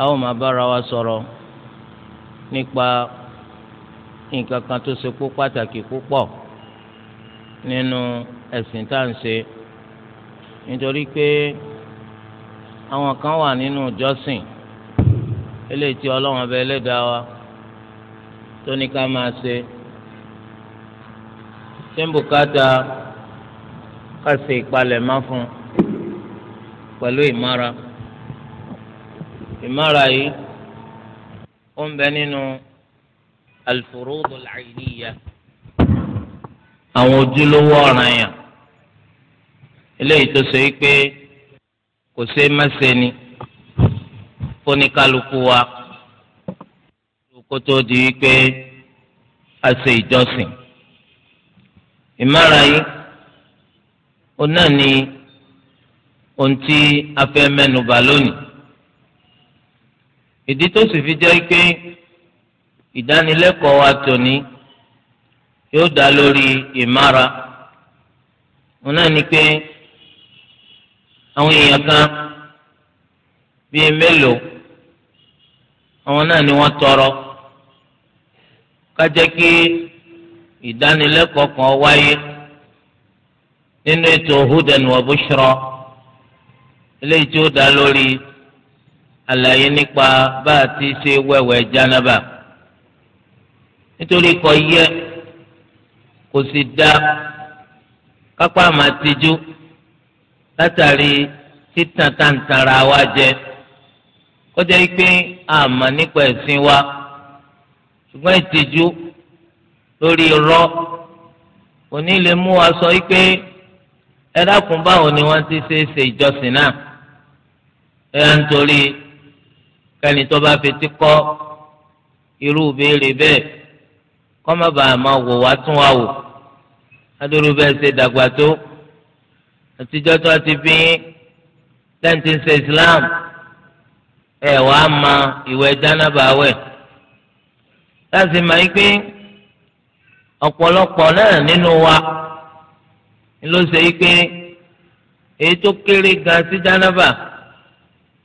a ó máa bára wa sọ̀rọ̀ nípa nǹkan kan tó ṣe kó pàtàkì púpọ̀ nínú ẹ̀sìn tá à ń ṣe nítorí pé àwọn kan wà nínú ìjọsìn eléyìí tí ọlọ́run ọba ẹlẹ́dàá wa tó ní ká máa ṣe ṣé ń bùkátà ká ṣe ìpalẹ̀mọ́ fún un pẹ̀lú ìmára ìmára yìí ó ń bẹ nínú alfurudu al-ainiya àwọn ojúlówó ọ̀ràn yẹn eléyìí tó ṣe pé kò ṣe é má ṣe ni wa kó tó di pé a ṣe ìjọsìn ìmára yìí ó náà ni ohun tí a fẹ́ mẹ́nu bà lónìí ìdí tó sì fi jẹ́ pé ìdánilẹ́kọ̀ọ́ wa tòní yóò dá lórí ìmára wọn náà ni pé àwọn èèyàn kan bíi mélòó àwọn náà ni wọ́n tọrọ ká jẹ́ kí ìdánilẹ́kọ̀ọ́ kan wáyé nínú ètò hudan wa bushra eléyìí tí ó dá lórí àlàyé nípa bá a ti ṣe wẹ̀wẹ̀ jánábà nítorí kò yẹ kò sì dá kápá máa tijú látàrí títàn tàǹtàrà wa jẹ ó jẹ́ pé àmọ́ nípa ẹ̀sìn wa ṣùgbọ́n ìtìjú lórí irọ́ òní lè mú wa sọ pé ẹ dákun báwo ni wọ́n ti ṣe ṣe ìjọsìn náà ẹ ń torí kẹ́ni tó bá fetí kọ́ irú béèrè bẹ́ẹ̀ kọ́ má bàa máa wò wá tún wá wò adúrú bẹ́ẹ̀ ṣe dàgbà tó àtijọ́ tó ti bí tẹ́ǹtì ṣe Islam ẹ̀ wàá ma ìwẹ̀ jánábàáwẹ̀ láti máa ń pé ọ̀pọ̀lọpọ̀ náà nínú wa ló ṣe yí pé èyí tó kéré gan sí jánábà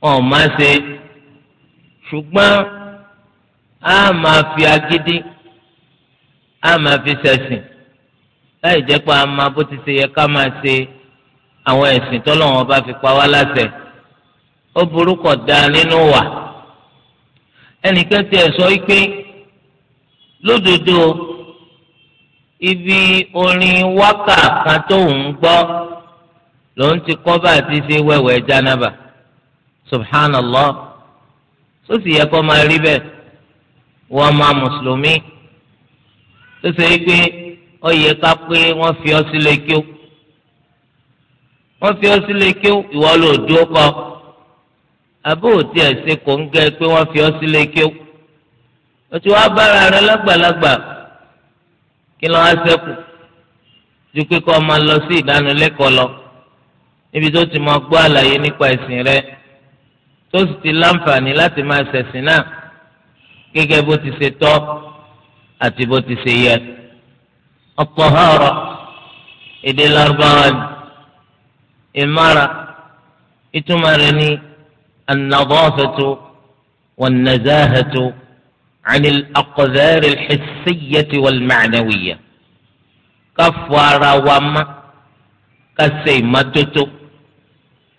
ọ̀ máa ṣe ṣùgbọ́n a máa fi agídí a máa fi ṣẹ̀sìn láì jẹ́ pé a máa bó ti ṣe yẹ ká máa ṣe àwọn ẹ̀sìn tọ́lọ́wọ́n bá fi pa wá láṣẹ ó burúkọ da nínú wà ẹnìkan tí sọ pé lódodo ibi orin wákà kan tó ń gbọ́ lòun ti kọ́ bá a ṣe wẹ̀wẹ̀ jánábà subhanallah tó sì yẹ kó máa rí bẹ́ẹ̀ wọ́n máa mùsùlùmí tó ṣe é pé ó yẹ ká pé wọ́n fi ọ́ sílé kíó wọ́n fi ọ́ sílé kíó ìwọ ló dúró kọ́ àbó òtí ẹ̀ ṣe kò ń gẹ́ pé wọ́n fi ọ́ sílé kíó o ti wá bára rẹ lágbàlagbà kí ló wá ṣẹ́kù ju pé kó máa lọ sí ìdánilẹ́kọ̀ọ́ lọ níbi tó ti máa gbọ́ àlàyé nípa ẹ̀sìn rẹ tó sì ti láǹfààní láti máa ṣẹ̀sìn náà gẹ́gẹ́ bó ti ṣe tọ́ àti bó ti ṣe yẹ. At-tahara èdè lárúbáwá ni ìmára ìtumọ̀ rẹ̀ ni an-nadafatu wan-nazahatu 'an al-aqdhar al-hissiyyati ká fọ ara wa má ká ṣe ìmọ́tótó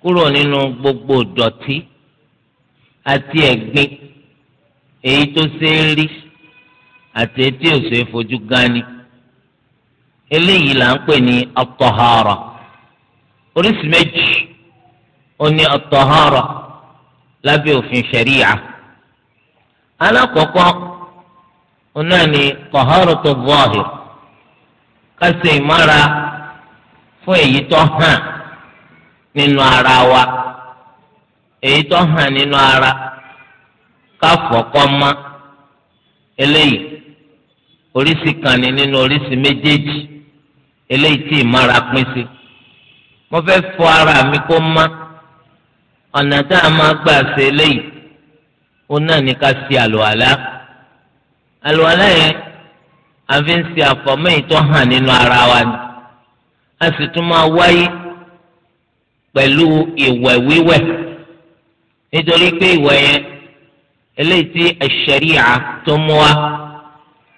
kúrò nínú gbogbo dọ̀tí. àti ẹ̀gbin èyí tó ṣe rí àti etí ò fojú gani eléyìí là ń pè ní at oríṣi méjì ó ní at lábẹ́ òfin ṣẹ̀ríyà alákọ̀ọ́kọ́ ọ̀nà ni fún èyí tó ara wa. èyí tó hàn nínú ara ka mọ́ eléyìí oríṣi kan ní nínú oríṣi méjèèjì eléyìí tí ìmọ̀ra pín sí mo fẹ́ fọ ara mi kó mọ́ ọ̀nà tá a máa gbà ṣe eléyìí ó náà ní ká ṣe àlùwàlá àlùwàlá yẹn a fi ń ṣe àfọ̀mọ́ èyí tó hàn nínú ara wa ni a sì tún máa wáyé pẹ̀lú ìwẹ̀ wíwẹ̀. nítorí pé ìwẹ̀ yẹn eléyìí tí àṣẹríà tó mú wa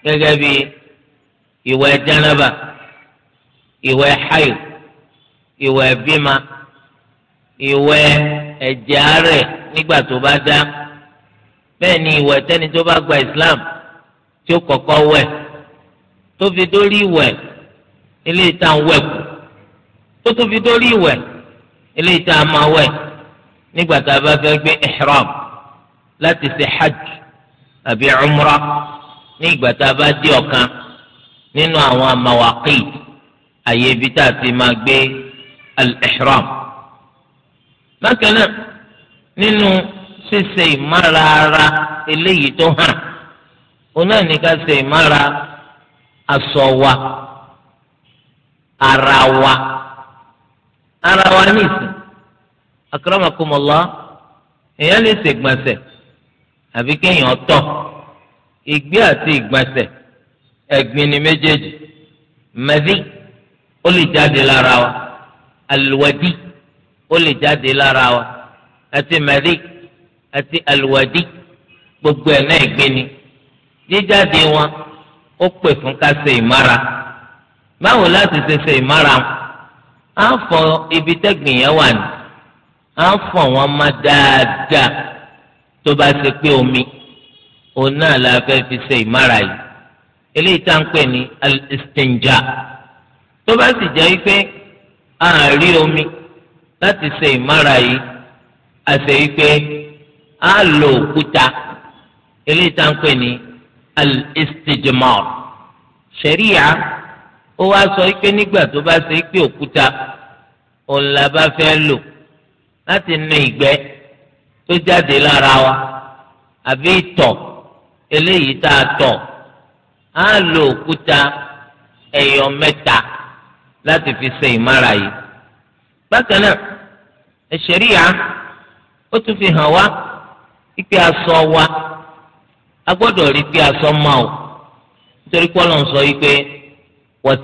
gẹ́gẹ́ bí ìwẹ̀ jánábà ìwẹ̀ hayo ìwẹ̀ bímá ìwẹ̀ ẹ̀jẹ̀ àárẹ̀ nígbà tó bá dá bẹ́ẹ̀ ni ìwẹ̀ tẹ́ni tó bá gba islam tí ó kọ́kọ́ wẹ̀ tó fi dórí ìwẹ̀ eléyìí tá à ń wẹ̀ kù tó tó fi dórí ìwẹ̀ eléyìí tá à máa wẹ̀ kù nígbà tá a bá fẹ́ gbé ihram láti ṣe hajj àbí umra ní ìgbà tá a bá dé ọ̀kan nínú àwọn amawaki àyè bi tá a ti máa gbé al-ihram. bákan náà nínú ṣíṣe ìmára ara eléyìí tó hàn òun náà ní ká ṣe ìmára aṣọ wa ara wa ara wa nìsín. akramakumullah èèyàn lè ṣègbọ̀nsẹ̀ àbí kéèyàn tọ̀ ìgbé àti ìgbọ̀nsẹ̀ ẹ̀gbin ni méjèèjì mẹ́dí ó lè jáde lára wa àlùwẹ̀dí ó lè jáde lára wa àti mẹ́dí àti àlùwẹ̀dí gbogbo ẹ̀ náà ẹ̀gbin ni jíjáde wọn ó pè fún ká ṣe ìmára báwo láti ṣe ṣe ìmára á fọ ibi tẹ́gbìn yẹn wà ní à ń fọ̀ wọ́n má dáadáa tó bá ṣe pé omi òun náà la fẹ́ fi ṣe ìmára yìí eléyìí tá à ń pè ní al-istinja tó bá sì jẹ́ pé a omi láti ṣe ìmára yìí a ṣe a lo òkúta eléyìí tá à pè ní al ṣẹ̀ríyà ó wá sọ pé nígbà tó bá ṣe pé òkúta òun la bá fẹ́ lò. lati nu igbe tó jáde lára wa àbí ìtọ̀ eléyìí tá a tọ̀ á lo òkúta ẹyọ mẹ́ta láti fi ṣe ìmára yìí. bákan náà ẹ̀ṣẹ̀ríyà ó tún fi hàn wá pípé aṣọ wa a gbọ́dọ̀ rí pé aṣọ máa o nítorí pọ́lọ́ ń sọ yìí pé wa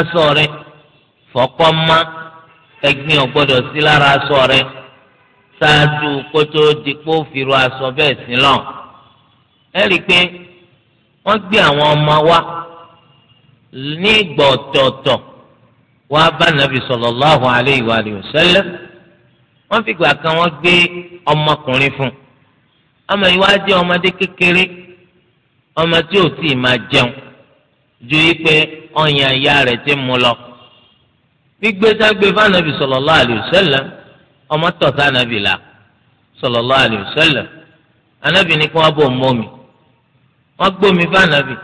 aṣọ rẹ̀ fọkọ má ẹ̀gbin ò gbọ́dọ̀ sí lára aṣọ rẹ̀ ṣáájú kótó dikpó fìrò aṣọ bẹ́ẹ̀ sí lọ ẹ rí i pé wọ́n gbé àwọn ọmọ wa ní ìgbà ọ̀tọ̀ọ̀tọ̀ wá bá nàbì sallallahu alayhi wa alihi wa sallam wọ́n fìgbà kan wọ́n gbé ọmọkùnrin fún ọmọ yìí wá jẹ́ ọmọdé kékeré ọmọ tí ò tí máa jẹun ju yí pé ọyàn ya rẹ̀ ti mú lọ. gbígbé ságbé fànàbì sallallahu alayhi wa ọmọ tọ̀ sànàbì là ànàbì ni kí wọ́n bọ̀ mọ́ mi wọ́n gbómi fànàbì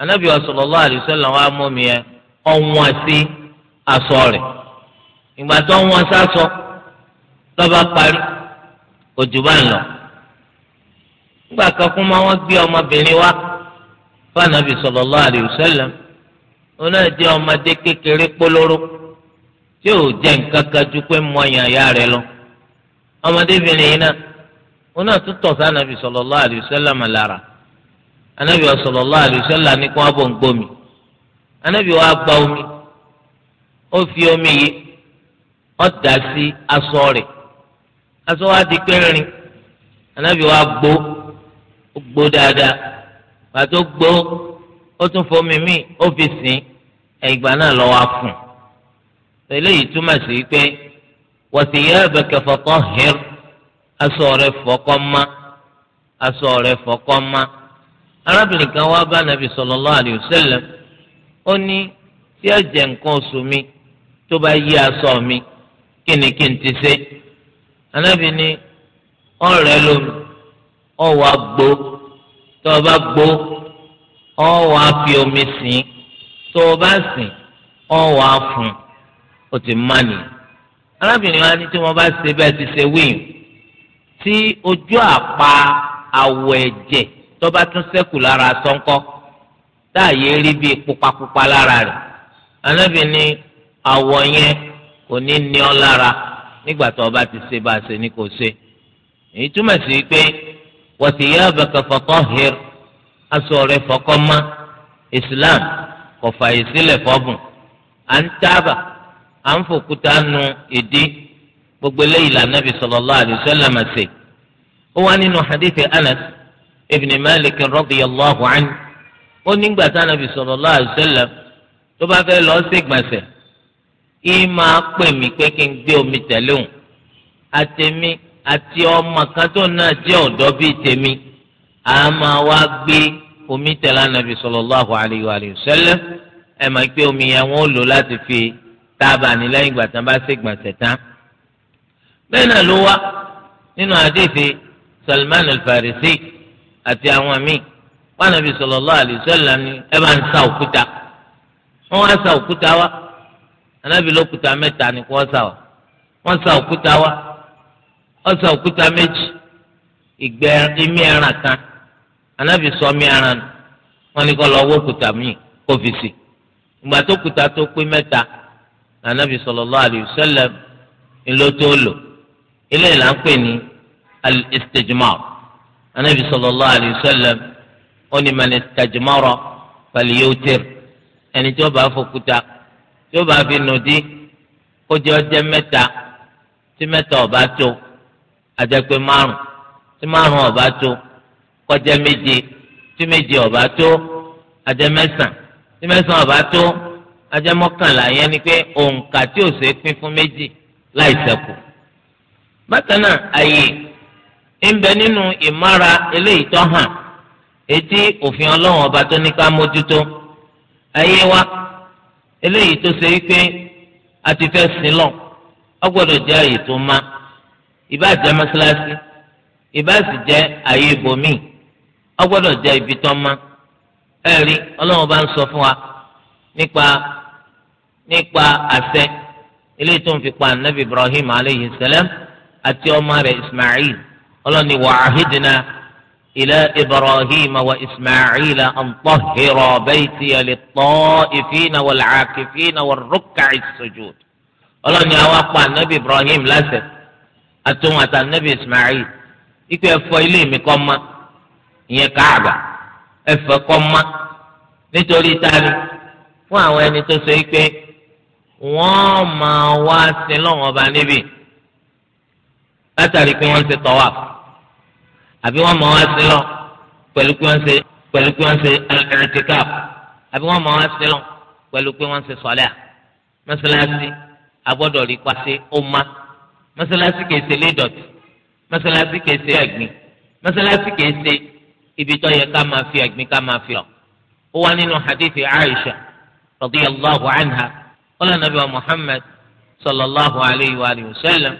ànàbì wa sallallahu alayhi wọ́n á mọ́ mi yẹn ọ̀wọ́n sí aṣọ rẹ̀ ìgbà tó wọ́n sásọ lọ́ba parí òjò bá ń lọ nígbà kan òun náà jẹ́ ọmọdé kékeré pólóró tí ò jẹ́ nǹkan kan ju pé mọ ìyàn ìyá rẹ̀ lọ ọmọdébìnrin yìí náà òun náà tún tọ̀ sí anabi sallallahu alaihi wasallam lára anabi sallallahu alaihi ní anabi gba omi ó fi omi yìí ó dà sí aṣọ rẹ̀ aṣọ wa di anabi wa gbó gbó dáadáa pàtó gbó ó tún omi míì ó fi sìn ẹ̀gbà náà lọ wá fún un eléyìí túmọ̀ sí pé wasiyabaka fatahhir aṣọ rẹ fọkọ́ má aṣọ rẹ fọkọ́ má arábìnrin kan wá bá nàbì sallallahu alayhi wa sallam ó ní tí ẹ̀jẹ̀ nǹkan oṣù mi tó bá yí aṣọ mi kí ni kí n ti ṣe anábì ni ọ̀rẹ́ lómi ọ̀wà gbó tó o bá gbó ọ̀wà fi omi sìn ín tó o bá sìn ọ wà á fún o ti má nìyí arábìnrin wa ní tí wọ́n bá ṣe bẹ́ẹ̀ ti ṣe wíìn tí ojú àpá àwọ̀ ẹ̀jẹ̀ tó bá tún ṣẹ́kù lára sọ́ńkọ́ táàyè rí bíi pupapupa lára rẹ̀ arábìnrin àwọ̀ yẹn kò ní ní ọ lára nígbà tó o bá ti ṣe bá a ṣe ni kò ṣe èyí túmọ̀ sí pé wa thiyabaka fatahhir aṣọ rẹ̀ fọkọ́ mọ́ Islam kò fàyè sílẹ̀ fọ́bùn à ń tábà à ń fòkúta nu ìdí gbogbo eléyìí la Nabi sallallahu alayhi wa sallam ṣe ó nínú hadithi Anas ibn Malik radiyallahu anhu ó nígbà tá Nabi sallallahu alayhi wa sallam tó bá fẹ́ lọ sí I yìí máa pè mí pé kí n gbé omi tẹ̀lé òun àtẹ̀mí àti ọmọ kan tó náà jẹ́ ọ̀dọ́ bíi wá gbé omi tẹ̀lé anabi sallallahu alayhi wa sallam ẹ máa gbé omi yẹn wọn ó lò láti fi tábà ní lẹ́yìn ìgbà tán bá ṣègbọ̀nsẹ̀ tán. bẹ́ẹ̀ náà ló wá nínú àdéhìí Salman al-Farisi àti àwọn míì wọn anabi sallallahu alayhi wa sallam ni ẹ bá ń sa òkúta wọn wá sa òkúta wa anabi lókúta mẹ́ta ni kò sa wa wọn sa òkúta wa wọn sa òkúta méjì ìgbẹ́ imí ẹran kan anábì sọmi ara nù wọn ni kó lọ wó kùtà míì kó fi si ìgbà tó kùtà tó pé mẹ́ta anábì sallallahu alayhi wa sallam ńlọ tó lò ilé ìlà ń pè ní al-istijmar anábì sallallahu alayhi wa sallam ó ní man istajmara falyutir ẹni tí ó bá fòkúta tí ó bá fi nù kó jẹ́ ọjẹ́ mẹ́ta tí mẹ́ta ò tó àjẹpé márùn tí márùn ò tó kọjá méje tí méje ọba tó ajẹ mẹ́sàn tí mẹ́sàn ọba tó ajẹ mọ́kànlá yẹn ni pé òǹkà tí ò ṣe pín fún méjì láì ṣẹ́kù bákan náà àyè ń bẹ nínú ìmára eléyìí tó hàn etí òfin ọlọ́run ọba tó ní ká mójútó ayé wa eléyìí tó ṣe wípé a ti fẹ́ sin lọ ọ gbọ́dọ̀ jẹ́ tó má ìbá jẹ́ mọ́ṣáláṣí ìbá sì jẹ́ àyè ibòmíì a gbọ́dọ̀ jẹ́ ibi tán mọ́ ẹ rí ọlọ́run bá ń sọ fún wa nípa nípa àṣẹ ilé tó ń fi pa anabi ibrahim aleyhi salam àti ọmọ rẹ̀ ismail ọlọ́run ní wàhídìnnà ilé ibrahim wa ismail àǹtọ́hìrọ̀ bẹ́ẹ̀tì ẹ̀lẹ́tọ́ ìfínà wàlàkìfínà wàrúkà ìsojúd ọlọ́run ní àwa pa anabi ibrahim láṣẹ àtúnwàtà anabi ismail ikú ẹ̀fọ́ ilé mi kọ́ máa ìyẹn káàbà ẹ̀fẹ̀ kọ́ má nítorí tani fún àwọn ẹni tó ṣe pé wọ́n máa wá sí lọ́wọ́n ọba níbí látàrí pé wọ́n ń ṣe tọ́wà àbí wọ́n máa wá sí lọ pẹ̀lú pé wọ́n ṣe pẹ̀lú pé wọ́n ṣe ẹ̀rẹ̀tìkáp àbí wọ́n máa wá sí lọ pẹ̀lú pé wọ́n ṣe sọ́lẹ́à mọ́ṣáláṣí agbọ́dọ̀ rí pàṣẹ ó má mọ́ṣáláṣí kìí ṣe lédọ̀tí mọ́ṣáláṣí kìí ṣe ibi tó yẹ ká máa fi ẹ̀gbin ká máa fi lọ. ó wá nínú hadithi aisha radiyallahu anha ọlọ́ nàbí wa muhammad sallallahu alayhi wa sallam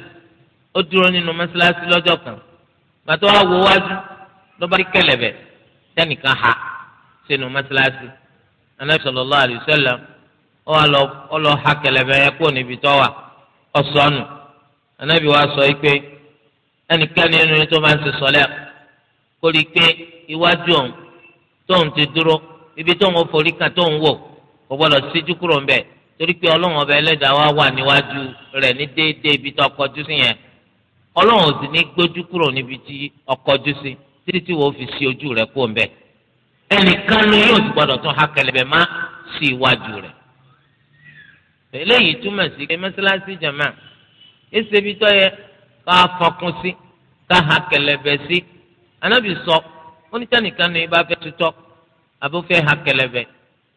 ó dúró nínú mọ́ṣáláṣí lọ́jọ́ kan gbàtọ́ wa wo wájú ló bá rí kẹlẹ̀bẹ̀ tẹnìkan ha sínú mọ́ṣáláṣí anabi sallallahu alayhi wa sallam ó wà lọ ó lọ ha kẹlẹ̀bẹ̀ yẹn kó níbi tó wà ó sọnù anabi wa sọ yìí pé ẹnikẹ́ni nínú tó máa ń ti sọlẹ̀ kó pé iwájú òun tóun ti dúró ibi tóun ó forí kan tóun wò kò gbọdọ̀ síjú kúrò ń bẹ̀ torí pé ọlọ́run ọba ẹlẹ́dàá wa wà níwájú rẹ̀ ní déédéé ibi tó ọkọjú sí yẹn ọlọ́run ò sì ní gbójú kúrò níbi tí ọkọjú sí títí tí wọ́n fi sí ojú rẹ̀ kó ń bẹ̀ ẹnìkan ló yóò ti gbọdọ̀ tún hakẹlẹ̀bẹ̀ má sí iwájú rẹ̀ eléyìí túmọ̀ sí pé mọ́sálásí jàmá ẹsẹ̀ ibi tó yẹ ká fọkún sí ká hakẹlẹ̀bẹ̀ sí anábì sọ. So, onítẹ̀nìkan ni bá fẹ́ tutọ́ àbó fẹ́ ha kẹlẹ̀bẹ̀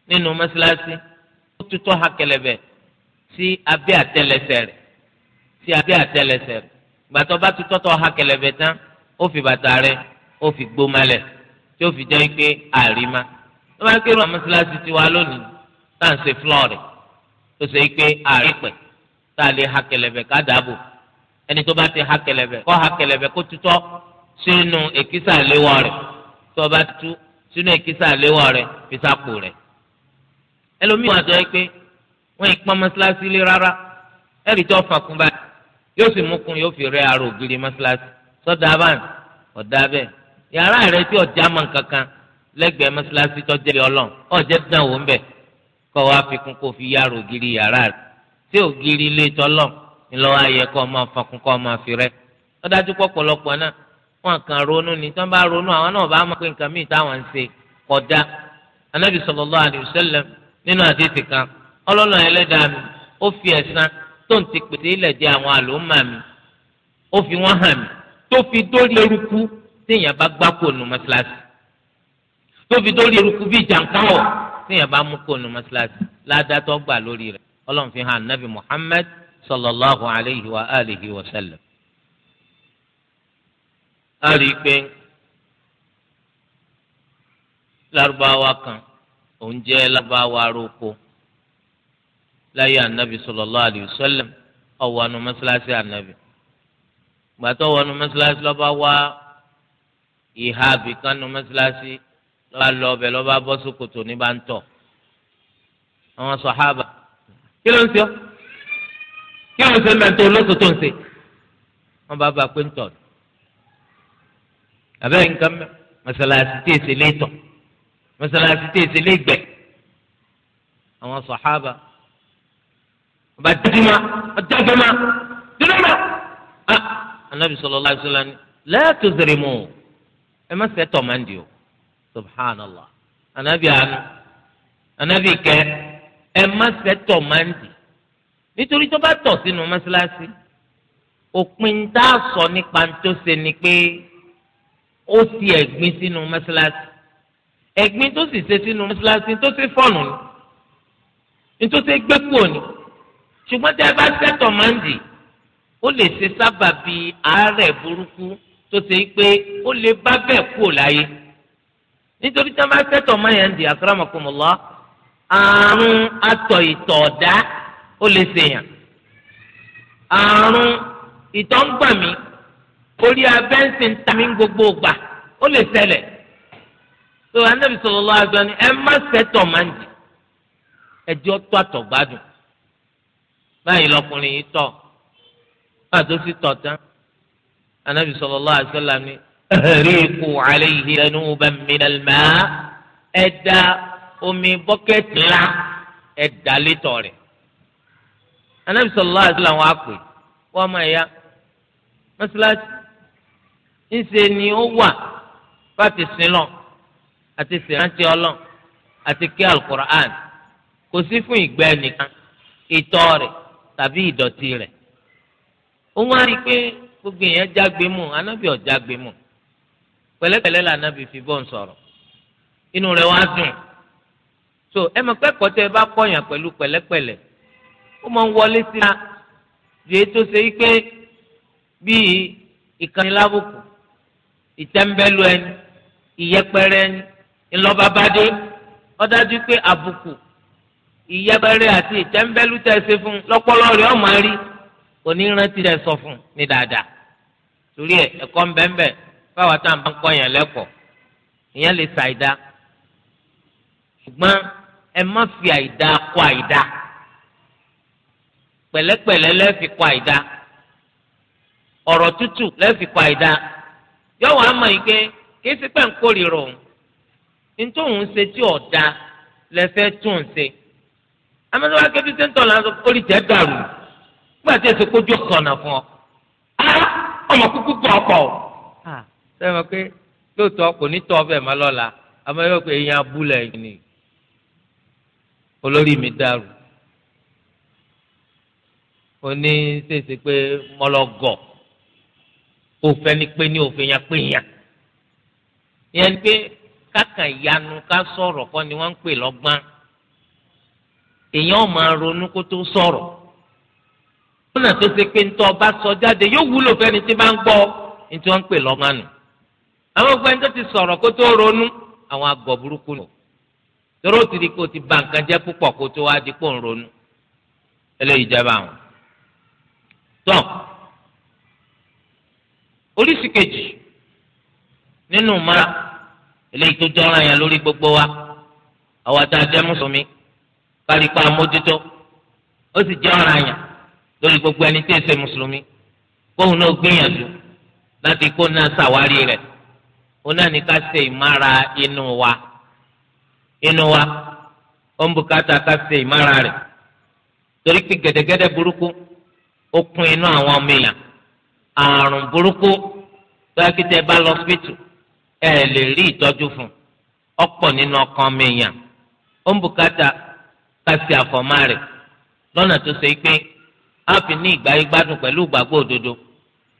nínú mọ́ṣáláṣí ó tutọ́ ha kẹlẹ̀bẹ̀ sí abẹ́ àtẹlẹsẹ̀ rẹ̀ sí abẹ́ àtẹlẹsẹ̀ rẹ̀ gbàtọ́ bá tutọ́ tọ́ ha kẹlẹ̀bẹ̀ tán ó fi bàtà rẹ̀ ó fi gbó malẹ̀ tí ó fi jẹ́ pé àrímá ló máa ń kérò àwọn mọ́ṣáláṣí tiwa lónìí tá à ń ṣe flọ́ọ̀rì tó ṣe pé àrípẹ̀ tá a lè ha kẹlẹ̀bẹ̀ ká dàbò ẹni tó bá ti ha kẹlẹ̀bẹ̀ kọ́ ha kẹlẹ̀bẹ̀ kó tutọ́ sínú èkísà léwọ́ rẹ̀ tọba tú sínú ìkísà léwọ rẹ fisapò rẹ ẹlòmíì wà jọ pé wọn ì pọn mọ́ṣáláṣí lé rárá ẹrì tó fàkún báyìí yóò sì mú kun yóò fi rẹ aró ògiri mọ́ṣáláṣí sọdọ abán ọdọ abẹ yàrá rẹ tí ọjà mọ kankan lẹ́gbẹ̀ẹ́ mọ́ṣáláṣí tọjẹ bí Ọlọ́run ọjẹ dán wò ń bẹ kọ wá fi kún kó fi yàrá ògiri yàrá rẹ tí ògiri lé tọlọ ńlọ ayẹ kọ máa fàkún kọ máa fi rẹ ọdájú pọpọlọpọ náà wọn kàn ronú ni tí wọn bá ronú àwọn náà bá mọ̀ pé nǹkan míì táwọn ń ṣe kódà anabi sallallahu alayhi wa sallam nínú àdìsí kan ọlọ́nà ẹlẹ́dàá mi ó fi ẹ̀san tó ń ti pèsè ilẹ̀ di àwọn àlòmà mi ó fi wọ́n hàn mí tó fi dórí eruku téèyàn bá gbá kó nu tó fi dórí eruku bíi jàǹkáwọ̀ téèyàn bá mú kó nu mọ́ṣáláṣí ládàá tó gbà lórí rẹ̀ ọlọ́run fi hàn anabi muhammad sallallahu alayhi wa alihi wa sallam a rí i pé lárúbáwá kan òun jẹ́ lárúbáwá aróko láyé ànábì sallallahu alayhi wa sallam ọwọ́ anu mọ́sálásí ànábì gbàtọ́ wọnú mọ́sálásí lọ́ba wá ìhà àbíkánu mọ́sálásí lọ́ba lọ ọbẹ̀ lọ́ba bọ́ sókòtò ní bá ń tọ̀ àwọn sọ̀hábà kí ló ń ṣe ọ́ kí ló ń ṣe mẹ́tò olóṣù ń ṣe wọ́n bá bá pé ń tọ̀ ní abẹ́rẹ́ nǹkan mẹ́ mọ́sálásí tí èsì lè tọ̀ mọ́sálásí tí èsì lè gbẹ̀ àwọn sọ̀hábà ọba dídímà ọjàgbẹ́mà dídímà ah anabi sallallahu alaihi wasallam la tuzrimu ẹ má sẹ́tọ̀ máa ń di o subhanallah anabi àánú anabi kẹ ẹ má sẹ́tọ̀ máa ń di nítorí tó bá tọ̀ sínú mọ́sálásí òpin tá a sọ nípa tó ṣe ni pé ó ti ẹ̀gbin sínú mọ́ṣáláṣí ẹ̀gbin tó sì ṣe sínú mọ́ṣáláṣí tó ṣe fọ̀nù ni tó ṣe gbé kúrò ni ṣùgbọ́n tí a bá sẹ́tọ̀ máa ń dì ó lè ṣe sábàbí àárẹ̀ burúkú tó ṣe pé ó lè bá bẹ́ẹ̀ kúrò láyé nítorí tí a bá sẹ́tọ̀ máa àkàràmọ̀kùnmọ̀lá àrùn atọ̀ ìtọ̀ ọ̀dá ó lè ṣèyàn àrùn ìtọ̀ ń gbà mí orí abẹ́ǹsì ń ta mí gbogbo gbà ó lè ṣẹlẹ̀ tó anábì sọ̀rọ̀ lọ́wọ́ àjọ ni ẹ má sẹ́tọ̀ máa ń jì ẹjọ́ tó àtọ̀gbádùn báyìí lọkùnrin yìí tọ̀ bá a tó sì tọ̀ tán anábì sọ̀rọ̀ lọ́wọ́ àjọ là ní ẹ̀ríkù alayhi dhanuban minal maa ẹ da omi bọ́kẹ́tì ńlá ẹ dà létọ̀ rẹ̀ anábì sọ̀rọ̀ lọ́wọ́ àjọ làwọn àpè wọ́n máa ya mọ́sálásí ńṣe ni ó wà láti sin lọ àti ṣèrántí Ọlọ́run àti kí alukur'an kò sí fún ìgbẹ́ nìkan ìtọ̀ rẹ̀ tàbí ìdọ̀tí rẹ̀ ó wá rí i pé gbogbo èèyàn jágbe mú anábì ọ̀jágbe mú pẹ̀lẹ́pẹ̀lẹ́ lànàbì fi bọ́ ń sọ̀rọ̀ inú rẹ̀ wá dùn so ẹ mọ̀ kẹ́kọ̀ọ́ tẹ́ ẹ bá kọ̀yàn pẹ̀lú pẹ̀lẹ́pẹ̀lẹ́ ó máa ń wọlé síra ju ètò ṣe wípé bíi ìkànnì lábùkù ìtẹ́ńbẹ́lú ẹni ìyẹpẹrẹ ẹni ńlọ́bàbádé ó dájú pé àbùkù ìyẹpẹrẹ àti ìtẹ́ńbẹ́lú tẹ̀ ṣe fún lọ́pọlọ rẹ̀ ọ̀mọ́ rí oníranti rẹ̀ sọ fún ní dáadáa torí ẹ̀ ẹ̀kọ́ ńbẹ́ńbẹ́ fáwọn tá à ń bá ń kọ́ yẹn lẹ́kọ̀ọ́ ìyẹn lè ṣàìdá ṣùgbọ́n ẹ má fi àìdá kọ́ àìdá pẹ̀lẹ́pẹ̀lẹ́ lẹ́ẹ̀fi kọ́ àìdá ọ̀rọ̀ tútù lẹ́ẹ̀fi kọ́ àìdá yọ̀wọ̀ á mọ̀ ike kì í ti pẹ́ ń kórìíra òun nítòhún ṣe tí ọ̀dà lẹ́fẹ́ tún ṣe amẹ́tọ́ wa kébí sẹ́ńtọ̀ là ń sọ kórì jẹ́ dàrú nígbà tí èso kójú kànà fún ọ ọmọ kúkú bọ̀ ọkọ̀ ọ. sẹ́yìn mọ̀ pé lóòótọ́ kò ní tọ́ ọbẹ̀ mọ́ lọ́la àmọ́ yóò pé èèyàn abúlé ni olórí mi dàrú ó ṣèṣe pé mọ́lọ́gọ̀ọ́ òfin ni pé ní òfin yẹn pé yẹn yẹn ni pé kákan ìyanu ká sọ̀rọ̀ kọ́ ni wọ́n ń pè lọ́gbọ́n èèyàn máa ronú kó tó sọ̀rọ̀ lọ́nà tó ṣe pé ntọ́ ọba sọ jáde yóò wúlò fẹ́ni tí bá ń gbọ́ ní tí wọ́n ń pè lọ́gbọ́n nù àwọn ọgbẹ́ni tó ti sọ̀rọ̀ kó tó ronú àwọn àgọ̀ burúkú nù torí ti di kó ti ba nǹkan jẹ́ púpọ̀ kó tó wá di kó ń ronú eléyìí jẹ́ báwọn. tọ́ oríṣi kejì nínú ma eléyìí tó jọra yẹn lórí gbogbo wa àwọn àti adé mùsùlùmí kárípà mójútó ó sì jẹ́ ọ̀ràn lórí gbogbo ẹni tí èsè mùsùlùmí kóun náà gbìyànjú láti kó náà ṣàwárí rẹ̀ ó náà ní ká ṣe ìmára inú wa inú wa ó ń bùkátà ká ṣe ìmára rẹ̀ torí pé gẹ́dẹ́gẹ́dẹ́ burúkú ó kún inú àrùn burúkú dókítà bá lọ sípìtì ẹ lè rí ìtọ́jú fún ọ̀pọ̀ nínú ọkàn mi ó ń bùkátà kásì lọna rẹ̀ lọ́nà tó a fi ní ìgbáyé gbádùn pẹ̀lú ìgbàgbọ́ òdodo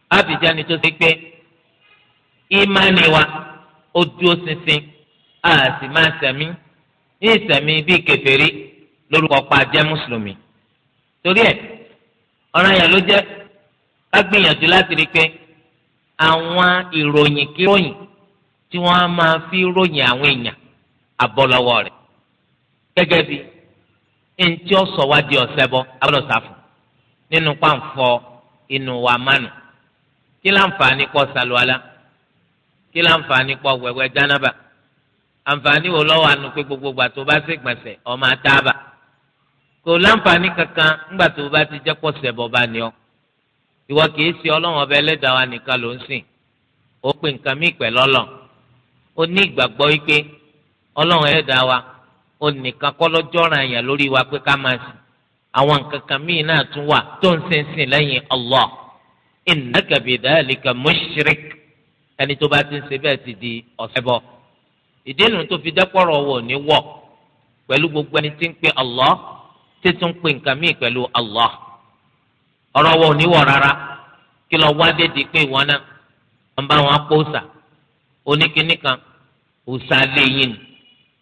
a fi jáni tó ṣe pé ìmánì wa ó dúró a sì máa sẹ̀mí ní ìsẹ̀mí bíi kèfèrí lórúkọ pa jẹ́ mùsùlùmí torí ẹ̀ ló jẹ́ ká gbìyànjú láti rí i pé àwọn ìròyìn kíròyìn tí wọ́n á máa fi ròyìn àwọn èèyàn àbọ̀lọ́wọ́ rẹ̀ gẹ́gẹ́ bí eŋti ọ̀sọ̀ wa di ọ̀sẹ̀ bọ́ abọ́lọ́sàfù nínú pàǹfọ̀ inú wa mánu kí láǹfààní kọ́ sàlùwalá kí láǹfààní kọ́ wẹ̀wẹ̀ jánábà àǹfààní wo lọ́wọ́ àánú pé gbogbo gbà tó bá ṣe gbọ̀nsẹ̀ ọmọ àtàbà kò láǹfààní kankan ńgbà tó bá ti jẹ́ kọ́ sẹ̀bọ̀ bá ní ọ ìwọ kìí ṣe ọlọ́run ọba ẹlẹ́dàá wa nìkan ló ń sìn ó pe nǹkan mí pẹ̀lú ọlọ́run ó ní ìgbàgbọ́ wípé ọlọ́run ẹlẹ́dàá wa ó nìkan kọ́ lọ́jọ́ràn èèyàn lórí wa pé ká máa sìn àwọn nǹkan kan míì náà tún wà tó ń sìn sìn lẹ́yìn Allah innaka bidhalika mushrik ẹni tó bá ti ń ṣe bẹ́ẹ̀ ti di ọ̀ṣẹbọ ìdí nu tó fi dẹ́pọ̀rọ̀ ọ̀rọ̀ wọ òní wọ rárá kí lọ wá dé di pé ìwọ náà wọn bá wọn kó òòsà oníkíní kan òòsà léyìn ni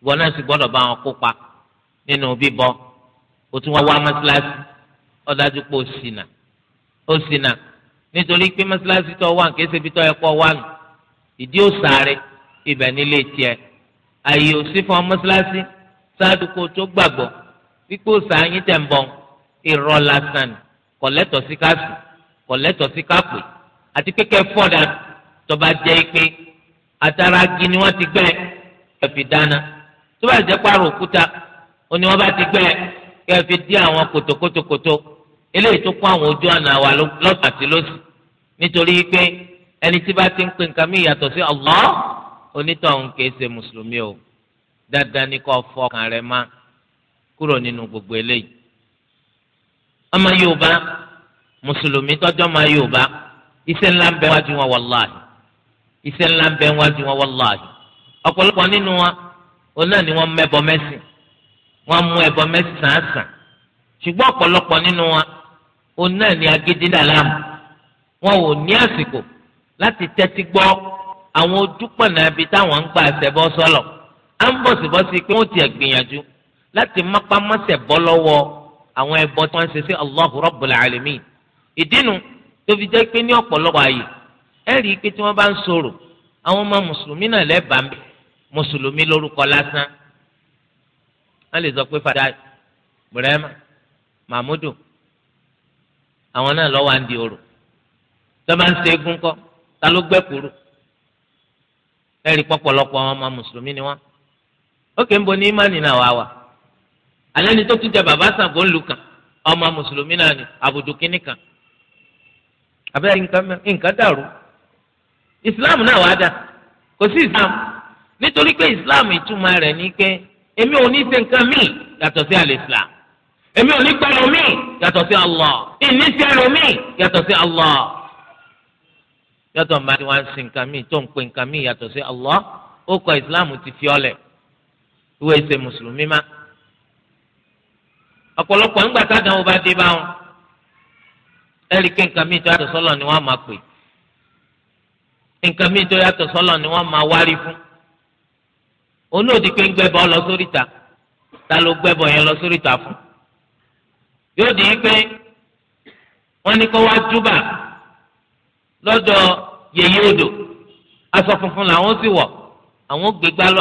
ìwọ náà sì gbọ́dọ̀ bá wọn kópa nínú bíbọ o tún wọn wá mọ́sálásí ọ̀dájú pé o sì nà o sì nà nítorí pé mọ́sálásí tó wà kìí ṣebi tó yẹ kó wà nù ìdí òòsà rẹ ibẹ̀ nílé tiẹ̀ àyè òsì fún ọ mọ́sálásí sáàdùkú tó gbàgbọ́ wípé òòsà yín tẹ̀ ń bọ̀ irọ́ lásán ni kọ̀lẹ́tọ̀ sí káàsì kọ̀lẹ́tọ̀ sí káàpè àti pé kẹ́ fọ́dà tọba jẹ́ pé atara igi ni wọ́n ti gbẹ́ ẹ fi dáná tó bá jẹ́ pààrọ̀ òkúta ó ní wọ́n bá ti gbẹ́ kẹ́ fi dí àwọn kòtòkòtòkòtò eléyìí tó kún àwọn ojú ọ̀nà wa lọ́sàn àti lọ́sì nítorí pé ẹni tí bá ti ń pè nǹkan mí ìyàtọ̀ sí Allah onítọ̀hún kìí ṣe mùsùlùmí o dáadáa ní kó fọ́ ọkàn rẹ̀ má kúrò nínú gbogbo eléyìí ọmọ yorùbá mùsùlùmí tọjọ́ ọmọ yorùbá iṣẹ́ ńlá ń bẹ wájú wọn wàláhì iṣẹ́ ńlá ń bẹ wájú wọn wàláhì ọ̀pọ̀lọpọ̀ nínú wọn òun náà ni wọ́n mẹ́bọ mẹ́sìn wọ́n mú ẹbọ mẹ́sìn sàǹsàn ṣùgbọ́n ọ̀pọ̀lọpọ̀ nínú wọn òun náà ni agídídà láàmú wọn ò ní àsìkò láti tẹ́tí gbọ́ àwọn ojúpọ̀nà ibi táwọn ń gbà ṣẹbọ sọ́lọ̀ à ń bọ̀sibọ́sí pé wọ́n ti ẹ̀ gbìyànjú láti mápámọ́sẹ̀ bọ́ lọ́wọ́ àwọn ẹbọ tó ń ṣe sí Allahu Rabbul Alamin ìdínú tó fi jẹ́ pé ní ọ̀pọ̀lọpọ̀ ààyè ẹ rí i pé tí wọ́n bá ń sọ̀rọ̀ àwọn ọmọ mùsùlùmí náà lẹ́bàá ń bẹ mùsùlùmí lórúkọ lásán wọ́n lè sọ pé fada Burema Mahmudu àwọn náà lọ́wọ́ à ń tó bá ń ṣe eégún kọ́ ta ló gbẹ́ kúrú ẹ rí i pọ̀pọ̀lọpọ̀ àwọn ọmọ mùsùlùmí ni wọ́n ó kè ń bo ní ìmánì náà wá alẹ́ ni tó tún jẹ bàbá Ṣàngó ńlu kan ọmọ mùsùlùmí náà ni àbùdù kínní kan abẹ́rẹ́ nǹkan dàrú islam náà wàá dà kò sí islam nítorí pé islam ìtumọ̀ rẹ̀ ni pé èmi ò ní ṣe nǹkan míì yàtọ̀ sí al-islam èmi ò ní pẹ̀lú míì yàtọ̀ sí Allah ìní sí ẹ̀rọ míì yàtọ̀ sí Allah yàtọ̀ máa ti wá ń sin nǹkan míì tó ń pe nǹkan míì yàtọ̀ sí Allah ó kọ islam ti fi ọlẹ̀ ìwé ṣe mùsùlùmí máa. ọ̀pọ̀lọpọ̀ ńgbà sádàn ó bá dé bá wọn ẹ̀rí kí nǹkan mi tó yàtọ̀ sọ́lọ̀ ni wọ́n máa pè nǹkan tó yàtọ̀ sọ́lọ̀ ni wọ́n máa wárí fún olóòdì pé ń gbẹ́bọ lọ sóríta ta ló gbẹ́bọ yẹn lọ fún yóò pé wọ́n ní kó wá lọ́dọ̀ odò aṣọ funfun làwọn sì wọ̀ àwọn gbégbá lọ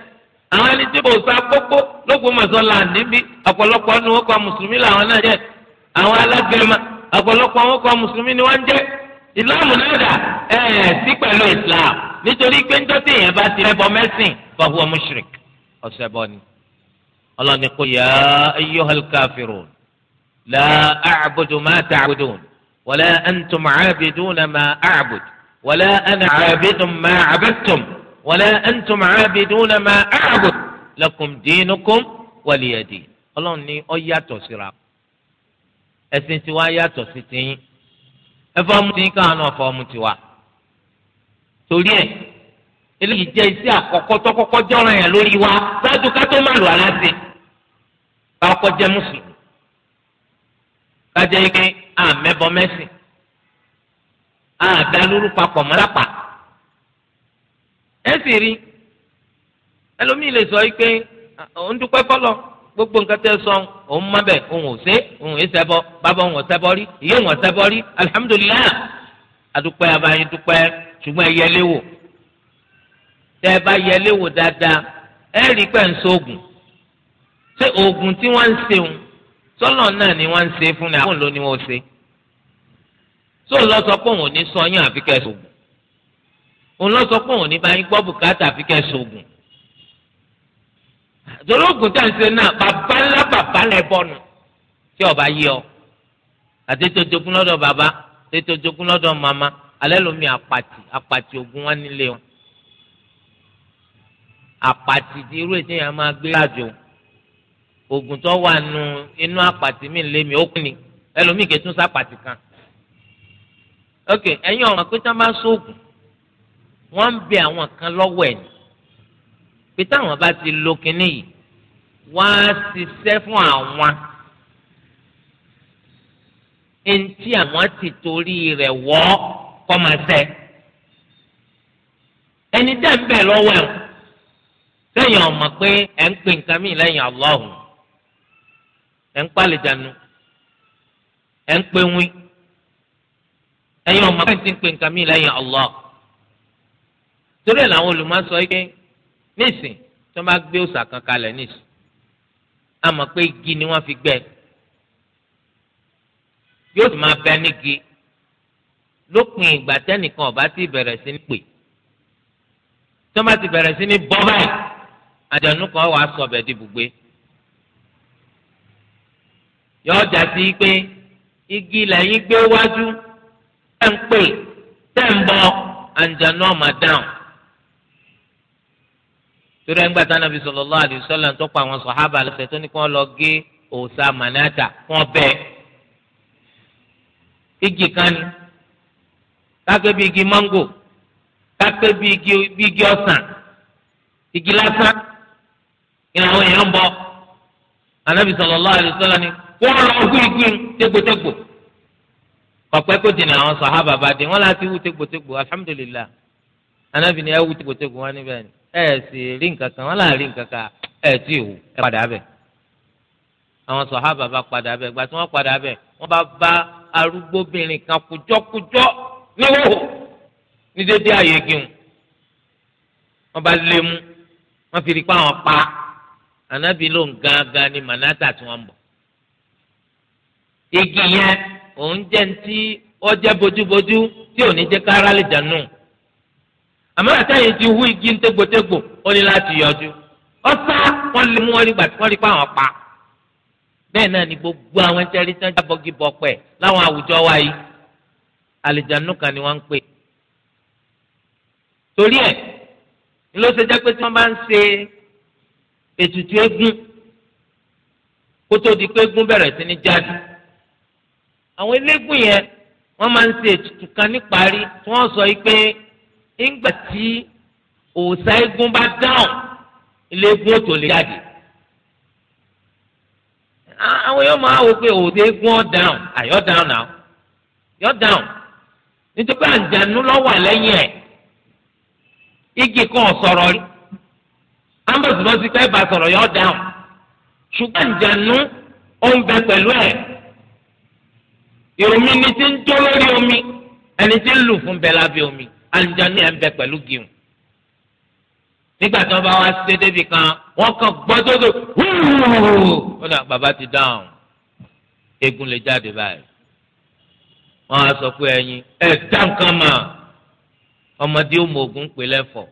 àwọn ẹni tí kò sa gbogbo lÓgbómọ̀ṣọ́ là níbí ọ̀pọ̀lọpọ̀ ni wọ́n kọ́ mùsùlùmí làwọn náà jẹ́ àwọn alágbèémà ọ̀pọ̀lọpọ̀ wọn kọ́ mùsùlùmí ni wọ́n jẹ́ ìsìláàmù náà dà ẹ̀ sí pẹ̀lú ìsìláàmù nítorí pé ń tọ́tí èèyàn bá ti rẹ́bọ mẹ́sìn fahuwa mushrik ọ̀sẹ̀ bọ́ ni ọlọ́ni kò yá ayyuhal kafirun la a'budu ma ta'budun wala antum 'abiduna ma a'bud wala antum aabiduna ma a'bud lakum dinukum waliya din ọlọ́run ní ọ yàtọ̀ síra ẹ̀sìn tiwa yàtọ̀ sí tiyín ẹ̀fọ́ ọmú tiyín káwọn náà fọ́ ọmú tiwa torí ẹ̀ eléyìí jẹ́ iṣẹ́ àkọ́kọ́ tọ́kọ́kọ́ jọ́ràn yẹn lórí wa ṣáájú ká tó má lò aláṣẹ káwọ́kọ́ jẹ́ mùsùlùmí kájẹ́ ike àmẹ́bọ mẹ́sìn àdálórú papọ̀ mọ́lápàá kèfèrí ẹlòmíì lè sọ yìí pé òun dúpẹ́ fọlọ́ gbogbo nǹkan tẹ́ sọ òun má bẹ̀ òun ò sé òun ò sẹ́bọ bàbá òun ò sẹ́bọ rí ìyá òun ò sẹ́bọ rí alihamudulilayi adúpẹ́ abayín dúpẹ́ ṣùgbọ́n ẹ yẹlé wò tẹ́ ẹ bá yẹlé wò dáadáa ẹ rí pẹ́ ń sóògùn ṣé oògùn tí wọ́n ń ṣeun sọ́lọ̀ náà ni wọ́n ń ṣe fún ni àwọn ló ni wọ́n ṣe sóòlù pé òun ò ní sọ yín àfikẹ́ sóògùn òun lọ sọ pé òun ní bá yín gbọ́ bùkátà fi kẹ́ sóògùn torí oògùn tá à ń ṣe náà bàbá ńlá bàbá ńlá ẹ bọ́nu tí ọba yí ọ àti tó jogún lọ́dọ̀ bàbá àti jogún lọ́dọ̀ màmá alẹ́ lomi àpàtì àpàtì oògùn wọn nílé wọn àpàtì ti irú ètò yẹn máa gbé àjò oògùn tó wà nù inú àpàtì mi lémi ó kún ni ẹlòmíì kẹtùn sápàtì kan ok ẹ̀yin ọ̀ràn pé tá a máa sóògùn. So wọ́n ń bẹ àwọn kan lọ́wọ́ ẹ̀ ní pé táwọn bá ti lo kinní yìí wọ́n á ṣiṣẹ́ fún àwọn ẹni tí àwọn ti torí rẹ̀ wọ́ kọ́ máa ṣẹ́ ẹni dẹ́ ń bẹ lọ́wọ́ ẹ̀ sẹ́yìn ọ̀mọ̀ pé ẹ̀ ń pè nǹkan mìíràn lẹ́yìn ọlọ́hùn ẹ̀ ń pàlejànù ẹ̀ ń pè wín ẹ̀yìn ọ̀mọ̀ pé ẹ̀ ń pè nǹkan mìíràn lẹ́yìn ọlọ́hùn torí ẹ̀ làwọn olùmọ̀sọ yìí pé nísìn tí wọ́n bá gbé òòsà kan kalẹ̀ nísìn a mọ̀ pé igi ni wọ́n fi gbẹ́ yóò sì máa bẹ nígi lópin ìgbà tẹ́nìkan ọ̀bá ti bẹ̀rẹ̀ sí ní pè tí wọ́n bá ti bẹ̀rẹ̀ sí ní bọ́ báyìí àjọ̀nù kan wàá sọ bẹ̀ di bùgbé yọ̀ọ́ jà sí pé igi lẹ́yìn gbé wájú tẹ́ ń pè tẹ́ ń bọ́ àjọ̀nù ọ̀mà dáhùn torí ẹgbẹ́ tí anabi sallallahu alaihi wasallam tó pa àwọn sọ̀hábà lẹ́sẹ̀ tó ní kí wọ́n lọ gé òòṣà mànáta wọ́n bẹ̀ igi kan ni kápẹ́ bí igi mango kápẹ́ bí igi ọ̀sán igi lásán ìlànà èèyàn ń bọ̀ anabi sallallahu alaihi wasallam ni wọ́n lọ gbígbín tégbòtégbò ọ̀pẹ́ kò dìnnà àwọn sọ̀hábà bá dé wọ́n láti wú tégbòtégbò alhamdulillah anabi ni ẹ wú tégbòtégbò wọn níbẹ̀ ni ẹ sì rí nǹkan kan wọn là rí nǹkan kan ẹ tí ò ẹ padà bẹ àwọn sọhábà bá padà bẹ gbàtí wọn padà bẹ wọn bá bá arúgbóbìnrin kan kújọkújọ níwòhò ní dédé ààyè gíun wọn bá lé mú wọn fi rí pa àwọn pa ànábì ló ń gangan ní manata tí wọn bọ igi yẹn òun jẹ ntí ọjẹ bójúbójú tí ò ní jẹ kára lè dànù àmọ́ àtẹ̀yìn ti hu igi ńtégbòtégbò ó ní láti yọjú ọ̀sá wọn lè mú wọn nígbà tí wọ́n rí pa àwọn pa bẹ́ẹ̀ náà ni gbogbo àwọn ẹ̀ńtẹ́rì tán jábọ́gi bọ̀pẹ̀ láwọn àwùjọ wa yìí àlìjánu kan ni wọ́n ń pè torí ẹ̀ ló ṣe jẹ́ pé tí wọ́n bá ń ṣe ètùtù eégún kó tó di pé eégún bẹ̀rẹ̀ sí ní jáde àwọn eléégún yẹn wọ́n máa ń ṣe ètùtù kan níparí tí wọ́n sọ yìí pé ńgbà tí òòṣà eégún bá dáhùn ilé eégún òtò lè jáde àwọn yóò máa wò pé òòṣà eégún ọ̀ dáhùn àyọ̀ dáhùn náà yọ̀ dáhùn nítorí pé àǹjànú lọ́wọ́ àlẹ́yìn ẹ̀ igi kan sọ̀rọ̀ rí ambrose lọ sí pé bá sọ̀rọ̀ yọ̀ dáhùn ṣùgbọ́n àǹjànú ó ń bẹ pẹ̀lú ẹ̀ omi ni ti ń jó lórí omi ẹni tí ń lù fún bẹ́ẹ̀ lábẹ́ omi alìjọ́nù ẹ̀ ń bẹ pẹ̀lú gíun nígbà tí wọ́n bá wá sí débi kan wọ́n kàn gbọ́dọ́dọ́ húúúú ó ní ah, bàbá ti dáhùn egun lè jáde báyìí wọ́n á sọ pé ẹ̀yin ẹ̀ dá nǹkan mà ọmọdé ó mọ ogun pè lẹ́fọ̀ọ́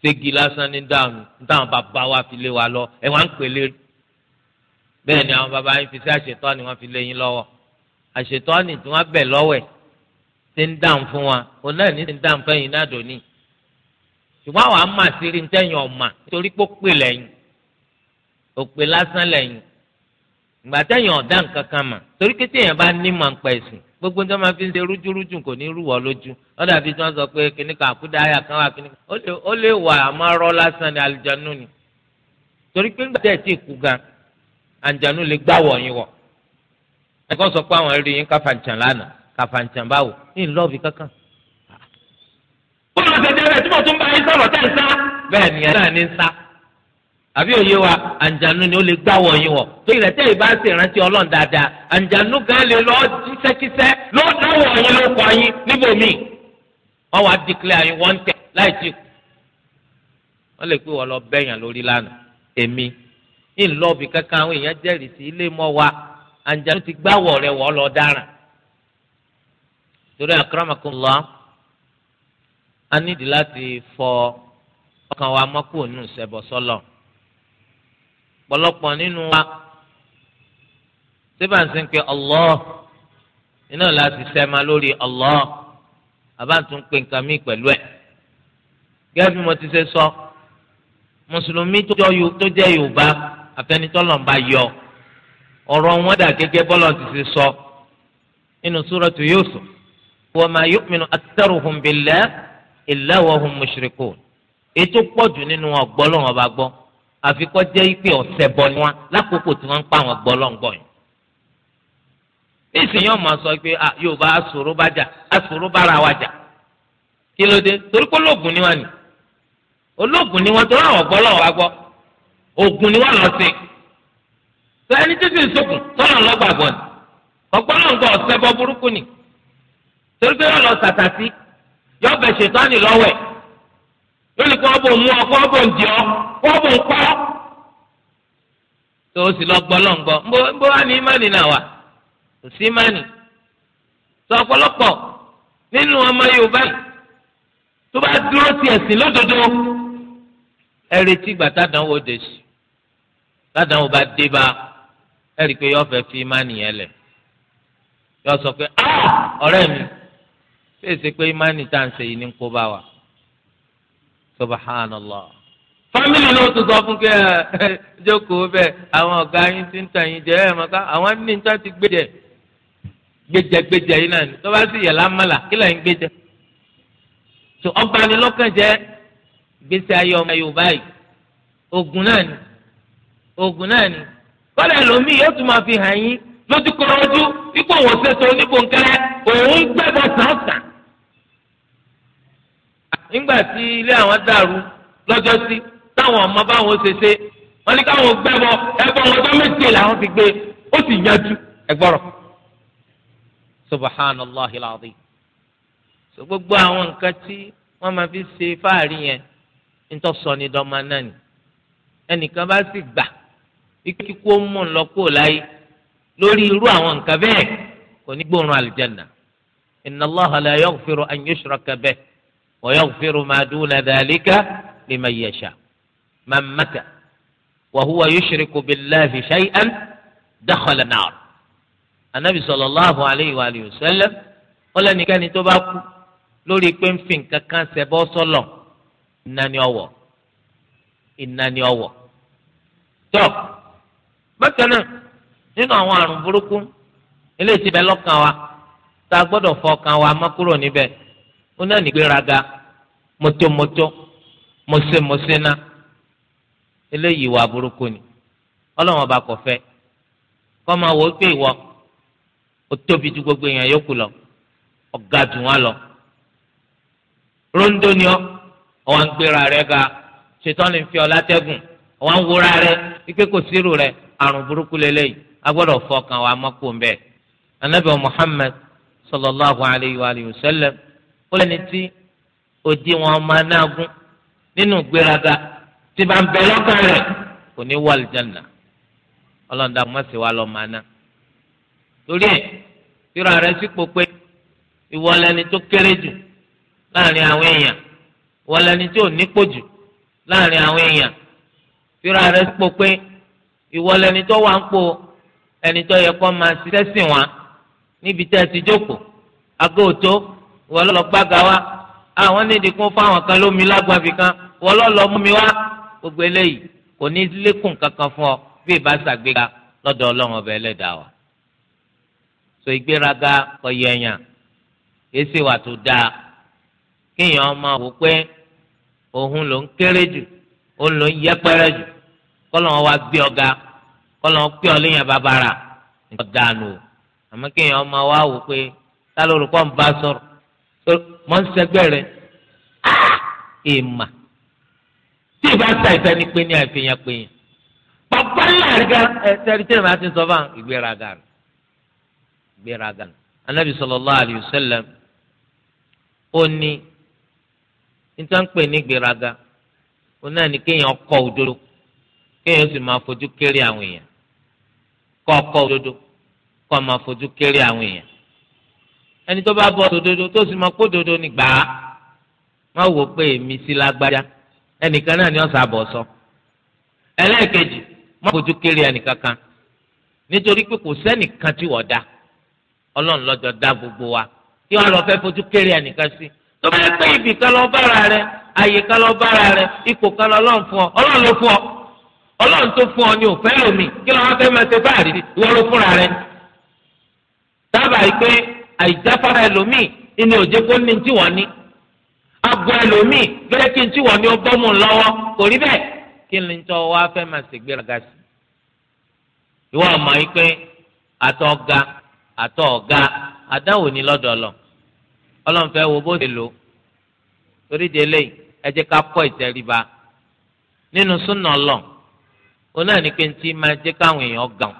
ségi lásán ní dáhùn dáhùn bàbá wa fi lé wa lọ ẹ̀ wá ń pèlè bẹ́ẹ̀ ni àwọn bàbá yín fi sí àṣetọ́ ni wọ́n fi lé yín lọ́wọ́ àṣetọ́ ni tí wọ́n bẹ̀ lọ́wọ́ ẹ̀ ṣe ń dáhùn fún wa òun náà ní ń fẹ́yìn ṣùgbọ́n sí rí ntẹ́yìn ọ̀mà pé ó pè lẹ́yìn lásán lẹ́yìn ìgbà tẹ́yìn nǹkan kan mà torí pé bá ní mà ń gbogbo fi ń ṣe kò ní lójú ọ̀dà tí sọ pé kíní kan àkúdá ayà kan wà kíní kan torí pé kàfàǹtàn báwò ní lọ́ọ̀bì kankan. ó lọ rẹ̀ tí mo tún bá yín sọ̀rọ̀ tẹ̀ ń sá. bẹ́ẹ̀ ni ẹ̀rọ ní ń sá. àbí òye wa àǹjànú ni ó lè gbá wọ̀nyí wọ̀ tó ilẹ̀ tẹ́ ìbá ọlọ́run dáadáa àǹjànú gan lè jíṣẹ́kíṣẹ́ dáwọ̀ ló kọ́ yín wọ́n wá wọ́n tẹ̀ wọ́n lọ bẹ́yàn lórí lánàá èmi torí akramakumullah a nídìí láti fọ ọkàn wa mọ́kù nù sẹ́bọ̀ sọ́lọ̀ pọ̀lọpọ̀ nínú wa síbà ń sìn pé Allah iná láti sẹ́ma lórí Allah àbáǹtún pé nǹkan mí pẹ̀lú ẹ̀ gẹ́gẹ́ bí mo ti ṣe sọ mùsùlùmí tó jẹ́ Yorùbá àfẹnitọ́lọ̀ ń bá yọ ọ̀rọ̀ wọn dà gẹ́gẹ́ bọ́lọ̀ ti ṣe sọ nínú súrọ̀tù Yusuf wa ma yu'minu aktharuhum billahi illa wa hum mushrikun ètò pọ̀jù nínú wọn gbọ́ lọ́wọ́ bá gbọ́ àfikọ́ jẹ́ ipe ọ̀sẹ̀ bọ̀ ni wọn lákòókò tí wọ́n ń pa àwọn gbọ́ lọ́ngbọ̀n yìí. nísìnyí ọmọ sọ pé yorùbá aṣòro bá jà aṣòro bára wa jà kí ló dé torí pé olóògùn ni wọn ni olóògùn ni wọn tó ràn wọ́n gbọ́ gbọ́ ògùn ni wọn lọ sí i. sọ ẹni torí pé yọ lọ sàtàsí yọ bẹ ṣètọ́ni lọ́wẹ̀ lórí kó ọbọ mú ọ kó ọbọ ń di ọ kó ọbọ ń kọ́ tó o sì lọ gbọ́ lọ́ngbọ́ nbó nbó wá ní ìmánì náà wà kò sí ìmánì sọ ọ̀pọ̀lọpọ̀ nínú ọmọ Yorùbá yìí tó bá dúró ti ẹ̀sìn lódodo ẹ retí ìgbà tádànwó dé sí tádànwó bá dé bá ẹ pé yọ fẹ́ fi ìmánì yẹn lẹ̀ yọ sọ pé ah, ọ̀rẹ́ mi ṣèṣe pé imáni tá à ń ṣe yìí ní kó bá wa subhanallah fámìlì náà tó sọ fún kí ẹ jókòó bẹ́ẹ̀ àwọn ọ̀gá yín ti ń tàn yín jẹ ẹ màkà àwọn ní níta ti gbé jẹ gbéjẹ gbéjẹ yìí náà ni tó bá sì yẹ lámàlà kí lẹ́yìn gbéjẹ tó ọba ni lọ́kàn jẹ gbèsè ayé ọmọ Yorùbá yìí ogun náà ni ogun náà ni kọ́lẹ̀ lómi yóò tún máa fi hàn yín lójúkọrọjú ikú òun ṣètò oníbòǹkẹ́rẹ́ òun gbẹ́bọ sàn-sàn. nígbà tí ilé àwọn dàrú lọ́jọ́ sí táwọn ọmọ báwọn ṣe ṣe wọ́n ní káwọn gbẹ́bọ ẹgbẹ́ wọn ọjọ́ méje làwọn ti gbé ó sì yanjú ẹgbọ́rọ̀. subhanallah ilaadi so gbogbo àwọn nǹkan tí wọ́n máa fi ṣe fáàrí yẹn ń náà ni ẹnìkan bá sì gbà ikú kó mú un lọ kó láyé lórí irú àwọn nǹkan bẹ́ẹ̀ kò ní gbóòórùn àlùjánnà inna Allaha la yaghfiru an yushraka bihi wa yaghfiru ma duna dhalika liman yasha man mata wa huwa yushriku billahi shay'an dakhala an-nar anabi sallallahu alayhi wa alihi wa sallam ọlọ́nìkẹ́ni tó bá kú lórí pé ń fi nǹkan kan ṣẹbọ sọ́lọ̀ ìnáni ọ̀wọ̀ ìnáni ọ̀wọ̀ nínú àwọn àrùn burúkú eléyìí ti bẹ lọ́kàn wa tá a gbọ́dọ̀ fọkàn wa má kúrò níbẹ̀ ó náà nígbéraga mọ́tòmọ́tò mọ́sẹ́mọ́sẹ́ná eléyìí wà burúkú ni ọlọ́run ọba kò fẹ́ kọ́ máa wọ pé ìwọ ó tóbi ju gbogbo èèyàn yòókù lọ ọ̀gá jù wọ́n lọ rondo ni ọ ọwọ́ ń gbéra rẹ ga ṣètọ́ ni fi ọ látẹ́gùn ọwọ́ ń wúra rẹ ike kò sírù rẹ àrùn burúkú lélẹ́yìí agbọ́dọ̀ fọkàn wa mọ́kò ń bẹ̀. anabi muhammed sallallahu alayhi wa sallam ó lẹ́ni tí òdi wọn máa nágún nínú gbéraga tí bá ń bẹ lọ́kàn rẹ̀ kò ní wọ aljanna ọlọ́dà mọ̀sẹ̀ wa lọ́ máa ná. torí ẹ̀ tíra rẹ̀ sípò pé ìwọ lẹni tó kéré jù láàrin àwọn èèyàn ìwọ lẹni tí nípò jù láàrin àwọn èèyàn tíra rẹ̀ sípò pé ìwọ lẹni tó wà ń po ẹni tó yẹ kó máa ṣiṣẹ́ sìn wọn níbi tẹ́ ẹ ti jókòó agóòtó wọ́n lọ́ọ́ gbága wa àwọn nídìí kún fáwọn kan lómi lágbàbí kan wọ́n lọ́ọ́ lọ mú mi wá gbogbo eléyìí kò ní lékùn kankan fún ọ bí ìbá ṣàgbéga lọ́dọ̀ ọlọ́run ọba ẹlẹ́dàá wa. so ìgbéraga ọ̀yẹ̀yàn èsì wà tó dáa kéèyàn máa wò pé òun ló ń kéré jù òun ló ń yẹpẹrẹ jù wa gbé ọ̀gá kọlọ́n pé ọ léyìn ọ nǹkan dànù àmọ́ kéèyàn ọmọ wa wò pé ta ń bá sọ̀rọ̀ mọ́ ń sẹgbẹ́ ah! tí ìbá ta ìfẹ́ ni pé ní àìfihàn pé yẹn bàbá ńlá àríga ẹ̀sẹ̀ ti sọ fáwọn ìgbéraga rẹ̀ ìgbéraga rẹ̀ anabi sallallahu alayhi ó ní níta ń pè ní ìgbéraga ó náà kọ́ ododo, òdodo kọ́ máa fojú kéré àwọn èèyàn ẹni tó bá bọ́ òdodo tó sì máa kó òdodo ní gbàá má wò pé èmi sí lágbájá ẹnìkan náà ni ọ̀sà bọ̀ sọ ẹlẹ́ẹ̀kejì má fojú kéré ẹnìkankan nítorí pé kò sẹ́nìkan tí wọ́n dá ọlọ́run lọ́jọ́ dá gbogbo wa kí wọ́n lọ fẹ́ fojú kéré ẹnìkan sí tó bá ọ ọlọ́run ló fún ọ. ọlọ́run tó fún ọ ní òfẹ́ lómi kí lọ́wọ́ fẹ́ máa ṣe fáàrí wọ́n ló fúnra rẹ̀ dábàá yìí pé àìjáfara ẹlòmíì ìní òjé kó ní tí wọ́n ní agbo ẹlòmíì gẹ́gẹ́ kí n tí wọ́n ní ó bọ́mù lọ́wọ́ kò rí bẹ́ẹ̀ kí ni tó wá fẹ́ máa ṣègbéraga sí ìwọ ọmọ yìí pé àtọ̀ ọ̀gá àtọ̀ ọ̀gá àdáwò ní lọ́dọ̀ lọ ọlọ́run fẹ́ wo bó ṣe lò torí délé ẹ ó náà ní ti máa jẹ́ káwọn èèyàn gàn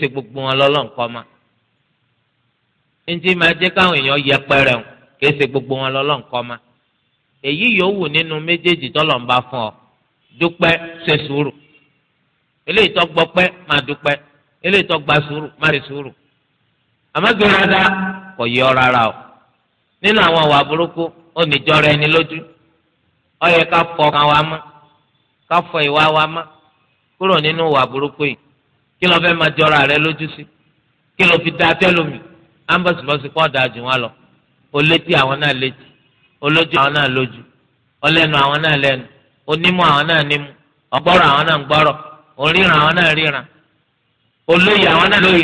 ṣe gbogbo wọn lọ́lọ́ nǹkan ma ní máa jẹ́ káwọn èèyàn yẹpẹrẹ o kìí ṣe gbogbo wọn ma èyí nínú méjèèjì ọ dúpẹ́ ṣe sùúrù eléyìí tó gbọpẹ́ máa dúpẹ́ eléyìí tó gba sùúrù rí sùúrù ọ rárá o nínú àwọn ọ̀wà burúkú ó kúrò nínú ìwà burúkú yìí kí ló fẹ́ máa jọra rẹ lójú sí kí ló fi dáa tẹ́lómi ambos lọ sí kọ́ ọ̀dà jù wọn lọ olétí àwọn náà létí olójú àwọn náà lójú ọlẹ́nu àwọn náà lẹ́nu onímọ̀ àwọn náà nímú ọgbọ́rọ̀ àwọn náà ń gbọ́rọ̀ oríran àwọn náà ríran olóyè àwọn náà lóyè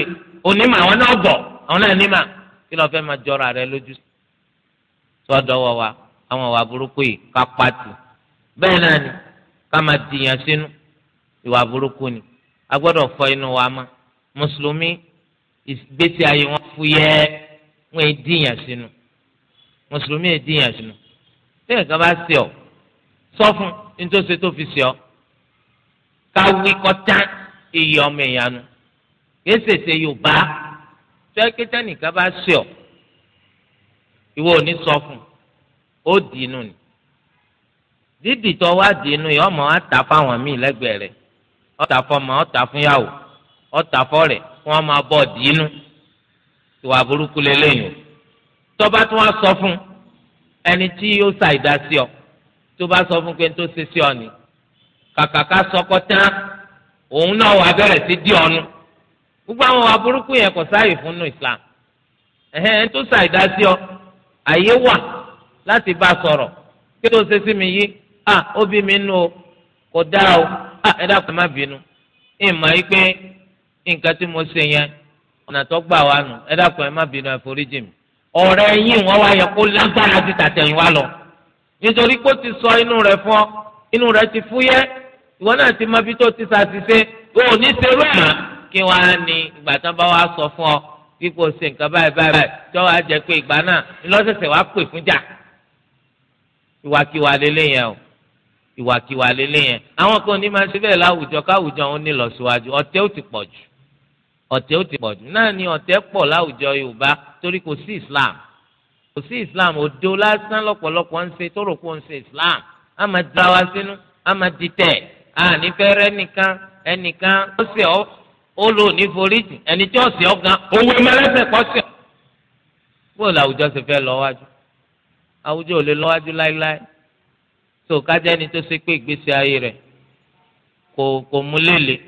onímọ̀ àwọn náà gbọ̀ àwọn náà nímọ̀ kí ló fẹ́ máa jọra rẹ lójú sí sọ́dọ̀wọ́ wa àwọn wà burúkú yìí ká pàtì bẹ́ẹ̀ náà ni ká máa dìyàn sínú ìwà burúkú ni a gbọ́dọ̀ fọ inú wa mọ́ mùsùlùmí ìgbésí ayé wọn fúyẹ́ wọn è díyàn sínú mùsùlùmí è díyàn sínú bẹ́ẹ̀ kan bá sí ọ sọ fún nítòsí tó fi sí ọ káwí kọjá iye ọmọ ìyanu kìí ṣèṣe yorùbá tó ẹ kété nìkan bá sí ọ ìwọ ò ní sọ fún ó dì inú ni dídì tó wá dì inú yìí ọmọ wa tà fáwọn míì lẹ́gbẹ̀ẹ́ rẹ̀ ọ̀tà fọmọ ọ̀tà fúnyàwó ọ̀tà fọ́rẹ̀ kí wọ́n máa bọ̀ dínú ìwà burúkú lélẹ́yìn tọ́ba tí wọ́n sọ fún ẹni tí ó ṣàìdá sí ọ tó bá sọ fún pé tó ṣe sí ọ ni kàkà sọkọ tán òun náà wà bẹ̀rẹ̀ sí dí ọnu gbogbo àwọn ìwà burúkú yẹn kò sáàyè fún nù Islam ẹ̀hẹ́n ẹni tó ṣàìdá sí ọ àyè wà láti bá sọ̀rọ̀ kí tó ṣe sí mi yí à ó bí mi nù o kò dáa o ah, ẹ dákun má bínú ẹ mọ̀ yí pé nǹkan tí mo ṣe yẹn ọ̀nà tó gbà wá nù ẹ dákun ẹ má bínú ẹ foríjì mi ọ̀rẹ́ yín wọ́n wá yẹ kó lágbára ti tàtẹ̀yìn wá lọ nítorí kó ti sọ inú rẹ̀ fún ọ inú rẹ̀ ti fúyẹ́ ìwọ náà ti mọ ibi tó ti ṣàṣìṣe o ní serú ẹ̀ kí wọ́n á ní ìgbà tán bá wá sọ fún ọ kíkó ṣe nǹkan báyìí báyìí tó wàá jẹ pé ìgbà náà ńlọ́sẹ̀sẹ̀ wàá pè fún jà ìwàkiwà lélẹ́yìn ẹ̀ o ìwàkiwà lélẹ̀ yẹn àwọn kan ní máa ṣe bẹ́ẹ̀ láwùjọ káwùjọ òun ní lọ síwájú ọ̀tẹ̀ ó ti pọ̀ jù ọ̀tẹ̀ ó ti pọ̀ jù náà ni ọ̀tẹ̀ pọ̀ láwùjọ Yorùbá torí kò sí Islam kò sí Islam òdo lásán lọ́pọ̀lọpọ̀ ń ṣe tó rò ń ṣe Islam á máa dá wa sínú á máa di tẹ̀ á ní fẹ́rẹ́ nìkan ẹnìkan ó sì ọ́ ó lò ní foríjì ẹni tí ó sì ọ́ gan owó mẹ́lẹ́sẹ̀ pọ̀ sí so kájẹ́ ni tó ṣe pé ìgbésí ayé rẹ̀ kò kò mú lélẹ̀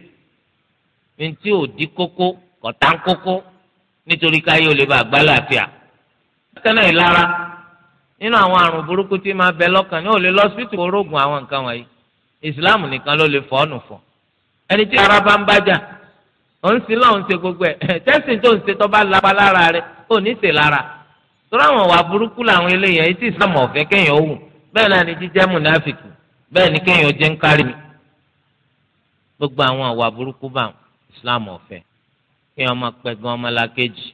ntí ò di kókó kọ̀tà kókó nítorí káyé ò lè bá àgbá làáfíà kẹ́nà ìlara nínú àwọn àrùn burúkú tí máa bẹ lọ́kàn ní ò lè lọ síbítù orógùn àwọn nǹkan wọ̀nyí ìsìláàmù nìkan ló lè fọ́ọ̀nù fọ́ ẹni tí ara bá ń bájà ò ń sin lọ́hùn ṣe gbogbo ẹ̀ tẹ́sìn tó ń ṣe tó bá lapa lára rẹ̀ ò ní ṣe tó láwọn wà burúkú làwọn eléyìí ẹ̀ bẹ́ẹ̀ náà ni jíjẹ́ mùnáfìkì bẹ́ẹ̀ ni kéèyàn jẹ́ ń kárí mi gbogbo àwọn àwa burúkú bá islam ọ̀fẹ́ kéèyàn máa pẹ̀gàn ọmọlàkejì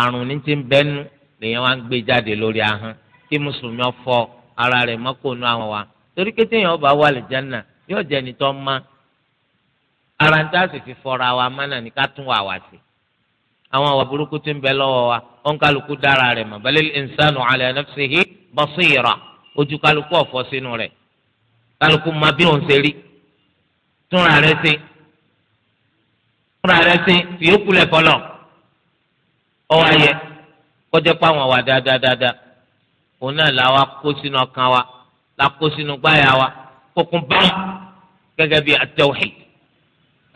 àrùn ní ti ń bẹ́nu lèèyàn wá ń gbé jáde lórí ahọ́n kí mùsùlùmí ọ̀fọ́ ara rẹ̀ mọ́kànnú àwọn wa torí kétéèyàn ọba wà lè jẹ́nà yóò jẹ́ ẹni tó ń má ara ń tàṣì fi fọra wa mánà ní ká tún wà wá sí àwọn àwa burúkú ti ń bẹ lọ́wọ́ wa ó ń kálukú dára rẹ̀ mọ̀ ojú kálukú ọ̀fọ́ sínú rẹ̀ kálukú máa bí òun ṣe rí túnra rẹ̀ sí túnra rẹ̀ sí fìyókù lẹ́kọ̀ọ́lọ̀ ọwọ́ ayẹ kọjá páwọn wà dáadáa òun náà làwa kó sínú ọkàn wa la kó sínú gbáyà wa kókun bán gẹ́gẹ́ bí at-tawhid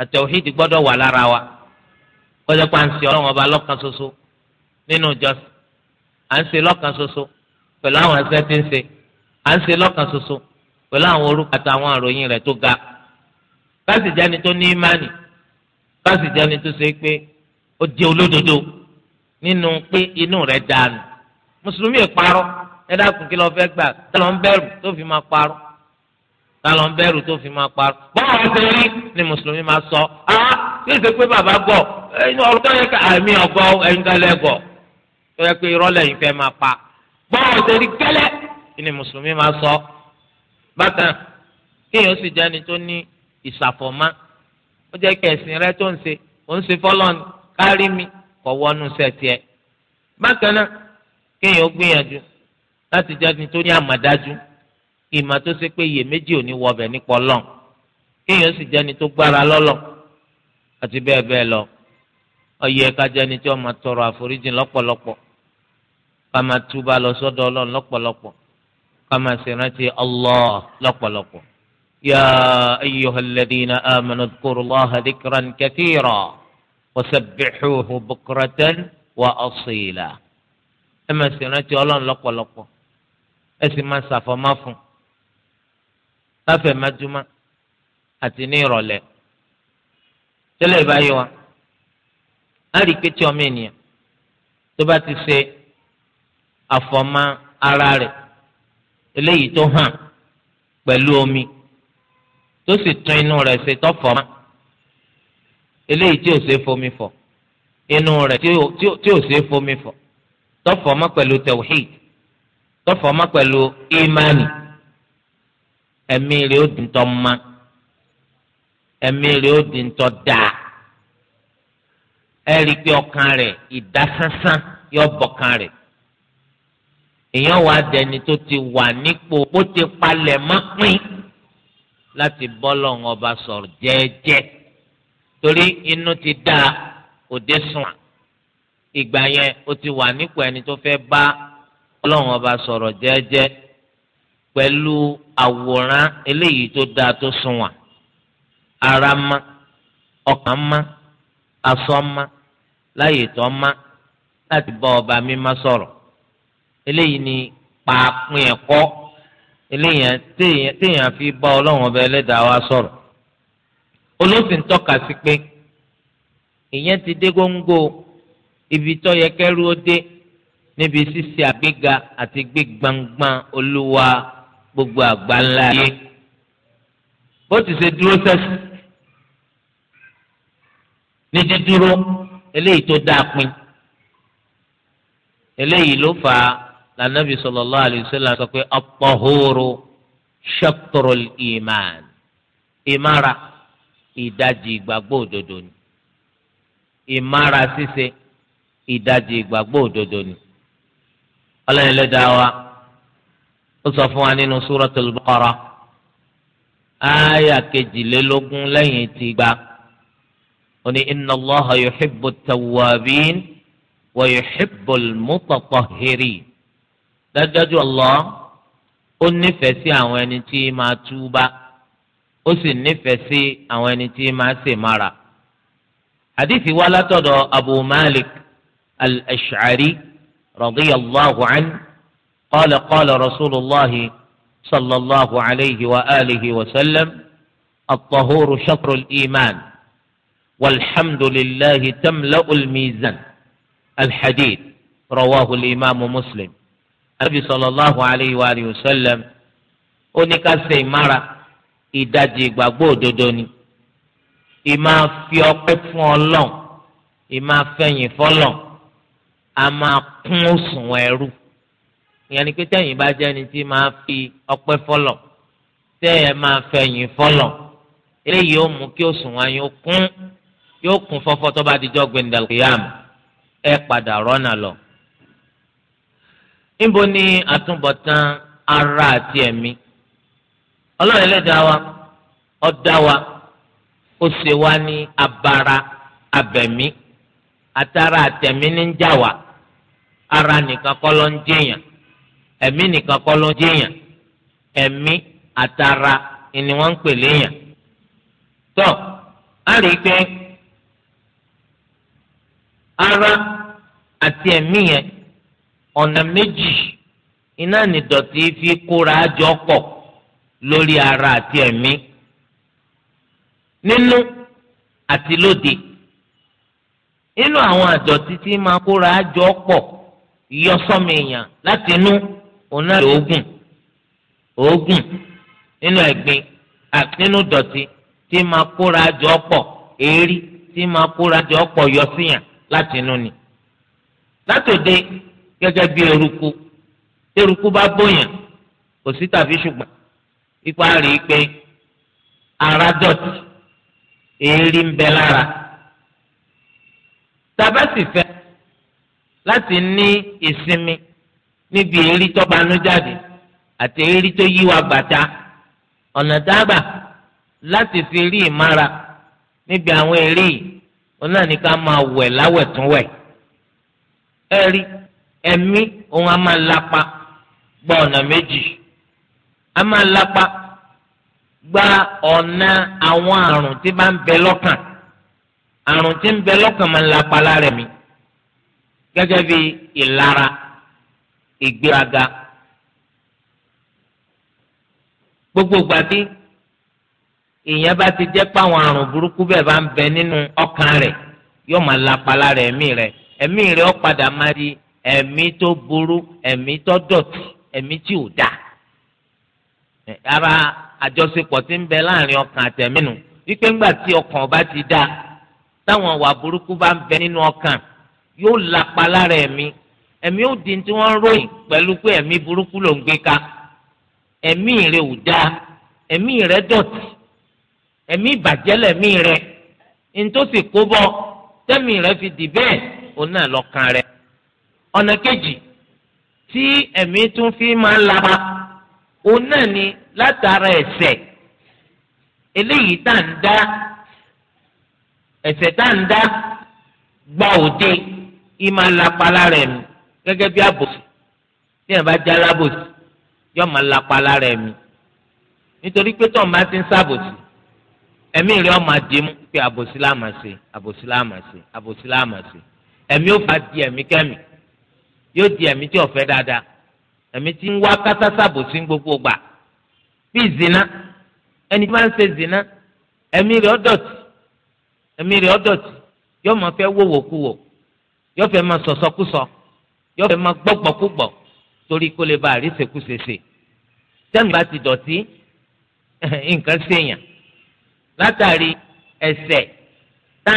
at-tawhid wà lára wa kọjá pa ń ṣe ọlọ́wọ́n ọba lọ́kan ṣoṣo nínú ìjọsìn à ń ṣe lọ́kan ṣoṣo pẹ̀lú àwọn ẹsẹ̀ tí ń ṣe à ń ṣe lọ́kàn ṣoṣo pẹ̀lú àwọn orúkọ àtàwọn àròyìn rẹ̀ tó ga káàsì jẹ́ni tó ní ìmánì káàsì jẹ́ni tó ṣe pé ó jẹ́ olódodo nínú pé inú rẹ̀ dànù mùsùlùmí ìparọ́ ẹ kí lọ́ọ́ fẹ́ gbà tá ń bẹ̀rù tó fi máa parọ́ tá ń bẹ̀rù tó fi máa parọ́ bọ́ọ̀ ṣe rí ni mùsùlùmí máa sọ ah kí ló ṣe pé bàbá gbọ́ ẹni ọ̀rọ̀ yẹ ká àmì ọ̀gọ́ ẹ̀ńgálẹ́gọ̀ tó yẹ ni mùsùlùmí máa sọ bákan kéèyàn sì jẹ́ ẹni tó ní ìsàfọ̀mọ́ ó jẹ́ kí ẹ̀sìn rẹ tó ń ṣe ó ń ṣe fọ́lọ́ọ̀nù kárí mi kọ̀ wọnú sẹ́ẹ̀tì ẹ̀ bákan náà kéèyàn ó gbìyànjú láti jẹ́ ẹni tó ní àmọ̀dájú ìmọ̀ tó ṣe pé iyèméjì ò ní wọbẹ̀ nípa ọlọ́run kéèyàn sì jẹ́ tó gbára lọ́lọ́ àti bẹ́ẹ̀ bẹ́ẹ̀ lọ ó yẹ ká tí ó máa tọrọ àforíjì lọ́pọ̀lọpọ̀ ká máa túbà lọ sọ́dọ̀ ọlọ́run lọ́pọ̀lọpọ̀ kama ṣèrántí allah lọ́pọ̀lọpọ̀ ya ayyuha alladhina amanu dhkurullaha dhikran kathira wasabbihuhu bukratan wa asila ẹ máa ṣèrántí ọlọ́run lọ́pọ̀lọpọ̀ ẹ sì máa ṣàfọ̀mọ́ fún láfẹ̀mẹ́júmọ́ àti ní ìrọ̀lẹ́ tẹ́lẹ̀ báyìí wa á rí i pé tí ọmọ ènìyàn tó bá ti ṣe àfọ̀mọ́ ara rẹ̀ eléyìí tó hàn pẹ̀lú omi tó sì tún inú rẹ̀ ṣe tọ́fọ̀ mọ́ eléyìí tí ò ṣe fomi fọ̀ inú rẹ̀ tí ò ṣe fomi fọ̀ tọ́fọ̀ mọ́ pẹ̀lú tawhid tọ́fọ̀ mọ́ pẹ̀lú imani ẹ̀mí rẹ̀ ó di ntọ́ mọ́ ẹ̀mí rẹ̀ ó di ntọ́ dáa ẹ̀ pé ọkàn rẹ̀ ìdásánsán yọ bọ̀kan rẹ̀ èèyàn wà dẹni tó ti wà nípò bó ti palẹ̀ mọ́ pín láti bọ́lọ̀ ọba sọ̀rọ̀ jẹ́ẹ́jẹ́ torí inú ti dá òde sùn ìgbà yẹn o ti wà nípò ẹni tó fẹ́ bá ọlọ́run ọba sọ̀rọ̀ jẹ́ẹ́jẹ́ pẹ̀lú àwòrán eléyìí tó dáa tó sunwọ̀n ara ma ọkàn ma aṣọ ma láyè tó ma láti bá ọba mímá sọ̀rọ̀ eléyìí ni pàápín ẹ̀kọ́ eléyìí téèyàn fi bá ọlọ́run ọba ẹlẹ́dàá wa sọ̀rọ̀ olófin tọ́ka sí pé ìyẹn ti dé góńgó ibi tó yẹ kẹ́rú ó dé níbi ṣíṣe àgbéga àti gbé gbangban olúwa gbogbo àgbáńlá yé bó ti ṣe dúró sẹ́sì ní dídúró eléyìí tó dáa pin eléyìí ló fà á lànàbì sallallahu alaihi wasallam sọ pé at-tahuru shatrul iman ìmára ìdajì ìgbàgbọ́ òdodo ni ìmára ṣíṣe ìdajì ìgbàgbọ́ òdodo ni ọlọ́run ló dá wa ó sọ fún wa nínú suratul Baqara ááyà kejìlélógún lẹ́yìn ti gba ó ní inna Allaha yuhibbu at-tawwabin wa yuhibbul mutatahhirin. dájúdájú Allah ó nífẹ̀ẹ́ sí àwọn ẹni tí máa túbá ó sì nífẹ̀ẹ́ sí àwọn ẹni tí máa mara. àdìsí wa látọ̀dọ̀ abu malik al-ash'ari radiyallahu anhu قال قال رسول الله صلى الله عليه وآله وسلم الطهور شطر الإيمان والحمد لله تملأ الميزان الحديث رواه الإمام مسلم anabi sallallahu alayhi wa alihi wa sallam ó ní ká ṣe ìmára ìdajì ìgbàgbọ́ òdodo ni ìmá fi ọpẹ́ fún Ọlọ́run ìmá fẹ̀yìn fọ́lọ́run a máa kún òṣùwọ̀n ẹrú ìyẹn ni pé tẹ̀yìn bá jẹ́ ẹni tí máa fi ọpẹ́ fọ́lọ̀ tẹ̀yìn máa fẹ̀yìn fọ́lọ̀ eléyìí ó mú kí òṣùwọ̀n yín ó kún yóò kún fọ́fọ́ tó bá dijọ́ gbẹ̀ndàlùkìyàmù ẹ padà rọ́nà lọ. níbo ni àtúbọ̀tán ara àti ẹ̀mí ọlọ́run ẹlẹ́dàá wa ọ̀dá wa ó ṣe wá ní abara abẹ̀mí àtàrà àtẹ̀mí ní ń jà wá ara nìkan kọ́ ló ń jẹ̀yàn ẹ̀mí nìkan kọ́ ló ń jẹ̀yàn ẹ̀mí àtàrà ni wọ́n ń pè léyàn tọ́ a rí i pé ara àti ẹ̀mí yẹn. ọ̀nà méjì iná nìdọ̀tí fi kóra jọ pọ̀ lórí ara àti ẹ̀mí nínú àti lóde nínú àwọn àdọ̀tí tí máa kóra jọ pọ̀ yọ sọ́mi èèyàn láti inú òun náà lè oògùn oògùn nínú ẹ̀gbin àti nínú dọ̀tí tí máa kóra jọ pọ̀ èérí tí máa kóra jọ pọ̀ yọ síyàn láti inú ni látòde gẹ́gẹ́ bí eruku tí eruku bá bóyàn kò sí tàbí ṣùgbọ́n ipa rí i pé ara dọ̀tí èérí ń bẹ lára tàbá sì fẹ́ láti ní ìsinmi níbi èérí tó banú jáde àti èérí tó yíwa gbàtà ọ̀nà dábà láti fi rí ìmára níbi àwọn èérí yìí ó náà ní ká máa wẹ̀ láwẹ̀ tún wẹ̀ ẹ rí i ẹ̀mí òun á máa lapa gba ọ̀nà méjì á máa lapa gba ọ̀nà àwọn àrùn tí bá ń bẹ lọ́kàn àrùn tí ń bẹ lọ́kàn máa ń lapa lára ẹ̀mí gẹ́gẹ́ bí ìlara ìgbéraga gbogbo gbàdí ìyẹn bá ti jẹ́ páwọn àrùn burúkú bẹ́ẹ̀ bá ń bẹ nínú ọkàn rẹ̀ yóò máa lapa lára ẹ̀mí rẹ̀ ẹ̀mí rẹ̀ ó padà máa di ẹ̀mí tó burú ẹ̀mí tó dọ̀tí ẹ̀mí tí ò dáa ara àjọṣepọ̀ tí ń bẹ láàrin ọkàn àtẹ̀mínú wípé ńgbà tí ọkàn bá ti dáa táwọn wà burúkú bá ń bẹ nínú ọkàn yóò lapa lára ẹ̀mí ẹ̀mí ò di tí wọ́n ròyìn pẹ̀lú pé ẹ̀mí burúkú ló ń gbé ká ẹ̀mí rẹ ò dáa ẹ̀mí rẹ dọ̀tí ẹ̀mí ìbàjẹ́ lẹ̀mí rẹ ntòsí kó bọ́ tẹ́mi rẹ fi dì bẹ́ẹ̀ òun náà lọ́kàn rẹ ọ̀nà kejì tí ẹ̀mí tún fi máa ń laba òun náà ni látara ẹ̀ṣẹ̀ eléyìí tá à ń dá ẹ̀ṣẹ̀ tá à ń dá gba òde yìí máa ń lapa lára ẹ̀mí gẹ́gẹ́ bí àbòsí tí ẹ̀ bá já lábòsí yóò máa lapa lára ẹ̀mí nítorí pé tó ń ti ń sábòsí ẹ̀mí rẹ̀ ọ̀ máa dìímú pé àbòsí láàmà ṣe àbòsí láàmà ṣe àbòsí láàmà ṣe ẹ̀mí ò bá di ẹ̀mí kẹ́mìí yóò di ẹ̀mí tí ọ̀fẹ́ dáadáa ẹ̀mí tí ń wá kásásàbò sí gbogbo gbà bí zina ẹni tí máa ń ṣe zina ẹ̀mí rẹ̀ ọ̀dọ̀tì ẹ̀mí rẹ̀ ọ̀dọ̀tì yóò máa fẹ́ wòwòkuwò yóò fẹ́ máa sọ̀sọ́kúsọ yóò fẹ́ máa gbọ́gbọ́kúgbọ̀ torí kó lè bá àrí ṣekúṣeṣe tẹ́mi bá ti dọ̀tí nǹkan ṣèyàn látàrí ẹsẹ̀ tá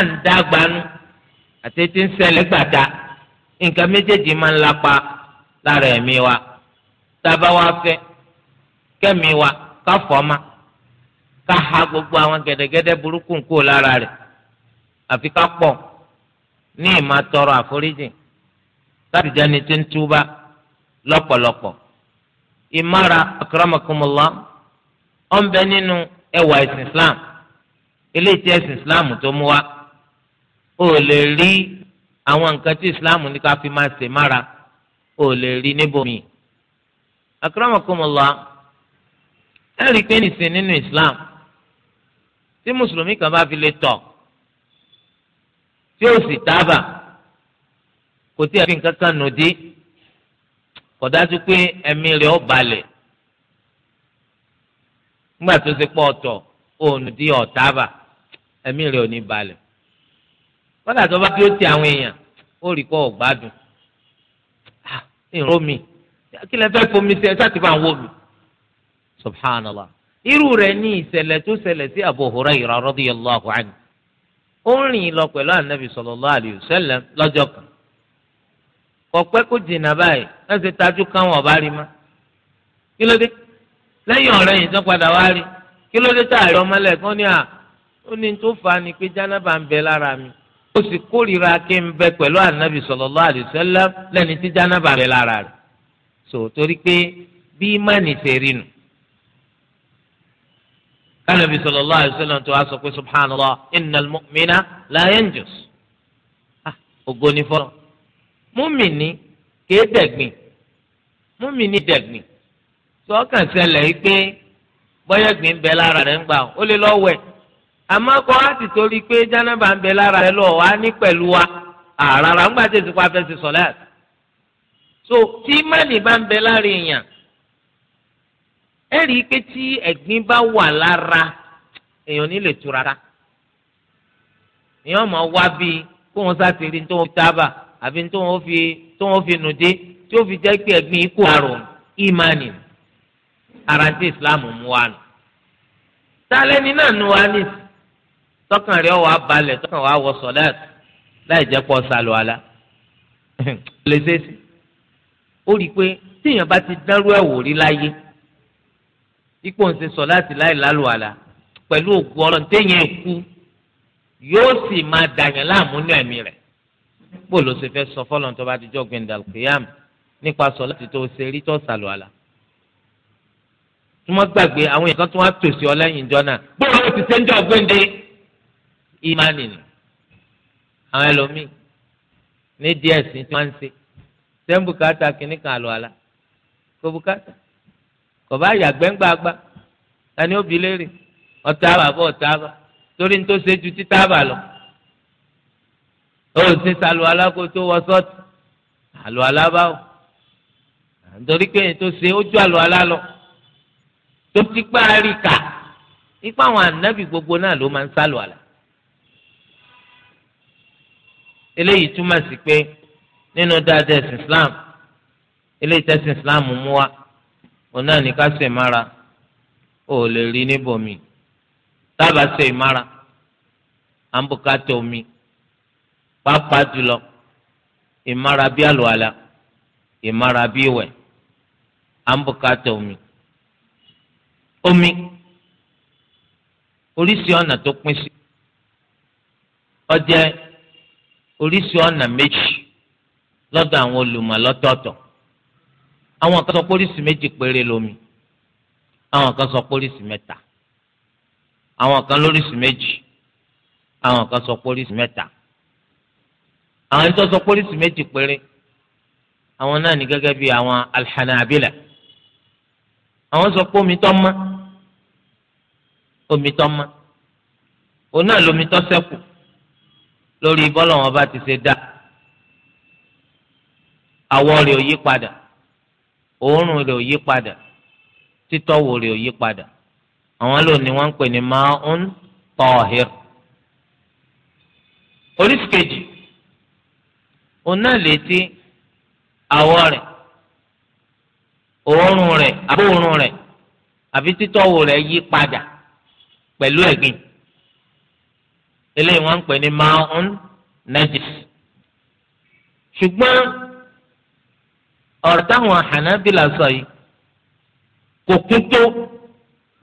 àti ti ń ṣẹlẹ̀ gbàdá. nǹkan méjèèjì máa ń lapa lára ẹ̀mí wa tábà wá fẹ́ kẹ́mi wa ká fọ́ọ́mà ká ha gbogbo àwọn gẹ́dẹ́gẹ́dẹ́ burúkú kú lára rẹ̀ àfi ká pọ̀ ní ìmá tọrọ àforíjì láti jẹ́ni tó ń túbà lọ́pọ̀lọpọ̀ ìmára akramakumullah ó ń bẹ nínú ẹwà ẹ̀sìn Islam eléyìí tí ẹ̀sìn Islam tó mú wa ó lè rí àwọn nǹkan tí islam ní ká fi máa ṣe mára ò lè rí níbòmí. akramakumullah ẹ rí i pé nìsín nínú islam tí mùsùlùmí kan bá fi lè tọ̀ tí ó sì tábà kò tí ẹ fi nǹkan kan nù dí kò dájú pé ó balẹ̀ nígbà tó ṣe pọ̀ ọ̀tọ̀ òun dí ò kọ́dà tó bá bí ó ti àwọn èèyàn ó rí kọ́ ọ̀gbádùn ìró mi kí lẹ fẹ́ fomi sí ẹ sáà ti mi subhanallah irú rẹ̀ ní ìṣẹ̀lẹ̀ tó ṣẹlẹ̀ sí lọ pẹ̀lú sallallahu alayhi wa sallam lọ́jọ́ kan kọ̀pẹ́ kó jìnnà báyìí ẹ ṣe tajú káwọn rí ma kí ló dé lẹ́yìn ọ̀rẹ́ yìí tán padà wá kan ní à ó ní tó ni pé jánábà ń bẹ ó sì kórìíra kí n bẹ pẹ̀lú ànábì sallallahu alaihi wasallam lẹ́ni tí jánábà rẹ̀ lára rẹ̀ so torí pé bí ìmánì ṣe rí nu kánàbì sallallahu alaihi wasallam tó a sọ pé subhanallah innal mu'mina la yanjus ah, ògo ni fọlọ múmìnì kìí dẹ̀gbìn múmìnì dẹ̀gbìn sọ yìí pé bọ́yẹ̀gbìn bẹ lára rẹ̀ ń gbà ó lè lọ́wọ́ ẹ̀ àmọ́ kọ́ láti torí pé jánábà ń bẹ lára rẹ lọ wá ní pẹ̀lú wa àràrà ń gbàtẹ́ sí pàfẹ́ sí sọ́lá. so tí mánì bá ń bẹ lára èèyàn ẹ rí i pé tí ẹ̀gbín bá wà lára èèyàn ní lè tura ká èèyàn máa wá bíi kó wọn sáà ti rí tó wọn fi tábà àbí tó wọn fi tó wọn fi nùdé tí ó fi jẹ́ pé ẹ̀gbín ikú àrùn ìmánì ara ti Islam mú wa nù. sálẹ́ni náà nu wa nísì tọkàn rẹ wà balẹ̀ tọkàn wà wọ sọ̀láàt láì jẹ́ pọ̀ sàlù àlá lè ṣe é sí. ó rí i pé tíyàn bá ti dánrú ẹ̀ wò rí láyé ipò ń ṣe sọ̀láàt láì lálù àlá pẹ̀lú òkú ọ̀rọ̀ téèyàn kú yóò sì máa dàyàn láàmú ní ẹ̀mí rẹ̀ bó ló ṣe fẹ́ sọ fọ́lọ́n tó bá ti jọ́ gbẹ̀ndàlùkìyàmù nípa sọ̀láàt tó ṣe rí tó sàlù àlá tí wọ́n gbàgbé àwọn èèyàn kan tí wọ́n á ọ lẹ́yìn ìjọ náà bó ló ti ṣe ń jọ gbẹ̀ndé Imani. nù àwọn ẹlòmíì ní díẹ̀ sí tí wọ́n ń ṣe sẹ́ń bùkátà kìíní kan àlọ́ àlá kò bùkátà kò bá yàgbẹ́ ń gbàgbà ẹni ó bi léèrè ọ̀tá bàbá ọ̀tá bà torí ní tó ṣe ju títà bà lọ ó sì sàlù alákòótó wọ sọ́ọ̀tì àlù alábáwò nítorí pé èyí tó ṣe ó ju àlù alá lọ tó ti gbá rí kà àwọn ànábì gbogbo náà ló máa ń sálù àlà eléyìí túmọ̀ sí pé nínú dáadáa ẹ̀sìn islam eléyìí tẹ̀sìn islam mú wa òun náà ní ká ṣe ìmára ó lè rí níbòmí tábà ṣe ìmára à ń bùkátà omi pàápàá jùlọ ìmára bí àlùwàlà ìmára bí ìwẹ̀ à omi omi oríṣi ọ̀nà tó pín sí ọjẹ́ oríṣi ọ̀nà méjì lọ́dọ̀ àwọn olùmọ̀ lọ́tọ̀ọ̀tọ̀ àwọn kan sọ pé méjì péré lomi àwọn kan sọ pé oríṣi mẹ́ta àwọn kan lóríṣi méjì àwọn kan sọ pé oríṣi mẹ́ta àwọn ẹni tó sọ pé oríṣi méjì péré àwọn náà ní gẹ́gẹ́ bí àwọn alhanabila àwọn sọ pé omi tó mọ́ omi tó mọ́ òun náà lomi tó ṣẹ́kù lórí bọ́lọ̀ wọn bá ti ṣe dá àwọ̀ rẹ̀ ò yí padà òórùn rẹ̀ ò yí padà títọ́wò rẹ̀ ò yí padà àwọn lò ní wọ́n ń pè ní ma'un tahir oríṣi kejì òun náà létí àwọ̀ rẹ̀ òórùn rẹ̀ àbóòórùn rẹ̀ àbí títọ́wò rẹ̀ yí padà pẹ̀lú ẹ̀gbin eléyìí wọ́n ń pè ní ma'un najis ṣùgbọ́n ọ̀rọ̀ táwọn hanabila sọ yìí kò kún tó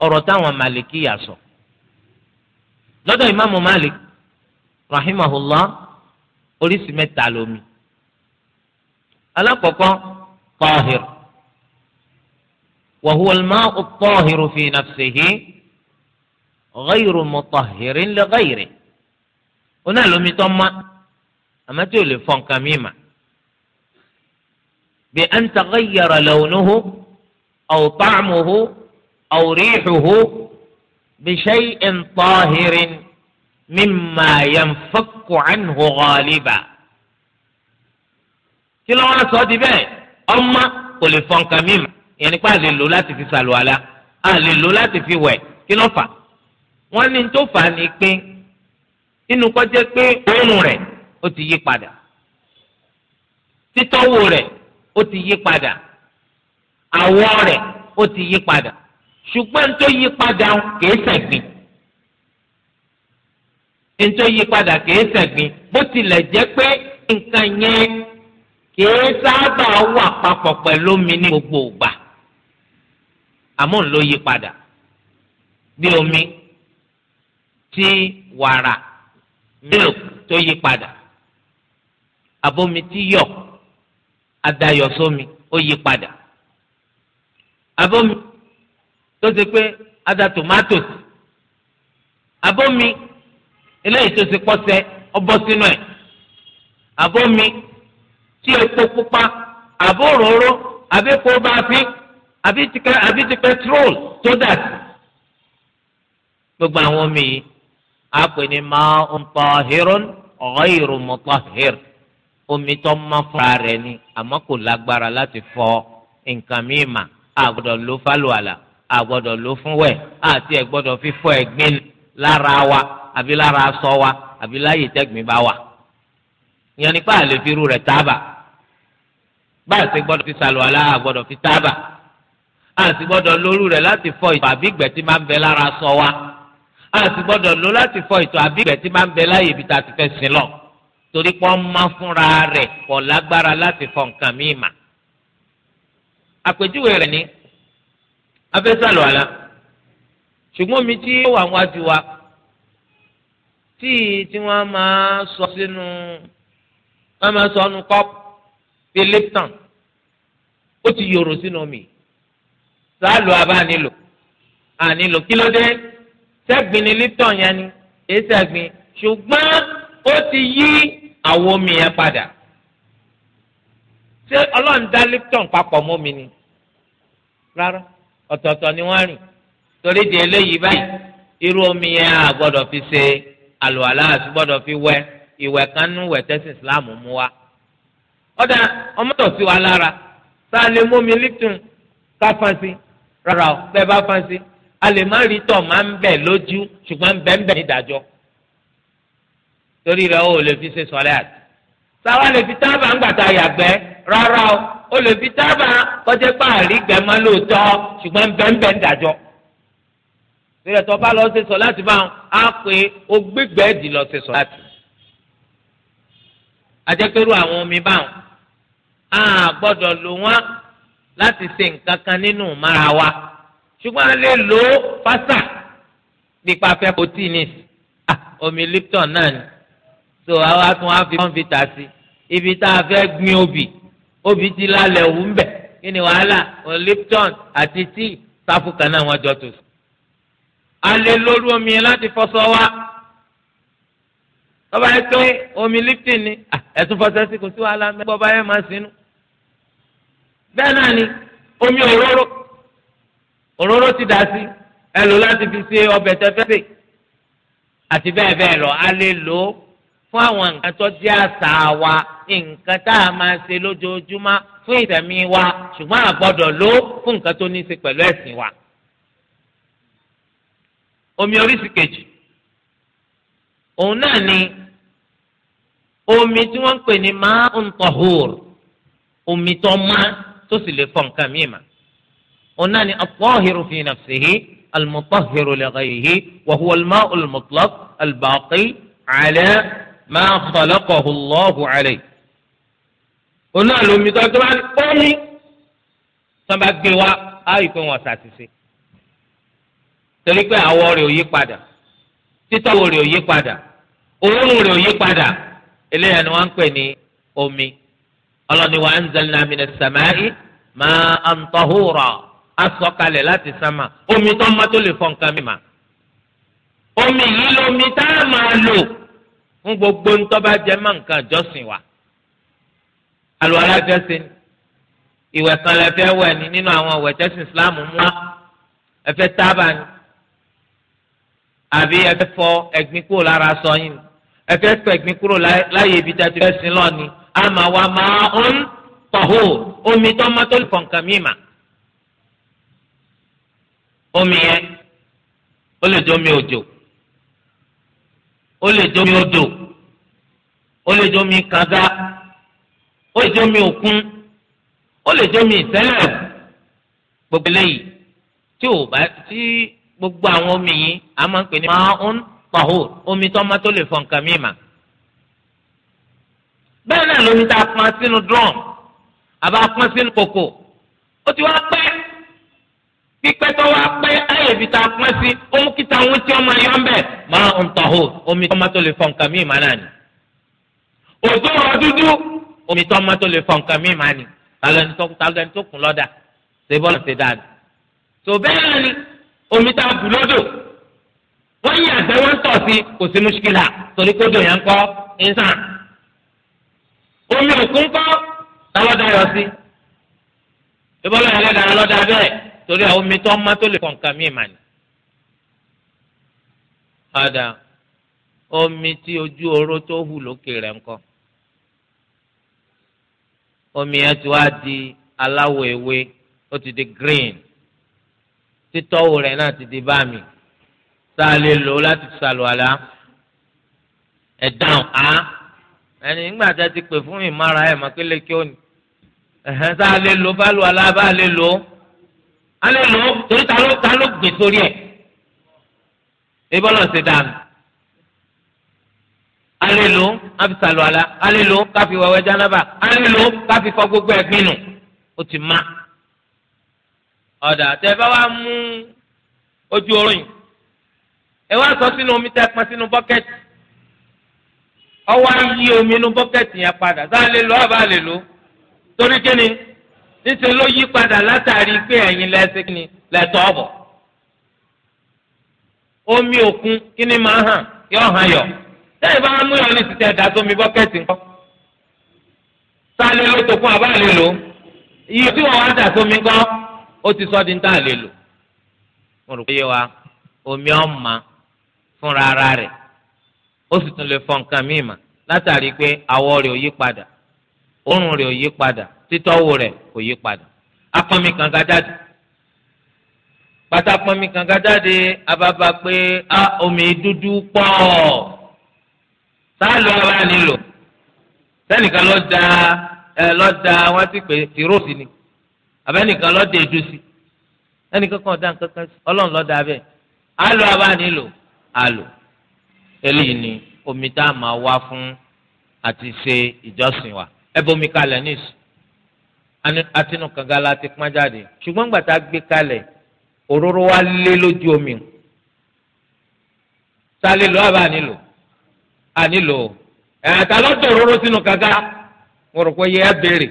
ọ̀rọ̀ táwọn malikiya sọ lọ́dọ̀ ìmáàmù malik rahimahullah oríṣi mẹ́ta lomi alákọ̀ọ́kọ́ tahir wa huwa al fi nafsihi ghayru mutahhirin li ó náà lómi tó má àmọ́ tí ò lè fọ nǹkan mí mà bí an taghayyara lawnuhu aw ta'muhu aw rihuhu bi shay'in tahirin mimma yanfakku anhu ghaliba kí ló wá sọ ọ́ di bẹ́ẹ̀ ọmọ kò lè fọ nǹkan mí mà ìyẹn nípa àlè lò láti fi sàlùwàlà àlè lò láti fi wẹ̀ kí ló fà wọ́n ní tó fà ní pín nínú kọjá pé òórùn rẹ̀ ó ti yí padà títọ́wò rẹ̀ ó ti yí padà àwọ̀ rẹ̀ ó ti yí padà ṣùgbọ́n tó yí padà kìí ṣẹ̀gbin ntó yí padà kìí ṣẹ̀gbin bó tilẹ̀ jẹ́ pé nǹkan yẹn kìí sábà wà papọ̀ pẹ̀lú mi ní gbogbo ìgbà àmọ́ ń ló yí padà bí omi tí wàrà milk tó yí padà abomi tí yọ adayọ sómi ó yí padà abomi tó ṣe pé ada tomatoes abomi eléyìí tó ṣe pọ́sẹ́ ọbọ̀ sínú ẹ̀ abomi tí epo pupa àbóròró àbẹ́kọ̀ọ́ bá fi àbí ti pẹtrol tó dà sí gbogbo àwọn omi yìí a pè ní ma'un tahirun ghayru mutahhir omi tó mọ́ fúnra rẹ̀ ni àmọ́ kò lágbára láti fọ nǹkan míì mà a gbọ́dọ̀ lò fálùwàlà a gbọ́dọ̀ lò fún wẹ̀ àti ẹ̀ gbọ́dọ̀ fífọ ẹ̀gbin lára wa àbí lára aṣọ wa àbí láyè tẹ́gbìn bá wà ìyẹn nípa àlè firú rẹ̀ tábà báyìí sì gbọ́dọ̀ fi sàlùwàlà a gbọ́dọ̀ fi tábà a gbọ́dọ̀ lórú rẹ̀ láti fọ ìfàbí ìgbẹ́ tí máa ń bẹ lára aṣọ wa a sì gbọ́dọ̀ lò láti fọ ìtọ̀ àbí ìgbẹ́ tí máa ń bẹ láàyè ibi tá a ti fẹ́ sin lọ torí pé wọ́n máa fúnra rẹ̀ pọ̀ lágbára láti fọ nǹkan míì mà. àpèjúwe rẹ̀ ni afẹ́sàlù àlá ṣùgbọ́n omi tí ó wà wájú wa tíì tí wọ́n máa sọ sínú wọ́n máa sọ ọ́nù kọ́pù bíi Lipton ó ti yòrò sínú omi sáà lò abá nílò ànílò kí ló dé sẹ́gbìn ni lipton yẹn ni èyí sẹ́gbìn ṣùgbọ́n ó ti yí àwo mi yẹn padà ṣé ọlọ́run dá lipton papọ̀ mọ́ mi ni rárá ọ̀tọ̀ọ̀tọ̀ ni wọ́n rìn torí di eléyìí báyìí irú omi yẹn a gbọ́dọ̀ fi ṣe àlùwàlá àti gbọ́dọ̀ fi wẹ ìwẹ̀ kan nú wẹ̀ tẹ́sí ìsìláàmù mú wa ọ̀dà ọmọdọ̀ sí wa lára tá lè mú mi lipton ká fansi rárá o bẹ́ẹ̀ bá fansi a lè má rí tọ̀ máa ń bẹ̀ lójú ṣùgbọ́n bẹ́ẹ̀ ń bẹ̀ nídàájọ́ torí rẹ̀ o lè fi ṣe sọ́láàt sáwá lè fi tábà ń gbàtà yàgbẹ́ rárá o o lè fi tábà kọjá páàrí gbẹ̀mọ́ lóòótọ́ ṣùgbọ́n bẹ́ẹ̀nbẹ́ẹ̀ ń dàjọ́ ìrẹ̀ tó bá lọ ṣe sọ́láàt báwọn á pé o gbégbẹ́ dì lọ ṣe sọ́láàt ajẹ́pẹ́rú àwọn omi báwọn á gbọ́dọ̀ lò wọ́n láti ṣe nǹkan kan nínú ìmára wa ṣùgbọ́n a lè lò ó pásà nípa afẹ́ protein ah, omi Lipton náà ni so àwa tún á fi kọ́ńfìtà sí ibi tá a fẹ́ gbin obì obì ti lálẹ́ òwú ń bẹ̀ kí ni wàhálà Lipton àti tíì sáfù kan náà wọ́n jọ tó a lè lórí omi láti fọṣọ wa tọ́ba yẹn pé omi Lipton ni ah, ẹ̀sùn fọṣọ sí kò sí wàhálà mẹ́rin bọ́ba yẹn máa sínú. bẹ́ẹ̀ náà ni omi òróró òróró ti dà sí ẹ lò láti fi ṣe ọbẹ̀ tẹ́fẹ́ àti bẹ́ẹ̀ bẹ́ẹ̀ lọ a lè lò ó fún àwọn nǹkan tó jẹ́ àṣà wa nǹkan tá a máa ṣe lójoojúmọ́ fún ìtẹ̀mí wa ṣùgbọ́n a lò ó fún nǹkan tó ní í ṣe pẹ̀lú ẹ̀sìn wa. omi oríṣi kejì òun náà ni omi tí wọ́n ń pè ní máa ń tọ̀húr omi tó má tó sì lè fọ nǹkan míì mà. قلنا أن الطاهر في نفسه المطهر لغيره وهو الماء المطلق الباقي على ما خلقه الله عليه قلنا له مثال طبعا الطاهر سمع الجواء آي كون وساتسي تلك أوري ويقبادا تتوري ويقبادا أوري ويقبادا إليه أنوان كويني أمي الله نوانزلنا من السماء ماء طهورا asọ̀kalẹ̀ láti sánmà omi tó mọ́ tó lè fọ nǹkan mímà omi yìí lomi tá a máa lò fún gbogbo ń tọ́ba jẹ́ mọ́ nǹkan jọ́sìn wa àlùwàlá fẹ́ ṣe ni ìwẹ̀ kan lẹ fẹ́ wẹ̀ ni nínú àwọn ìwẹ̀ tẹ́sìn ìsìláàmù mú wa ẹ fẹ́ tábà ni àbí ẹ fẹ́ fọ ẹ̀gbin kúrò lára sọ yín ni ẹ fẹ́ fọ ẹ̀gbin kúrò láyé ibi tá a ti fẹ́ sin lọ́ọ̀ni àmà máa ń tọ̀hó omi tó mọ́ tó lè fọ nǹkan mímà omi yẹn ó lè jẹ́ omi òjò ó lè jẹ́ omi odò ó lè jẹ́ omi kànga ó lè jẹ́ omi òkun ó lè jẹ́ omi ìtẹ́lẹ̀ gbogbo eléyìí tí ò bá tí gbogbo àwọn omi yìí a máa ń pè ní maun tahur omi tó má tó lè fọ nǹkan mi mà bẹ́ẹ̀ náà lómi tá a pọn sínú drum àbá pọn sínú kòkò ó ti wá pẹ́ pípẹ́ wa wá pẹ́ ayé ibi tá a pẹ́ sí ó mú kíta ohun tí ọmọ yọ ń bẹ̀ máa ń tọ̀ hó omi tó máa tó lè fọ nǹkan míì máa náà ni. òtún ọ̀rọ̀ dúdú omi tó máa tó lè fọ nǹkan míì máa ni tàlẹ́ni tó tàlẹ́ni tó kùn lọ́dà ṣe bọ́ọ̀lù ṣe dáa tó bẹ́ẹ̀ ni omi tá bù lódò wọ́n yí àgbẹ̀ wọn tọ̀ sí kò sí mùṣkílà torí kó dò yẹn kọ́ ìsàn. omi òkun kọ́ tàlọ́dà yọ sí. ìbọ́lọ̀ yẹn torí àwọn omi tó ń mọ́ tó lè kọ̀ nǹkan míì mà ní. ọ̀dà omi tí ojú oró tó hù lókè rẹ̀ ńkọ́ omi yẹn ti wá di aláwọ̀ ewé ó ti di green títọ́wò rẹ̀ náà ti di báàmì tá a lè lò láti ṣàlùwàlá ẹ̀ dáhùn á ẹni nígbà tí a ti pè fún ìmára ẹ̀ mọ́ pé lè kí ó ní ẹ̀hẹ́n tá a lè lò bá lù aláàbá lè lò ó alẹ́ lò ó torí ta ló ta ló gbìn sórí ẹ̀ ebọ́lọ̀ ṣe dànù alẹ́ lò ó káfi sàlù àlá alẹ́ lò ó káfi wẹ̀wẹ̀ jánábà alẹ́ lò ó káfi fọ gbogbo ẹ̀gbin nù ó ti má ọ̀dà tẹ́ bá wá mú ojú oorun yìí ẹ wá sọ sínú omi tẹ́ pọn sínú bọ́kẹ́tì ọwọ́ á omi inú bọ́kẹ́tì yẹn padà sáà lè àbá lè lò ó torí kíni níṣẹ́ ló yí padà látàrí pé ẹ̀yin lẹ́sìn kí ni lẹ́tọ́ ọ̀bọ̀ omi òkun kí ni máa hàn yọ hàn yọ tẹ́yìn bá mú yọ ní ti tẹ̀ dá sómi bọ́kẹ́tì ńkọ́ sálẹ̀ ló tó fún abá lò iye tí wọ́n wá dà ó ti sọ́ di ń tà lè lò mo rò pé yé wa omi ọ̀ma ara rẹ̀ ó sì tún lè fọ nǹkan míì mà látàrí pé àwọ̀ rẹ̀ ò yí padà òórùn rẹ̀ títọ́wò rẹ̀ kò yí padà apọ́nmi kan ga jáde pátá apọ́nmi kan ga jáde ababa pé a omi dúdú pọ̀ sáà lọ́ọ́ bá nílò sẹ́nìkan lọ́ọ́ da ẹ lọ́dà wọn ti pè tìrósì ni abẹ́nìkan lọ́dà èdò sí ẹnìkan kan dá nǹkan kan sí ọlọ́run lọ́dà abẹ́ alo abá nílò alo eléyìí ni omi tá a máa wá fún àti ṣe ìjọsìn wa ẹ bomi kalẹ̀ nísì àtinú kànga la ti pọ́n jáde ṣùgbọ́n gbàtà gbé kalẹ̀ òróró wa lé lójú omi sálẹ lọ àbá nílò ànílò ẹ àtàlọtọ òróró sínú kànga mo rò pé yẹ ẹ béèrè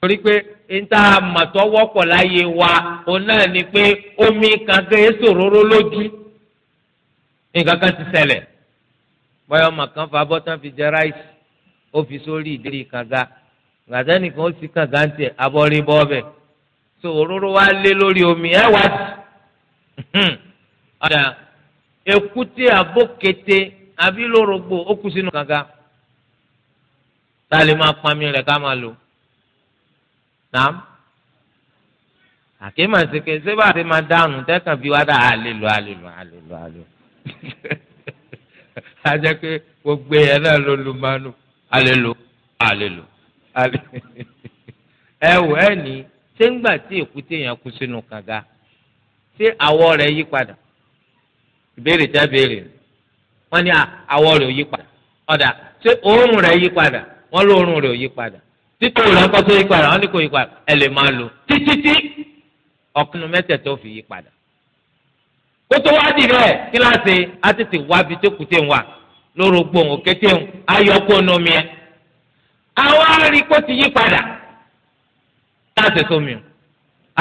torí pé níta màtọ́ wọ́pọ̀ láyé wa òun náà ni pé omi kànga èso òróró lójú nǹkan kan ti ṣẹlẹ̀ bọ́yọ̀ màkàn fa bọ́tán fi jẹ ráìsì ó fi sórí ìdérí kànga gbàtẹ́nìkan ó sì kàn gáǹtì abọ́rí bọ́ọ̀bẹ̀ so òróró wa lé lórí omi ẹ wá sí hmm. ọ̀dà èkúté àbókété àbí lórógbò ó kú sínú kànga tá a lè máa pami rẹ̀ ká máa lò nàám àkémà sèké sébà ti máa dáhùn tẹ́kàn bí wá dá àlèlò àlèlò àlèlò àlèlò ajẹ́ pé gbogbo ẹ̀yẹ náà ló lu mánu àlèlò àlèlò. ẹ wò ẹ ní ṣé ńgbà tí èkúté yẹn kú sínú kànga ṣé rẹ̀ yí padà ìbéèrè tẹ́ béèrè wọ́n ni àwọ̀ rẹ̀ padà ọ̀dà ṣé oorun rẹ̀ yí padà wọ́n ló oorun rẹ̀ yí padà títò rẹ̀ ń padà wọn ní kò yí padà ẹ lè máa lò títítí tí mẹ́tẹ̀ẹ̀tọ́ fi yí padà kótó wá di àwa rí kó ti yí padà láti sómi o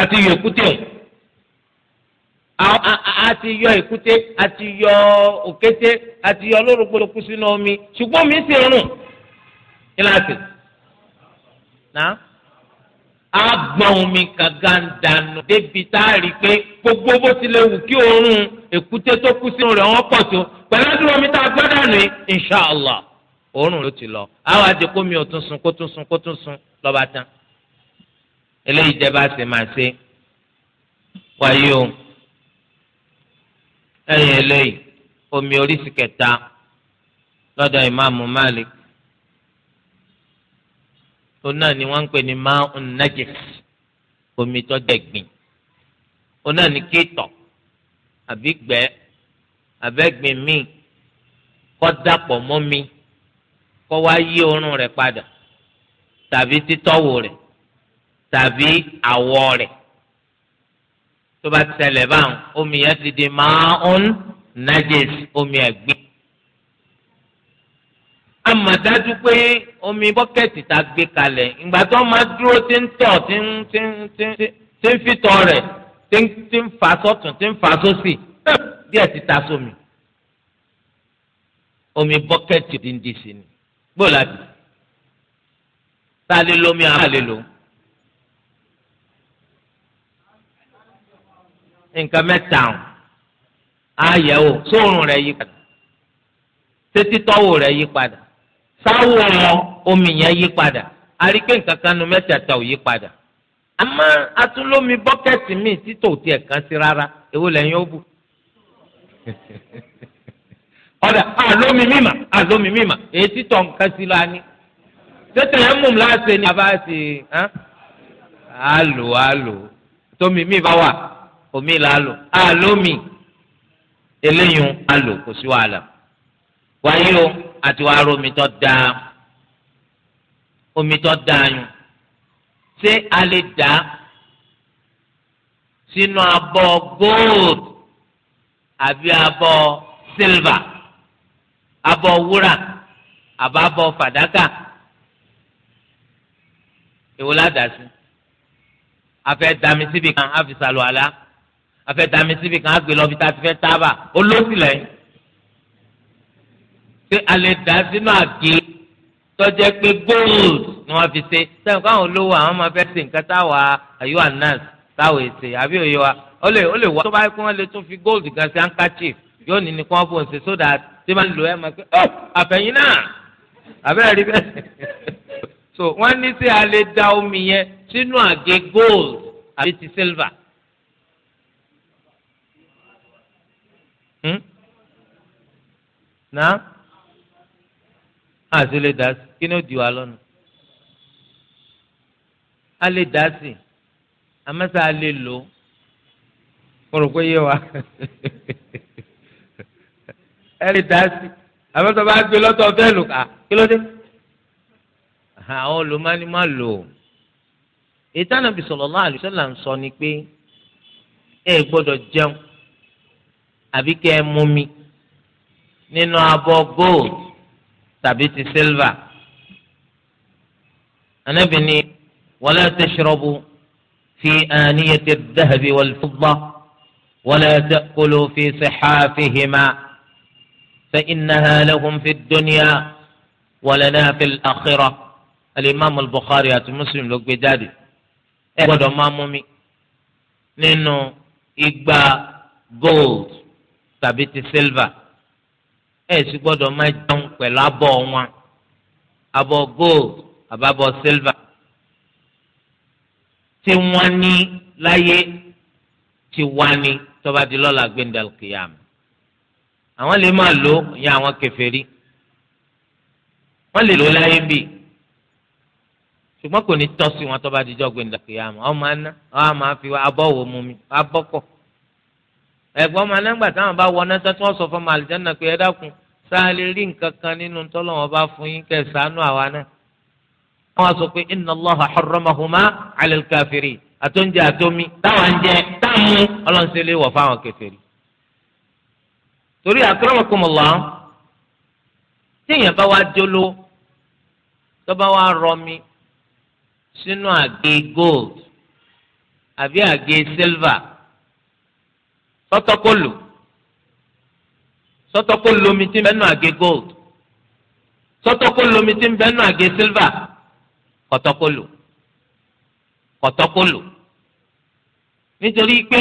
àti yọ èkúté o àti yọ èkúté àti yọ òkété àti yọ olórúkúlùkù sínú omi ṣùgbọ́n mi sì rùn kíláàsì náà agbọn omi kankan dànù débi tá a rí i pé gbogbo bó tilẹ̀ wù kí oorun èkúté tó kú sínú rẹ̀ wọ́n pọ̀ tó pẹ̀lú àdúrà omi tá a gbọ́ dànù yìí inṣàlá òórùn ló ti lọ àwọn àdìkú mi ò tún sun kó tún sun kó tún sun lọ́ba tán eléyìí jẹ́ bá ṣe máa ṣe wáyé o ẹ̀yìn eléyìí omi oríṣi kẹta lọ́dọ̀ ìmáàmù Malik tó náà ni wọ́n ń pè ní ma'un najis omi tó dẹ̀gbìn ó náà ní kéètọ̀ àbí gbẹ́ àbẹ́gbìn míì kọ́ dàpọ̀ mọ́ mi. Kodakpo, kọ́ wá yí oorun rẹ̀ padà tàbí títọ́wò rẹ̀ tàbí àwọ̀ rẹ̀ tó bá tẹlẹ̀ báwọn omi yẹn ti di máa ń najis omi ẹ̀gbin. a mọ̀ dájú pé omi bọ́kẹ́tì tá a gbé kalẹ̀ ìgbà tó máa dúró tí ń tọ̀ tí ń tí ń ti ń tí ń fìtọ̀ rẹ̀ tí ń tí ń fà sọ́tún tí ń fà sósì díẹ̀ ti ta sómi. omi bọ́kẹ́tì díndín sí ni gbọ́dọ̀ láti tá a lè lómi àwọn àlè lò. nǹkan mẹ́ta àyẹ̀wò sóòrùn rẹ̀ yí padà sétí tọ́wò rẹ̀ yí padà sáwò wọn omi yẹn yí padà àrí pé nǹkan kan nu mẹ́tẹ̀ẹ̀ta ò yí padà àmọ́ atúlómi bọ́kẹ́tì míì títò tiẹ̀ kan sí rárá èwo lẹ́yìn ó bù. ọ̀dà àlómi mímà àlómi mímà èyí títọ̀ nǹkan sí la ní. tètè yẹn mú mi láti ní abá sí i àlò àlò tómi mi bá wà omi là á lò àlómi eléyìí àlò kò sí wàhálà wáyé o àti wàá ro omi tó dáa omi tó dáa yùn ṣé a lè dá sínú abọ́ gold àbí abọ́ silver abọ́ wúrà àbábọ̀ fàdákà èwo ládàásí afẹ́ dami síbi kan àfi sàlùwàlá afẹ́ dami síbi kan àgbè lọ́bi tá a ti fẹ́ tábà olóṣìlẹ̀ ṣé alẹ́ dà sínú àgé tọ́jẹ́ pé gold ni wọ́n fi ṣe sẹ́yìn káwọn olówó àwọn máa fẹ́ ṣe nǹkan táwa ayọ́ anas táwa èsè àbí òye wa ó lè wá tó bá yẹ kí wọ́n lè tún fi gold gan sí handkerchief yóò ní ní kí wọ́n fò ń ṣe so that tí wọ́n lò ẹ́ máa pé ọ́ oh, àfẹ̀yìn náà àbẹ́rẹ́ rí bẹ́ẹ̀. so wọ́n ní sí a da omi yẹn sínú àgé gold àbí ti silver. Hmm? Na àti lè dá sí kí ni ó di wa lọ́nu a lè dá sí amẹ́sà a lò ó mo pé yé wa ẹ lè dá sí àbẹ́tọ̀ bá gbé lọ́tọ̀ fẹ́ lò ká kí ló dé. àwọn olùmọ́ni má lò ó ìtànà bí sallallahu alaihi wasallam ń sọ ni pé ẹ gbọ́dọ̀ jẹun àbí kẹ́ ẹ mú mi nínú abọ́ gold tàbí ti silver. Ànábì ní wala tashrabu fi aniyati adh-dhahabi wal-fidda wala ta'kulu fi sihafihima. فإنها لهم في الدنيا ولنا في الآخرة الإمام البخاري مسلم لو بجادي gbọ́dọ̀ máa mú mi nínú igbá gold tàbí ti silver ẹ sì gbọ́dọ̀ máa jẹun pẹ̀lú abọ́ wọn abọ́ gold àbábọ̀ silver tí wọ́n ní láyé tí wọ́n ní tó di lọ́la gbẹndàlùkìyàmù àwọn lè máa lò ìyẹn àwọn kèfèrí wọ́n lè lò láyé bíi ṣùgbọ́n kò ní tọ́ sí wọn tó bá dijọ́ gbẹ̀ndà kìyàmù ọmọ aná ọmọ máa fi abọ́ wò mu mi abọ́ pọ̀ ẹ̀gbọ́n ọmọ aná gbà táwọn bá wọ náà tí wọ́n sọ fún ọmọ àlìjáná pé ẹ dákun sáà lè rí nǹkan kan nínú tọ́lọ́wọ́n bá fún yín kẹ́ ṣàánú àwa náà wọ́n sọ pé inna Allaha harramahuma 'ala al àtúnjẹ àtọmí táwọn jẹ táwọn ọlọ́run ṣe lè wọ̀ fáwọn kèfèrí torí akramakumullah téèyàn bá wá jóló tó bá wá rọmi sínú àgé gold àbí àgé silver sọtọkọlù sọtọkọlù omi tí ń bẹnu àgé gold sọtọkọlù omi tí ń bẹnu àgé silver kọtọkọlù kọtọkọlù nítorí pé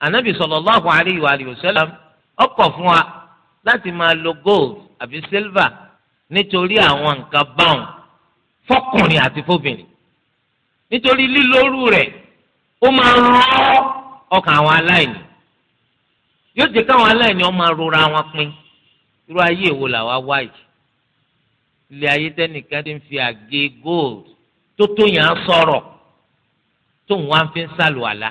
anabi sallallahu alayhi wa sallam ọkọ̀ fún wa láti máa lo gold àbí silver nítorí àwọn nǹkan báwọn fọkùnrin àti fóbìnrin nítorí lílórú rẹ̀ ó máa rán ọkàn àwọn aláìní yóò jẹ́ káwọn aláìní ọ máa rora wọn pin irú ayé èwo làwa wá yìí ilé ayé tẹnìkan ti ń fi àgé gold tó tó yàn án sọ̀rọ̀ tó ń fi ń sàlùwàlà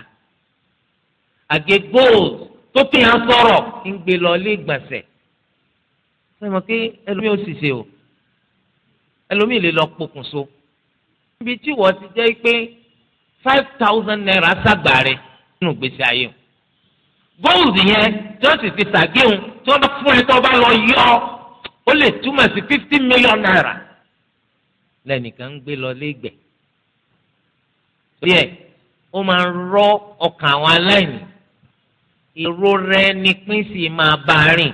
àgé gold tó fi hàn sọ̀rọ̀ ń gbé lọ ilé ìgbọ̀nsẹ̀ ẹ mọ̀ pé ẹlòmíì ò sì ṣe o ẹlòmíì lè lọ pokùnso níbi tí wọ́n ti jẹ́ pé five thousand naira ṣàgbàre nínú gbèsè ayé o gold yẹn tí wọ́n sì fi ṣàgéhùn tí wọ́n bá fún ẹ tó bá lọ yọ ó lè túmọ̀ sí fifty million naira lẹ́nìkan ń gbé lọ lẹ́gbẹ̀ẹ́ torí ẹ̀ ó máa ń rọ ọkàn àwọn aláìní ìró rẹ ni pín sí máa bá a rìn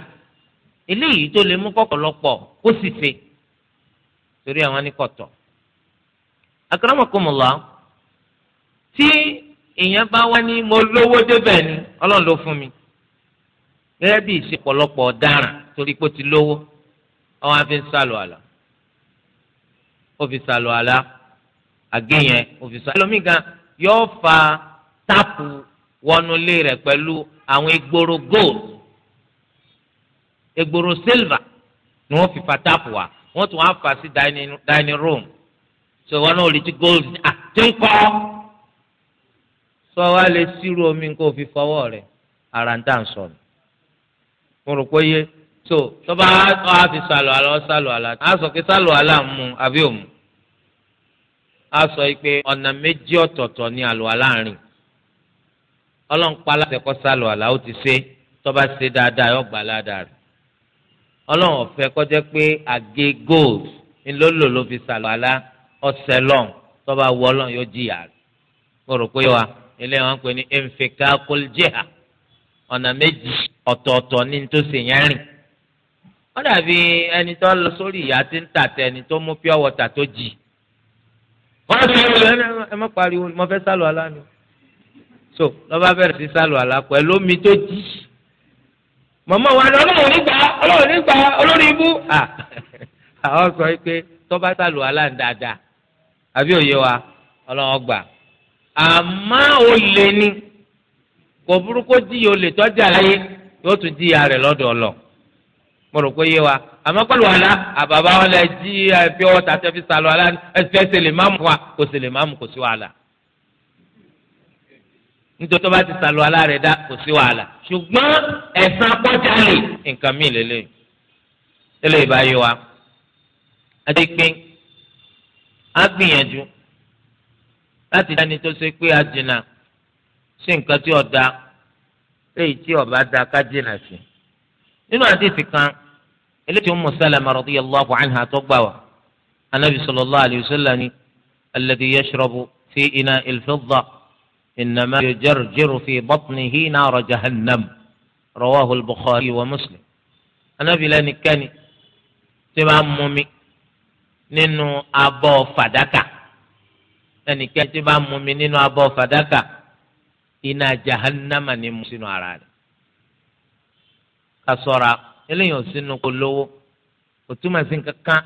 eléyìí tó lè mú kọ̀pọ̀lọpọ̀ kó sì ṣe torí àwọn anìkọ̀tọ̀. akramakumullah tí èèyàn bá wá ní mo lówó débẹ̀ ni ọlọ́run ló fún mi gẹ́gẹ́ bí ìṣepọ̀lọpọ̀ ọ̀daràn torí pé ó ti lówó ọwọ́ á fi ń sálọ àlà ó fi sálọ àlà àgéyẹn ó fi sálọ àlà ẹlòmíì yóò fa táàpù wọnú ilé rẹ̀ pẹ̀lú àwọn egboro gold egboro silver ni wọ́n fi fa táàpù wá wọ́n tún wá fà sí dining room so wọn náà rí ti gold à ah, ti ń kọ́ sọ wá lè sírú omi kó fi fọwọ́ rẹ̀ ara ń tà sọ̀rọ̀ mo rò pé yé so tọ́ba á fi sàlù àlọ́ sàlù àlà á sọ pé sàlù àlà ń mu àbí òmu á sọ pé ọ̀nà méjì ọ̀tọ̀ọ̀tọ̀ ni àlù àlà ń rìn ọlọ́nkpa alásèkọ́ sálọ àlá ó ti ṣe tọ́ba ṣe dáadáa yọ gbà ládàá rẹ̀ ọlọ́run ọ̀fẹ́ kọjá pé àgé gold ńlọ́lọ́ ló fi sálọ àlá ọ̀sẹ̀ lọ́n tọ́ba wọ ọlọ́run yóò jìyà rẹ̀ mo rò pé wa ilé wọn pè ní ẹnfẹ̀ká kọlíjẹ́hà ọ̀nà méjì ọ̀tọ̀ọ̀tọ̀ ní tó ṣe yẹn rìn wọ́n dàbí ẹni tó lọ sórí ìyá tí ń tà tẹ ẹni tó mú pure water tó jì wọ́n fi ẹ ẹ má pariwo mo fẹ́ sálọ àlá ni so lọ́ba bẹ̀rẹ̀ sí sálù àlá pẹ̀lú omi tó jí mọ̀mọ́ wa ni ọlọ́run nígbà ọlọ́run nígbà olórí ibú àwọn sọ pé tọ́ba sálù àlá ń dáadáa àbí òye wa ọlọ́run gbà àmọ́ olè ni kò burúkú jí olè tọ́jà láyé yóò tún jí ara rẹ̀ lọ́dọ̀ ọlọ́run mo rò pé yé wa àmọ́ pẹ̀lú àlá àbàbà wọn lẹ jí ẹ̀fí ọ̀tà tẹ́fí sálù àlá ẹ̀fẹ́ sèlè má mu wa kò sèlè má mu kò sí wàhálà nítorí tó bá ti sàlù aláàrẹ̀ dá kò sí wàhálà ṣùgbọ́n ẹ̀sán pọ́jálì nǹkan míì lélẹ̀ lélẹ̀ ìbáyé wa adé pé a gbìyànjú láti dání tó ṣe pé a jìnnà sí nǹkan tí ọ̀dà léyìí tí ọ̀bá da ká jìnnà sí nínú àdìsí kan eléyìí Ummu Salama radiyallahu anha tó gbà wá anabi sallallahu alayhi wa sallam ni alladhi yashrabu fi ina'il fidda. إنما يجرجر في بطنه نار جهنم رواه البخاري ومسلم Ànábì lẹ́nikẹ́ni tí bá mu omi nínú abọ́ fàdákà ẹnikẹ́ni tí bá mu omi nínú abọ́ fàdákà iná jahannama ni mu sínú ara rẹ̀ kasọra eléyìí ò sínú kó lówó ò túmọ̀ sí kankan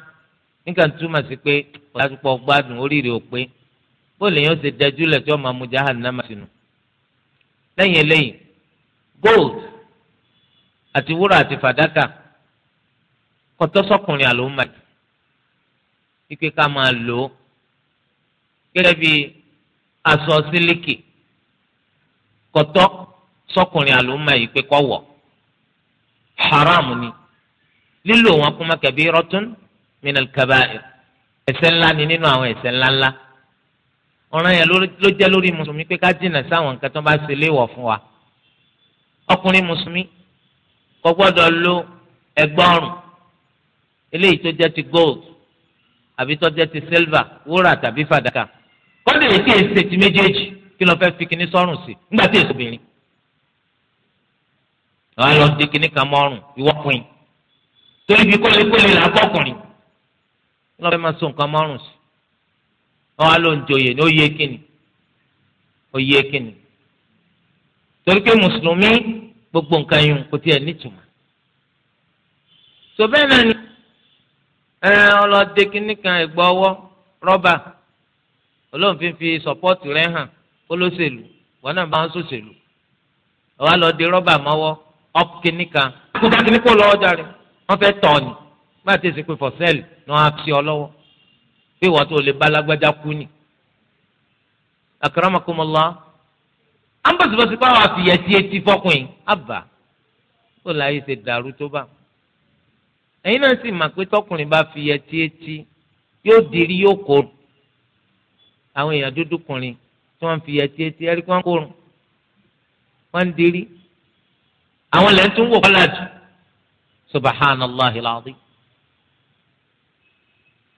nígbà tó túmọ̀ sí pé ọ̀dájú pọ̀ gbádùn oríire ò pé bó lèyàn ṣe dẹjú lẹ̀ tí wọ́n máa mú jahannama sínú. lẹ́yìn eléyìí gold àti wúrà àti fàdákà kọ́tọ́sọ́kùnrin àlòmọ́ ike ká máa lò ó gẹ́gẹ́ bí aṣọ sílíkì kọ́tọ́ sọ́kùnrin àlòmọ́ yìí pé kọ́ haram ni lílo wọn kúmọ́ kẹbí rọ́tún minal kaba'ir ẹ̀ṣẹ̀ ńlá ni nínú àwọn ẹ̀ṣẹ̀ ńláńlá ọ̀ràn yẹn ló jẹ́ lórí mùsùlùmí pé ká jìnnà sáwọn nǹkan tó bá ṣe léèwọ̀ fún wa ọkùnrin mùsùlùmí kò gbọ́dọ̀ lo ẹ̀gbà ọrùn eléyìí tó jẹ́ ti gold àbí tó jẹ́ ti silver wúrà tàbí fàdákà kọ́ńdé yìí kì í ṣe ti méjèèjì kí lọ́ọ́ fẹ́ fi kinní sọ́rùn sí nígbà tí èso bìnrin àwọn àlọ́ di kinní kan mọ́rùn ìwọ́pin torí bí kólékólé là á lọ́ọ́ fẹ́ máa so nǹkan mọ́rùn sí wọn á ló ń joyè ní oyè kìnnì oyè kìnnì torí pé mùsùlùmí gbogbo nǹkan yìí kò tiẹ̀ nítumọ̀ tó bẹ́ẹ̀ náà ni ọlọ́dẹ kìnnì kan ẹ̀gbọ́ ọwọ́ rọ́bà olóòfin fi sọ́pọ́ọ̀tì rẹ̀ hàn olóṣèlú wọn náà máa ń sòṣèlú wọn lọ de rọ́bà mọ́wọ́ ọ́p kìnnì kan kúta kìnnì kó lọ́wọ́ jáde wọ́n fẹ́ tọ̀ ni bá a ti sèpè fọ̀ ni wọ́n á fi ọ lọ́wọ́ pé wọ́n tó lè bá lágbájá kú ni. akramakumullah ambasibasi báwa fìyà tí etí fọkùn yìí àbá ó láyé ṣe dàrú tó bá ẹ̀yin náà sì mà pé tọkùnrin bá fìyà tí etí yóò dirí yóò kó àwọn èèyàn dúdú kùnrin tí wọ́n fìyà tí etí ẹrí wọn kórun wọ́n dirí àwọn lẹ́ńtún wò kọ́lá jù subahánàláhi làdí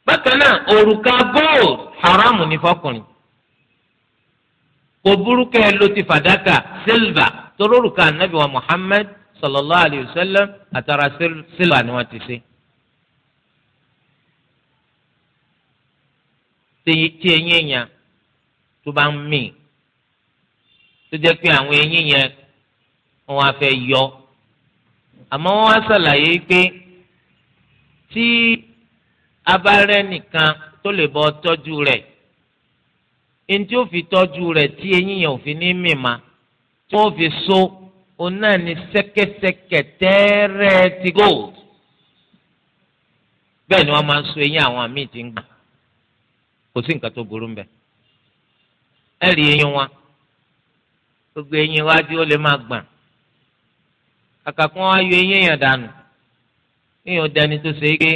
bákan náà òrùka gold haramu ni fọkùnrin kò burúkú ẹ ló ti fàdákà silva torí òrùka anabi wa muhammed sallallahu alayhi wa sallam àtàrà silva ni wọ́n ti ṣe. tí eyín èèyàn tó bá ń mì tó jẹ́ pé àwọn eyín yẹn wọ́n á fẹ́ yọ àmọ́ wọ́n á ṣàlàyé pé tí abarẹ nìkan tó lè bọ tọ́jú rẹ̀ ntí ó fi tọ́jú rẹ̀ tí eyín yẹn ò fi ní mìma tí wọ́n fi so òun náà ní ṣẹ́kẹ́ṣẹkẹ̀ tẹ́ẹ́rẹ́ ti gold bẹ́ẹ̀ ni wọ́n máa ń so eyín àwọn míì ti ń gbà kò sí nǹkan tó burú mbẹ̀ ẹ rí eyín wọn gbogbo eyín iwájú ó lè máa gbà kàkà kí wọ́n á eyín èèyàn dànù èèyàn dẹni tó ṣe é gbé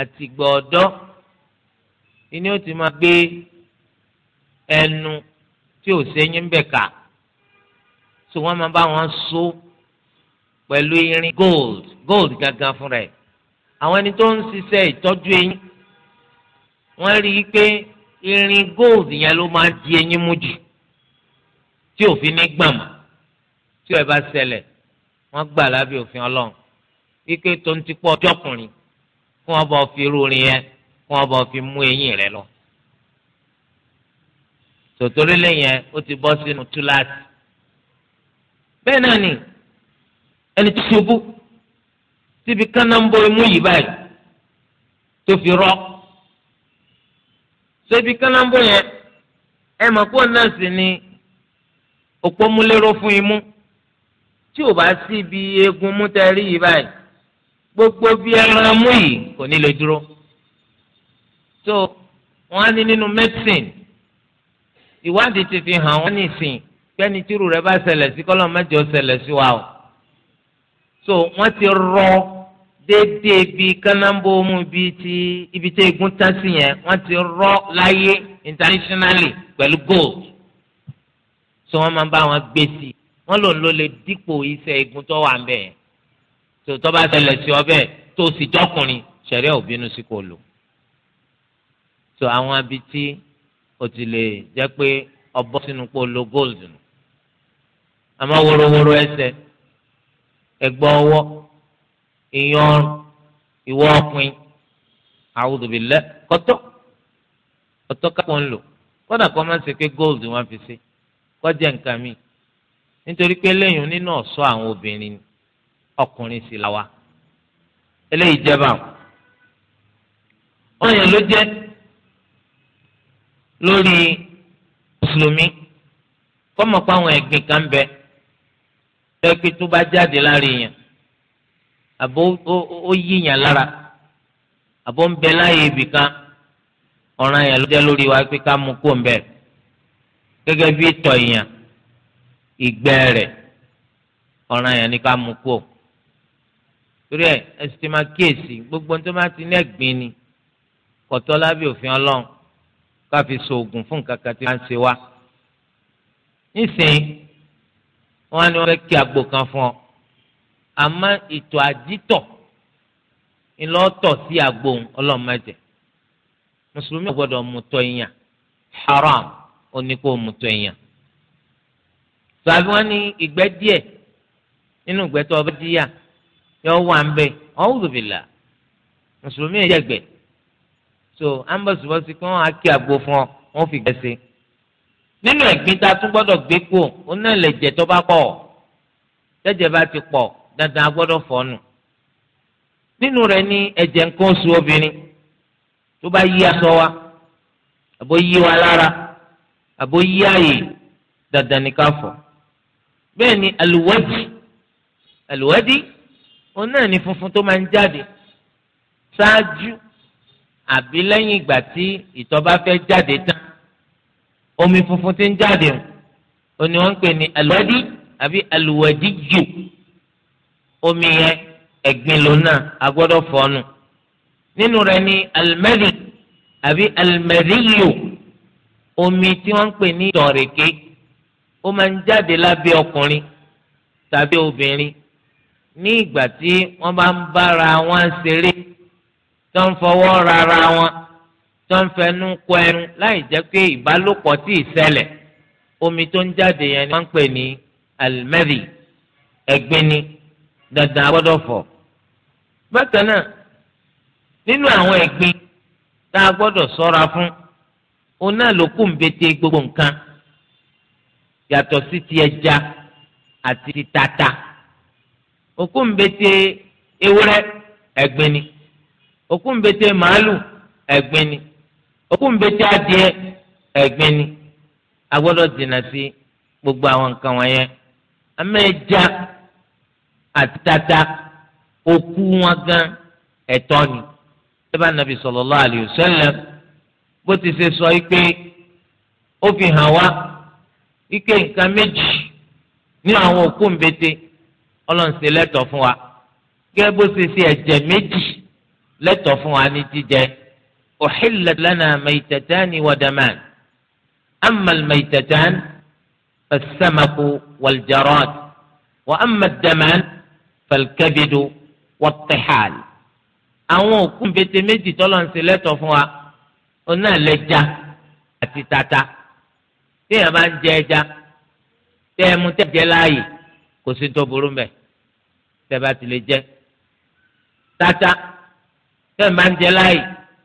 àti gbọ̀ọ́dọ́ ìní ó ti máa gbé ẹnu tí ò sẹ́yìn ń bẹ̀ ká so wọ́n máa bá wọn so pẹ̀lú irin gold gold gangan fúnra ẹ̀ àwọn ẹni tó ń ṣiṣẹ́ ìtọ́jú eyín wọ́n rí i pé irin gold yẹn ló máa di eyín mú jù tí òfin ní gbàmà tí ó ẹ bá ṣẹlẹ̀ wọ́n gbà lábẹ́ òfin ọlọ́run wípé tó ń ti pọ̀ ọjọ́kùnrin kí wọ́n bọ̀ fi irú orin yẹn kí wọ́n bọ̀ fi mú eyín rẹ lọ. tòtòrí lẹ́yìn ó ti bọ́ sínú túláàsì. bẹ́ẹ̀ náà ni ẹni tó ṣubú síbi kánná ń bọ imú yìí báyìí tó fi rọ́ síbi kánná ń bọ yẹn ẹ mọ̀ pé òun náà sì ni òpó múlẹ́rọ́ fún imú tí ò bá sí ibi eegun mú tẹ́rí yìí báyìí gbogbo bí ẹran mú yìí kò ní lè dúró so wọ́n á ní nínú medicine ìwádìí ti fi hàn wọ́n ní ìsìn pẹ́ni tírù rẹ̀ bá ṣẹlẹ̀ sí kọ́lọ́ mẹ́jọ ṣẹlẹ̀ sí wa o so wọ́n ti rọ déédéé bí kánábó mú bí ti ibi tí egun tán sí yẹn wọ́n ti rọ láyé internationally pẹ̀lú gold so wọ́n máa bá wọn gbé sí i wọ́n lòun ló lè dípò iṣẹ́ egun tó wà ń bẹ̀ yẹn tó tọ́ bá ṣẹlẹ̀ sí ọbẹ̀ tó sì jọkùnrin ṣẹ̀ríà ò bínú sí kò lò. tó àwọn abi tí o ti lè jẹ́ pé ọbọ̀ sínú pò lo gold nù. àmọ́ worowóró ẹsẹ̀ ẹgbọ́ ọwọ́ ìyan ìwọ ọkùnrin a'udhu billah kọ́tọ́ kọ́tọ́ kápọ̀ ń lò kódà kó má ṣe pé gold wọn fi ṣe kó jẹ́ nǹkan mi nítorí pé lẹ́yìn nínú ọ̀ṣọ́ àwọn obìnrin ni ọkùnrin sì là wa eléyìí jẹba ọyàn ló jẹ lórí mùsùlùmí kọ́mọ̀ pa àwọn ẹ̀gbìn kan bẹ lẹ́ẹ̀kí tó bá jáde lára èèyàn àbó ó yíyàn lára àbó ń bẹ láàyè ibì kan ọ̀ràn yẹn ló jẹ́ lórí wa pé ká mú kó ń bẹ̀ gẹ́gẹ́ bí ìtọ̀ èèyàn ìgbẹ́ rẹ̀ ọ̀ràn yẹn ni ká mú kó torí ẹ ẹsì ti máa kíyèsí gbogbo tó bá ti ní ẹ̀gbin ni kọtọ lábẹ́ òfin Ọlọ́run ká fi ṣoògùn fún nǹkan kan tí wọn ṣe wá nísìnyí wọn ni wọn fẹ́ kí agbo kan fún ọ àmọ́ ìtọ̀ àdítọ̀ ńlọtọ̀ sí agbo ọlọmọdé mùsùlùmí ò gbọ́dọ̀ mutọ ìyàn haram ó ní kó mutọ ìyàn tàbí wọn ní ìgbẹ́ díẹ̀ nínú ìgbẹ́ tó ọba díyà yọ wà ń bẹ a'udhu billah mùsùlùmí ẹ̀ yẹgbẹ̀ so ambọ̀sibọ́sí pé wọ́n á kí àgbo fún ọ wọ́n fi gbẹ sí i nínú ẹ̀gbin tá a tún gbọ́dọ̀ gbé kú ó náà lè jẹ tó bá pọ̀ jẹjẹ bá ti pọ̀ dandan a gbọ́dọ̀ fọ́nù nínú rẹ ní ẹ̀jẹ̀ nǹkan oṣù obìnrin tó bá yí aṣọ wa àbó yí wa lára àbó yí ààyè dandan ní ká fọ̀ bẹ́ẹ̀ ni àlùwẹ́dì àlùwẹ́dì òun náà ni funfun tó máa ń jáde ṣáájú àbí lẹ́yìn ìgbà tí ìtọ̀ bá fẹ́ jáde tán omi funfun ti ń jáde o ni wọ́n ń pè ní àlùwádì àbí àlùwádì jù omi yẹn ẹ̀gbin ló náà a gbọ́dọ̀ fọ́ọ̀nù nínú rẹ̀ ni alimẹ́rì àbí alimẹ́rìyò omi tí wọ́n ń pè ní ìtọ̀rẹ̀kẹ́ ó máa ń jáde lábẹ́ ọkùnrin tàbí obìnrin ní ìgbà tí wọ́n bá ń bára wọn ṣeré tó ń fọwọ́ rara wọn tó ń fẹnu kọ ẹnu láì jẹ́ pé ìbálòpọ̀ tí ì ṣẹlẹ̀ omi tó ń jáde yẹn ni wọ́n ń pè ní alimẹ́rì ẹ̀gbin ni dandan gbọ́dọ̀ fọ̀. bákan náà nínú àwọn ẹ̀gbin tá a gbọ́dọ̀ ṣọ́ra fún òun náà ló kù ń bete gbogbo nǹkan yàtọ̀ sí ti ẹja àti ti tata. òkú ńbẹ́tẹ́ ewúrẹ́ ẹ̀gbin òkú ńbẹ́tẹ́ màálù ẹ̀gbin òkú ńbẹ́tẹ́ adìẹ ẹ̀gbin ni a dènà sí gbogbo àwọn nǹkan wọ̀nyẹn amẹ́ja àtàtà òkú wọn gan ẹ̀tọ́ ni ṣẹ́bà nàbì sallallahu alayhi bó ti ṣe sọ pé ó ike nǹkan méjì ní àwọn òkú ọlọ́run ṣe lẹ́tọ̀ fún wa gẹ́gẹ́ bó ṣe ṣe ẹ̀jẹ̀ méjì lẹ́tọ̀ fún wa ní jíjẹ uhillat lana maytatani wa daman amma al-maytatan fas-samaku wal-jarad wa amma ad-daman fal-kabidu àwọn òkú nbètè méjì tọ́lọ́run lẹ́tọ̀ fún wa ọ̀nà lẹ́ja àti tata tí yàrá bá ń jẹ ẹja tẹ́ mú tẹ́ jẹ láàyè kò sí tó burú mbẹ tẹ́ bá ti jẹ tata tẹ́ máa ń jẹ láàyè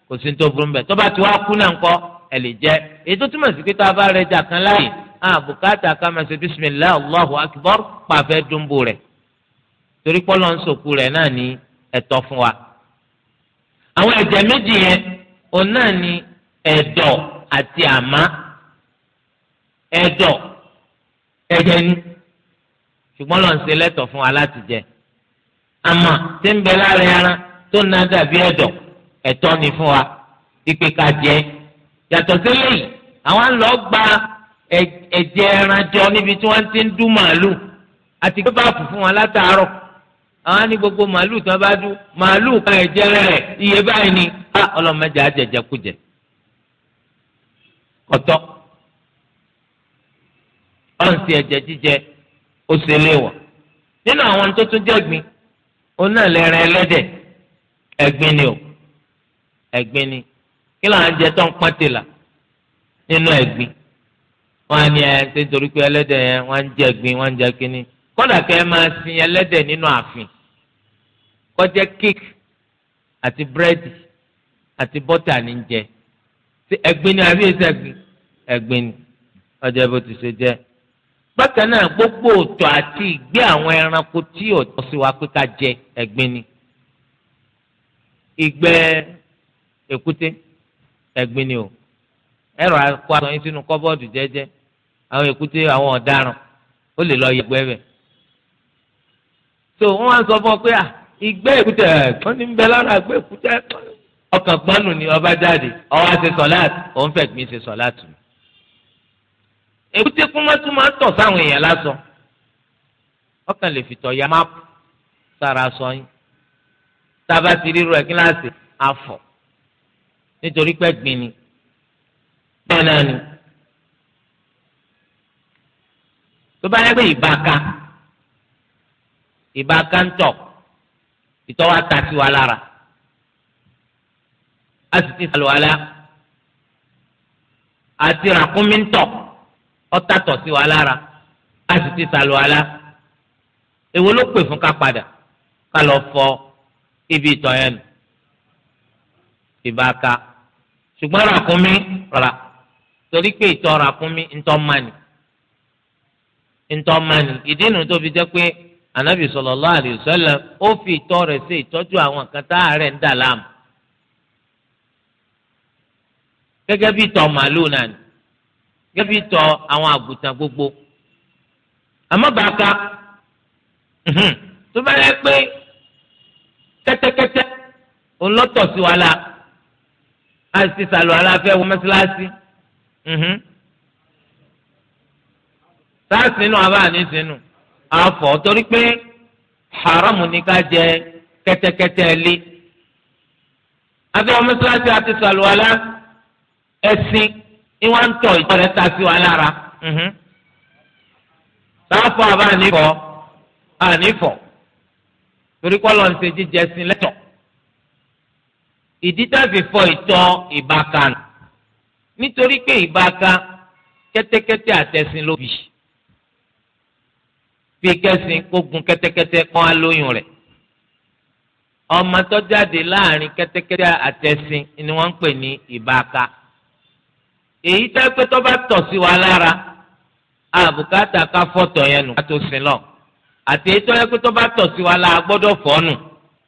kò sí tó burú mbẹ tó bá ti wá kú náà ńkọ́ ẹ lè jẹ èyí tó túmọ̀ sí pé tá a bá rẹ jà kan láàyè àbùkátà ká máa ṣe bisimilahi allahu akbar pàfẹ́ dùnbò rẹ̀ torí pọ́lọ́ ń sòkú rẹ̀ náà ní ẹ̀tọ́ fún wa. àwọn ẹ̀jẹ̀ méjì yẹn òun náà ní ẹ̀dọ̀ àti àmá ẹ̀dọ̀ ẹ̀jẹ̀ ni ṣùgbọ́n lọ́n ṣe lẹ́tọ̀ fún wa láti jẹ àmọ́ tí ń bẹ lára ẹran tó ná dàbí ẹ̀dọ̀ ẹ̀tọ́ ni fún wa ìpè ká jẹ yàtọ̀ sílẹ̀ yìí àwọn lọ gba ẹ̀jẹ̀ ẹran jọ níbi tí wọ́n ti ń dú màálù àti gbé báàpù fún wọn látàárọ̀ àwọn ní gbogbo màálù tí wọ́n bá dú màálù kan ẹ̀jẹ̀ rẹ̀ iye báyìí ni ọlọ́mọdé àjẹjẹkújẹ kọ̀tọ́ ọ̀nsì ẹ̀jẹ̀ jíjẹ ó ṣe léwọ̀ nínú àwọn tó tún jẹ́ ẹ̀gbin òun náà lẹ́rìn ẹlẹ́dẹ̀ ẹ̀gbin ni o ẹ̀gbin ni kí làwọn jẹ tó ń pọ́n tèlà nínú ẹ̀gbin wọ́n á ní ẹ ṣe torí pé ẹlẹ́dẹ̀ yẹn wọ́n á ń jẹ ẹ̀gbin wọ́n á ń jẹ kínní kódà kẹ́ ẹ máa sin ẹlẹ́dẹ̀ nínú ààfin kó jẹ́ àti búrẹ́dì àti ní jẹ ni àbí ẹ̀sẹ̀ ẹ̀gbin ẹ̀gbin ni Ọjọ bó ti ṣe jẹ. bákan náà gbogbo òtọ̀ àti ìgbé àwọn ẹranko tí ọ̀tọ̀ sí wa pé ká jẹ ẹ̀gbin ni ìgbẹ́ èkúté ẹ̀gbin ni o ẹ̀rọ akọ àtọ̀ yín sínú kọ́bọ́ọ̀dù jẹ́jẹ́ àwọn èkúté àwọn ọ̀daràn ó lè lọ yẹgbẹ́ bẹ̀ so wọ́n á sọ fún ọ pé à ìgbẹ́ èkúté ẹ̀gbọ́n ní bẹ lára ìgbẹ́ èkúté ọkàn gbọ́nù ni ọba jáde ọwọ́ àti sọ̀láàtì òun fẹ̀gbin ṣe sọ̀láàtì èkúté kún máa tún máa tọ̀ sáwọn èèyàn lásán ọkàn lè fi tọ̀ ya máàpù sára aṣọ yín tába ti ríru ẹ̀ kíláàsì afọ̀ nítorí pé gbin ni bẹ́ẹ̀ náà ni tó bá yẹ pé ìbáka ìbáka ń tọ̀ ìtọ́ wa ta sí wa lára a sì ti sàlùwalá àti ràkúnmí ń tọ̀. ọ̀tàtọ̀ sí wa lára a sì ti sàlù àlá èwo ló pè fún ká fọ ibi ìtọ̀ yẹn nù ìbáka ṣùgbọ́n ràkúnmí rà torí pé ìtọ̀ ràkúnmí ńtọ́ mánì ńtọ́ mánì ìdí nu tó fi jẹ́ pé fi ìtọ̀ re ṣe ìtọ́jú àwọn kan tá rẹ ń dà láàmú gẹ́gẹ́ bí na màlúù ni gẹ́bí tọ àwọn àgùntàn gbogbo àmọ́ bàákà tó bá yẹ pé kẹ́tẹ́kẹ́tẹ́ òun lọ tọ̀ sí wa la a sì sàlù aláfẹ́ wọ mẹ́sàlásì sáà sínú àbá ní sínú àfọ̀ torí pé haramu ni ká jẹ kẹ́tẹ́kẹ́tẹ́ lé abẹ́ wọ mẹ́sàlásì àti sàlù alá ẹ̀sìn ìwà ń tọ̀ ìjọ rẹ̀ ta sí wa lára. Mm-hmm. sáfọ̀ àbá ànífọ̀ ànífọ̀ torí kọ́ lọ ń ṣe jíjẹ sí lẹ́tọ̀. ìdí tàbí fọ ìtọ̀ ìbáka nù nítorí pé ìbáka kẹ́tẹ́kẹ́tẹ́ àtẹ̀sìn ló bì. bí kẹ́sìn kó gun kẹ́tẹ́kẹ́tẹ́ kán á lóyún rẹ̀. ọmọ tó jáde láàrin kẹ́tẹ́kẹ́tẹ́ àtẹ̀sìn ni wọ́n ń pè ní ìbáka èyí tẹ́ pé tó bá tọ̀ sí wa lára àbùkátà ká fọ́tọ̀ yẹn nù ká tó sin lọ àti èyí tó yẹ pé tó bá tọ̀ sí wa lára gbọ́dọ̀ fọ́ nù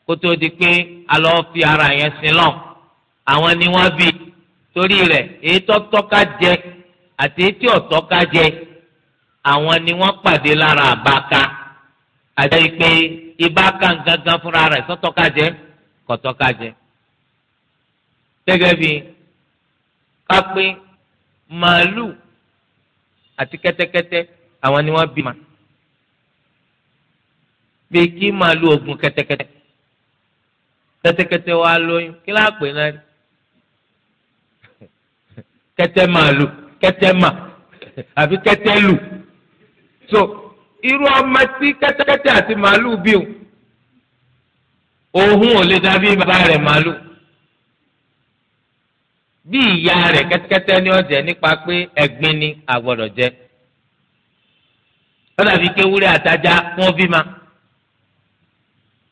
kó tó di pé a lọ fi ara yẹn sin lọ àwọn ni wọ́n bí torí rẹ̀ èyí tó tọ́ka jẹ àti èyí tí ò tọ́ka jẹ àwọn ni wọ́n pàdé lára àbáka àti pé ìbáka gangan fúnra rẹ̀ sọ́tọ́ka jẹ kọ́tọ́ka jẹ gẹ́gẹ́ bí ká màálù àti kẹ́tẹ́kẹ́tẹ́ àwọn ni wọ́n bí ma bí kí màálù ogun kẹ́tẹ́kẹ́tẹ́ kẹ́tẹ́kẹ́tẹ́ wa lóyún kí láà pè náà kẹ́tẹ́ màálù kẹ́tẹ́ mà àbí kẹ́tẹ́ lù so irú ọmọ tí kẹ́tẹ́kẹ́tẹ́ àti màálù bí o òhun ò lè dàbí bàbá rẹ̀ màálù. bí ìyá rẹ̀ kẹtẹkẹtẹ ni ọ̀jẹ̀ nípa pé ẹ̀gbin ni jẹ ó dàbí pé ewúrẹ́ àtajá wọ́n bí ma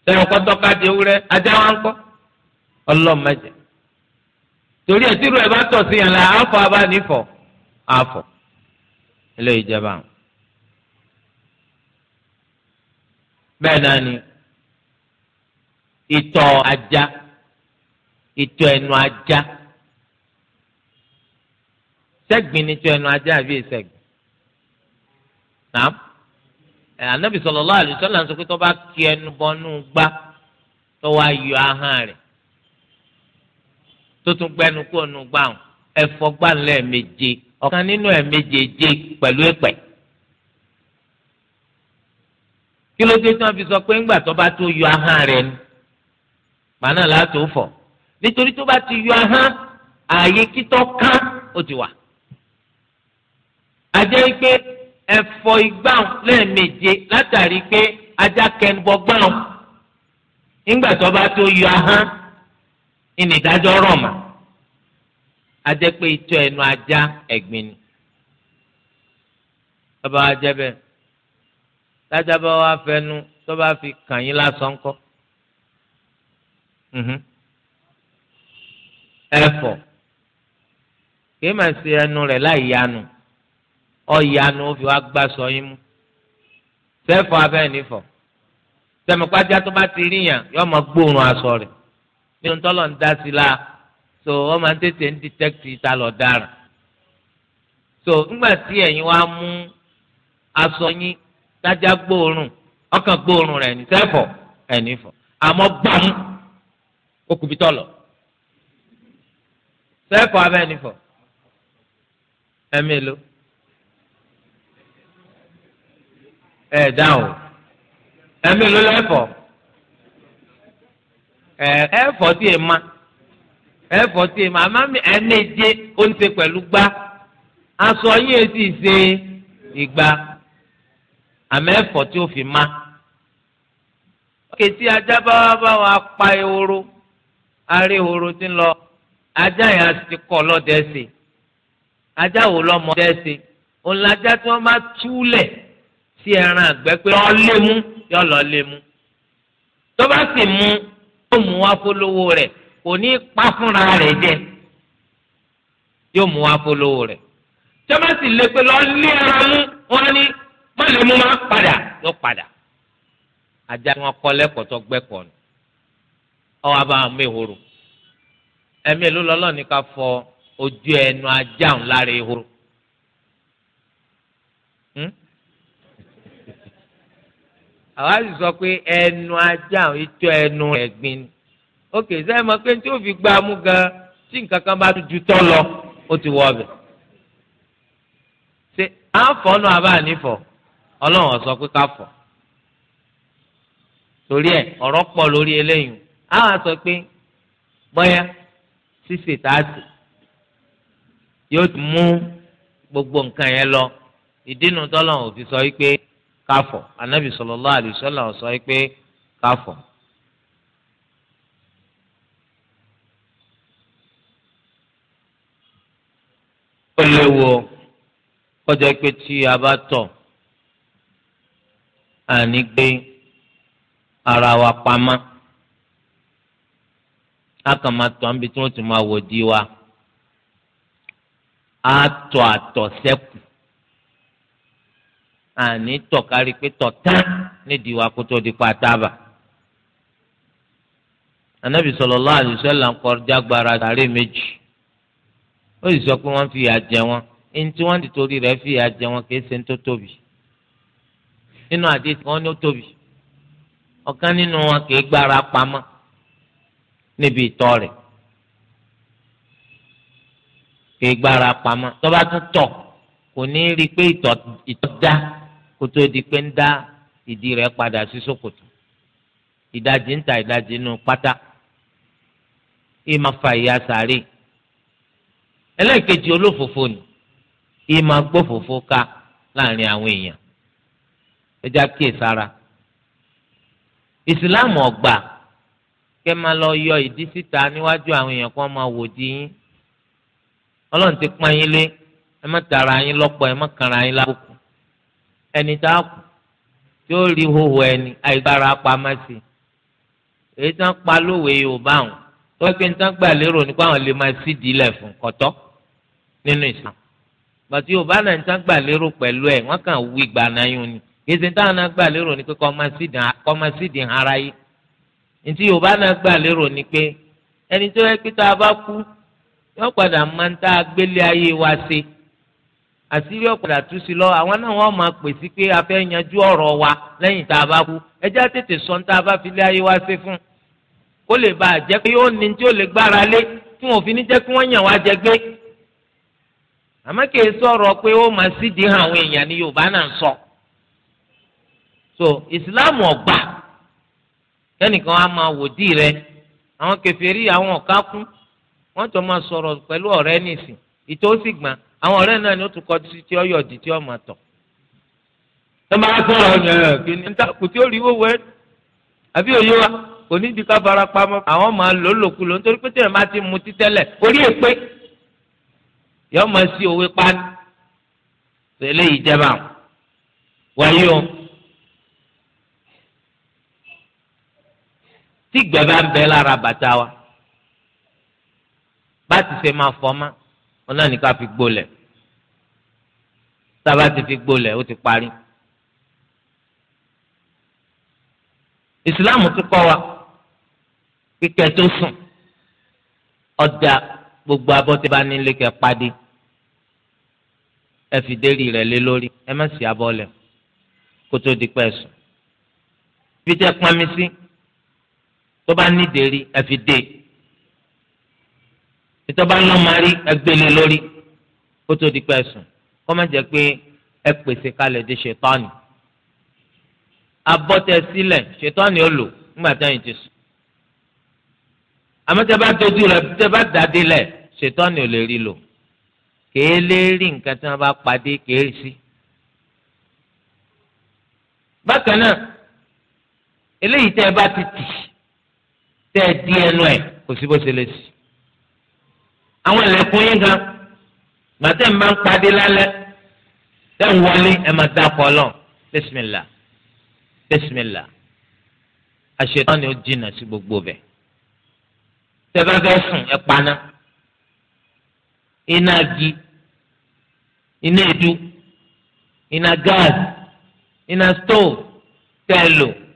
sẹ́yìn kọ́tọ́ ká di ajá wa torí ẹ̀ tí bá tọ̀ sí yàn náà ni ajá sẹ́gbìn ni tí ẹnu ajá àbí ìsẹ̀gbìn. nàám ànábì sallallahu alaihi wasallam sọ pé tó bá kí ẹnu bọnú gbá tó wá yọ ahọ́n rẹ̀ tó tún gbẹnu kó nu gbà hàn ẹ̀fọ́ gbà méje ọ̀kan nínú ẹ̀ pẹ̀lú ẹ̀pẹ̀. kí ló dé tí wọ́n fi sọ pé ńgbà tó bá tó yọ ajẹ́ pé ẹ̀fọ́ igbá lẹ́ẹ̀méje látàrí pé ajá kẹnubọ́ gbọ́n nígbà tó bá tó yọ ahọ́n ìnìdájọ́ rọ̀ mà ajẹ́ pé itọ́ ẹnu ajá ẹ̀gbin ni bàbá ajẹ́ bẹ́ẹ̀ tájà bá wà fẹnu tó bá fi kàn yín lásán kọ́ ẹ̀fọ́ kì í mà sí ẹnu rẹ̀ láì yanu ọ̀yanu ó fi wá gbà sọ yín mú sẹ́fọ̀ abẹ́ẹ̀ nífọ̀ sẹ́mukpájá tó bá ti rí yàn yọ ọmọ gbóòórùn aṣọ rẹ̀ nínú tọ́lọ̀ ń dá sí la so wọ́n máa ń tètè ń dìtẹ́kìtì ta lọ dára so ńgbà tí ẹ̀yin wá mú aṣọ yín tájá gbóòórùn ọkàn gbóòórùn rẹ̀ ní sẹ́fọ̀ ẹ̀ nífọ̀ àmọ́ gbàmú ó kùbi tọ̀lọ̀ sẹ́fọ̀ abẹ́ẹ̀ nífọ̀ ẹ̀mí ẹ o! ẹmí ló ẹ ẹfọ tí ẹ ma ẹfọ tí ẹ ma àmọ́ mi ẹnẹjẹ ó ń ṣe pẹ̀lú gbá aṣọ yín èsì ṣe ìgbà àmọ́ ẹfọ tí ó fi ma kètì ajá bá wá pa ehoro arí ehoro ti ń lọ ajá yẹn a ti kọ lọdẹ sí ajá wo lọmọdé sí òun lajá tí sí ẹran àgbẹ̀ pé lọ́ọ́ lé mú yọ si lé mú tó bá sì mú yóò mú wá rẹ̀ kò ní pa fúnra rẹ̀ jẹ yóò mú wá fólówó rẹ̀ tó bá sì lé pé lọ́ọ́ lé ẹran mú wọn ní má lè mú má padà yóò padà ajá tó ni ọwọ́ abá àwọn mẹ́hóró ẹ̀mí àwa sì sọ pé ẹnu ajá ìtọ́ ẹnu ẹ̀gbin ni ókè sẹ́yìn mọ̀ pé tí ó fi gbá mú gan tí nǹkan kan bá ju tọ́ lọ ó ti wọ ọbẹ̀ ṣe à ń fọ́ náà àbá ànífọ̀ ọlọ́run sọ pé ká fọ̀ torí ẹ̀ ọ̀rọ̀ pọ̀ lórí eléyìí àwa sọ pé bọ́yá ṣíṣe tààtì yóò mú gbogbo nǹkan yẹn lọ ìdínú tọ́lọ́run ò fi sọ wípé káfọ̀ anabi sallallahu alaihi wasallam sọ pé káfọ̀. ó léwu kọjá pé tí a bá tọ̀ àní gbé ara wa pamọ́ a kàn máa tọ̀ níbi tí wọ́n ti máa wò di wa a tọ̀ àtọ̀ sẹ́kù àní tọ̀kárí pé tọ̀tá nídìí wa kó tó di pa tábà. anabi sallallahu alaihi wasallam kọjá gbára sàárè méjì ó sì sọ pé wọ́n fi ìyà jẹ wọn ẹni tí wọ́n ti torí rẹ̀ fi ìyà jẹ wọn kìí ṣe ń tó tóbi nínú àdéhùn wọn ni ó tóbi ọ̀kan nínú wọn kìí gbára pamọ́ níbi ìtọ́ rẹ̀ kìí gbára pamọ́ tó tọ̀ kò ní rí i pé ìtọ̀ dá kótó di pé ń dá ìdí rẹ̀ padà sí ṣòkòtò ìdajì ń ta ìdajì nù pátá ìmà fa ìyà sàárè ẹlẹ́ẹ̀kejì olófòfò ni ìmà gbófòfò ká láàrin àwọn èèyàn ẹ já kíyè sára ìsìláàmù ọgbà kẹ máa lọ yọ ìdí síta níwájú àwọn èèyàn kan máa wò di yín ọlọ́run ti pọ́n yín lé ẹ má tara yín lọ́pọ̀ ẹ má kanra yín lábùkù ẹni tá a kù tí ó rí hoho ẹni àìgbára pamọ́ sí i èyí tán pa lówe yorùbá àwọn tó wá pé nǹkan gbà lérò lè máa sí fún kọtọ nínú ìsàn bàtí yorùbá náà nǹkan gbà lérò pẹ̀lú ẹ̀ wọ́n kàn wí náà ni èsì táwọn náà gbà lérò ni pé kọ́ máa ara yìí ntí yorùbá náà gbà lérò ni pé ẹni tó yẹ pé tá a wa àṣírí ọ̀padà tú lọ àwọn náà wọ́n máa pé a fẹ́ yanjú ọ̀rọ̀ wa lẹ́yìn tá a bá kú ẹjẹ́ sọ ní tá a bá fi lé ayé wá sí fún kó lè bá jẹ́ pé ó ní tí ó lè gbára lé tí fi ní jẹ́ kí wọ́n yàn wá jẹ gbé àmọ́ kì í sọ̀rọ̀ pé ó máa àwọn èèyàn ní Yorùbá náà ń sọ so ìsìláàmù ọ̀gbà kẹ́nìkan àwọn ọ̀rẹ́ náà ni ó tún kọ títí tí ọyọ̀ di tí ọmọ tọ̀. ẹ máa sọ̀rọ̀ ọ̀yàn ẹ̀ kí ni kò tí ó rí owó ẹ àbí òye wa kò ní di ká fara pamọ́ àwọn máa lò lòkulò nítorí pé tẹ̀lé máa ti mu títẹ́lẹ̀ orí èpè yọ máa sí òwe pani tẹ̀lé ìjẹba wáyé o tí gbẹ bá ń bẹ lára bàtà wa bá ti fẹ́ máa fọ́ máa wọn náà ní ká fi gbolẹ̀ tá a bá ti fi gbolẹ̀ ó ti parí. ìsìláàmù tún kọ́ wa kíkẹ́ tó sùn ọ̀dà gbogbo abọ́ tí bá nílé kẹ́ padì ẹ fi dérí rẹ̀ lé lórí ẹ má sì abọ́ lẹ̀ kó tó di pẹ́ sùn. fi tẹ́ pamí sí tó bá ní dérí ẹ fi dé ìtọ́ba ńlọ máa rí ẹgbẹ́lẹ́ lórí kó tó di pẹ́ sùn kó má jẹ́ pé ẹ pèsè kalẹ̀ di ṣètọ́ni abọ́tẹ sílẹ̀ ṣètọ́ni ó lò nígbà táyìn ti sùn àmọ́ tẹ bá dojú rẹ tẹ bá dàdé lẹ̀ ṣètọ́ni ò lè rí lò kèé lè rí nǹkan tí wọ́n bá pàdé kèé sí. bákan náà eléyìí tẹ́ ẹ bá ti tì tẹ́ ẹ di ẹnu ẹ̀ kò sí bó ṣe lè sí àwọn ẹlẹ́kùn yín gan gbàtẹ́ ń bá ń padì lálẹ́ tẹ́ ń wọlé ẹ̀ máa dá pọ̀ lọ bísímìlà bísímìlà àṣetán ni ó jìnnà sí gbogbo bẹ̀ tẹ́ bá fẹ́ sùn ẹ̀ paná iná agi iná edu iná gáàsì iná stóòv tẹ́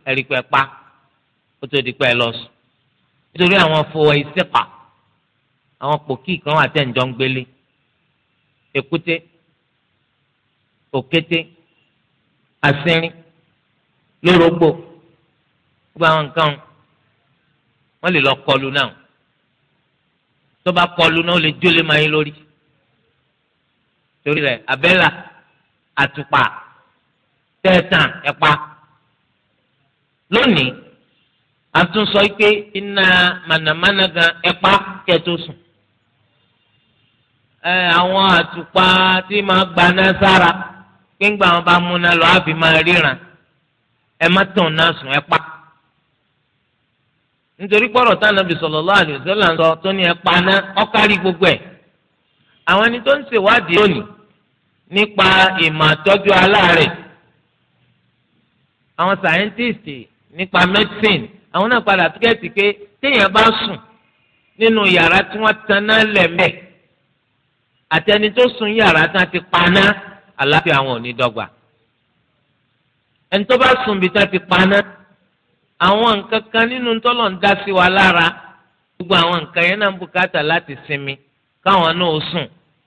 ẹ̀rí pẹ́ pa ó tó di pẹ́ lọ sùn nítorí àwọn afọwọ́ ìsẹ́pà àwọn pòkì kan wà tẹ̀ ń jọ ń gbélé èkúté òkété asínrín lórógbò gbogbo àwọn nǹkan wọn lè lọ kọlu náà tó bá kọlu náà ó lè jólè máa yín lórí torí rẹ̀ abẹ́là àtùpà tẹ́ẹ̀tàn ẹ̀pa lónìí a tún sọ pé iná mànàmáná gan ẹ̀pa kẹ́ẹ̀ sùn. àwọn àtùpà tí ma gbaná sára gbígbà wọn bá múná lọ àbí máa ríran ẹ má tàn náà sùn ẹ pa nítorí gbọ́dọ̀ tá ànábì sallallahu alaihi wasallam sọ tó ní ẹ paná ọ̀kárí gbogbo ẹ̀ àwọn ẹni tó ń ṣèwádìí lónìí nípa ìmọ̀ àtọ́jú aláàárẹ̀ àwọn sàyẹ́ntìsì nípa mẹ́dísìn àwọn náà padà tíkẹ́ẹ̀tì pé téèyàn bá sùn nínú yàrá tí wọ́n taná lẹ̀mẹ́ ẹni tó sun yàrá tán ti paná àlàáfíà àwọn ò ní dọ́gba ẹni tó bá sùn bí tán ti paná àwọn nǹkan kan nínú tọ́lọ̀ ń dá sí wa lára gbogbo àwọn nǹkan yẹn náà ń bùkátà láti sinmi káwọn náà sùn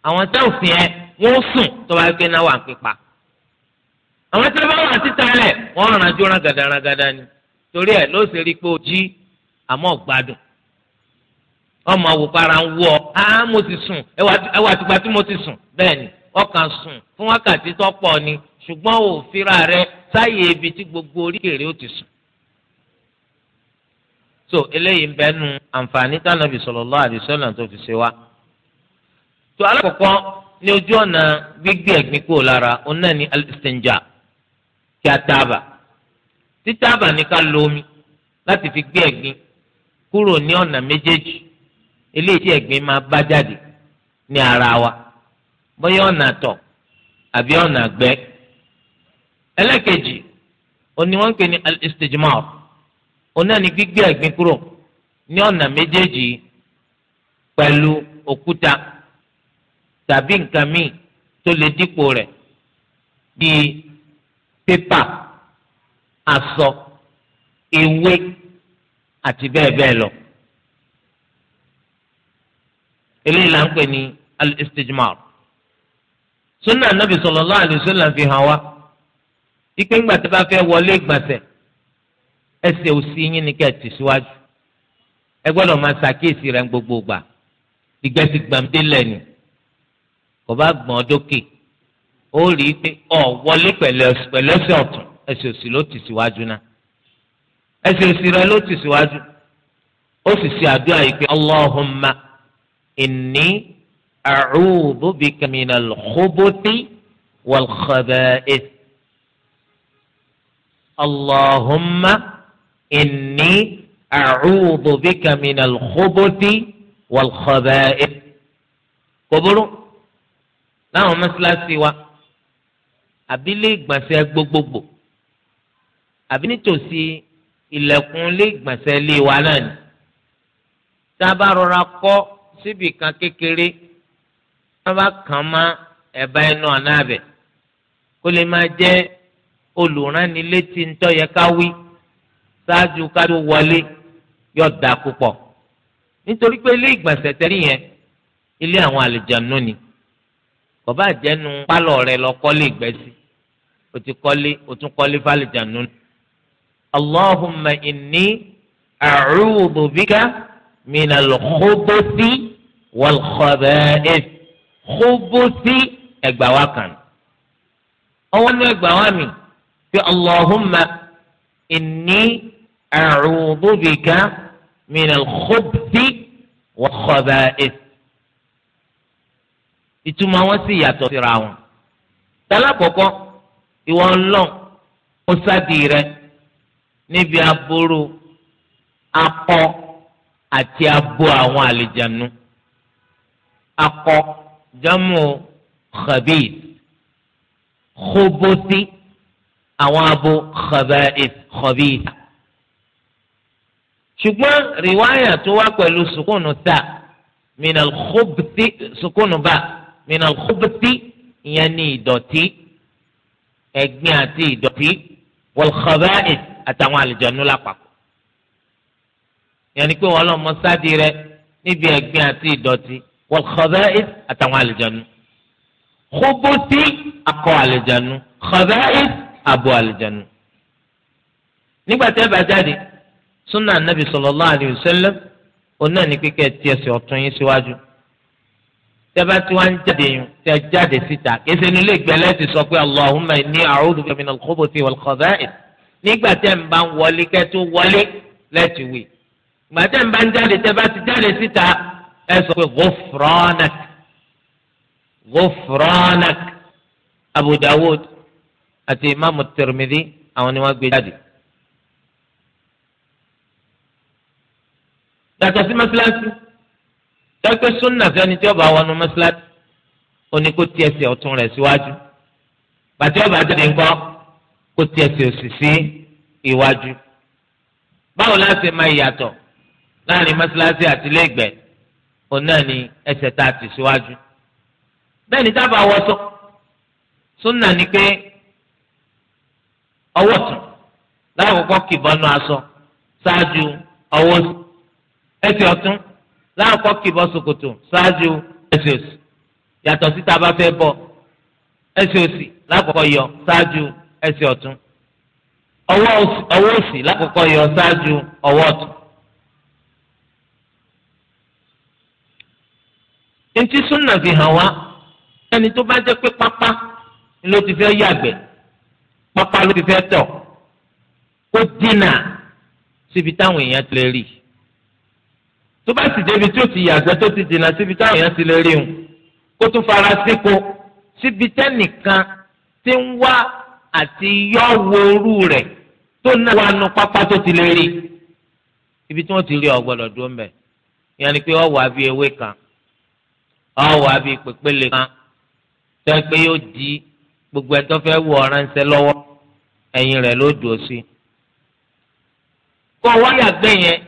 àwọn tó ń sìn ẹ wọn ó sùn tó bá gbé náà wà ń pípa àwọn tí wọn bá wà títa rẹ wọn rànjú rangadarangada ni torí ẹ ló ṣe rí i pé ó jí àmọ́ gbádùn ọmọ àwòkọ ara ń wọ á mo ti sùn ẹwà àtìgbà tí mo ti sùn bẹ́ẹ̀ ni ọkàn sùn fún wákàtí tó pọ̀ ni ṣùgbọn ò fira rẹ sáyè ibi tí gbogbo oríkèrè ó ti sùn. so eléyìí ń bẹ nu àǹfààní tánàbì sallallahu alaihi wasallam tó fi ṣe wá. tó alákọ̀ọ́kọ́ ní ojú ọ̀nà gbígbé ẹ̀gbin kúrò lára òun náà ní al kí a tábà títàbà ní ká lo omi láti fi gbé ẹ̀gbin kúrò ní ọ̀nà méjèèjì eléyìí tí ẹ̀gbin máa bá jáde ní ara wa bóyá ọ̀nà àtọ̀ àbí ọ̀nà àgbẹ́ ẹlẹ́kejì òní wọ́n ń pè ní al-istijmar òun náà ní gbígbé ẹ̀gbin kúrò ní ọ̀nà méjèèjì pẹ̀lú òkúta tàbí nǹkan míì tó lè dípò rẹ̀ bíi pépà aṣọ ewé àti bẹ́ẹ̀ bẹ́ẹ̀ lọ eléyìí là ń pè ní al-istijmar sunna anabi sallallahu alaihi wasallam fi hàn wá ipe ńgbà tí a bá fẹ́ wọlé gbàsẹ̀ ẹsẹ̀ òsì yín ni kẹ́ ẹ̀ tì síwájú ẹ gbọ́dọ̀ máa ṣàkíyèsí rẹ̀ gbogbo gbà ìgbẹ́sì gbàmdé lẹ́nu kò bá gbọ́n dókè ó rí i pé ọ wọlé pẹ̀lú ẹsẹ̀ ọ̀tún ẹsẹ̀ òsì ló tì náà ẹsẹ̀ òsì rẹ̀ ló tì ó sì ṣe àdúrà yìí pé Allahumma inni a'udhu bika minal khubuthi wal khaba'ith allahumma inni a'udhu bika minal khubuthi wal khaba'ith kò burú láwọn mọ́sálásí wa àbílẹ̀ ìgbọ̀nsẹ̀ gbogbogbò àbí nítòsí ilẹ̀kùn ilé ìgbọ̀nsẹ̀ ilé wa náà ni tá rọra kọ́ síbi kan kékeré wọ́n bá kàn má ẹ̀bá ẹnu ọ̀nà abẹ kó lè máa jẹ́ olùránilétí ntọ́yẹ káwí ṣáájú ká tó wọlé yọ da púpọ̀ nítorí pé ilé ìgbọ̀nsẹ̀ tẹ́lẹ̀ yẹn ilé àwọn àlùjànnú ni bàbá àjẹnu pálọ̀ rẹ lọ kọ́lé ìgbẹ́sí o ti kọ́lé o tún kọ́lé fàlùjànnú ni. Allahumma inni mina bika minal khubuthi. wal-khaba'ith khubuthi ẹgbà wa kan ọwọ́ ní ẹgbà wa mi fi allahumma inni a'udhu bika min al-khubuthi wal-khaba'ith ìtumọ̀ wọn sì yàtọ̀ síra wọn tàlákọ̀ọ́kọ́ ìwọ ńlọ́n ó rẹ níbi aburú akọ àti abo àwọn àlejànú akọ jamu khabith khubuthi àwọn abo khaba'ith khabith. ṣùgbọ́n riwaya tó wá pẹ̀lú sukunu ta minal khubuthi sukunu ba minal khubuthi ìyẹn ní ìdọ̀tí ẹ̀gbin àti ìdọ̀tí wal khaba'ith àtàwọn àlùjànnú lápapọ̀. ìyẹn ni pé wọn lọ mọ sáàdì rẹ níbi ẹ̀gbin àti ìdọ̀tí wal khaba'ith àtàwọn àlìjánu khubuthi akọ àlìjánu khaba'ith abo àlìjánu. nígbà tẹ́ bá jáde sunna anabi sallallahu alayhi wa sallam oní àná kíkẹ́ tí ẹsẹ̀ ọ̀tún yín síwájú tẹ́ bá tí wọ́n ń jáde yín tẹ́ jáde síta kése nílé ìgbẹ́lẹ́ ti sọ pé allahumma inni a'udhu bika minal khubuthi wal khaba'ith nígbà tẹ́ ń bá ń wọlé kẹ́ tó wọlé lẹ́tùwì gbàtẹ́ ń bá ń jáde tẹ́ bá ti jáde síta ẹ sọ pé ghufranak ghufranak Abu Dawud àti imaamu Tirmidhi àwọn ni wọ́n gbé jáde. yàtọ̀ sí mọ́sálásí tẹ́gbẹ́ súnà fẹ́ni tí ó bá wọnú mọ́sálásí oní kó tiẹ̀ sí ọ̀tún rẹ̀ síwájú bàtí ó bá jáde ńkọ́ kó tiẹ̀ sí òsì iwájú. báwo la máa yàtọ̀ láàrin mọ́sálásí àti ilé ìgbẹ́ òun náà ni ẹsẹ̀ tá a ti síwájú bẹ́ẹ̀ ni dábàá wọṣọ súnà ni pé ọwọ́ tún láàkókò kìbọnú aṣọ ṣáájú ọwọ́ ẹsẹ̀ ọ̀tún láàkókò kìbọ ṣòkòtò ṣáájú ẹsẹ̀ òsì yàtọ̀ sí tá a bá fẹ́ bọ́ ẹsẹ̀ òsì láàkókò yọ ṣáájú ẹsẹ̀ ọ̀tún ọwọ́ òsì láàkókò yọ ṣáájú ọwọ́ ọ̀tún. ntí súnà fi hàn wá ẹni tó bá jẹ́ pé pápá ló ti fẹ́ yàgbẹ́ pápá ló ti fẹ́ tọ̀ ó dínà síbi táwọn èèyàn ti lè rí tó bá sì débi tó ti yàgbẹ́ tó ti dínà síbi táwọn èèyàn ti lè rí un kó tún fara síko síbi tẹ́nìkan ti ń wá àti yọ̀wòrú rẹ̀ tó náà wà nù pápá tó ti lè rí ibi tí wọ́n ti rí ọ gbọ́dọ̀ dúró mbẹ̀ ìyẹn ni pé ọ wà bí ewé kan ọwọ́ àbí pèpéle kan tó ẹ pé yóò di gbogbo ẹtọ́ fẹ́ wọ ọ̀ránṣẹ́ lọ́wọ́ ẹ̀yìn rẹ̀ ló dùn sí. kó wáyà gbẹ yẹn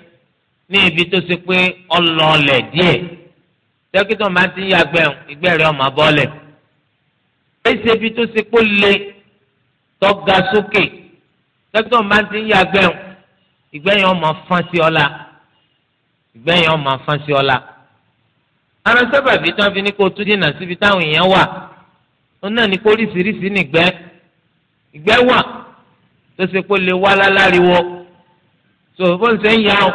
ní ibi tó ṣe pé ọlọ́ọ̀lẹ̀ díẹ̀ dókítà máa ti ń yàgbẹ́ ìgbẹ́ rẹ̀ ọmọ bọ́ọ̀lẹ̀ ẹsẹ ibi tó ṣe kó le tọ́ga sókè dókítà máa ti ń yàgbẹ́ ìgbẹ́ yẹn ọmọ fọ́n sí ọ̀la ìgbẹ́ yẹn ọmọ fọ́n sí ọ̀la ara sábàbí tí wọ́n fi ní kó tún dínà síbi táwọn èèyàn wà ó náà ní kó oríṣiríṣi nìgbẹ́ ìgbẹ́ wà tó ṣe kó lè wá láláriwo so bó ń ṣe ń yà ó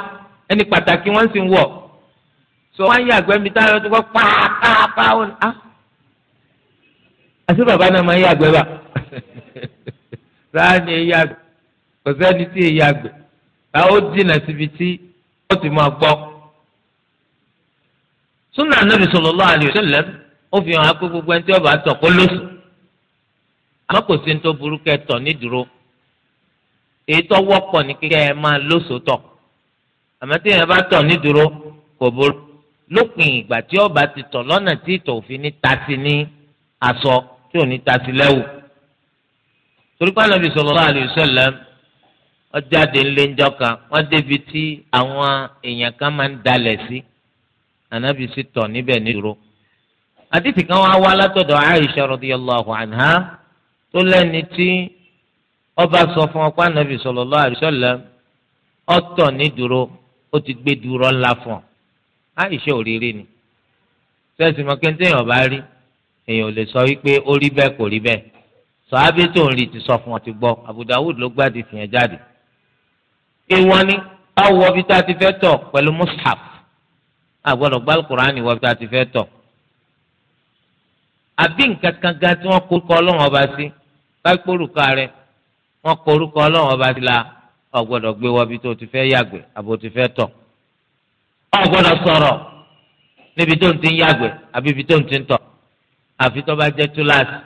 ẹni pàtàkì wọ́n sì ń wọ̀ so wọ́n á yàgbẹ́ mi táwọn tó kọ́ pàápàá ó ní á ah. àti bàbá náà máa yàgbẹ́ bá sáàni èyí àgbẹ̀ kò sẹ́ni tí èyí àgbẹ̀ báwo dínà síbi tí wọ́n ti máa gbọ́ súnà nàbì sallallahu alaihi wasallam ó fi hàn pé gbogbo ẹni tí ọba tọ̀ kó lóṣù àmọ́ kò sí ní tó burú kẹ́ tọ̀ nídùúró èyí tó wọ́pọ̀ ní kíkẹ́ ẹ máa lóṣù tọ̀ àmọ́ tí èèyàn bá tọ̀ nídùúró kò burú lópin ìgbà tí ọba ti tọ̀ lọ́nà tí ìtọ̀ òfin ní tasi ní aṣọ tí ò ní tasi lẹ́wù torí pé nàbì sallallahu alaihi wasallam ọjáde ńlẹ́njọ́ kan wọ́n débi tí àwọn èèyàn kan máa ń dalẹ̀ sí. Si anabi sì tọ̀ níbẹ̀ nídúró. àdìtì kan wá wá látọ̀dọ̀ Aisha radiyallahu anha tó lẹ́ni tí ọba sọ fún ọpá anabi sallallahu alaihi wasallam ọtọ̀ nídúró ó ti gbé dúró ńlá fún ọ Aisha òrìrì ni sẹ́sìn mọ́ kéńté èèyàn bá rí èèyàn ò lè sọ wípé ó rí bẹ́ẹ̀ kò rí bẹ́ẹ̀ sọ́hábí tó ń rí ti sọ fún ọ ti gbọ́ Abu Dawud ló gbádìí fìyẹn jáde. ìwọ ni báwo ọbí tá a ti fẹ́ tọ̀ pẹ̀lú mushaf àgbọ̀dọ̀ gbá alukur'an wọ bí a ti fẹ́ tọ̀ àbí nǹkan kan ga tí wọ́n kórúkọ ọlọ́run ọba sí bá kórúkọ rẹ wọ́n kórúkọ ọlọ́run ọba sí la ọ̀gbọ́dọ̀ gbé wọ bí tó ti fẹ́ yàgbẹ́ àbò ti fẹ́ tọ̀ ọ̀gbọ́dọ̀ sọ̀rọ̀ níbi tó ń ti yàgbẹ́ àbí ibi tó ń ti tọ̀ àfi tó bá jẹ́ túláàsì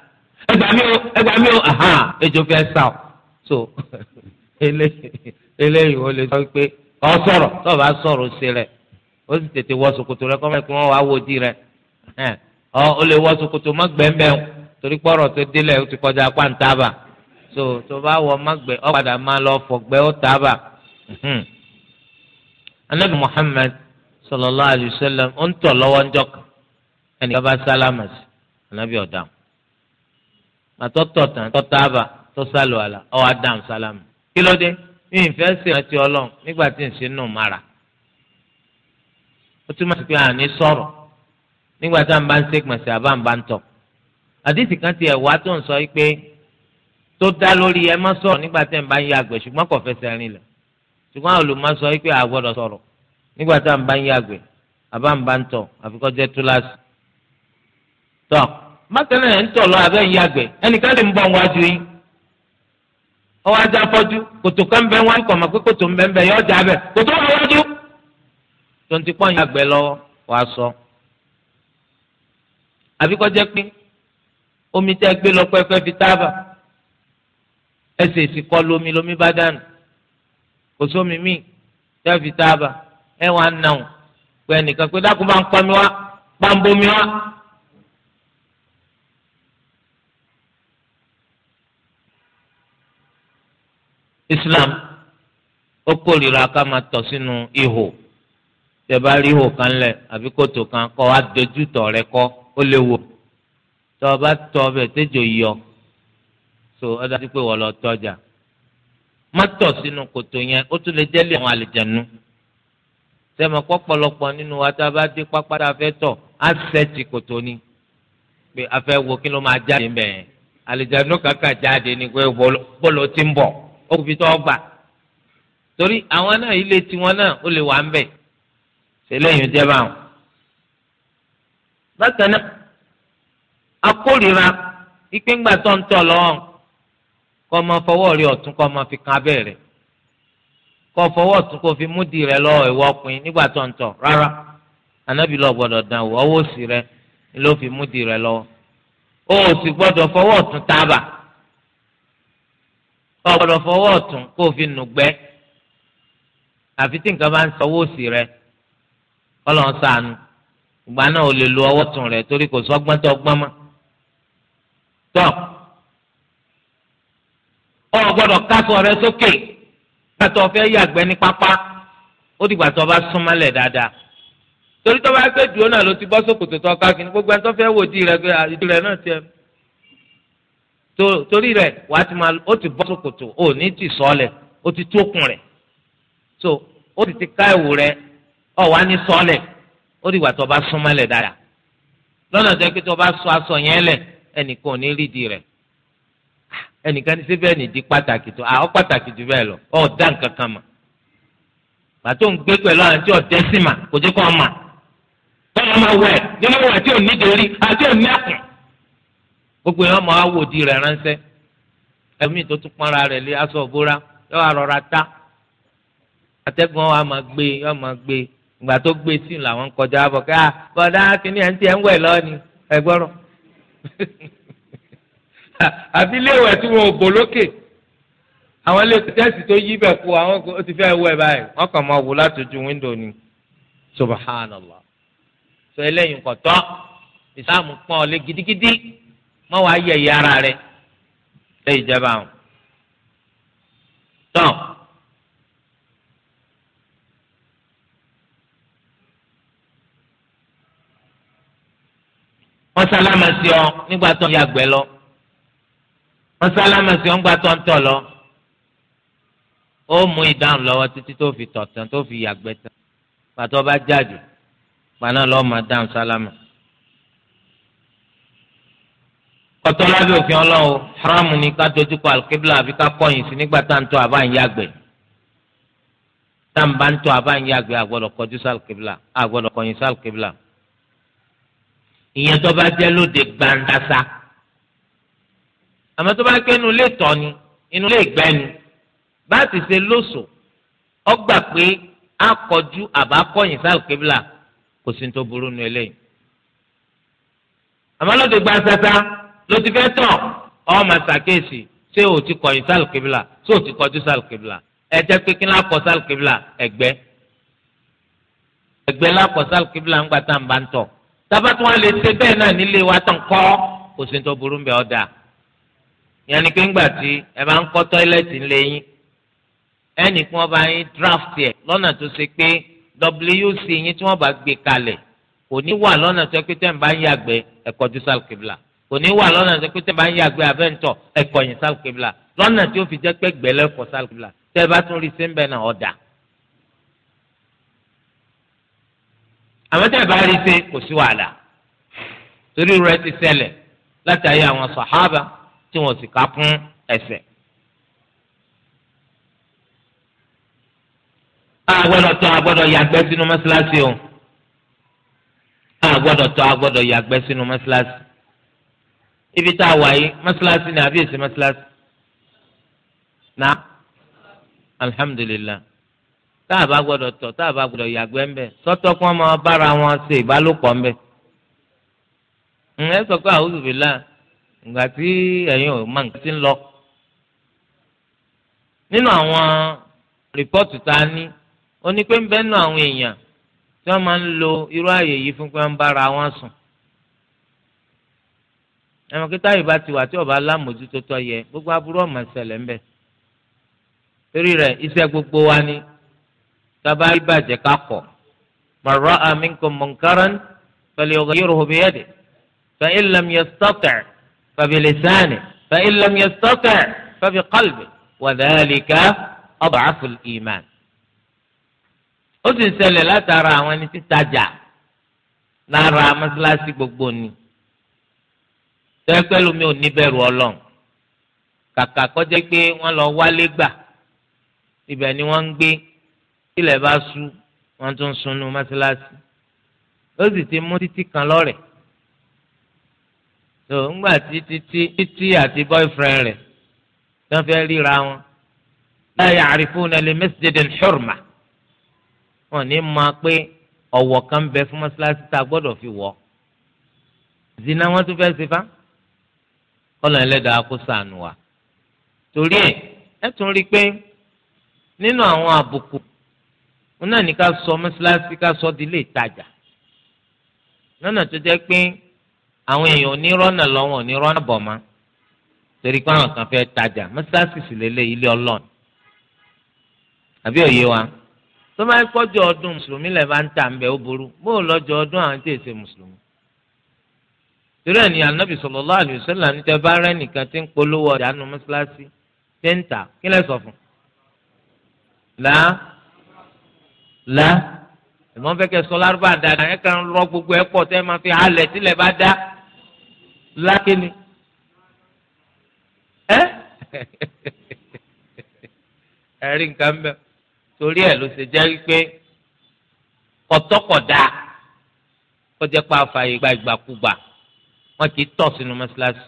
ẹgbàá mi ò ẹgbàá mi ò ahàn ejò fẹ́ sà ọ́ so eléyìí ó lè sọ pé ọ sọ̀rọ̀ tó o bá sọ̀rọ̀ sí rẹ̀ ó sì tètè wọ ṣòkòtò rẹ kọ́mọ́ wo di rẹ ó lè wọ ṣòkòtò mọ́ gbẹ̀mbẹ̀ torí pọ́rọ̀ tó délẹ̀ ó ti kọjá so tó bá wọ mọ́ gbẹ̀ ọ́ padà máa lọ fọ̀gbẹ́ ó tàbà. Hmm. sallallahu alayhi wa sallam ó ń tọ̀ lọ́wọ́ ń jọ́ka bá anabi ọ̀dàm àtọ́ tọ̀ tán tọ́ tàbà tó sálọ àlà sálámà kí ló dé mi ó túmọ̀ sí pé àní sọ̀rọ̀ nígbà tá à ń bá ń ṣègbọ̀nsẹ̀ àbá ń bá ń tọ̀ àdìsí kan ti ẹ̀wá tó ń sọ yìí pé tó dá lórí ẹ má sọ̀rọ̀ nígbà tẹ́ ń bá ń yàgbẹ́ ṣùgbọ́n kò fẹsẹ̀ rin lẹ̀ ṣùgbọ́n àwọn olùmọ̀ sọ yìí pé a gbọ́dọ̀ sọ̀rọ̀ nígbà tá à ń bá ń yàgbẹ́ àbá ń bá ń tọ̀ àfikọ́ jẹ́ túláàsì tọ́ mákànnà ẹ̀ ń tọ̀ lọ abẹ́ ń yàgbẹ́ ẹnìkan lè ń bọ̀ wájú yín ọwọ́ ajá fọ́jú kòtò kan bẹ́ wọ́n kọ̀ mọ̀ pé kòtò ń bẹ́ ń bẹ́ yọ tó ń ti pọ́n yàgbẹ́ lọ́wọ́ wàá sọ. àbí kọ́ jẹ́ pé omi tẹ́ gbé lọ pẹ́pẹ́ fi tábà ẹsẹ̀ ìsìnkọ́ lomi lomi bá dànù kò sómi míì tẹ́ fi tábà ẹ wàá nàù pé ẹnìkan pé dákun bá ń pọ́n mi bá ń bomi wá. Islam ó kórìíra ká máa tọ̀ sínú ihò tẹ bá rí ihò kan lẹ̀ àbí kòtò kan kọ́ wá dojútọ̀ rẹ kọ́ ó lè wò tọ́ ọ bá tọ́ ọbẹ̀ tẹ́jọ yọ so ọ dájú pé wọ́n lọ tọ́jà má tọ̀ sínú kòtò yẹn ó tún lè jẹ́lé àwọn àlejànú sẹ́mi pọ́pọ́lọpọ̀ nínú wa tá a bá dé pápá tá a fẹ́ tọ̀ á sẹ́ẹ̀tì kòtò ni pé a fẹ́ wo kí ló máa jáde mbẹ̀ yẹn àlejànú kàkà jáde ni pé bọ́lọ̀ ti ń bọ̀ ó fi tọ́ gbà torí àwọn náà ilé tiwọn náà ó lè wà ń bẹ̀ ṣẹlẹ́yìn jẹ́ báwọn. bákan náà akórira ìpíngbà tó ń tọ̀ lọ́wọ́ kọ́ máa fọwọ́ rí ọ̀tún kọ́ máa fi kan abẹ́rẹ́ kọ́ fọwọ́ ọ̀tún kó fi múdi rẹ lọ́wọ́ ìwọ ọkùnrin nígbà tó ń tọ̀ rárá anábì lọ gbọ́dọ̀ dàn wọ́ ọwọ́ òsì rẹ ló fi múdi rẹ lọ́wọ́ o ò sì gbọ́dọ̀ fọwọ́ ọ̀tún tábà kọ́ gbọ́dọ̀ fọwọ́ ọ̀tún kó fi nùgbẹ́ àfi tí nǹkan bá ń sọ ọwọ́ òsì rẹ Ọlọ́run ṣàánú ìgbà náà ò lè lo ọwọ́ tún rẹ̀ torí kò sọ́gbọ́n tó gbọ́n mọ́ tọ́ ọ gbọ́dọ̀ kásọ̀ rẹ sókè kátó fẹ́ yàgbẹ́ ní pápá ó dìgbà tó bá súnmọ́lẹ̀ dáadáa torí tó bá gbé dúró náà ló ti bọ́ sókòtò tó ká kìíní gbogbo ẹni tó fẹ́ wò di rẹ pé àdìdì rẹ náà tiẹ̀ torí rẹ wàá ti máa ó ti bọ́ sókòtò ó ní ti sọ́ọ̀lẹ̀ ó ti tókun rẹ̀ so ó ti ti ká ìwò rẹ̀ ọ wá ní sọ́ọ̀lẹ̀ ó dìgbà tó bá súnmọ́lẹ̀ dáadáa lọ́nà tó yẹ pé tó bá sọ aṣọ yẹn lẹ̀ ẹnìkan ò ní rí di rẹ ẹnìkan ṣe bẹ́ẹ̀ nìdí pàtàkì tó àwọn pàtàkì jù bẹ́ẹ̀ lọ ọ dá nǹkan kan mà pàtó ń gbé pẹ̀lú àwọn tí ọ̀dẹ́ sì mà kò jẹ́ kó ọ mà tọ́lá máa wẹ̀ nínú wẹ̀ tí ò ní dorí àti ò ní àkùn gbogbo yẹn ọmọ awò di rẹ̀ ránṣẹ́ ẹ̀mí tó tún pọ́nra rẹ̀ lé aṣọ òbúra yọ àrọ̀ra ta atẹ́gùn wa ìgbà tó gbé sí làwọn kọjá bọ̀ ká ah, bọ̀dá kìíní ẹ̀ ń tiẹ̀ ń wẹ̀ lọ́ni ẹgbọ́rọ̀ àfi léèwẹ̀ tí wọn ò bò lókè àwọn ilé tẹ́sì tó yí bẹ̀ kú àwọn ó ti fẹ́ wẹ̀ báyìí wọ́n kàn máa wò látòjú wíńdò ni subhanallah sọ eléyìí kò tọ́ ìsáàmù pọ́n ọ lé gidigidi mọ́ wàá yẹ̀yẹ́ ara rẹ̀ lẹ́yìn ìjẹba àwọn. tán. wọ́n sálámà sí ọ nígbà tó ń yàgbẹ́ lọ wọ́n sálámà sí ọ nígbà tó ń tọ̀ lọ ó mú ìdáhùn lọ́wọ́ títí tó fi tọ̀ tán tó fi yàgbẹ́ tán pàtó bá jáde paná lọ́ọ́ máa dáhùn sálámà. kọ́tọ́ lábẹ́ òfin ọlọ́run haramu ni ká dojú kọ alùkébílà àfi ká kọ́yìn sí nígbà tá à ń tọ̀ àbá ń yàgbẹ́ tá à ń bá ń tọ̀ àbá ń yàgbẹ́ àgbọ́dọ̀ kọjú sálùkébílà àgbọ́dọ̀ kọ̀yìn sálùkébílà ìyẹn tó bá jẹ́ lóde gbandasa àmọ́ tó bá kẹ́ inú ilé tọ́ ni inú ilé ìgbẹ́ ni bá ti ṣe lóṣù ọgbà pé a kọjú àbá kọ̀yìn sáà kébìlà kò sí tó burú nu eléyìí àmọ́ lóde gbandasa ló ti fẹ́ tọ̀ ọ́ máa ṣàkíyèsí ṣé o ti kọ̀yìn sáà kébìlà ṣé o ti kọjú sáà kébìlà ẹ jẹ́ pé kí n lákọ̀ sáà kébìlà ẹ̀gbẹ́ ẹ̀gbẹ́ lákọ̀ sáà kébìlà ń gbà tá à bá ń tọ̀ tábà tí wọ́n lè ṣe bẹ́ẹ̀ náà nílé wa tán kọ́ kò sí tó burú bẹ́ẹ̀ ọ̀dà yẹn ni pé ńgbà tí ẹ bá ń kọ́ tọ́ílẹ̀tì ńlẹ̀ yín ẹnì kí wọ́n bá yín draft ẹ̀ lọ́nà tó ṣe pé WC yín tí wọ́n bá gbé kalẹ̀ kò ní wà lọ́nà tó pé tẹ́ ń bá ń yàgbẹ́ ẹ̀kọ́ ju sálùkìbìlà kò ní wà lọ́nà tó pé tẹ́ ń bá ń yàgbẹ́ abẹ́ǹtọ̀ ẹ̀kọ́ yín sálùkìbìlà lọ́nà tí ó fi jẹ́ pé gbẹ́lẹ́kọ̀ sálùkìbìlà tẹ́ bá tún rí sí náà ọ̀dà àmọ́ tẹ́ ẹ bá rí i ṣe kò sí wàhálà torí rẹ̀ ti ṣẹlẹ̀ látàrí àwọn sàhábà tí wọ́n sì ká fún ẹ̀ṣẹ̀. àgbọ́dọ̀ tọ̀ àgbọ́dọ̀ yàgbẹ́ sínú mọ́ṣáláṣí o àgbọ́dọ̀ tọ̀ àgbọ́dọ̀ yàgbẹ́ sínú mọ́ṣáláṣí ibi tá a wà yìí mọ́ṣáláṣí ni àbí èsì mọ́ṣáláṣí na alhamdulilayi tá a bá gbọ́dọ̀ tọ̀ tá a bá gbọ́dọ̀ yàgbẹ́ ńbẹ sọ́tọ̀ kí wọ́n máa bára wọn ṣe ìbálòpọ̀ ńbẹ. ẹ sọ pé àwùjọ bìlà ìgbà tí ẹ̀yin ò máa nǹkan ti ń lọ. nínú àwọn rìpọ́ọ̀tù tá a ní ó ní pé ń bẹ́ nù àwọn èèyàn tí wọ́n máa ń lo irú àyè yìí fún pé wọ́n bára wọn sùn. ẹ̀wọ̀n kí táyì bá ti wà tí ọba lámòjútótó yẹ gbogbo aburú ọ̀mọ̀ tábà rí bàjẹ́ ká kọ̀ man ra'a minkum munkaran falyughayyirhu biyadihi fa in lam yastati' fa bilisanihi fa in lam yastati' fa biqalbihi wa dhalika ad'afu al-iman. ó sì ń ṣẹlẹ̀ látara àwọn ẹni títajà lára mọ́sálásí gbogbo ni tẹ́pẹ́ lómi ò ní bẹ̀rù ọlọ́run kàkà kọjá pé wọ́n lọ wálé gbà ibẹ̀ ni wọ́n ń gbé ilẹ̀ bá sú wọ́n tún sunú mọ́ṣáláṣí ó sì ti mú títí kan lọ́rẹ̀ tó ńgbà tí títí títí àti boyfriend rẹ̀ tó ń fẹ́ ríra wọn la ya'rifuna li masjidin hurma wọn ní máa pé ọ̀wọ̀ kan bẹ fún mọ́ṣáláṣí tá a gbọ́dọ̀ fi wọ̀ zina wọn tún fẹ́ ṣe fa kọ́lọ̀ ẹlẹ́dàá kó ṣàánú wa torí ẹ̀ ẹ̀ tún rí i pé nínú àwọn àbùkù wọn náà ní ká sọ mọ́ṣáláṣí ká sọ di ilé ìtajà lọ́nà tó jẹ́ pé àwọn èèyàn onírọ́nà lọ́wọ́ onírọ́nà bọ̀ mọ́ torí pé àwọn kan fẹ́ tajà mọ́ṣáláṣí sì lélẹ̀ ilé ọlọ́ọ̀ni àbí òye wa tó máa ń kọjọ ọdún mùsùlùmí lẹ bá ń tà ń bẹ ó burú bó o lọjọ ọdún àwọn tí èsè mùsùlùmí torí ẹni ànábì sallallahu alaihi wasallam ní tẹ bá rẹ tí ń polówó ọjà nu mọ́ṣáláṣí tí kí lẹ sọ fún un la ìmọ̀ fẹ́ kẹ́ sọ lárúbá dáadáa ẹ kàn rọ gbogbo ẹ pọ̀ tẹ́ máa fi halẹ̀ sílẹ̀ bá dá lákìní. ẹ ẹ rí nǹkan mẹ́ torí ẹ̀ ló ṣe jẹ́ wípé kọ̀tọ́kọ̀dá kọjá pa àfààyè gba ìgbàkúgbà wọn kì í tọ̀ sínú mọ́ṣáláṣí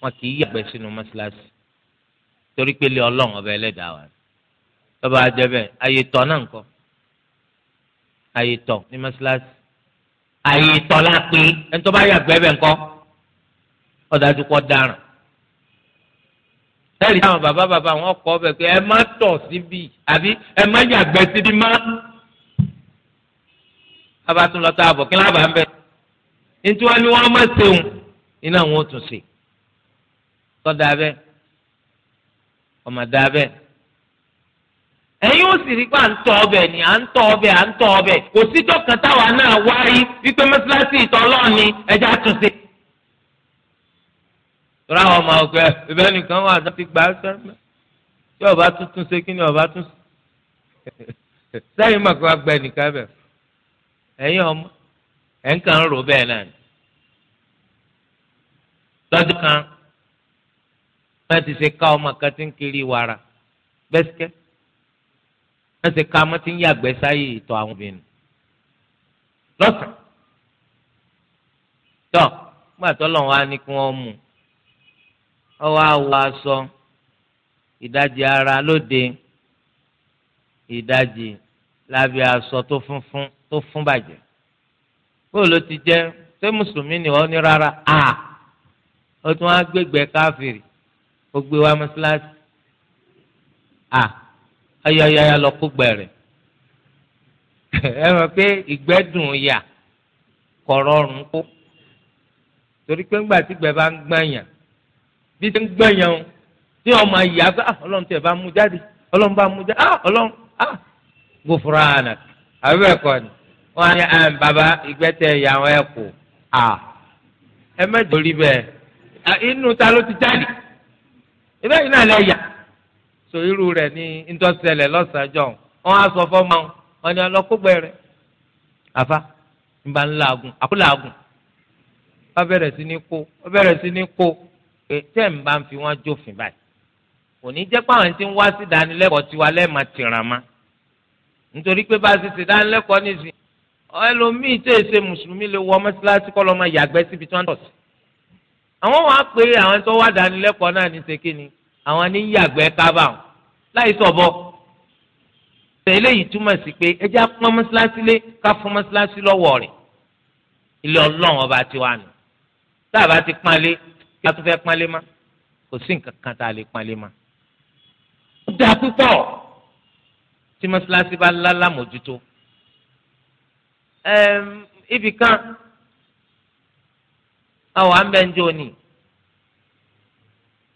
wọn kì í yàgbẹ́ sínú mọ́ṣáláṣí torí pé lé ọlọ́run ọba ẹlẹ́dàá wa lọ́ba àjẹbẹ́ ayé tọ́ náà nǹkan àyè tọ̀ ní mọ́ṣáláṣí àyè tọ̀ la pé ẹni tó bá yàgbẹ́ bẹ̀ ńkọ́ ọ̀dájú kọ́ dáràn tẹ́lẹ̀ táwọn bàbá bàbá wọn kọ́ bẹ̀ pé ẹ má tọ̀ síbi àbí ẹ má yàgbẹ́ síbi má. bàbá tún lọ sáà bọ̀ kí lábàá ń bẹ̀. nítorí wọn ni wọn má ṣeun iná wọn ò tún ṣe. tọ́ da bẹ́ẹ̀ ọmọ da bẹ́ẹ̀ ẹ̀yin ó sì rí pé à ń tọ́ ọbẹ̀ ni à ń tọ́ ọbẹ̀ à ń tọ́ ọbẹ̀ kò síjọ́ kan táwa náà wáyé wípé mọ́sálásí ìtọ́ ọlọ́ọ̀ni ẹja tún sí. tọ́lá àwọn ọmọ ọ̀gbẹ́ ìbẹ́ nìkan wà láti gbà á sẹ́rẹ́ tí ọba tuntun ṣe kí ni ọba tún sẹ́yìn mọ̀ kó wá gbẹ nìkan bẹ̀ ẹ̀yin ọmọ ẹ̀ ń kàn ń rò bẹ́ẹ̀ náà ni. lọ́dún kan wọ́n ti ṣe ká ọmọ kan ti ń kiri wàrà bẹ́sikẹ́tì wọ́n ṣe ká wọ́n ti ń yàgbẹ́ sáyé ìtọ̀ àwọn obìnrin lọ́sàn-án tọ́ gbàtọ́ lọ́wọ́ á ní kí wọ́n mú ọwọ́ àwọ̀ aṣọ ìdajì ara lóde ìdajì lábẹ́ aṣọ tó funfun tó fún bàjẹ́ bó ló ti jẹ́ ṣé mùsùlùmí ni wọ́n ní rárá a ó tún á gbégbé káfíìrì ó gbé wá mọ́ṣáláṣí a. Ah ayayaya lọ kó gbẹrẹ ẹ mọ̀ pé ìgbẹ́dùn yà kọ̀rọ̀ ọ̀run kó torí pé ńgbà tí gbẹ bá ń gbẹ̀yàn bí ṣe ń gbẹ̀yàn o tí ọmọ ah bá ọlọ́run tẹ̀ bá mú jáde ọlọ́run bá mú jáde ah, ọlọ́run ah, gbòfúra ànà àbí ẹ̀kọ́ ni wọ́n á ní bàbá ìgbẹ́tẹ̀ ìyàwó ẹ̀ kù à ẹ mẹ́jọ rí bẹ́ẹ̀ inú ta ló ti jáde ìbẹ́yìn náà lẹ́yà so irú rẹ̀ ní ntọ́sẹ̀lẹ̀ lọ́sàájọ́ wọn á sọ fọ́mọ wọn ni ọlọ́kùgbẹ́ rẹ̀ àfa nígbà ńlá agùn àkúlà agùn wọn bẹ̀rẹ̀ sí ní kó wọn bẹ̀rẹ̀ sí ní kó tẹ́ ń bá ń fi wọn jófin báyìí kò ní jẹ́ pé àwọn tí ń wá sí ìdánilẹ́kọ̀ọ́ tiwa lẹ́ẹ̀ma tìràn ma nítorí pé bá a ti ṣe ìdánilẹ́kọ̀ọ́ nísìnyí ẹlòmíì tó ṣe mùsùlùmí lè wọ mọ́ṣáláṣí kọ́ lọ́mọ yàgbẹ́ síbi tí wọ́n tọ̀ sí àwọn wàá pé àwọn tó wá dánilẹ́kọ̀ọ́ náà ní ṣe àwọn ní yàgbẹ́ kábà láì sọ̀bọ. tẹ̀lé yìí túmọ̀ sí pé ẹ já pọ́n mọ́sálásí lé ká fún mọ́sálásí lọ́wọ́ rẹ̀ ilé ọlọ́run ọba ti wà nù tá a bá ti pánlé kí a tún fẹ́ pánlé má kò sí nǹkan kan tá a lè pánlé má. ó dáa púpọ̀ tí mọ́sálásí bá lálàmójútó. ibì kan àwọn àmbẹ́njọ́ ni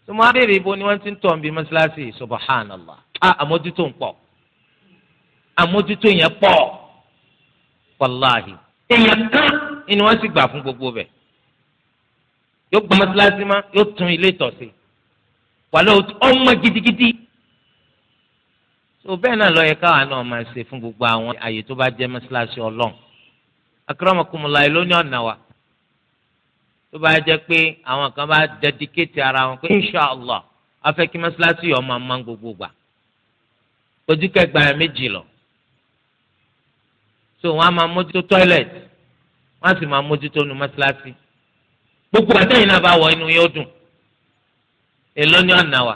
tí wọ́n á béèrè ibo ni wọ́n ti ń tọ̀ bí mọ́ṣáláṣí subhanallah a ah, àmójútó ń pọ̀ àmójútó yẹn pọ̀ wàláhì èèyàn kan ni wọ́n sì gbà fún gbogbo bẹ̀ yóò gba mọ́ṣáláṣí má yóò tún ilé ìtọ̀sí wàlẹ́ ọmọ gidigidi tó bẹ́ẹ̀ náà ló yẹ káwa náà máa ṣe fún gbogbo àwọn àyè tó bá jẹ́ mọ́ṣáláṣí ọlọ́run akérèmọkùnmọ́lá ẹ̀ ló ní ọ̀nà wa tó bá jẹ́ pé àwọn kan bá dẹdikéètì ara wọn pé inshàlá afẹ́kí mọ́ṣáláṣí yọ̀ máa máa ń gbogbo gbà ojú kẹgbà ẹ̀ méjì lọ so wọn á máa mójútó toilet wọn á sì máa mójútó nu mọ́ṣáláṣí gbogbo àtẹ̀yìn náà bá wọ inú yóò dùn èló ni ọ̀nà wa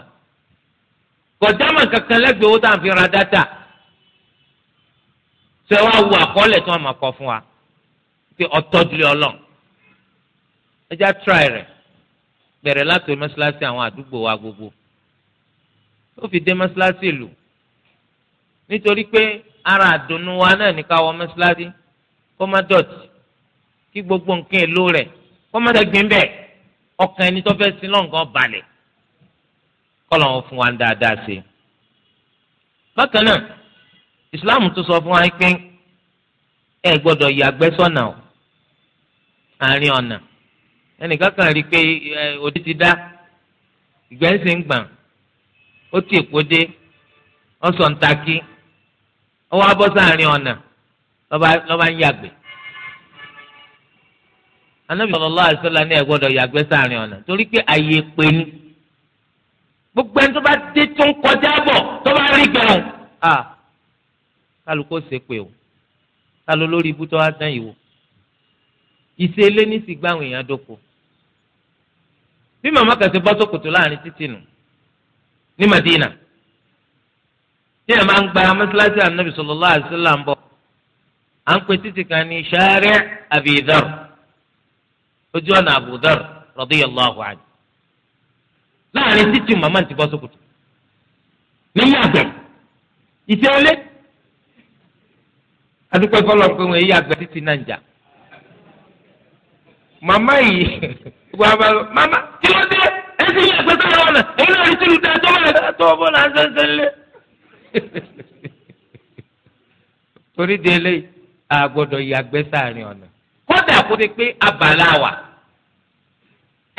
kọjáàmà kankan lẹ́gbẹ̀ẹ́ owó tá à ń fi ra dátà ṣé wàá wo àkọọ́lẹ̀ tí wọ́n máa kọ fún wa pé ọ̀tọ́jú ọlọ́run ẹja tíráì rẹ̀ bẹ̀rẹ̀ láti mọ́ṣáláṣí àwọn àdúgbò wa gbogbo ó fi dé mọ́ṣáláṣí ìlú nítorí pé ara àdùnnú wa náà ní ká wọ mọ́ṣáláṣí kó má dọ̀tí kí gbogbo nǹkan èlò rẹ̀ kó má dẹ̀gbìn bẹ́ẹ̀ ọkàn ẹni tó fẹ́ sí lọ́ngàn balẹ̀ kọ́lọ̀ wọn fún wa dáadáa sí i. bákan náà ìsìláàmù tún sọ fún wa pé ẹ gbọ́dọ̀ yàgbẹ́ sọ́nà àárín ọ̀nà ẹnìkan kan rí i pé òde ti dá ìgbẹ́ ń sè ń gbọ̀n ó ti èkó dé ó sọ ntaki ó wá bọ́ sáàrin ọ̀nà lọ́ba ń yàgbẹ́ anabi sallallahu alaihi wasallam ní ẹ gbọ́dọ̀ yàgbẹ́ sáàrin ọ̀nà torí pé àyè pé ní gbogbo ẹni tó bá dé tó ń kọjá bọ̀ tó bá rí gbẹ̀rún à kálukó ṣe pé o kálu lórí ibú tó wá sẹ́yìn wò ìṣe eléníṣì gbáwọn èèyàn dóko bí màmá kan ṣe bọ́ sókòtò láàrin títì nù ní Madina tí ẹ̀ máa ń gba mọ́sálásí ànábì sallallahu alaihi wasallam ń bọ̀ à ń pè títì kan ní sáré Abi Dhar ojú ọ̀nà Abu Dhar radiyallahu anhu láàrin títì màmá ti bọ́ sókòtò nínú àgbẹ̀ ìtẹ́wọlé adúpẹ́ fọlọ́ pé wọ́n èyí àgbẹ̀ títì náà ń jà màmá yìí wàá bá lọ màmá tí ló dé ẹ sì yẹ pé sọ́yà wọn náà èyí náà rí tìlú dá tó bá tó bọ́ náà sẹ́sẹ́ lé. torí de eléyìí a gbọ́dọ̀ yàgbẹ́ sáàrin ọ̀nà kódà kó ti pé abàlá wà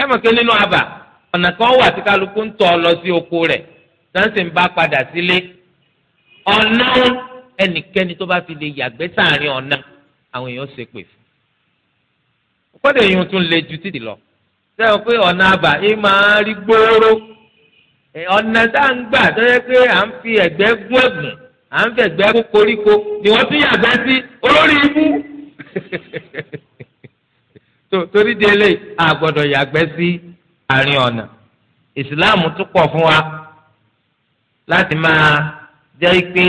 ẹ mọ̀ pé nínú abà ọ̀nà kan wà tí kálukú ń tọ̀ lọ sí oko rẹ̀ sáǹsì ń bá padà sílé ọ̀nà ẹnikẹ́ni tó bá fi lè yàgbẹ́ sáàrin ọ̀nà àwọn èèyàn ṣe pè fún kọ́dọ̀ yìí tún lè ju títì lọ sẹ́wọ́n pé ọ̀nà àbà yìí máa rí gbòòrò ọ̀nà tá à ń gbà tó yẹ pé à ń fi ẹ̀gbẹ́ gún ẹ̀gùn à ń fi ẹ̀gbẹ́ kó koríko ni wọ́n tún yàgbẹ́ sí olórí ibú torí di eléyìí a gbọ́dọ̀ yàgbẹ́ sí àárín ọ̀nà ìsìláàmù tún pọ̀ fún wa láti máa jẹ́ pé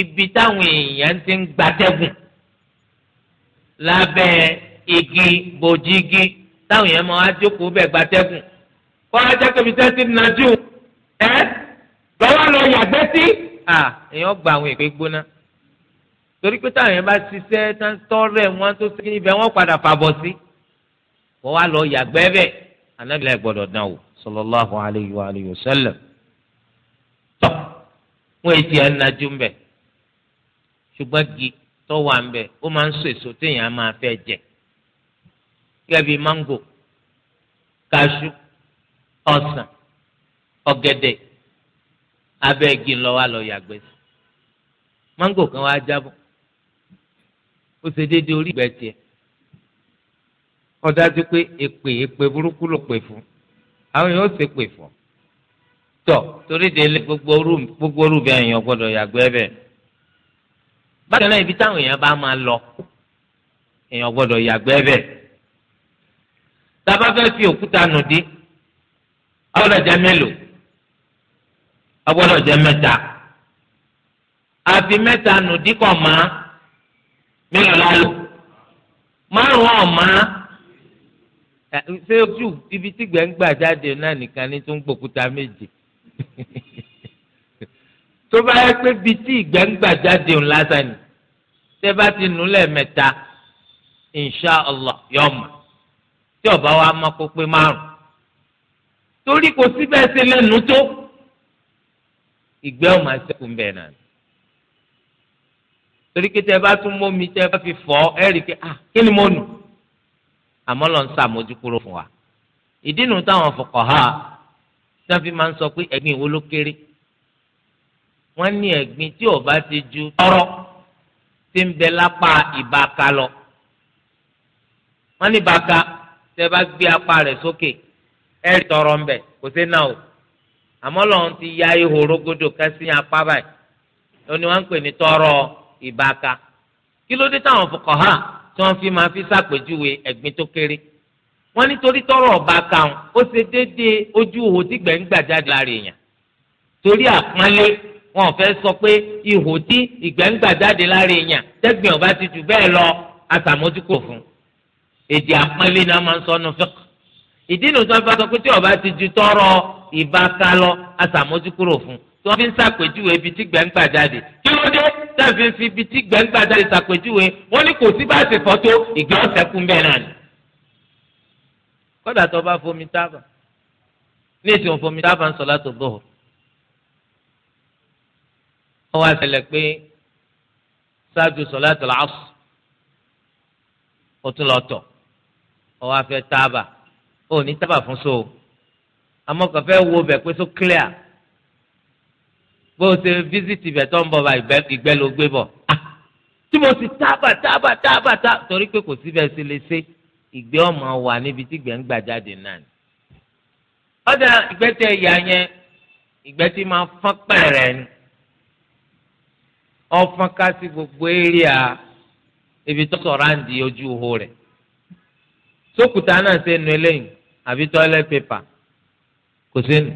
ibi táwọn èèyàn ti ń gbatẹ́gùn lábẹ́ igi bòjì igi táwọn yẹn máa jókòó bẹ́ẹ̀ gbatẹ́gùn kọ́ra jákèjì tẹ́sí nàdú ẹ́ lọ́wọ́ lọ yàgbẹ́ sí. èèyàn gba àwọn èpè gbóná torí pé táwọn yẹn bá ṣiṣẹ́ tọ́rẹ̀ wọn tó ṣe ibẹ̀ wọ́n padà fàbọ̀ sí wọ́n lọ yàgbẹ́ bẹ́ẹ̀ anábìlẹ̀ gbọ́dọ̀ dán o sallallahu alayhi wa alihi wa sallam tọ́ wọ́n èsì ẹ̀ nàdú ń bẹ̀ gi tọ́wọ́ à ó máa ń sọ èso téèyàn máa fẹ́ jẹ gẹ́gẹ́ bíi máńgò kaṣú ọsàn ọ̀gẹ̀dẹ̀ abẹ́ igi ńlọ wa lọ yàgbẹ́ sí máńgò kan wá jábọ̀ ó ṣe déédéé orí ìgbẹ́ tiẹ̀ ọ̀dájú pé èpè èpè burúkú ló pè fún àwọn yóò ṣe pè fún tọ torí délé gbogbo orú gbogbo orú bí èèyàn gbọ́dọ̀ yàgbẹ́ bẹ́ẹ̀ bákan náà ibi táwọn èèyàn bá máa lọ èèyàn gbọ́dọ̀ yàgbẹ́ bẹ́ẹ̀ tába fẹ́ fi òkúta nù dí agbọ́dọ̀ jẹ́ mélòó agbọ́dọ̀ jẹ́ mẹ́ta àfi mẹ́ta nù dí kọ̀ mọ́ mélòó la lò márùn ọ̀mọ́ ṣé ojú ibi tí gbẹ̀ngbà jáde náà nìkan ní tó ń gbòkúta méje tó bá yẹ pé bíi tí gbẹ̀ngbà jáde ńlá sani tẹ́ bá ti nù lẹ́ẹ̀mẹ́ta insha allah yọ̀ọ́ mọ́ tí ọba wa má kó pé márùn torí kò síbẹ̀ ṣe lẹ́nu tó ìgbẹ́ ọ̀ma ṣẹ́kù ń bẹ̀ náà torí pé tẹ bá tún mómi tẹ bá fi fọ́ ẹ rí i pé ah kí ni mo nù àmọ́ lọ ń sàmójúkúrò fún wa ìdí nu táwọn fọkàn ha tí wọ́n fi máa ń sọ pé ẹ̀gbin wo ló kéré wọ́n ní ẹ̀gbin tí ọba ti ju tọ́rọ́ tí ń bẹ lápá ìbaka lọ wọ́n ní baka tẹ́ bá gbé apá rẹ̀ sókè ẹ rí tọrọ ń bẹ kò sí náà o àmọ́ lọ́run ti ya ihò rógódò kẹ́sí apá báyìí lóní wọ́n ń pè ní tọrọ ìbáka kí ló dé táwọn fòkànhá tí wọ́n fi máa fi ṣàpèjúwe ẹ̀gbin tó kéré wọ́n nítorí tọrọ ìbáka wọn ó ṣe déédéé ojú ihò tí gbẹ̀ngbà jáde lára èèyàn torí àpọ́nlé wọn ò fẹ́ sọ pé ihò tí ìgbẹ̀ngbà lára èèyàn tẹ́gbìn ọba ti jù bẹ́ẹ̀ lọ àtàmójúkò fún un èdè àpọ́nlé náà máa ń sọ ọ́nù fẹ́k. ìdí nu tí wọ́n bá sọ pé tí ọba ti ju tọrọ ìbáka lọ aṣàmójúkúrò fún tí wọ́n fi ń ṣàpèjúwe ibi tí gbẹ̀ngbà jáde kí ló dé táfi fi ibi tí gbẹ̀ngbà jáde ṣàpèjúwe wọ́n ní kò sí bá ṣe fọ́tò ìgbẹ́ ọ̀sẹ̀kùn bẹ́ẹ̀ náà ni. kódà tó bá fomi tábà ní èsì òfomi tábà ń sọ látò bọ̀ ọ wá ṣẹlẹ̀ pé ṣáájú sọ̀látùl ásr ó tún lọ tọ̀ ọwọ́ afẹ́ tábà ó ní tábà fún so àmọ́ kàn fẹ́ wo bẹ̀ pé so clear bó o ṣe fíṣítì bẹ̀ tó ń bọ̀ bá ìgbẹ́ ló gbé bọ̀ ah! tí mo ti tábà tábà tábà tá torí pé kò síbẹ̀ sí lè ṣe ìgbẹ́ ọmọ wà níbi tí ìgbẹ́ ń gbà jáde náà ni ọjà ìgbẹ́ tẹ ìyá yẹn ìgbẹ́ tí máa fọ́n pẹ̀rẹ̀ ni ọ̀fọ́n ká sí gbogbo éríà ibi tó sọ̀rọ̀ àǹdí ojú ihò rẹ̀ sókùtà náà ṣe nu eléyìí àbí toilet paper kò sínú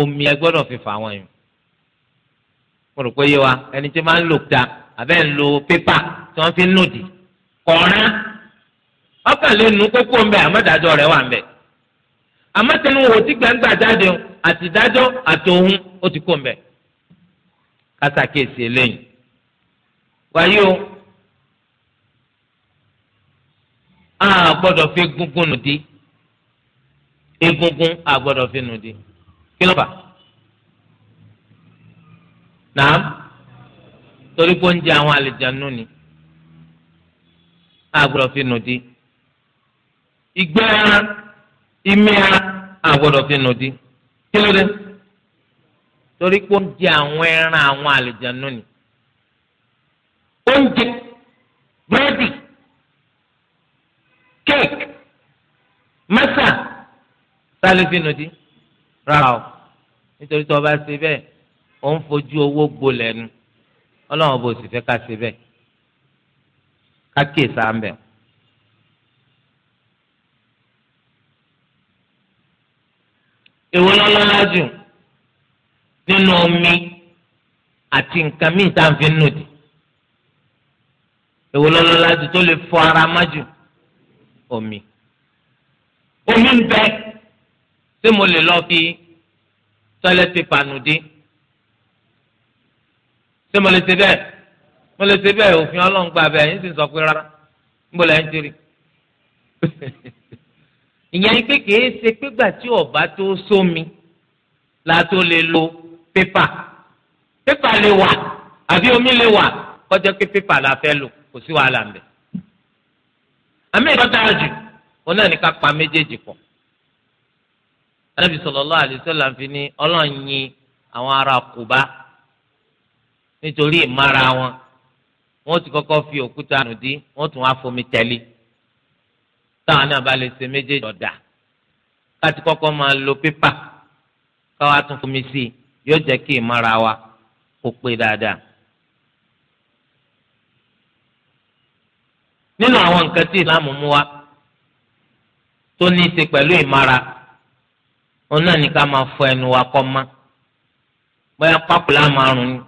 omi ẹ gbọ́dọ̀ fi fà wọ́n yìí mo rò pé yé wa ẹni tí máa ń lò ta àbẹ́ ń lo paper, tí wọ́n fi ń nùdì kọ̀ọ̀rán ọkàn lè nu kókó ń bẹ àmọ́dájọ́ rẹ̀ wà ń bẹ àmọ́tẹnu wo tí gbàǹgbà jáde o àtòhun ó ti kó ń bẹ kásákèsì eléyìí wáyé o. a gbọ́dọ̀ fi egungun nù di egungun a gbọ́dọ̀ fi nù di kí ló fà náà torí pé oúnjẹ àwọn àlejànú ni a gbọ́dọ̀ fi nù di ìgbẹ́ ara ìmí ara a gbọ́dọ̀ fi nù di kí ló dé torí pé àwọn ẹran àwọn àlejànú ni oúnjẹ búrẹ́dì. mẹ́sà sálẹ̀ fínú di rárá o nítorí tí wọ́n bá ṣe bẹ́ẹ̀ ó ń fojú owó gbolẹ̀ nu ọlọ́run bò sì fẹ́ ká ṣe bẹ́ẹ̀ ká kíyè sáà ń bẹ̀. èwo lọ́lọ́lá jù nínú omi àti nǹkan míì tá à ń fi nù dì èwo lọ́lọ́lá jù tó lè fọ ara má jù omi omi ń bẹ tí mo lè lọ fi tọ́lẹ́tì pàánù dín tí mo lè ṣe bẹ́ẹ̀ mo lè ṣe bẹ́ẹ̀ òfin ọlọ́run gba bẹ́ẹ̀ yín sì sọ pé rárá níbo la ń tiri ìyẹn ni pé kìí ṣe pégbà tí ọba tó sómi la tó lè lo pépà pépà lè wà àbí omi lè wà kọjá pé pépà la fẹ́ lò kò sí wàhálà ń bẹ àmì ìdọ́ta jù òun náà ní ká pa méjèèjì pọ̀ anábì sallallahu alaihi wasallam fi ní ọlọ́run yin àwọn ará Kùbá nítorí ìmára wọn wọ́n ti kọ́kọ́ fi òkúta nù dí wọ́n tún wá fomi tẹ̀lé táwọn náà bá lè ṣe méjèèjì ọ̀dà láti kọ́kọ́ máa lo pépà káwá tún fomi sí yóò jẹ́ kí ìmára wa kó pé dáadáa. nínú àwọn nǹkan tí ìsìláàmù mú wa. tó ní í pẹ̀lú ìmara òun náà ní ká máa fọ ẹnu wa kọ́ má bóyá pápùlá márùn ni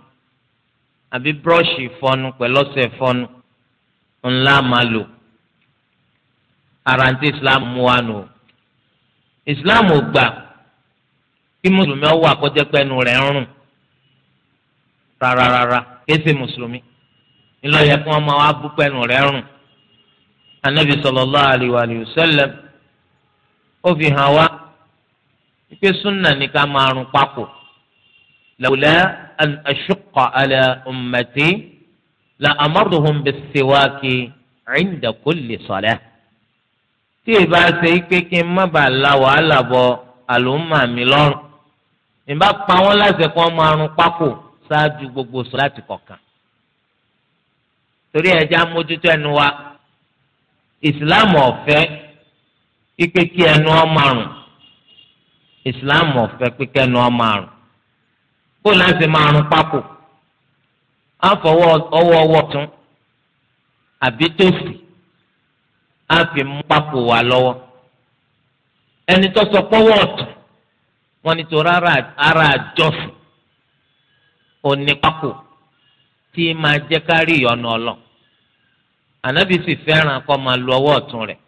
àbí búrọ́ọ̀ṣì fọnu pẹ̀lú ọṣẹ fọnu ńlá máa lò ara ní islam mú wa nù islam ò gbà kí mùsùlùmí ọwọ́ àkọ́jẹ́ pẹ́nu rẹ̀ ń rùn rárára kí mùsùlùmí ńlọ yẹ kí wọ́n máa wá ó fi hàn wá pé súnà ní ká máa rún pákó lawla an ashqa ala ummati la amartuhum bis-siwaki 'inda kulli salah tí ì bá ṣe pé kí n má bàa la wàhálà bọ àlùmọ́ mi lọ́rùn ìbá pa wọ́n láṣẹ kí máa rún pákó ṣáájú gbogbo sọ̀láàtì kọ̀ọ̀kan torí ẹ̀já mójútó ẹnu wa ìsìláàmù ọ̀fẹ́ pípé kí ẹnu ọmọ àrùn ìsìláàmù ọ̀fẹ́ pípé ẹnu ọmọ àrùn kó láti máa rún pákó àfọwọ́ ọwọ́ ọwọ́ tún àbí tòsì á fi mú pákó wà lọ́wọ́ ẹni tó sọ pọ́wọ́ ọ̀tún wọn ni torí ara àjọsìn òní pákó tí máa jẹ́ kárí ìyọnu ọlọ́ ànábì sì fẹ́ràn kó máa lu ọwọ́ ọ̀tún rẹ̀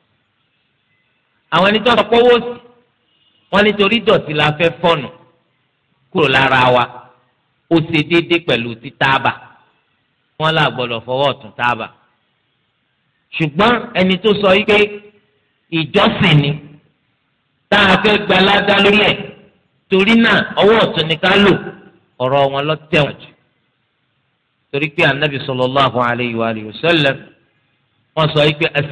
àwọn ẹni tó ń sọpọ́ wò sí wọn nítorí dọ̀tí la fẹ́ fọ́nù kúrò lára wa ó ṣe déédéé pẹ̀lú ti táàbà wọn là gbọ́dọ̀ fọwọ́ ọ̀tún táàbà ṣùgbọ́n ẹni tó sọ yìí pé ìjọsìn ni tá a fẹ́ gbalada lórí ẹ̀ torí náà ọwọ́ ọ̀tún ni ká lò ọ̀rọ̀ wọn lọ tẹ̀wọ̀n jù torí pé anabi sallallahu alayhi wa sallam wọn sọ yìí pé as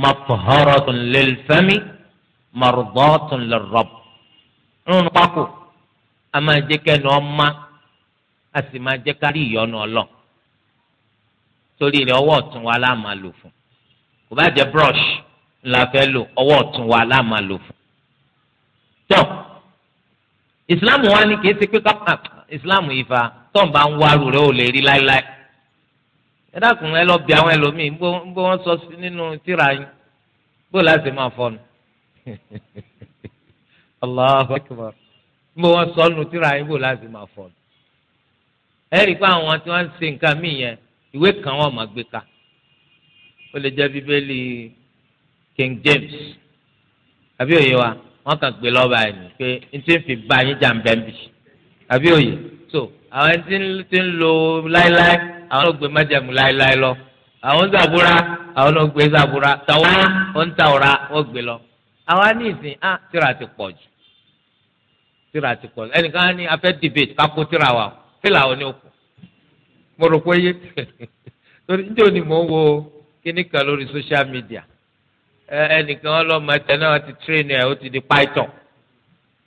mọ̀tòhóró lẹ́lfẹ́mi mọ̀rọ̀dọ́tò lẹ́rọ̀b. irun pákó a máa jẹ́ kẹ́nu ọmọ a sì máa jẹ́ kárí ìyọnu ọlọ́ torí rẹ̀ ọwọ́ ọ̀tún wa láà máa lò fún kò bá jẹ́ brush la fẹ́ lò ọwọ́ ọ̀tún wa láà máa lò fún. tọ́ ìsìláàmù wa ni kì í ṣe pé ká ìsìláàmù ìfà tọ́ǹba ń wá rú rẹ̀ ò lè rí láéláé ẹ dákun ẹ lọ bí àwọn ẹlòmíì ń bó wọn sọ nínú tíra yín bó láti máa fọnù Allahu Akbar ń bó wọn sọ nínú tíra yín bó láti máa fọnù. ẹ rí i pé àwọn tí wọ́n ń ṣe nǹkan míì yẹn ìwé kan wọn máa gbé ka ó lè jẹ́ bíbélì King James àbí òye wa wọ́n kàn gbé lọ́ba ẹ̀ ní pé n ti fi ba yín jà ń bẹ́ẹ̀ bì àbí òye so àwọn tí ń lo láéláé àwọn lọ àwọn zàbúrà àwọn náà gbé tàwa wọn lọ àwa ní ìsìn á ah, tíra ti pọ̀ jù tíra ti pọ̀ jù ẹnìkan ní afẹ́ debate kakó tíra wa wọn ni ó kù mo rò pé yé torí níjó ni mò ń wo kíní kan social media ẹnìkan ti di python.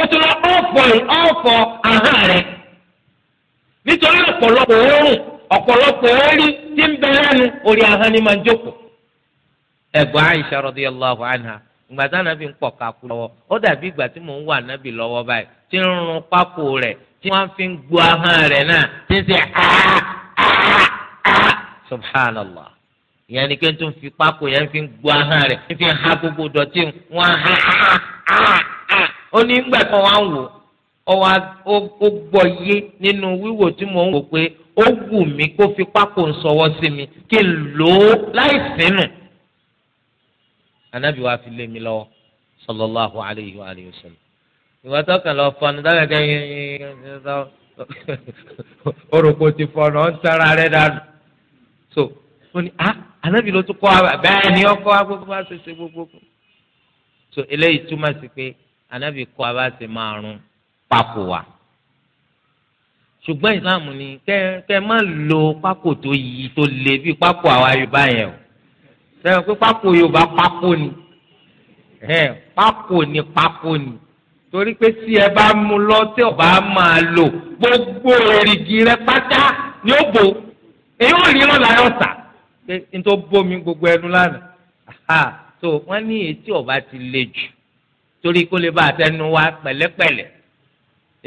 ó tún lọ ọ̀fọ̀ ọ̀fọ̀ ahọ́n rẹ̀ nítorí ọ̀pọ̀lọpọ̀ oorun ọ̀pọ̀lọpọ̀ orí tí ń bẹ lẹ́nu orí ahọ́n ni máa ń jókòó. ẹ̀gbọ́n Aisha radiyallahu anha ìgbà tí anabi ń pọ̀ kakú lọ́wọ́ ó dàbí ìgbà tí mò ń wà anabi lọ́wọ́ báyìí tí ń rún pákó rẹ̀ tí wọ́n fi ń gbọ́ ahọ́n rẹ̀ náà tí ń ah, ah, ah, n fi pákó yẹn fi ń gbọ́ ahọ́n rẹ̀ fi ń ha gbogbo ó ní gbà tí wọ́n á wò ó wá ó gbọ́ yé nínú wíwò tí mò ń wò pé ó wù mí kó fi pákó ń sọwọ́ sí mi kí n lò ó láì sínú. anábì wa fi lé mi lọ́wọ́ sallallahu alayhi wa alihi wa sallam. ìwà tó kàn lọ fọnù dábẹ́ kẹ́ orúkọ ti fọnù ọ̀ tara rẹ̀ dànù. so ó ní anábì ló gbogbo. so eléyìí túmọ̀ anábì kọ́ a bá ti máa run wa ṣùgbọ́n ìsìláàmù ni kẹ́ kẹ́ má lo pako tó yí tó le bí pákó àwa Yorùbá yẹn o sẹ́wọ̀n pé pákó Yorùbá pákó ni pákó ni pákó ni torí pé tí ẹ bá mú lọ tí ọba máa lò gbogbo èrìgì rẹ pátá ni ó bò èyí ò rí lọ́la yọ̀ sà pé n tó bómi gbogbo ẹnu lánàá so wọ́n ní etí ọba ti le jù torí kó lè bá àtẹnu wa pẹ̀lẹ́pẹ̀lẹ́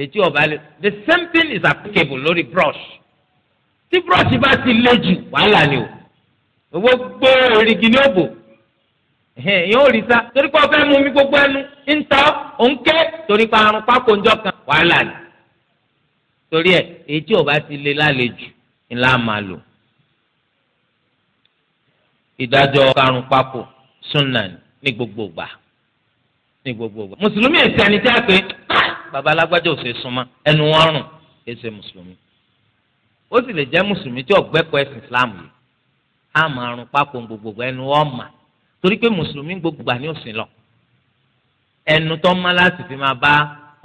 ètí ọba lè the same thing is applicable lórí brush tí brush bá ti lé jù wàhálà ni o owó gbó erigi ní òbò yóò rí sa torí pé ọfẹ́ mú mi gbogbo ẹnu ń ta òǹkẹ́ torí pé àrùn pákó ń jọ kan wàhálà ni torí ẹ èyí tí o bá ti lé lálejò ńlá máa lò ìdájọ́ karùn-ún papò súnà ní gbogbo ìgbà ní gbogbo ìgbà mùsùlùmí èsì ẹni tí a pè ah! bàbá alágbájá òsè súnmọ́ ẹnu wọn rùn èsè mùsùlùmí ó sì lè jẹ́ mùsùlùmí tí ọ̀gbẹ́kọ̀ ẹ̀sìn islam yìí á máa rún pákó gbogbo ẹnu wọn mà torí pé mùsùlùmí gbogbo gbà ní òsìn lọ ẹnu tó má láti fi máa bá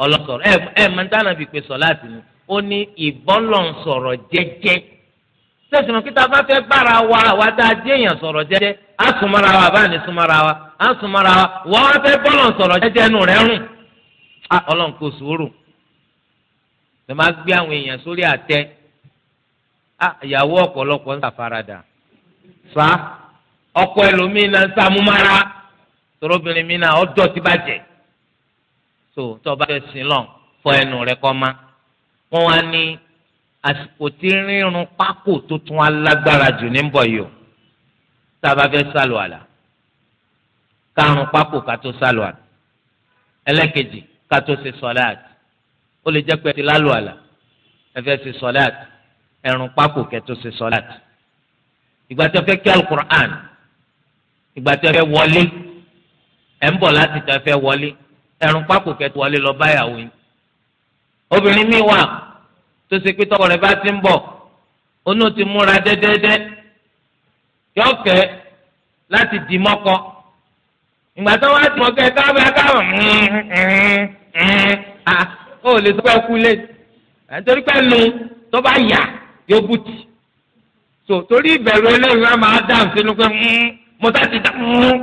ọlọ́sọ̀rọ̀ ẹ̀ ẹ̀ mọ̀ntánà fi pè sọ láti ni ó ní ìbọ́lọ̀ ń sọ̀rọ̀ jẹ́jẹ́ tẹ̀sùn kí tá a bá fẹ́ bára wa àwa tá a èèyàn sọ̀rọ̀ jẹ́jẹ́ á súnmọ́ra wa bá ní wa á súnmọ́ra wa nù rùn á kò má gbé àwọn èèyàn sórí àtẹ á ìyàwó ń fa ọkọ ẹlòmíín náà ń mi náà ti tó fọ ẹnu rẹ àsìkò tí rírun pákó tó tún alágbára jù ní bọ̀ yìí o tá a bá fẹ́ sálọ àlà kárun pákó ká tó sálọ àlà ẹlẹ́kejì ká tó ṣe sọláàtì ó lè jẹ́ pé ẹ ti lálọ àlà ẹ fẹ́ ṣe sọláàtì ẹrun pákó kẹ́ tó ṣe sọláàtì ìgbà tó fẹ́ kí alukur'an ìgbà tó fẹ́ wọlé ẹ̀ ń bọ̀ láti tó fẹ́ wọlé ẹrun pákó kẹ́ tó wọlé lọ báyàwó yìí obìnrin mi wà tó ṣe pé tọkọ rẹ̀ bá ti ń bọ̀ onú ti múra dẹ́dẹ́dẹ́ yọ fẹ́ láti dì mọ́kọ ìgbà tó wá ti mọ̀kẹ́ káàbọ̀ káàbọ̀ ó lè sọ pé kú lé nítorí pé nu tó bá yà yóò bùtì so torí ìbẹ̀rù ẹlẹ́rìí wọn máa dáhùn sínú pé hmm, mo sá ti dá hmm.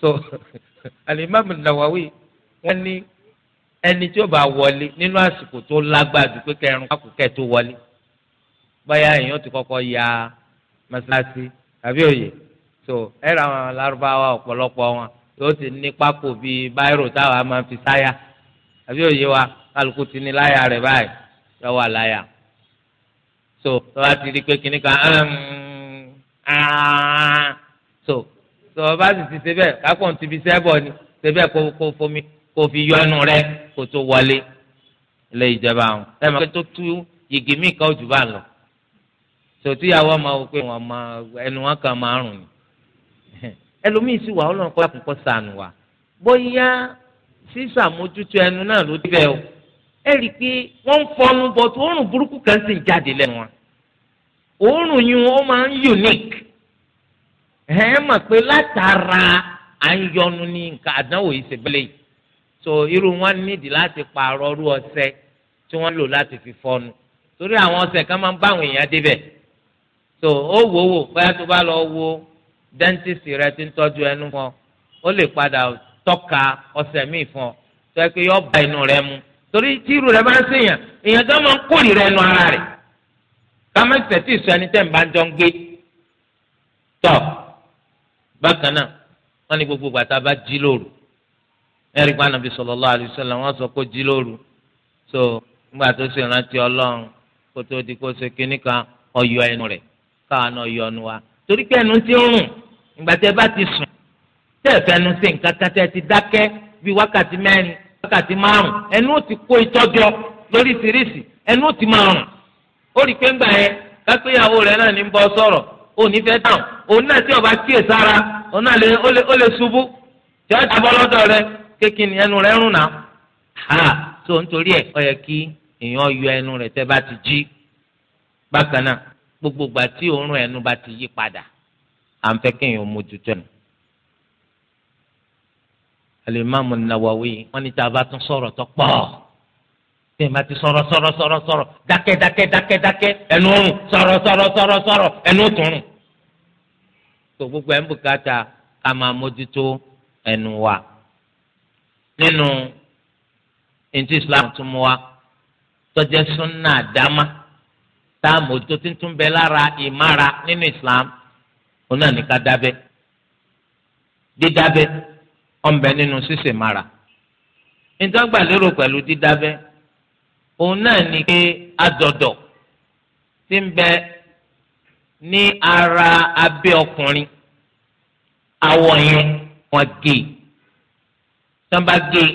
so Al-Imam An-Nawawi wọn ní ẹni tí ó bá wọlé nínú àsìkò tó lágbàdo pé kẹrin kákò kẹ tó wọlé báyà èèyàn ti kọ́kọ́ ya mọ́sálásí àbí òye so ẹ̀rọ àwọn alárúbáwá ọ̀pọ̀lọpọ̀ wọn yóò ti ní pákó bíi báírò táwa máa fi sáyà àbí òye wa kálukú ti ní láyà rẹ̀ báyìí yọ wà láyà so ti di pé kínní kan so tọ́wọ́ bá sì ti ṣe bẹ́ẹ̀ kápọ̀ ti fi sẹ́bọ̀ ni ṣe bẹ́ẹ̀ kó fomi kó fi yọ ẹnu rẹ kó tó wọlé ilé ìjọba àwọn ẹ máa tó tú yìgì míì kan jù bá lọ sòtúyàwó máa wò pé wọn máa ẹnu wọn kan máa rùn ni ẹlòmíì sì wà ọlọ́run kọ́ àkùnkọ́ sànù wa bóyá sísàmójútó ẹnu náà ló dé bẹ́ẹ̀ o ẹ rí i pé wọ́n ń fọnu bọ̀ tó òórùn burúkú kan sì ń jáde lẹ́nu wa òórùn yìí wọ́n máa ń unique ẹ mọ̀ pé látara à ń yọnu ní nǹkan àdánwò yìí ṣe bẹ́lẹ̀ yìí so irú wọn nídìí láti pààrọ̀ ọrú ọṣẹ tí wọ́n lò láti fi fọnu torí àwọn ọṣẹ kan máa ń bá àwọn èèyàn débẹ̀ so ó wò wò bóyá tó bá lọ wo dẹ́ńtìsì rẹ ti ń tọ́jú ẹnu fún ọ ó lè padà tọ́ka ọṣẹ míì fún ọ tó yẹ pé yọ ba inú rẹ mu torí tí irú rẹ bá ń sèyàn èèyàn tó máa ń kórìíra ẹnu ara rẹ kámẹ́sẹ̀ tí ìsọ ẹni tẹ́ ń bá jọ ń gbé tọ́ bákan náà wọ́n ní gbogbo bàtà bá jí lóru ẹ̀rí pa nàbí sallallahu alaihi wasallam wọ́n sọ kó jí lóru so nígbà tó si rántí ọlọrun kó tó di kó ṣe kínní kan ọyọ ẹnu rẹ̀ káwọn náà yọ ọnu wa torí pé ẹnu ti ń rùn ìgbà tẹ bá ti sùn tẹ ẹ fẹnu sí nǹkan kan tẹ ti dákẹ́ bíi wákàtí mẹ́rin wákàtí márùn ẹnu ti kó lórí lóríṣiríṣi ẹnu ti máa rùn ó rí pé ńgbà yẹn kápẹ́yàwó rẹ̀ náà ní bọ́ sọ̀rọ̀ òní fẹ́ dáhùn òun náà tí ọba kíyè sára òun náà ó lè ṣubú kékin ẹnu rẹ rùn náà ha tó nítorí ẹ ọ yẹ kí èèyàn yọ ẹnu rẹ tẹ bá ti jí bákan náà gbogbo tí òórùn ẹnu bá ti yí padà à ń fẹ́ kéèyàn mójútó ní tá a bá tún sọ̀rọ̀ tó pọ̀ tẹ́ẹ̀ máa ti sọ̀rọ̀ sọ̀rọ̀ sọ̀rọ̀ sọ̀rọ̀ dákẹ́ dákẹ́ dákẹ́ dákẹ́ ẹnu òórùn sọ̀rọ̀ sọ̀rọ̀ sọ̀rọ̀ sọ̀rọ̀ ẹnu òtúnrùn. tó gbogbo ẹ̀ ń bùkátà ká máa mójútó ẹnu wa. nínú ntí islam tún mú wa tọjẹ súnà dáma tá a mójútó tuntun bẹ lára ìmára nínú islam òun náà ní ká dábẹ́ dídábẹ́ ọ̀nbẹ nínú ṣíṣe mara nítorí gbà lérò pẹ̀lú dídábẹ́ òun náà ní pé adọ̀dọ̀ ti ń bẹ ní ara abẹ́ ọkùnrin awọ yẹn wọn gé tán bá gé e,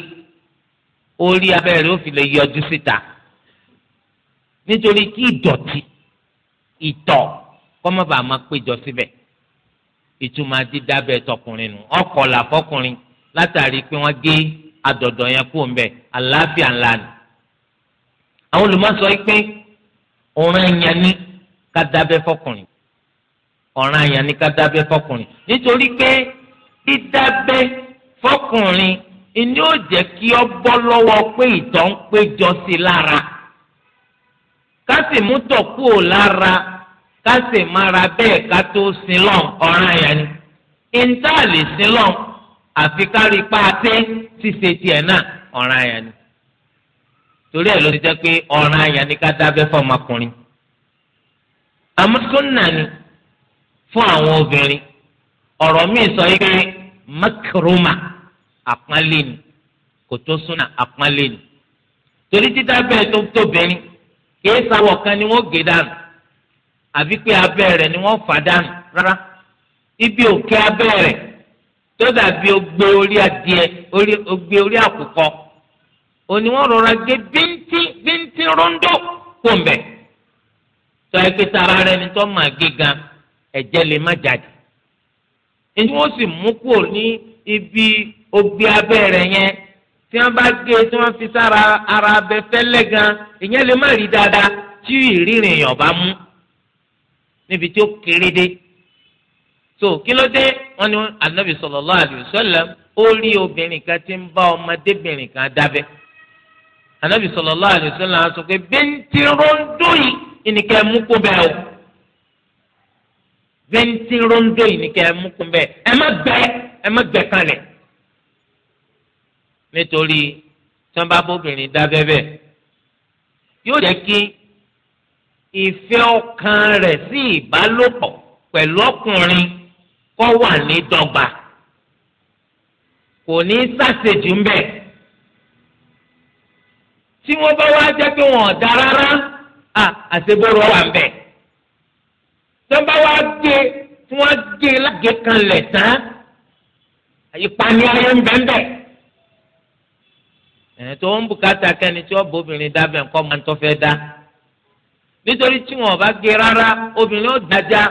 orí abẹ́rẹ́ ó fi lè yọjú síta nítorí kí ìdọ̀tí ìtọ̀ kọ́mọ́bà máa péjọ síbẹ̀ ìtumọ̀ dídábẹ́ tọkùnrin nù ọkọ̀là fọkùnrin látàrí pé wọ́n gé adọ̀dọ̀ yẹn kú mbẹ́ àlàáfíà ńlá nù. àwọn olùmọ̀sọ yìí pé ọ̀ràn ẹ̀yàn ni ká dábẹ́ fọkùnrin ọ̀ràn ẹ̀yàn ni ká dábẹ́ fọkùnrin nítorí pé dídábẹ́ fọkùnrin ìní ò jẹ́ kí ọ bọ́ lọ́wọ́ pé ìtọ̀ ń péjọ sí lára ká sì mú tọ̀ kúrò lára ká sì mára bẹ́ẹ̀ ká tó sin ọ̀ràn yẹn ni ìntà lè àfi ká rí pa pé ṣíṣe tiẹ̀ náà ọ̀ràn yẹn ni torí ẹ̀ ló ti jẹ́ pé ọ̀ràn yẹn ni ká dábẹ́ fọmọkùnrin àmọ́ ni fún àwọn obìnrin ọ̀rọ̀ míì sọ yìí pé mẹ́kìrúmà. àpọ́nlé ni kò tó súnà àpọ́nlé ni torí títa bẹ́ẹ̀ tó tóbìnrin kìí sáwọ̀ kan ni wọ́n gé dànù àbí pé abẹ́ ni wọ́n fà dànù rárá ibi òkè abẹ́ rẹ̀ tó dàbí ogbe orí adìẹ ogbe orí àkùkọ òní wọ́n rọra gé bíntín bíntín rọ́ńdò kó mbẹ́ ẹ pé tara rẹ ni tọ́ máa gé gan ẹ̀jẹ̀ lè má jáde èyí wọ́n sì mú kúrò ní ibi ó gbé abẹ́rẹ́ yẹn tí wọ́n bá gé tí wọ́n fi sára ara abẹ fẹ́lẹ́ gan ìyẹn lè má rí dáadáa tí ìrírìn èèyàn bá mú níbi tí ó kéré dé so kí ló dé wọ́n ní anabi sallallahu alaihi wasallam ó rí obìnrin kan tí ń bá ọmọdébìnrin kan dábẹ́ anabi sallallahu alaihi wasallam sọ pé bíntín ròǹdó yìí ìníkẹ́ mú kó bẹ́ẹ̀ o bíntín ròǹdó yìí ìníkẹ́ mú kó bẹ́ẹ̀ ẹ má gbẹ ẹ má gbẹ kalẹ̀ nítorí tí wọ́n bá bóbìnrin dábẹ́ bẹ́ẹ̀ yóò jẹ́ kí ìfẹ́ ọkàn rẹ̀ sí ìbálòpọ̀ pẹ̀lú ọkùnrin kó wà ní dọ́gba kò ní sàṣejù ń bẹ̀ tí wọ́n bá wá jẹ́ pé wọ́n ọ̀dà rárá àṣebọ̀rọ̀ wà ń bẹ̀ bá wá gé tí gé lágé kan lẹ̀ tán ìpànìyàn ń bẹ̀ ẹ̀ẹ́n tó ń bùkátà kẹ́ni tí wọ́n bóbìnrin dábẹ́ nǹkan máa ń tọ́ fẹ́ dá nítorí tí wọn bá gé rárá obìnrin ó dájá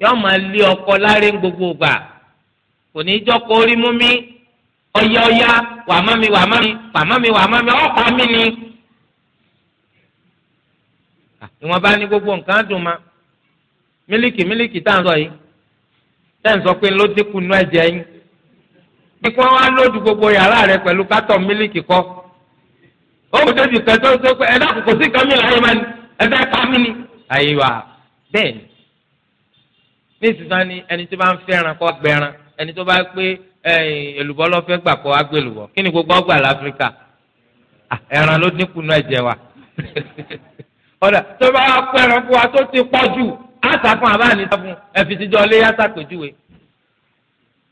yóò máa lé ọkọ láre gbogbo gbà kò ní í jọ́kọ́ orí mú mi ọyá ọyá wà má mi wà má mi wà má mi wà má mi ọkọ mi ni. ìwọ̀n bá ní gbogbo nǹkan dùn ma mílíkì mílíkì tá à ń sọ yìí tẹ́ ń sọ pé ló dínkù nú ẹ̀jẹ̀ yín dípò wọn á lóòdù gbogbo yàrá rẹ pẹ̀lú kátọ̀ mílíkì kọ́ ó mú tó ti kẹ́ tó tó pé ẹ̀dá kò sí kan mi láyé máa ní ẹ̀dá ẹ̀ka mi ni. àyíwá bẹ́ẹ̀ ni ní ìsinsá ni ẹni tó bá ń fẹ́ràn kọ́ gbẹran ẹni tó bá pé èlùbọ́ lọ́fẹ́ gbà kọ́ agbélùbọ́ kí ni gbogbo ọgbà láfíríkà ẹran ló dínkù náà jẹ wa ọ̀dà tó bá pẹ́ràn fún wa tó ti pọ̀ jù á sàfún àbáàní sàfún ẹ̀fìsíjọ́ lé yá sàpèjúwe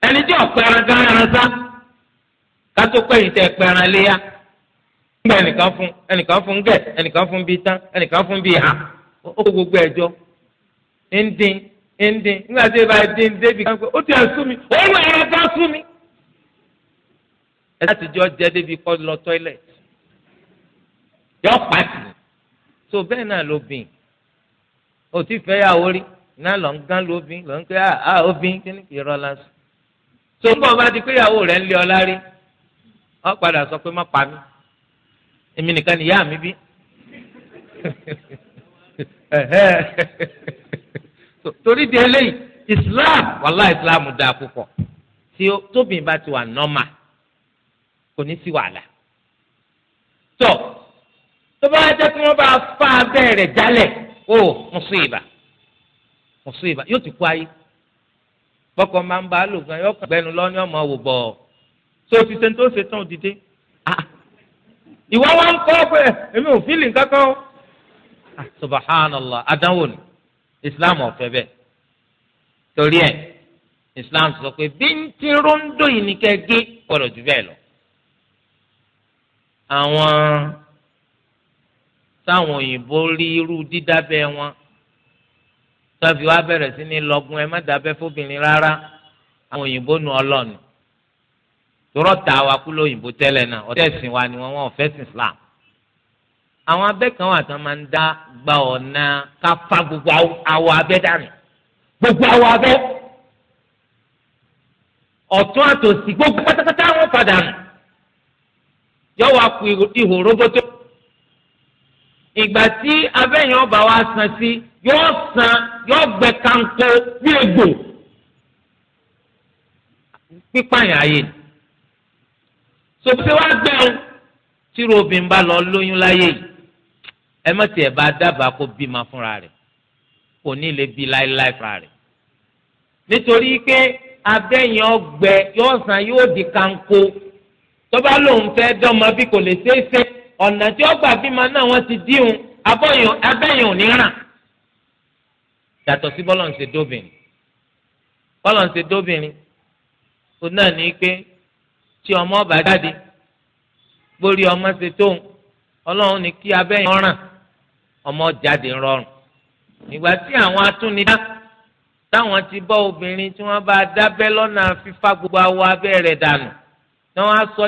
ẹni tí ọ̀pẹ ara gan ara sá kátó pé tẹ ẹpẹ ẹran léyà nígbà ẹnìkan fún ẹnìkan fún gẹ ẹnìkan fún bíi tán ẹnìkan fún bíi hà ó kó gbogbo ẹjọ ń dín ń dín nígbà tí ìbá dín débi kan pé ó ti ẹ̀ mi ó mi. débi kọ́ lọ yọ pàtì bẹ́ẹ̀ náà ló bìn fẹ́ náà gán ah, ah, kí ni so ń bọ̀ bá ti pé ìyàwó ọ lárí ọ padà sọ pé má pa mí èmi nìkan ni ìyá mi bí torí di eléyìí Islam wàhálà Islam da púpọ̀ tí tóbìn bá ti wà nọ́mà kò ní sí wàhálà tọ tó bá jẹ́ kí wọ́n bá fa abẹ́ rẹ̀ jálẹ̀ mùsùlùmí oh, mùsùlùmí yóò ti kú ayé. bọ́kọ máa ń bá a lò gan yọ gbẹnu lọ ní ọmọ wò bọ̀ so ti ṣe tó ṣe tán òdìdé ah, ah. ìwọ wa ń kọ́ pé èmi ò fílì kankan o ah, subahánàlá adánwò ni islam ọ̀fẹ́ bẹ́ẹ̀ torí ẹ̀ islam sọ pé bíntín rondo yìí ni kẹ́ gé gbọ́dọ̀ jù bẹ́ẹ̀ lọ àwọn táwọn òyìnbó rí irú dídábẹ́ wọn tọ́fi wá bẹ̀rẹ̀ sí ní lọ́gùn ẹ má dábẹ́ fóbìnrin rárá àwọn òyìnbó nu ọlọ́ọ̀nù tòrọ́ ta wa kú lóyìnbó tẹ́lẹ̀ náà ọtí ẹ̀sìn wa ni wọ́n wọ́n fẹ́ sìn Islam àwọn abẹ́ kan wà tán máa ń dá gba ọ̀nà ká fa gbogbo awọ abẹ́ dànù gbogbo awọ abẹ́ ọ̀tún àtòsí gbogbo pátápátá wọn padà nù yọ wá ku ihò roboto ìgbà tí abẹ́yẹn ọba wa san sí yóò san yóò gbẹ kanko bí egbò pípààyàn ayé ni sopẹ́ wa gbẹ̀rún tí robin bá lọ lóyún láyé yìí ẹ má tiẹ̀ bá dábàá kó bímọ fúnra rẹ̀ kò ní lè bí láéláé fúnra rẹ̀ nítorí pé abẹ́yẹn ọgbẹ yóò san yóò di kanko tó lòun fẹ́ dánmọ bí kò lè ṣeé ṣe ọ̀nà tí ọgbà fi máa náà wọ́n ti díhun abẹ́yìn òní ràn yàtọ̀ sí bọ́lọ̀ ń ṣe dóbìnrin bọ́lọ̀ ń ṣe dóbìnrin ó náà ní pé tí ọmọ ọba jáde gbórí ọmọ ṣe tóun ọlọ́run ní kí abẹ́yìn ọ̀ràn ọmọ jáde rọrùn ìgbà tí àwọn atúnidá táwọn ti bọ́ obìnrin tí wọ́n bá dábẹ́ lọ́nà fífa gbogbo awọ abẹ́ rẹ̀ dànù tí wọ́n á sọ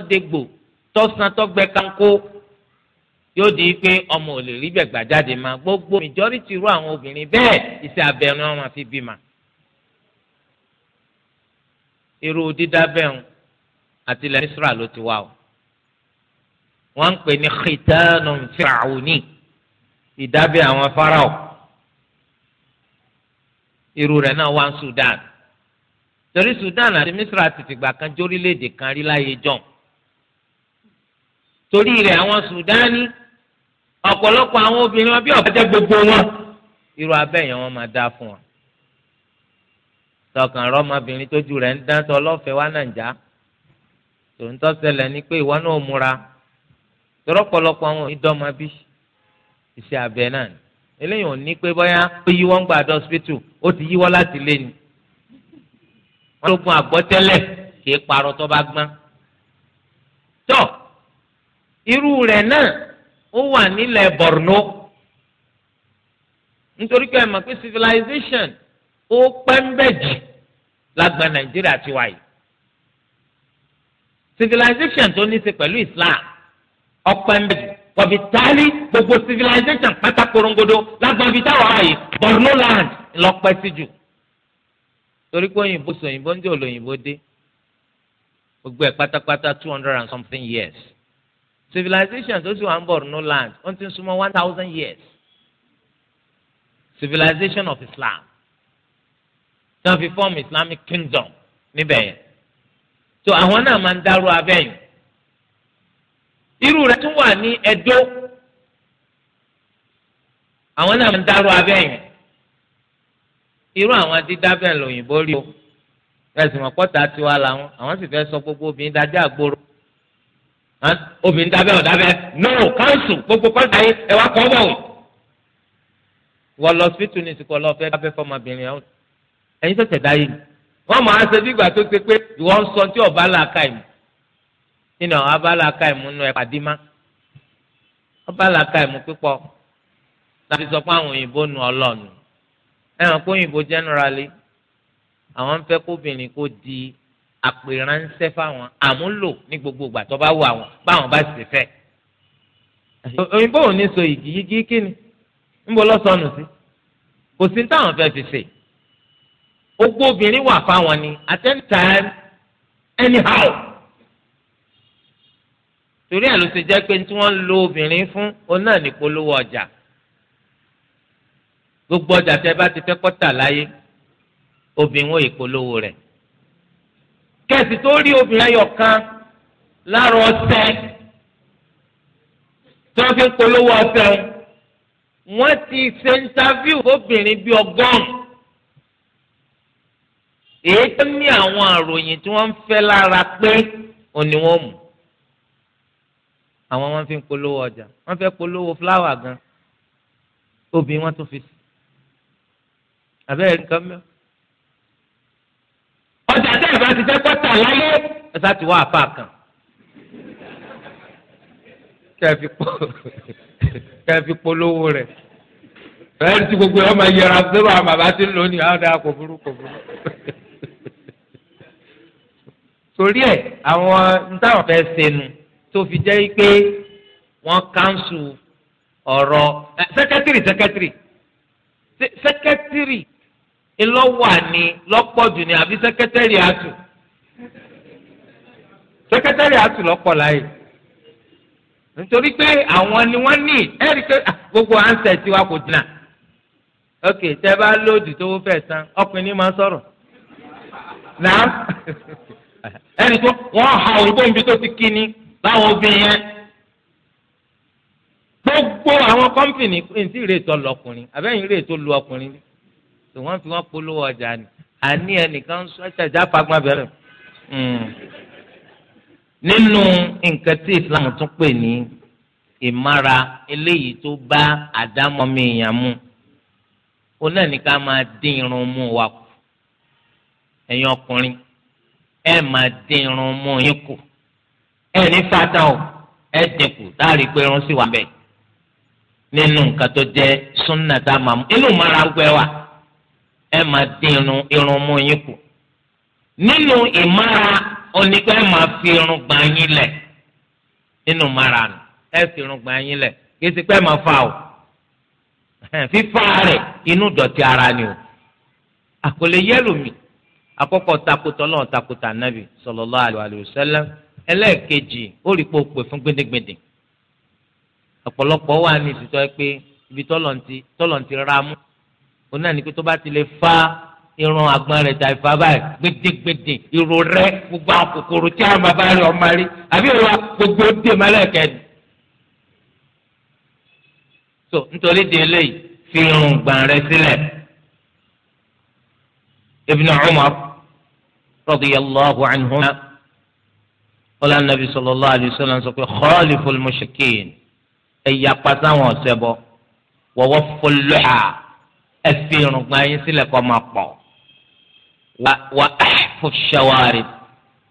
yóò di pé ọmọ ò lè rí bẹ̀ gbà jáde ma gbogbo majority ru àwọn obìnrin bẹ́ẹ̀ iṣẹ́ abẹnú wọn fi bímọ. irú dídábẹ́hùn àti ilẹ̀ Misra ló ti wá o wọ́n ń pè ní khitanu firauni ìdábẹ́ àwọn farao irú rẹ̀ náà wá ń Sudan torí Sudan àti Misra ti fìgbà kan jórílẹ̀-èdè kan rí láyé jọ̀hún torí rẹ̀ àwọn Sudani ọ̀pọ̀lọpọ̀ àwọn obìnrin wọn bí ọ̀bájẹ́ gbogbo wọn irú abẹ́yẹn wọn máa dá fún wọn. tọkàn rọmọbìnrin tójú rẹ̀ ń dán tọ́ ọlọ́fẹ́ wa nàìjà tòǹtọ́ ṣẹlẹ̀ ni pé ìwọ náà múra tọ́rọ̀pọ̀lọpọ̀ àwọn ìdọ́mọbí iṣẹ́ abẹ náà ni eléyìí ò ní pé bóyá ó yíwọ́ ń gba àdó hospital ó ti yíwọ́ láti lé ni wọ́n ló gun àgbọ́tẹ́lẹ̀ kì í parọ́ tó bá gbọ́n. tọ́ irú rẹ̀ náà ó wà nílẹ̀ Borno nítorí pé ẹ mọ̀ pé civilization ó pẹ́ ń bẹ̀ jù lágbà Nàìjíríà ti wáyé civilization tó ní í ṣe pẹ̀lú Islam ọ̀pẹ́ ń bẹ̀ jù kọ̀bí tálí gbogbo civilization pátákórongodo lágbàbí táwọn ààyè Borno land lọ́pẹ́ sí jù torí pé òyìnbó sòyìnbó ń dé òlòyìnbó dé gbogbo ẹ̀ pátápátá two hundred and something years civilization tó sì wà ń Borno land wọ́n ti ń súnmọ́ one thousand years civilization of Islam tí wọ́n fi form Islamic kingdom níbẹ̀ yẹn so àwọn náà máa ń dárú abẹ́yìn irú rẹ̀ tún wà ní Ẹdó àwọn náà máa ń dárú abẹ́yìn irú àwọn dídábẹ̀ lòyìnbó rí o ẹ̀sìn ọ̀pọ̀ta tiwa làwọn àwọn sì fẹ́ sọ gbogbo obìnrin dájọ́ àgbòrò obìnrin dábẹ́ ọ̀dábẹ́ no council gbogbo kọ́ńtà yín ẹ wá kọ́ bọ̀. wọ́n lọ sí tunis kọ́ lọ́ọ́ fẹ́ dábẹ́ fọmọbìnrin ọ̀hún ẹ̀yin tẹ̀sẹ̀ dáyé ni wọ́n máa ṣe bí ìgbà tó ṣe pé ìwọ ń sọ tí ọba làákà ìmú nínú àwọn abala àkà ìmú nù ẹ̀ pàdé má ọba làákà ìmú pípọ̀ láti sọ pé àwọn òyìnbó nu ọlọ́ọ̀nù ẹ̀hàn kó òyìnbó generally àwọn ń fẹ́ kóbìnrin kó di àpèránṣẹ́ fáwọn àmúlò ní gbogbo ìgbà tó bá wù àwọn báwọn bá sì fẹ́. òyìnbó ò ní so yìgì yìgì kí ni níbo lọ́sọ̀nù sí kò sí táwọn fẹ́ fi ṣe. ogbó obìnrin wà fáwọn ni at any time anyhow. torí ẹ̀ ló ṣe jẹ́ pé tí wọ́n lo obìnrin fún òun náà ní polówó ọjà. gbogbo ọjà tẹ bá ti fẹ́ kọ́tà láyé obìnrin ò ì polówó rẹ̀ kẹ̀sì tó rí obìnrin ẹyọ kan lára ọṣẹ tí wọ́n fi ń polówó ọṣẹ wọ́n ti ṣe ńtàfíù obìnrin bíi ọgọ́rùn-ún èyí tó ní àwọn àròyìn tí wọ́n ń fẹ́ lára pé òní wọ́n mú àwọn wọ́n fi ń polówó ọjà wọ́n fẹ́ polówó fúláwà gan obìnrin wọ́n tún fi sí abẹ́rẹ́ nǹkan mẹ́wàá ọjà tẹ́ ìbá ti fẹ́ kọ́tà láyé ẹ̀sà ti wá àfa kan. kẹ́ẹ̀fì polówó rẹ̀ bẹ́ẹ̀ ti gbogbo ọmọ yẹra sẹ́rọ àmà bá ti ń lò ní àwọn ah, ọ̀dà kò burú kò burú. torí ẹ̀ àwọn ntáwọn fẹ́ senu tó fi jẹ́ pé wọ́n kánṣu ọ̀rọ̀ sẹ́kẹ́tìrì sẹ́kẹ́tìrì sẹ́kẹ́tìrì ńlọ́wà ni lọ́pọ̀jù ni àbí sẹ́kẹ́tẹ́rì àtù sẹ́kẹ́tẹ́rì àtù lọ́pọ̀ láyé nítorí pé àwọn ni wọ́n ní ẹ̀rí pé ah, gbogbo ansẹ̀ tí wàá kò dínà ok tẹ bá lóòdù tó fẹ́ san ọkùnrin ni máa sọ̀rọ̀ náà ẹ̀rí tó wọ́n ha òrùkọ́ ibi tó ti kí ni báwọn obìnrin yẹn gbogbo àwọn kọ́mpìnì ní ti rèé tó lọ ọkùnrin àbẹ́yìn rèé lu ọkùnrin ni tí wọ́n fi wọ́n polówó ọjà ni àní ẹnìkan sọ ṣàjà fagbọn bẹ̀rẹ̀ hmm. nínú nǹkan tí Islam tún pè ní ìmára eléyìí tó bá àdámọ́mí èèyàn mu ó náà ní ká máa dín irun mú wa kù ẹ̀yin ọkùnrin ẹ máa dín irun mú yín kù ẹ ní fata o ẹ dínkù táàrí pé irun sì wà bẹ́ẹ̀ nínú nǹkan tó jẹ́ súnnà tá inú ìmára ń pẹ́ ẹ máa dín irun mú yín kù nínú ìmára oníkẹ́ ẹ máa fi irun gbà yín lẹ̀ nínú ìmára nù ẹ fi irun gbà yín lẹ̀ kìsì pé ẹ máa fa o fífa rẹ̀ inú dọ̀tí ara ni o àkọlé yẹ́lò mi àkọ́kọ́ takotọ náà takotọ anabi sallallahu alaihi wasallam ẹlẹ́ẹ̀kejì ó rí pé o pè fún gbẹdẹgbẹdẹ ọ̀pọ̀lọpọ̀ wà ní ìsìtọ́ pé ibi tọ́lọ̀ ti rárá mú òun náà ní pé tó bá ti lè fa irun àgbọn rẹ̀ tàbí fa báyìí gbèdégbèdé ìrò rẹ̀ gbogbo àkòkòrò tí àwọn bàbá rẹ̀ ọmọ rí àbí ìwà gbogbo dè mọ́lẹ̀kẹ́ ni. so nítorí di eléyìí fi irun gbọ̀n rẹ̀ sílẹ̀ Ibn Umar radiyallahu anhuma wọ́n lánàá Nabi sallallahu alayhi wa sallam sọ pé khaliful mushrikin ẹ̀yà pàṣẹ ọ̀sẹ̀ bọ̀ wọ́wọ́ fọlọ́ha ẹ fi irùngbọ̀n yín sílẹ̀ kó máa wa wà á fò ṣàwárí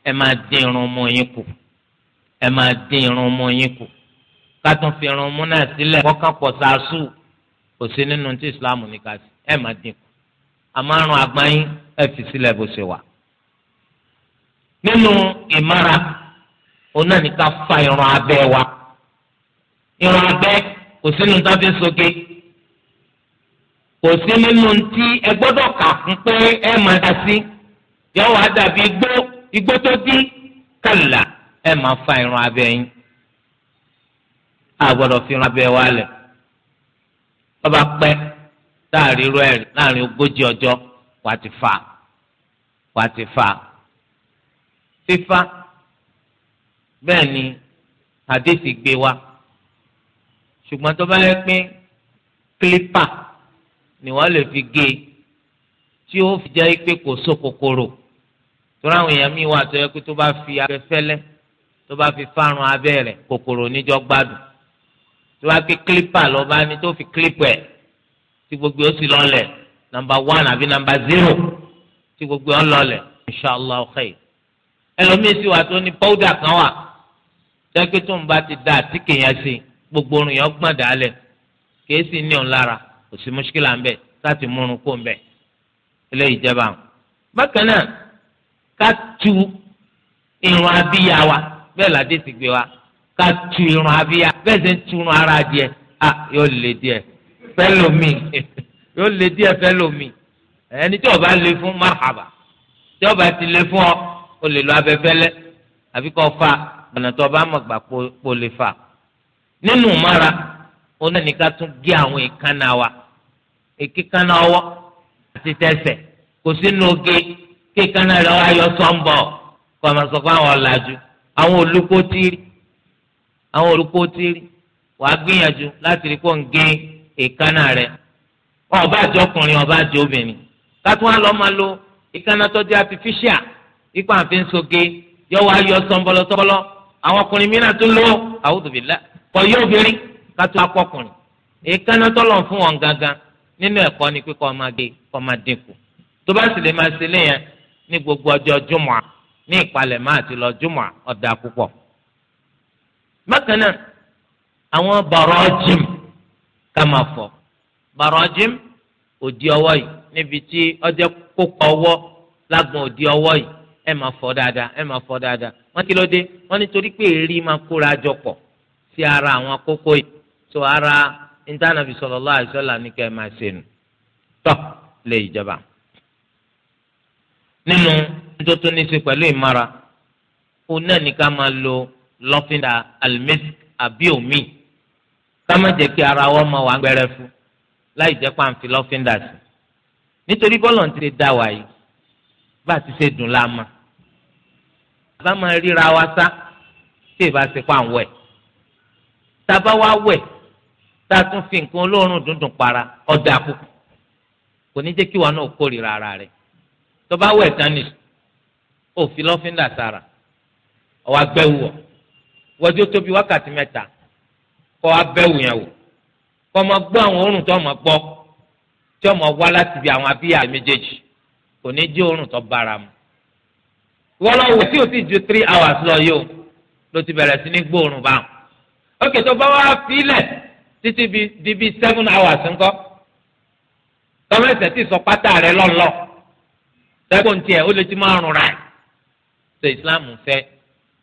ẹ máa dín irun mú yín kù ẹ máa dín irun mú yín kù ká tún fi irun mú náà sílẹ̀ kọ́kàn pọ̀ sàásù kò sí nínú tí Islam ní ká sí ẹ máa dín kù àmọ́ àrùn àgbáyín ẹ fi bó ṣe wà. nínú ìmára òun ní ká fa irun abẹ́ wa irun abẹ́ kò sínú tó fi ń kò sí nínú tí ẹ gbọ́dọ̀ kà fún pé ẹ máa da sí yóò wá dàbí igbó igbó tó dín kàlà ẹ máa fa irun abẹ yín a gbọ́dọ̀ fi irun abẹ wa lẹ̀ ọba pẹ́ láàrin irú ẹ̀rí láàrin ogójì ọjọ́ wàá ti fà wàá ti fà fífa bẹ́ẹ̀ ni àdéhìí gbé wa ṣùgbọ́n tó bá yẹ pé kílípà ni wọ́n lè fi gé e, tí ó fi jẹ́ pé kò so kòkòrò torí àwọn èèyàn míì wà tó yẹ pé tó bá fi abẹfẹ́lẹ́ tó bá fi fárun abẹ́ rẹ̀ kòkòrò níjọ́ gbádùn tó bá fi kílípà lọ́ba ni tó fi kílípà ẹ̀ tí gbogbo ó sì lọ́lẹ̀ nàmbà wán àbí nàmbà zero tí gbogbo ó lọ́lẹ̀ inshallah khair ẹlòmíì sì wà tó ní pọ́ùdà kan wà tẹ́gbẹ́ bá ti da àtíkè yẹn sí gbogbo orun yẹn gbọ̀n dálẹ̀ kèé sì ní òun lára kò sí mọ́ṣíkìlà ń bẹ̀ láti múrun kó ń bẹ̀ eléyìí jẹba àwọn. bákan náà ká tu irun abíyá wa bẹ́ẹ̀ ládé ti gbé wa ká tu irun abíyá bẹ́ẹ̀ sì ń tu irun ara díẹ̀ ah yóò lè díẹ̀ fẹ́lómi yóò lè díẹ̀ fẹ́lómi ẹni tí ọba lè fún mahaba tí ọba ti lè fún ọ o lè lo abẹfẹ́lẹ́ àbí kò fa ọ̀nà tó ọba mọ̀ gbà kó lè fa nínú mara òun nika nìkan tún gé àwọn èékánná wa èékánná ọwọ́ àti tẹsẹ̀ kò sínú oge kí èékánná rẹ̀ wá yọ sọ́ńbọ̀ kó a máa sọ fún àwọn ọ̀làjú àwọn olùkó tíìrì àwọn olùkó tíìrì wàá gbìyànjú láti rí kó ń gé èékánná rẹ̀ ọba àjọ ọkùnrin ọba àjọ obìnrin kátó wọn lọ máa lo ìkànnà tọjú artificial ipa àfin soge yọ wá yọ sọmbọlọ àwọn ọkùnrin mìíràn tó lọ àwùjọ bìlá kọ yọ obìnrin kátó akọkùnrin èékánná tọ́lọ̀ fún wọn gangan nínú ẹ̀kọ́ ni pé kó máa gé kó máa dínkù tó bá sì lè máa ṣe léyìn ní gbogbo ọjọ́ jùmọ̀ ní ìpalẹ̀ máa ti lọ jùmọ̀ ọ̀dà púpọ̀. bákan náà àwọn bàrọ́jìm ká máa fọ bàrọ́jìm òdi ọwọ́ yìí níbi tí ọjọ́ kópa ọwọ́ lágbọ̀n òdi ọwọ́ yìí ẹ máa fọ dáadáa ẹ máa fọ dáadáa wọ́n kí ló dé wọ́n nítorí pé èrí máa kóra jọ pọ̀ sí ara àwọn kókó yìí so ara intanẹti sallallahu alaihi wasallam ní kẹ́ ẹ máa ṣe nù tọ́ lé ìjọba nínú nítorí ní ṣe pẹ̀lú ìmara òun náà ní ká máa lo lọ́fíńdà almisk àbí omi ká má jẹ́ kí ara wọn máa wà ń gbẹrẹ fún láì jẹ́ pàǹfì lọ́fíńdà sí nítorí bọ́lọ̀ ti dá wa yìí bá a ti ṣe dùn láàmà bá máa ríra wa sá tí ì bá ṣe pa àwọn tá a bá wá wẹ̀ tá a tún fi nǹkan olóòórùn dundun para ọ̀dà àkókò kò ní jẹ́ kí wọn náà kórìíra ara rẹ̀ tó bá wẹ̀ tán ni ó fi lọ́fíńdà sára ọ̀wá gbẹ́wù wọ̀ wọ́jú tóbi wákàtí mẹ́ta kọ́ abẹ́wù yẹn wò kọ́ ọmọ gbọ́ àwọn òórùn tó ọmọ gbọ́ tí ọmọ wá láti bí àwọn abíyá méjèèjì kò ní jẹ́ òórùn tó bára mu wọ́n lọ wò tí o ti ju three hours lọ yìí o ló ti bẹ̀rẹ̀ sí ní gbóòórùn báwọn ókè tó bá wá fílẹ̀ títí di bíi seven hours ńkọ́ tọ́lẹ́sẹ̀ tí sọ pátá rẹ lọ́lọ́ sẹ́kùn tiẹ̀ ó lè ti máa rùn rà ṣe Islam fẹ́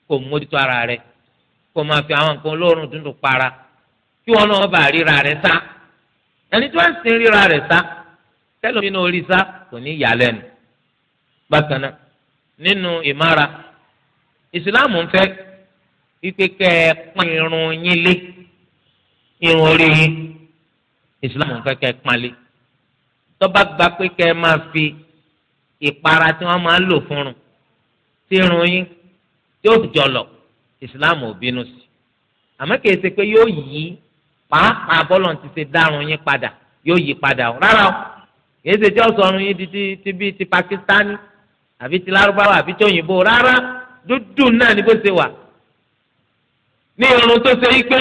kó mójútó ara rẹ kó máa fi àwọn nǹkan olóòórùn dúndùn para kí wọn náà bá ríra rẹ sá ẹni tí wọn sì ń ríra rẹ sá tẹlifí náà rí sá kò ní yà bákan náà nínú ìmára Islam fẹ́ wípé kẹ́ ẹ pọ́n irun yín lé irun orí yín islam ń fẹ́ kẹ́ pálí tọ́ba gba pé kẹ́ máa fi ìpara tí wọ́n máa ń lò fún un tí irun yín yóò jọlọ̀ islam ò bínú sí àmọ́ kìí ṣe pé yóò yí pàápàá bọ́lọ̀ ti ṣe dárun yín padà yóò yí padà o rárá o kìí ṣe tí ó sọrun yín di ti bíi ti pakistani àbí ti lárúbáwá àbí tí òyìnbó rárá dúdú náà ni bó ṣe wà ní irun tó ṣe yí pé.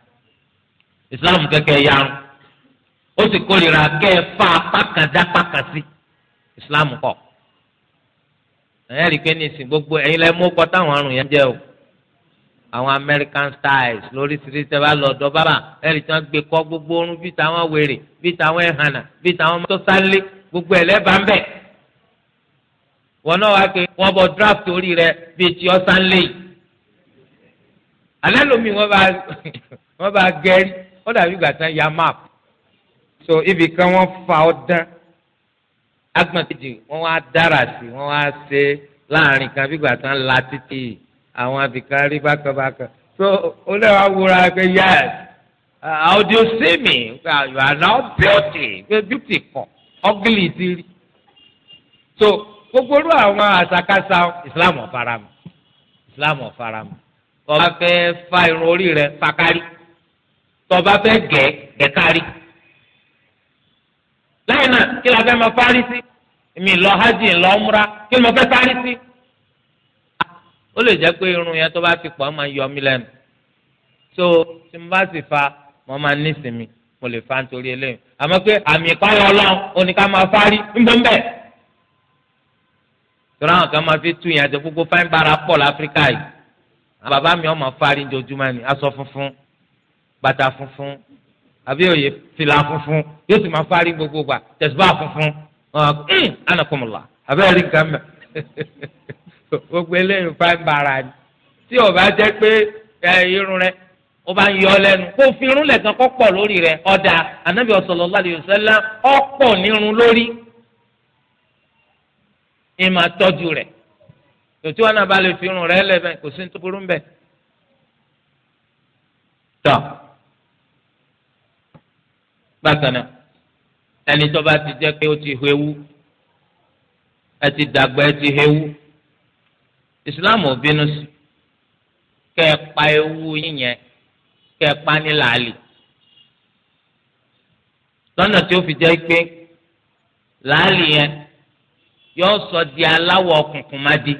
islam kẹkẹ yarun ó sì kórìíra kẹ ẹ fa apákàndá pàkàsí islam kọ ẹ rí i pé ní ìsìn gbogbo ẹ̀yin lẹ mú kọ táwọn àrùn yẹn jẹ o àwọn american styles lóríṣiríṣi bá lọ ọ̀dọ̀ bàbá ẹ rí i tí wọn gbé kọ gbogbo orun bíi táwọn wèrè bíi táwọn ẹhànà bíi táwọn mọtò sálẹ gbogbo ẹ lẹba ń bẹ wọn náà wá pé wọn bọ draft orí rẹ bíi tí ọ sálẹ yìí alẹ́ lomi wọn bá wọn bá gẹrí ó dàbí ìgbà tán ya map so ibì kan wọ́n fa ọ́ dán agbọ̀n kejì wọ́n wá dára sí wọ́n wá ṣe láàrin kan bí ìgbà tán la títì àwọn abìkan rí bákanbákan so ó lẹ́wàá wúra pé yes how do you see me uh, you are now beauty pé beauty kan ugly ti rí so gbogbo irú àwọn àṣàkáṣà Islam ọ̀farama Islam ọ̀farama ọba fẹ́ fa irun orí rẹ̀ fakari tọba fẹ́ gẹ̀ gẹ̀ kárí lẹ́yìn náà kí la fẹ́ máa fárí sí èmi lọ hajj ńlọ múra kí ni mo fárí sí. ó lè jẹ́ pé irun yẹn tó bá ti pọ̀ máa yọ mí lẹ́nu so tí mo bá sì fa mo máa nísìmí mo lè fa nítorí eléyìí àmọ́ pé àmì ìpáyọ̀ ọlọ́run òní ká máa fárí ńbẹ́ńbẹ́ tọ́lá àwọn kan máa fi tú yẹn gbogbo fáin bára pọ̀ láfíríkà yìí bàbá mi ọmọ fárí ojoojúmọ́ ni aṣọ funfun bàtà funfun àbí òye fìlà funfun yóò sì máa fárí gbogbo gbà tẹ̀síbà funfun ọ̀hún hmm, anakumula àbẹ́ rí nǹkan mẹ́ gbogbo eléyìí fáin bàrà ni tí o bá jẹ́ pé irun rẹ o bá ń yọ lẹ́nu kó o fi irun lẹ̀kan kọ́ pọ̀ lórí rẹ ọ̀dà anabi sallallahu alaihi wasallam ọ̀pọ̀ nírun lórí ìmọ̀ àtọ́jú rẹ̀ tòtí wọn náà bá lè fi irun rẹ lẹ́bẹ̀ẹ́ kò sí ní tó burú bákan náà ẹni tó bá ti jẹ́ pé ó ti hu ewu ẹ ti dàgbà ẹ ti hu ewu ìsìláàmù ò bínú sí kẹ́ ẹ pa ewu yín yẹn ẹ pa ní làálì lọ́nà tí ó fi jẹ́ pé làálì yẹn yóò sọ di aláwọ̀ ọkùnkùn má di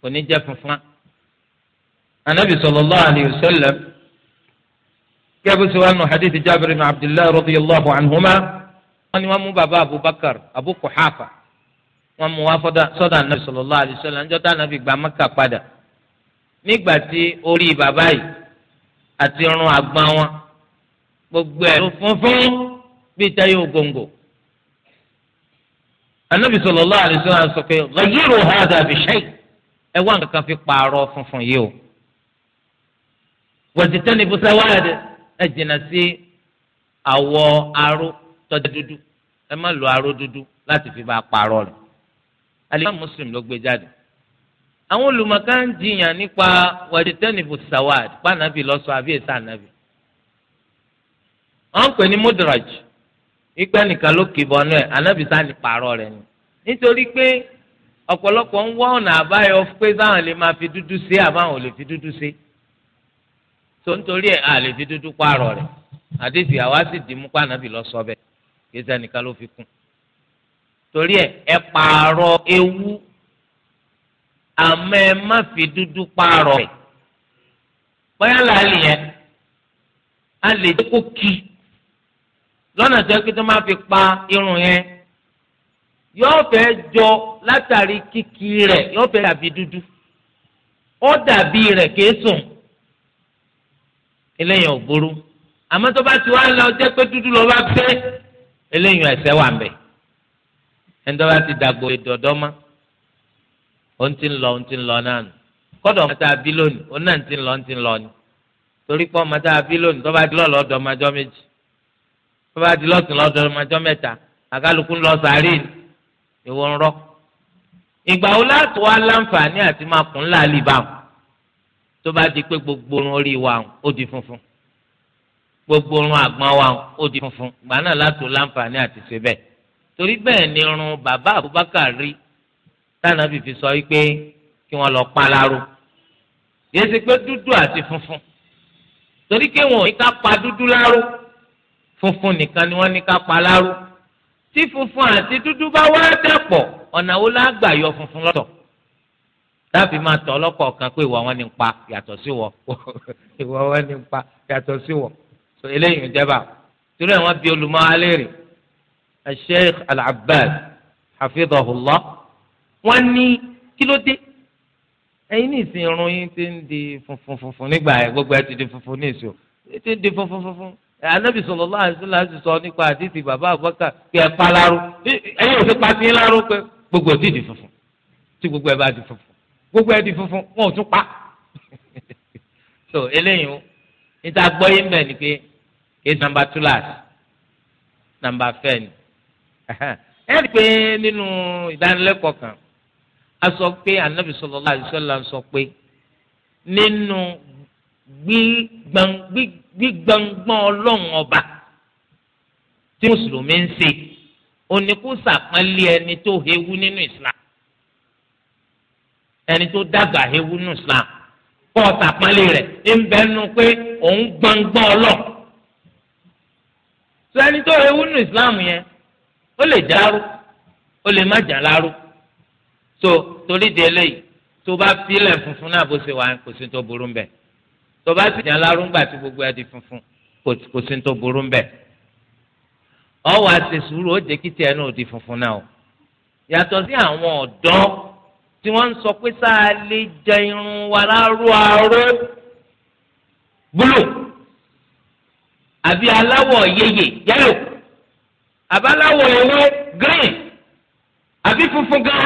kò ní jẹ́ funfun anabi sallallahu alayhi wa sallam gẹ́gẹ́ bí حديث جابر hadith Jabir ibn Abdullah radiyallahu anhuma wọ́n ní wọ́n أبو bàbá Abubakar Abu Kuhafa wọ́n mú wá sọ́dọ̀ anabi sallallahu alayhi wa sallam níjọ́ tá anabi gba Mẹ́kà padà nígbà tí orí bàbá yìí àti irun àgbọn wọn gbogbo ẹ̀ ló funfun bíi táyé ògòǹgò anabi sallallahu alayhi sọ pé ghayyiru hadha bi shay ẹ wá fi pààrọ̀ funfun yìí o wọ́n ti tẹ́ni bùsẹ̀ wáyà dẹ́ ẹ jìnnà sí àwọ̀ aró tọ́jú dúdú ẹ má lo aró dúdú láti fi bá a parọ́ rẹ̀ alimami muslim ló gbé jáde àwọn olùmọ̀ká ń jiyàn nípa wàdìtẹ́nìfù sawad pànàbì lọ́sọ̀ àbí èsà ànàbì wọ́n ń pè ní mudraj ìgbà nìkan ló kì í bọ́nú ẹ̀ ànàbì sáni pààrọ̀ rẹ̀ ni nítorí pé ọ̀pọ̀lọpọ̀ ń wá ọ̀nà àbáyọ pé sáwọn lè máa fi dúdú ṣe àbáwọn ò lè fi dúdú ṣe. tó nítorí ẹ̀ a lè fi dúdú pààrọ̀ rẹ̀ àdìsí àwa sì dì mú lọ sọ bẹ́ẹ̀ kí ló fi kún torí ewu àmọ́ ẹ má fi dúdú pààrọ̀ rẹ̀ bóyá làálì a lè jẹ́ kí lọ́nà fi pa irun yẹn yóò fẹ́ jọ látàrí kíkí rẹ̀ yóò fẹ́ dàbí dúdú ó dàbí rẹ̀ kéésùn eléyìí ò burú àmọ́ tó bá ti wá lọ jẹ́ pé dúdú lọ́ba fẹ́ eléyìí ẹ̀sẹ̀ wà mẹ́ ẹni tó bá ti dàgbò ìdọ̀dọ́ mọ́ òun ti ń lọ òun ti ń lọ náà nù kọ́dọ̀ ọmọ tá a bí lónìí òun náà ti ń lọ òun ti ń lọ ni torí pé ọmọ tá a bí lónìí tó bá di lọ́ọ̀lọ́ ọdọ ọmọjọ́ méjì tó bá di lọ́ọ̀tún lọ́ọ̀dọ̀ ọmọjọ́ mẹ́ta àkálukú ń sàárì ìwọ ń ìgbà wo láti wá láǹfààní àti máa kún láàlì báwọn tó bá di pé gbogbo orun orí wa ó di funfun gbogbo orun àgbọn wa ó di funfun gbà náà látò láǹfààní àti ṣe bẹ́ẹ̀ torí bẹ́ẹ̀ ni irun bàbá Abubakar rí tànà fífi sọ wípé kí wọ́n lọ palaro yìí ṣe pé dúdú àti funfun torí pé wọn ò ní ká pa dúdú láró funfun nìkan ni wọ́n ní ká pa láró tí funfun àti dúdú bá wá dàpọ̀ ọ̀nà wo la funfun lọ́tọ̀ láàfi máa tọ̀ ọlọ́kọ̀ kan pé ìwọ wọn ni ń pa yàtọ̀ sí wọ ìwọ wọn ni ń pa yàtọ̀ sí wọ so eléyìí ń jẹba torí àwọn bíi olùmọ̀ alẹ́rì Sheikh Al-Abbas hafidhahullah wọn ní kí ló dé ẹ̀yin ní ìsìn irun yín ti ń di funfun funfun nígbà yẹn gbogbo ẹ ti di funfun ní ìsìn o ti ń di funfun funfun anabi sallallahu alaihi wasallam ti sọ nípa àdìsí bàbá Abubakar pé ẹ pa láró ẹ̀yin ò ti pa sí láró pé gbogbo ti di funfun tí gbogbo ẹ bá di funfun gbogbo ẹ̀ di funfun wọn ò tún pa so eléyìí níta gbọ́ yín bẹ̀ ni pé kí nàmbà túláàsì nàmbà fẹ́ ni ẹ rí i pé nínú ìdánilẹ́kọ̀ọ́ kan a sọ pé anabi sallallahu alaihi wasallam sọ pé nínú gbígbàngbọ́n ọlọ́run ọba tí mùsùlùmí ń ṣe oníkùsà kan lé ẹni tó hewu nínú islam ẹni tó dàgbà hewu nù islam kọ́ ọ̀sàpánlé rẹ̀ ń bẹ́ nu pé òun gbọ́ngbọ́n ọlọ́ sọ ẹni tó hewu nù islam yẹn ó lè járó ó lè má jà láró so torí di eléyìí tó bá filẹ̀ funfun náà bó ṣe wà kò sí tó burú mbẹ tó bá sì jà láró ńgbà tí gbogbo ẹ di funfun kò sí tó burú mbẹ ọ wàá ṣe sùúrù ó jẹ́ kí tiẹ̀ náà di funfun náà yàtọ̀ sí àwọn ọ̀dọ́ tí wọ́n ń sọ pé sáà lè jẹ irun wa láró aró búlù àbí aláwọ̀ yeye yẹ́lò àbáláwọ̀ ewé green àbí funfun gan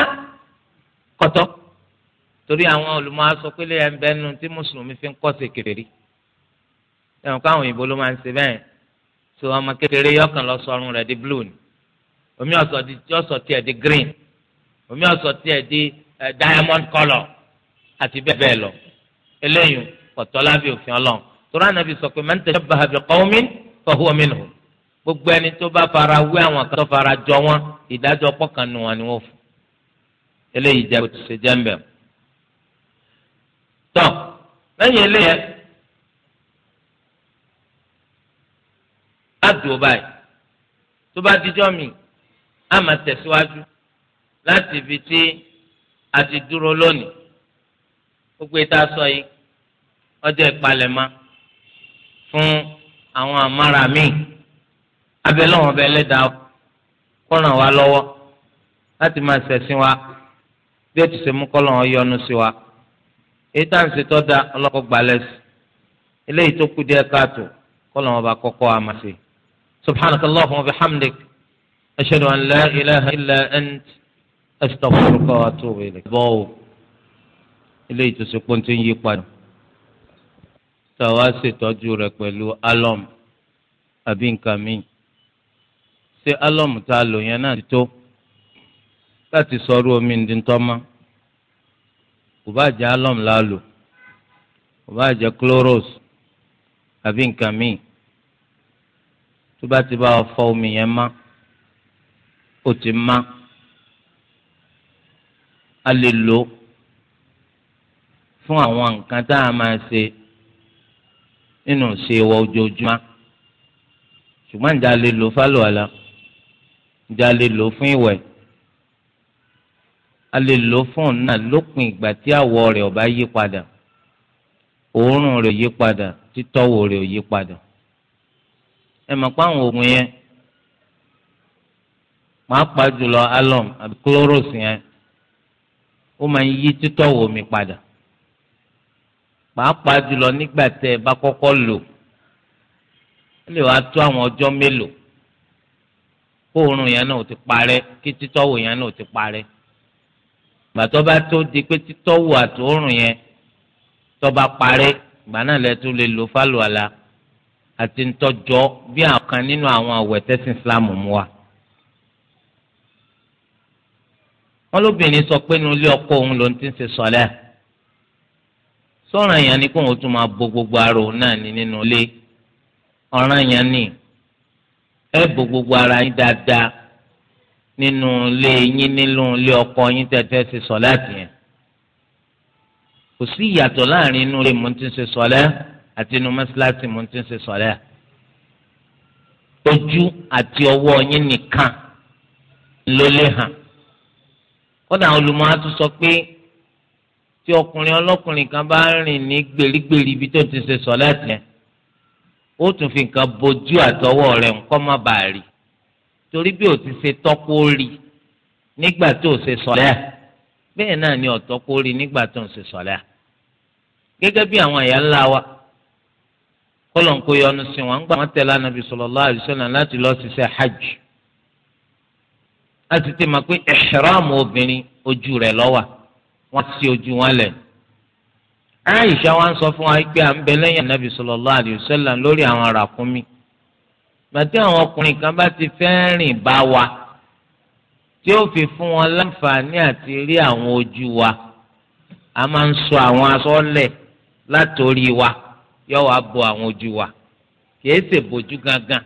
kọ̀tọ́ torí àwọn olùmọ̀ aṣọ pélé ẹ̀ ń bẹ́ nu tí mùsùlùmí fi ń kọ́ sí kèrèrí ẹ̀wọ̀n káwọn òyìnbó ló máa ń ṣe bẹ́ẹ̀ so ọmọ kékeré yọkàn lọ sọrun rẹ̀ di blue ni omi ọ̀sọ̀ di ọ̀sọ̀ tiẹ̀ di green omi ọ̀sọ̀ tiẹ̀ di Eh, diamond colour àti bẹ́ẹ̀ bẹ́ẹ̀ lọ eléyìí kọ̀tọ́ lábẹ́ òfin ọlọ́run torí ànábì sọ pé man tashabbaha bi qawmin fahuwa minhum gbogbo ẹni tó bá fara wé àwọn kan tó fara jọ wọn ìdájọ́ pọ̀kànnù wọn ni wọ́n fún eléyìí jẹ́ òtún ṣe jẹ́ tọ́ lẹ́yìn eléyẹ láti báyìí tó bá dijọ́ mi á tẹ̀síwájú láti ibi tí àti dúró lónìí gbogbo ìta sọ yìí ọjọ́ ìpalẹ̀mọ́ fún àwọn àmàrà míì abẹ́lẹ́wọ̀n ọbẹ̀ ẹlẹ́dàá kó ràn wá lọ́wọ́ láti máa ṣẹ̀sìn wa bí ó ti ṣe mú kọ́lọ́wọ́ yọ́nú sí wa èyí tá à ń ṣe da ọlọ́kọ̀ gbalẹ̀ eléyìí tó kú díẹ̀ káàtó kọ́lọ́wọ́ bá kọ́kọ́ àmàṣe subhanakallahumma wa bihamdik ashhadu an la ilaha illa ant astaghfiruka wa atubu ilayk bọ́ o ilé ìtòsí pọ́ńté ń yí padà tá a wá ṣètọ́jú rẹ̀ pẹ̀lú alọ́m àbí nǹkan míì ṣé alọ́m tá a lò yẹn náà ti tó láti sọrú omi ní tọ́mọ́ kò bá jẹ́ alọ́m la lò kò bá jẹ́ chloros àbí nǹkan míì tó bá ti bá ọ fọ omi yẹn má ó ti má. a lè lò fún àwọn nǹkan tá a máa ṣe nínú ṣe wọ ojoojúmọ́ ṣùgbọ́n ǹjẹ́ a lè lò fálùwàlà ǹjẹ́ a lè lò fún ìwẹ̀ a lè lò fún ọ̀nà lópin ìgbà tí àwọ̀ rẹ̀ ò bá yí padà òórùn rẹ̀ yí padà títọ́wò rẹ̀ ò yí padà ẹ mọ̀ pé àwọn oògùn yẹn pàápàá jùlọ alọ́m àbí kúlóròsì yẹn ó máa ń yí títọ́ wò mí padà pàápàá jùlọ nígbà tẹ ẹ bá kọ́kọ́ lò ó lè wá tó àwọn ọjọ́ mélòó kóòrùn yẹn náà ti parẹ́ kí títọ́ wò yẹn náà ti parẹ́ gbàtọ́ bá tó di pé títọ́ wò àtòórùn yẹn tó bá parẹ́ gbà náà lẹ tó lè lò fálùwàlà àti ntọ́jọ́ bí àwọn kan nínú àwọn àwẹ̀ Islam mú wa. wọn lóbìnrin sọ pé inú ilé ọkọ òun ló ń ti ń ṣe sọlẹ sọ̀rọ̀ yẹn ni kóun tún máa bo gbogbo ara òun náà ní nínú ilé ọ̀ràn yẹn ni ẹ bo gbogbo ara yín dáadáa nínú ilé yín nínú ilé ọkọ yín tẹ́tẹ́ ṣe sọlẹ tìyẹn kò sí ìyàtọ̀ láàrin inú ilé mo ti ṣe sọlẹ àti inú mọ́sálásí mo ti ṣe sọlẹ ojú àti ọwọ́ yín nìkan ló lè hàn. kódà na á tún sọ pé tí ọkùnrin ọlọkùnrin kan bá rìn ní gbèrígbèrí ibi tó ti ṣe sọ̀láàtì yẹn ó tún fi nǹkan bojú àtọwọ́ rẹ̀ ńkọ́ má bàa rí torí bí ti ṣe tọ́kó rí nígbà tó ṣe sọ̀láà bẹ́ẹ̀ náà ni ọ̀tọ́kó rí nígbà ṣe hajj a ti ti mọ̀ pé ihram obìnrin ojú rẹ̀ lọ́wà wọ́n ti ojú wọn lẹ̀. Aisha wa ń sọ fún wa pé à ń bẹ lẹ́yìn anabi sallallahu alayhi wa sallam lórí àwọn ràkúnmí gbàtí àwọn ọkùnrin kan bá ti fẹ́ rìn bá wa tí ó fi fún wọn láǹfààní àti rí àwọn ojú wa a máa ń sọ àwọn aṣọ lẹ̀ látòrí wa yọ wá bo àwọn ojú wa kìí ṣe bojú gangan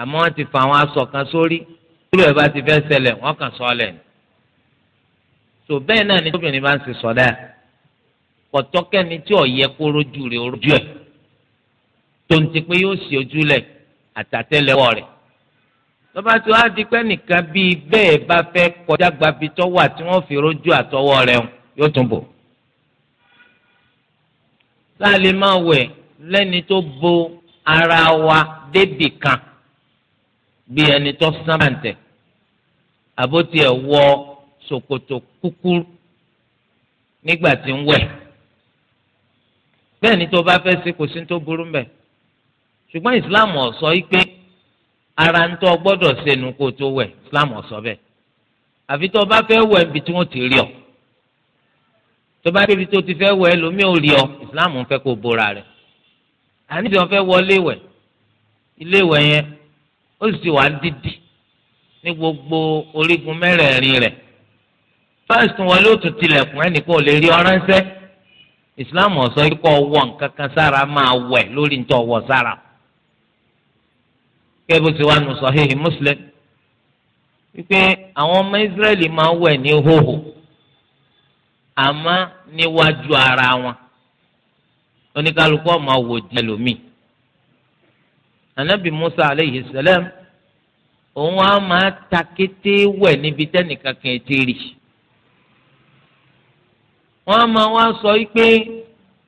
àmọ́ wọ́n ti fa àwọn aṣọ kan sórí. So tílù ẹ̀ bá ti fẹ́ ṣẹlẹ̀ wọ́n kàn sọ ọ́lẹ̀ tó bẹ́ẹ̀ náà ni tóbìnrin bá ń ṣe sọ̀dá pọ̀tọ́kẹ́ni tí ò yẹ kó rojú rẹ̀ ojú ẹ̀ tó ń ti pé yóò ṣe ojúlẹ̀ àtàtẹ́lẹwọ́ rẹ̀ lọ́ba tí wàá di pé nìkan bíi bẹ́ẹ̀ bá fẹ́ kọjá gbabi tọ́wọ́ àti wọ́n fi rojú àtọwọ́ rẹ̀ yóò tún bò sáà máa wẹ̀ lẹ́ni tó bo ara wa débì kan bí ẹni tó sán bàǹtẹ̀ àbótí ẹ̀ wọ ṣòkòtò kúkúrú nígbà tí ń wẹ̀ bẹ́ẹ̀ ni tó bá fẹ́ ṣe kò sí tó burú mbẹ̀ ṣùgbọ́n ìsìláàmù ò sọ yìí pé ara ń tọ́ gbọ́dọ̀ ṣẹnu kó tó wẹ̀ ìsìláàmù ò sọ bẹ́ẹ̀ àfi tó bá fẹ́ wẹ̀ níbi tí wọ́n ti rí ọ tó bá débi tó ti fẹ́ wẹ̀ lómi ò rí ọ ìsìláàmù ń fẹ́ kó bora rẹ̀ àníbi wọn fẹ́ wọlé wẹ̀ ilé wẹ̀ yẹn ó sì wà dídì ní gbogbo orígun mẹ́rẹ̀ẹ̀rin rẹ̀ fáìsì wọn ló tún tilẹ̀kùn ẹnìkan ò lè rí ọ̀rọ̀ ńṣẹ́ ìsìláàmù ọ̀sán yìí kọ́ wọ nǹkan kan sára máa wẹ̀ lórí ní tọ́ sára kẹ́bù tí wàá nù Sahihi Muslim wípé àwọn ọmọ Ísírẹ́lì máa wẹ̀ ní hóhò àmọ́ níwájú ara wọn oníkálukú máa wò di ẹlòmíì anabi Musa aleyhi salam òun á máa ta kété wẹ̀ níbi tẹ́nìkan kan ti rì wọ́n á máa wá sọ pé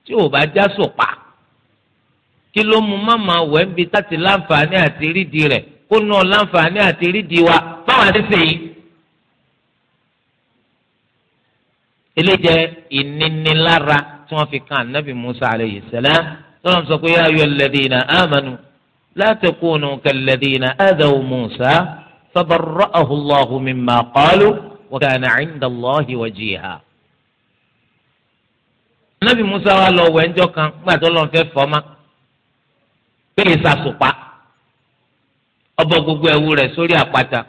tí ò bá já sòpa kí ló mu má máa wẹ̀ níbi táti láǹfààní àti rídìí rẹ̀ kó náà láǹfààní àti rídìí wa báwa ti sè é. eléjẹ ìnínilára tí wọn fi kan anabi musa aleyhi sẹlẹm tó lọ sọ pé yá ayọ iná àmánu لا تكونوا كالذين أذوا موسى فبرأه الله مما قالوا وكان عند الله وجيها النبي موسى قال له وين كان ما تقولون في فما بلي ساسوبا ọbọ gbogbo sórí àpáta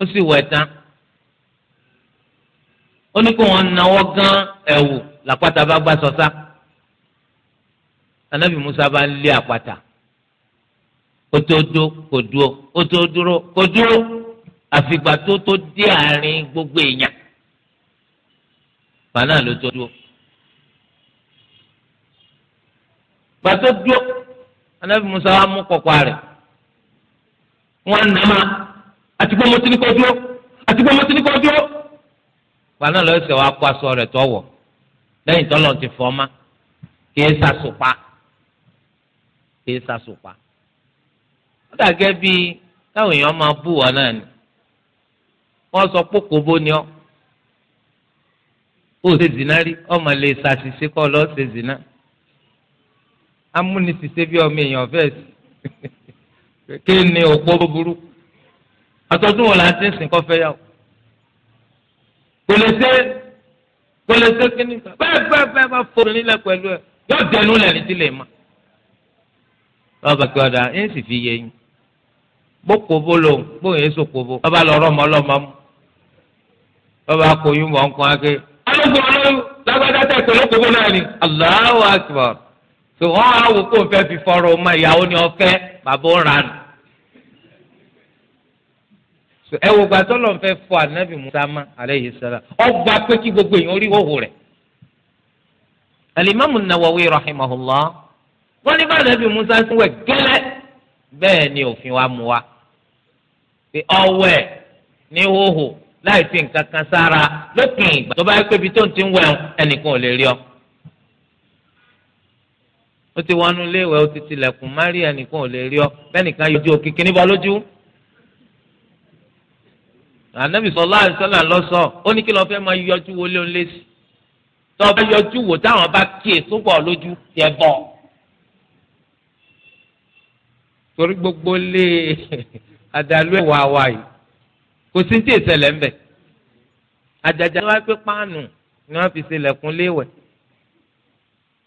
ó sì wọn gán làpáta bá gbà anabi musa bá ń lé kótódó kò dúró kótódúró àfìgbà tó tó dé àárín gbogbo èèyàn bàánà ló tó dúró. gbàtó dúró anábì musa wa mú kọ̀kọ́ rẹ̀ wọ́n nà má àti pé mo ti ní dúró àti pé mo ti ní dúró. bàánà ló ṣe wá kó aṣọ ti dà gẹ́ bíi táwọn èèyàn máa bú wọn náà ni wọ́n sọ pókò bó ni ọ́ ó ṣe zina rí ọmọ lè ṣàṣìṣe kọ́ lọ́ọ́ ṣe zina amúnisìṣe bí ọmọ èèyàn fẹ́ẹ́ sí kí ni òpó búburú àtọ́dún wọn là ń ti sìn kọ́ fẹ́ yà kò lè ṣe kò lè ṣe kí ni bẹ́ẹ̀ bẹ́ẹ̀ bẹ́ẹ̀ bá fòrò nílẹ̀ pẹ̀lú ẹ̀ yóò dẹnu lẹ̀ ní sílẹ̀ ma lọ́ọ́ bá kí wọ́n dà ẹ́ fi yẹ yín bókòbó lòun bóun yẹn sòkòbó ọba lọrọ mọ ọlọmọ mu ọba kòyún mọ nǹkan ake. alóògùn olóyún lágbàdá tẹ pẹ̀lú kòkó náà ni. Allahu akbar tó wọn á wò kó fẹ́ fi fọrọ ọmọ ìyàwó ni ọfẹ́ bàbá ó ranù. ẹ wo gbàtọ́ lọ́n fẹ́ fọ anabi musa ma aleyhi sara ọgbà pé kí gbogbo èèyàn rí wọ́wọ́ rẹ̀. alimami nawawi rahimahullah wọn ní bá anabi musa sí wẹ̀ gẹ́lẹ́ bẹ́ẹ̀ ni òfin wa mú wa pé ọwẹ́ ní hóhò láì fi nǹkan kan sára lópin ìgbà tó bá yẹ pé ibi tó ń ti ń wẹ̀ ẹnìkan ò lè rí ọ. ó ti wọnú léèwẹ̀ ó ti tilẹ̀kùn má rí ẹnìkan ò lè rí ọ bẹ́ẹ̀nìkan yọjú òkìkí níbọ̀ lójú. ànábì sallallahu alaihi wasallam lọ́sọ̀ ó ní kí lọ́ọ́ fẹ́ máa yọjú wọlé ń lé sí. tó o bá yọjú wò táwọn bá kíyè sóbọ̀ lójú tiẹ̀ bọ̀. torí gbogbo lé e àdàlú ẹ̀ wá wá yìí kò sí ní tí ìṣẹ̀lẹ̀ ń bẹ̀ àjàjà ni wọ́n á gbé páànù ni wọ́n fi ṣe lẹ̀kùn léwẹ̀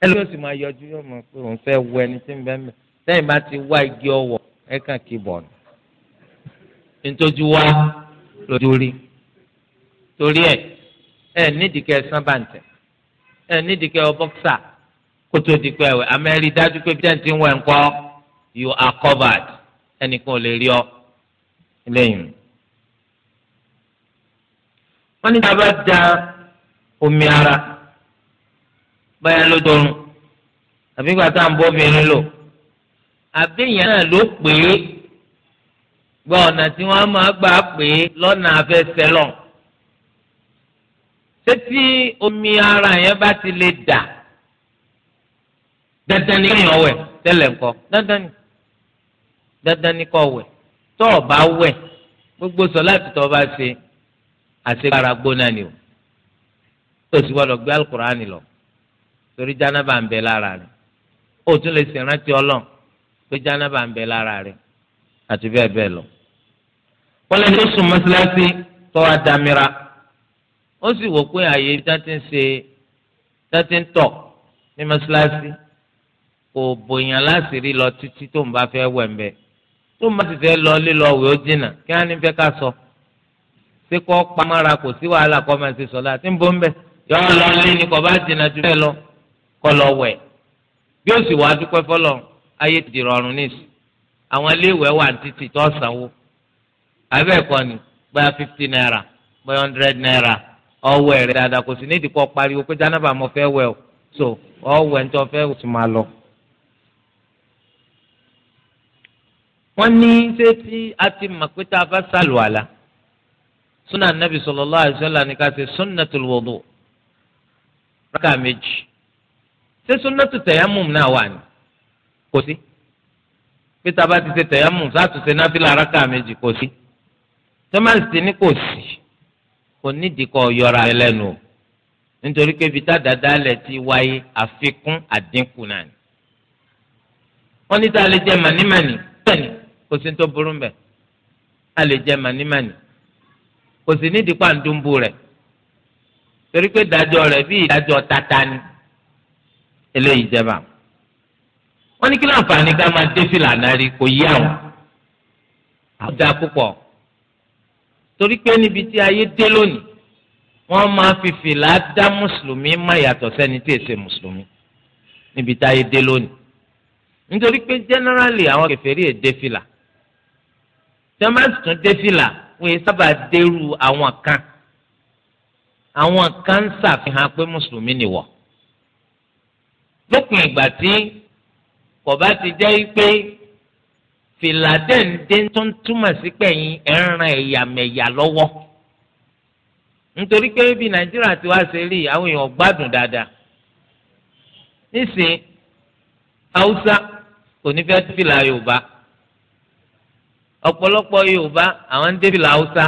ẹlòmíràn sì máa yọjú yóò mọ̀ pé òun fẹ́ wọ ẹni tí ń bẹ́ẹ̀ mẹ́ sẹ́yìn bá ti wá igi ọwọ́ ẹ kàn kí bọ̀ ni nítorí wá lójú rí torí ẹ ẹ nídìí kẹ sán bàǹtẹ̀ ẹ nídìí kẹ ọ bọ́ksà kótó di pé ẹwẹ amẹ́rí dájú pé bí tẹ́ǹtì ń wẹ̀ ńkọ́ you are covered ẹnìkan ò lè rí ọ lẹ́yìn. wọ́n ní tàbá da omi ara báyà ló dọrùn àbí gbàtà ń bọ́ obìnrin lò àbẹ̀yàn náà ló pè é gba ọ̀nà tí wọ́n máa gbà pé lọ́nà afẹ́fẹ́ lọ. ṣé tí omi ara yẹn bá ti lè dà dandan ni kéèyàn wẹ̀ tẹ́lẹ̀ ńkọ́ dandan ni dandan ni kó wẹ̀ tó o bá wẹ̀ gbogbo sọláàtì tó o bá ṣe àṣekára gbóná ni o tó o sì wọ́n lọ gbé alukur'ani lọ torí jánábà ń bẹ lára rẹ̀ o tún lè ṣèrántí ọlọ́run pé jánábà ń bẹ lára rẹ̀ àti bẹ́ẹ̀ bẹ́ẹ̀ lọ. wọ́n lè tó sùn mọ́sálásí tó a ó sì wò pé àyè dáńtí ń ṣe dáńtí ń tọ̀ ní mọ́sálásí kò bòyàn láti lọ títí tó ń bá fẹ́ wẹ̀ ń bẹ́ẹ̀ tó má ti tẹ lọ lílọ wẹ̀ ó jìnnà kí á ní fẹ́ ká sọ ṣé kọ́ pamọ́ra kò sí wàhálà kọ́ máa ṣe sọ láti ń bọ́ ń bẹ̀ yọ lọ lé ní bá ju bẹ́ẹ̀ lọ kọ́ lọ wẹ̀ bí ó sì wàá ayé ti rọrùn níìsì àwọn iléèwẹ̀ wà títí tó sanwó abẹ́ẹ̀kọ́ naira bóyá hundred naira ọwọ́ ẹ̀rẹ́ dáadáa kò sí nídìí kọ́ pariwo pé jánábà mo fẹ́ so ọwọ́ ẹ̀ ń wọ́n ní ṣé tí a ti mọ̀ pé tá a bá ṣàlùwàlà sunna nabi sallallahu alaihi wasallam ni ká ṣe sunnatul wudu rákà méjì ṣé sunnatu tayammum náà wà ní kò sí pé tá a bá ti ṣe tayammum sátúnṣe náfìlà rákà méjì kò sí tọ́másì ti ní kò sí kò nídìí kọ́ yọra ẹ lẹ́nu o nítorí pé ibi tá dáadáa lẹ̀ ti wáyé àfikún àdínkù náà ni wọ́n ní tá a lè jẹ mànímàní bẹ́ẹ̀ ni kò sí tó burú mbẹ a lè jẹ mànímàní kò sí nídìí pàǹdùnbù rẹ̀ torí pé ìdájọ́ rẹ̀ bí ìdájọ́ tata ni eléyìí jẹba wọ́n ní kí ló àǹfààní ká máa dé fìlà náà rí kò yí àwọn àwọn dáa púpọ̀ torí pé níbi tí ayé dé lónìí wọ́n máa fi fìlà dá mùsùlùmí má yàtọ̀ sẹ́ni tí èsè mùsùlùmí níbi tí ayé dé lónìí nítorí pé generally àwọn kèfèrí èdè fìlà tí wọ́n bá sì tún dé fìlà wọ́n yìí sábà dérú àwọn kan àwọn kan ń ṣàfihàn pé mùsùlùmí nìwọ lópin ìgbà tí kò bá ti jẹ́ pé fìlà dẹ́ǹdé tó ń túmọ̀ sí pẹ̀yìn ẹ̀ràn ẹ̀yàmẹ̀yà lọ́wọ́ nítorí pé bí nàìjíríà ti wá ṣe rí àwọn èèyàn gbádùn dáadáa nísìnyí haúsá kò ní fẹ́ fìlà yorùbá ọ̀pọ̀lọpọ̀ yorùbá àwọn ń dé fìlà haúsá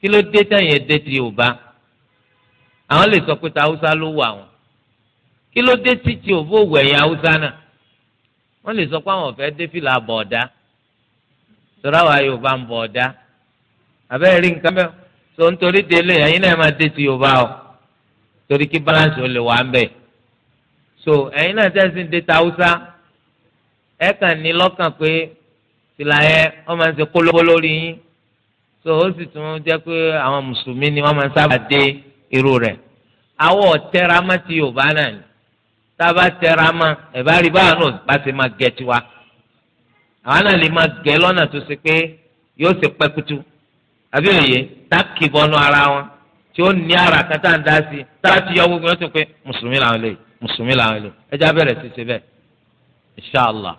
kí ló dé tẹ̀yìn ẹ̀ dé ti yorùbá àwọn lè sọ pé ta haúsá ló wà wọn kí ló dé tí tí òbó wù ẹ̀yìn haúsá náà wọ́n lè sọ pé àwọn ọ̀fẹ́ dé fìlà bọ̀ọ̀dá sọ̀rọ̀ yorùbá ń bọ̀ọ̀dá àbẹ́rẹ́ rí nǹkan bẹ́ẹ̀ so nítorí délé ẹ̀yin náà máa dé ti yorùbá o torí kí balance ó lè wà ń bẹ̀ so ẹ̀yin náà tẹ̀sí ń dé ta haúsá ẹ̀ kàn ní lọ́kàn pé fìlà yẹn wọ́n máa ń ṣe kólóbó lórí yín so ó sì tún jẹ́ pé àwọn mùsùlùmí ni wọ́n máa ń sábà dé irú rẹ̀ àwọ̀ tẹramá ti yorùbá náà ni tába tẹramá ẹ̀bá rí báwọn náà bá ṣe máa gẹ̀ tiwa àwọn náà lè máa gẹ̀ lọ́nà tó ṣe pé yóò ṣe pẹ́kútú àbí òye tá kìbọnú ara wọn tí ó ní ara kan ń dá sí tá ti yọ gbogbo yẹn tó pé mùsùlùmí làwọn lè mùsùlùmí làwọn lè ẹjá bẹ̀rẹ̀ sí bẹ́ẹ̀ inṣàlá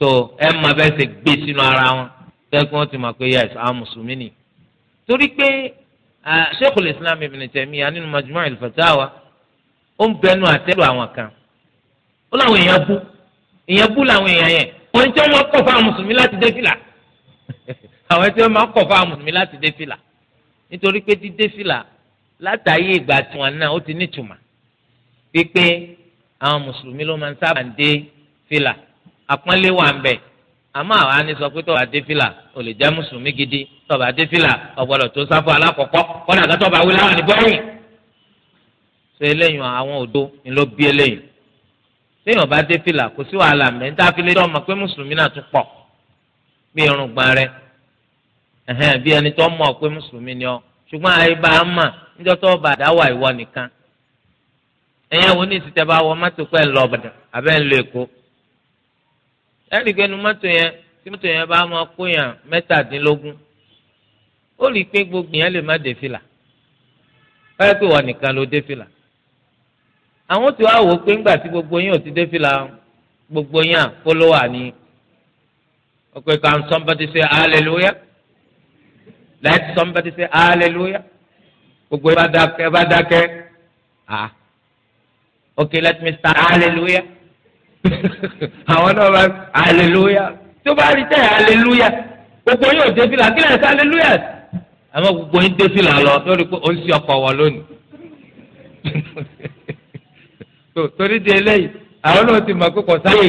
so ẹ mọ abẹ́ ṣe gbé sínú ara wọn tẹ́kun ó ti mọ̀ pé yes àwọn mùsùlùmí ni. torí pé Sheikhul Islam Ibn Taymiyyah nínú Majmu' al-Fatawa ó ń bẹnu àtẹ́lu àwọn kan ó láwọn èèyàn bú èèyàn bú làwọn èèyàn yẹn wọ́n ti wọ́n kọ̀ fáwọn mùsùlùmí láti dé fìlà àwọn tí wọ́n máa ń kọ̀ fáwọn mùsùlùmí láti dé fìlà nítorí pé dídé fìlà látàyè ìgbà tiwọn náà ó ti nítumọ̀ pípé àwọn mùsùlùmí ló máa ń sábà ń dé fìlà àpọ́nlé wà ń bẹ àmọ́ àwa ni sọ pé tọ́ba dé fìlà ò lè jẹ́ mùsùlùmí gidi tọ́ba dé fìlà ọ̀gbọ́dọ̀ tó sáfù alákọ̀ọ́kọ́ kọ́nà àgbà tọ́ba wí láwọn àdìbọ́yìn. ṣé eléyìn àwọn òdo ni ló bí eléyìn téèyàn bá dé fìlà kò sí wàhálà mẹ́ níta fi lé tọ́ ọmọ pé mùsùlùmí náà tún pọ̀ bí irun gbọ́n rẹ bí ẹni tó mọ̀ pé mùsùlùmí ni ọ ṣùgbọ́n àyè bá a mà níjọ́ tọ́ba àdáwà ìwọ nìkan ẹ̀yẹ́wò ní ìsìtẹ́ bá wọ mọ́tò pẹ́ ń ẹnì kẹnu mọ́tò yẹn tí mọ́tò yẹn bá máa kó yàn mẹ́tàdínlógún ó rí i pé gbogbo yẹn lè má dé fìlà báyọ̀ pé wọ́n nìkan ló dé fìlà àwọn tó wá wò ó pé ńgbà tí gbogbo yẹn ò ti dé fìlà gbogbo yẹn fọlọ́wà ni okay can somebody say hallelujah let somebody say hallelujah gbogbo ẹ bá dákẹ́ bá dákẹ́ ah okay let me start hallelujah àwọn náà bá aleluya tó bá rí tẹ̀ aleluya gbogbo yóò dé fìlà kí lẹ́sẹ̀ aleluya àmọ́ gbogbo yín dé fìlà lọ lórí pé ó ń sí ọkọ̀ wọ̀ lónìí torí di eléyìí àwọn náà ti mọ̀ pé kò sáyè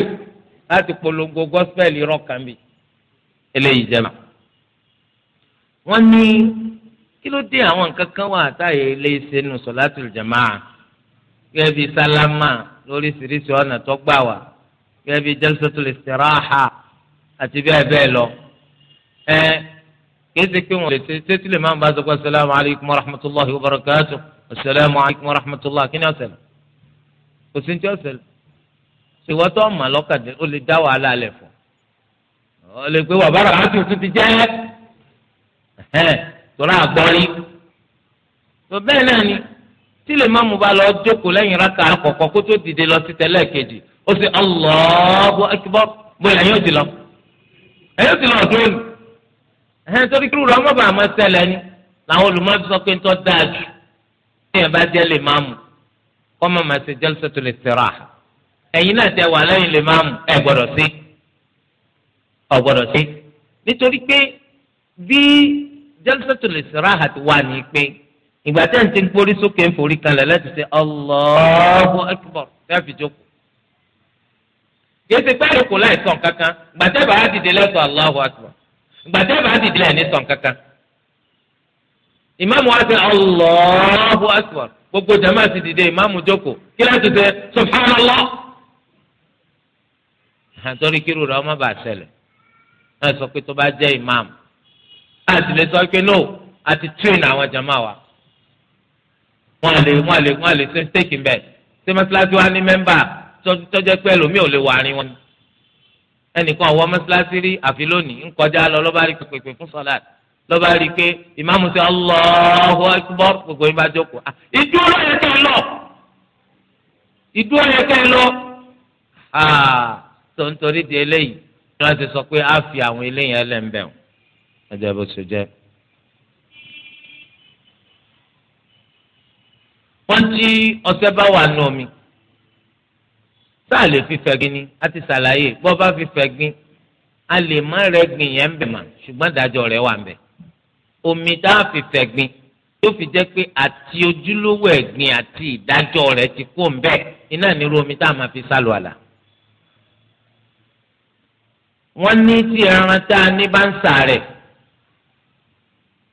láti polongo gọ́spẹ̀lì rọ́ọ̀kan bíi eléyìí jẹ́ mà. wọ́n ní kí ló dé àwọn nǹkan kan wà táyé ilé iṣẹ́ nù sọ̀látùl gẹ́gẹ́ bí sálámà lóríṣiríṣi ọ̀nà tó gbà wá gẹ́gẹ́ bí jalsatul istiraha àti bẹ́ẹ̀ bẹ́ẹ̀ lọ. ẹ kéde pé wọn lè ṣe tètè lè máa ń bá sọ pé asalaamu alaykum wa rahmatulahi wa barakatu asalaamu alaykum wa rahmatulahi kí ni ọ̀sẹ̀ lọ. kò sí ní ọ̀sẹ̀ lọ. ṣèwọ́ tó lọ́kàdé ó lè dá wàhálà alẹ̀ fún. ó lè tí lè má mu bá lọ jókòó lẹ́yìn raka àkọ́kọ́ kó tó dìde lọ sí tẹ́lẹ̀ kejì ó sì Allahu akbar bóyá yóò ti lọ yóò ti lọ ọdún ẹ̀hẹ́n torí kí rúra ọmọbàá máa ṣẹlẹ̀ ni làwọn olùmọ̀ọ́bí sọ pé ń tọ́ dáa jù ní ẹ̀ bá jẹ́ lè má mu kọ́ máa ma ṣe jalsatul istiraha ẹ̀yin náà tẹ wà lẹ́yìn lè má mu ẹ̀ gbọ́dọ̀ sí ọ̀ gbọ́dọ̀ sí nítorí pé bí jalsatul istiraha ti wà ní pé ìgbà tẹ́ ń ti ń forí sókè ń forí kanlẹ̀ láti ṣe Allahu Akbar fẹ́ẹ́ fi jókòó yéésì pẹ́ẹ́rù kò láì sàn kankan ìgbà tẹ́ bàá dìde lẹ́sọ̀ Allahu Akbar ìgbà tẹ́ bàá dìde lẹ́ẹ̀ ní sàn kankan ìmáàmù wa ṣe Allahu Akbar gbogbo jama ti dìde ìmáàmù jókòó kí láti ṣe subhanallah àtọ́rí kírù rẹ̀ ọmọ bàá ṣẹlẹ̀ náà sọ pé tó bá jẹ́ ìmáàmù àti lè sọ pé no àti train àwọn jama wa wọn lè wọn lè wọn lè ṣe mistake mbẹ ṣé mọ́ṣáláṣí wa ní mẹ́mbà tọ́jọ́ pé ẹlòmíì ò lè wà rìn wọn. ẹnìkan ọwọ́ mọ́ṣáláṣí rí àfi lónìí ń kọjá lọ lọ́ba rí pèpè fún sọ́lá lọ́ba rí pé ìmáàmù sọ Allahu Akbar gbogbo yín bá jókòó. ìdúró yẹ kẹ́ ẹ lọ ìdúró yẹ kẹ́ ẹ lọ. tó ń torí di eléyìí wọ́n ti sọ pé a fi àwọn eléyìí ẹlẹ́ńbẹ̀ọ́ ẹ̀jẹ̀ bó ṣe jẹ́. wọ́n tí ọṣẹ bá wà nù omi sáà lè fi fẹ̀gbin ni a ti ṣàlàyé bọ́ bá fi fẹ̀gbin a lè má rẹ́gbin yẹn ń bẹ̀ mà ṣùgbọ́n ìdájọ́ rẹ̀ wà ń bẹ̀ omi tá a fi fẹ̀gbin tó fi jẹ́ pé àti ojúlówó ẹ̀gbin àti ìdájọ́ rẹ̀ ti kó ń bẹ̀ iná nírú omi tá a máa fi sálọ àlà. wọ́n ní tí ẹran tá a ní bá ń sà rẹ̀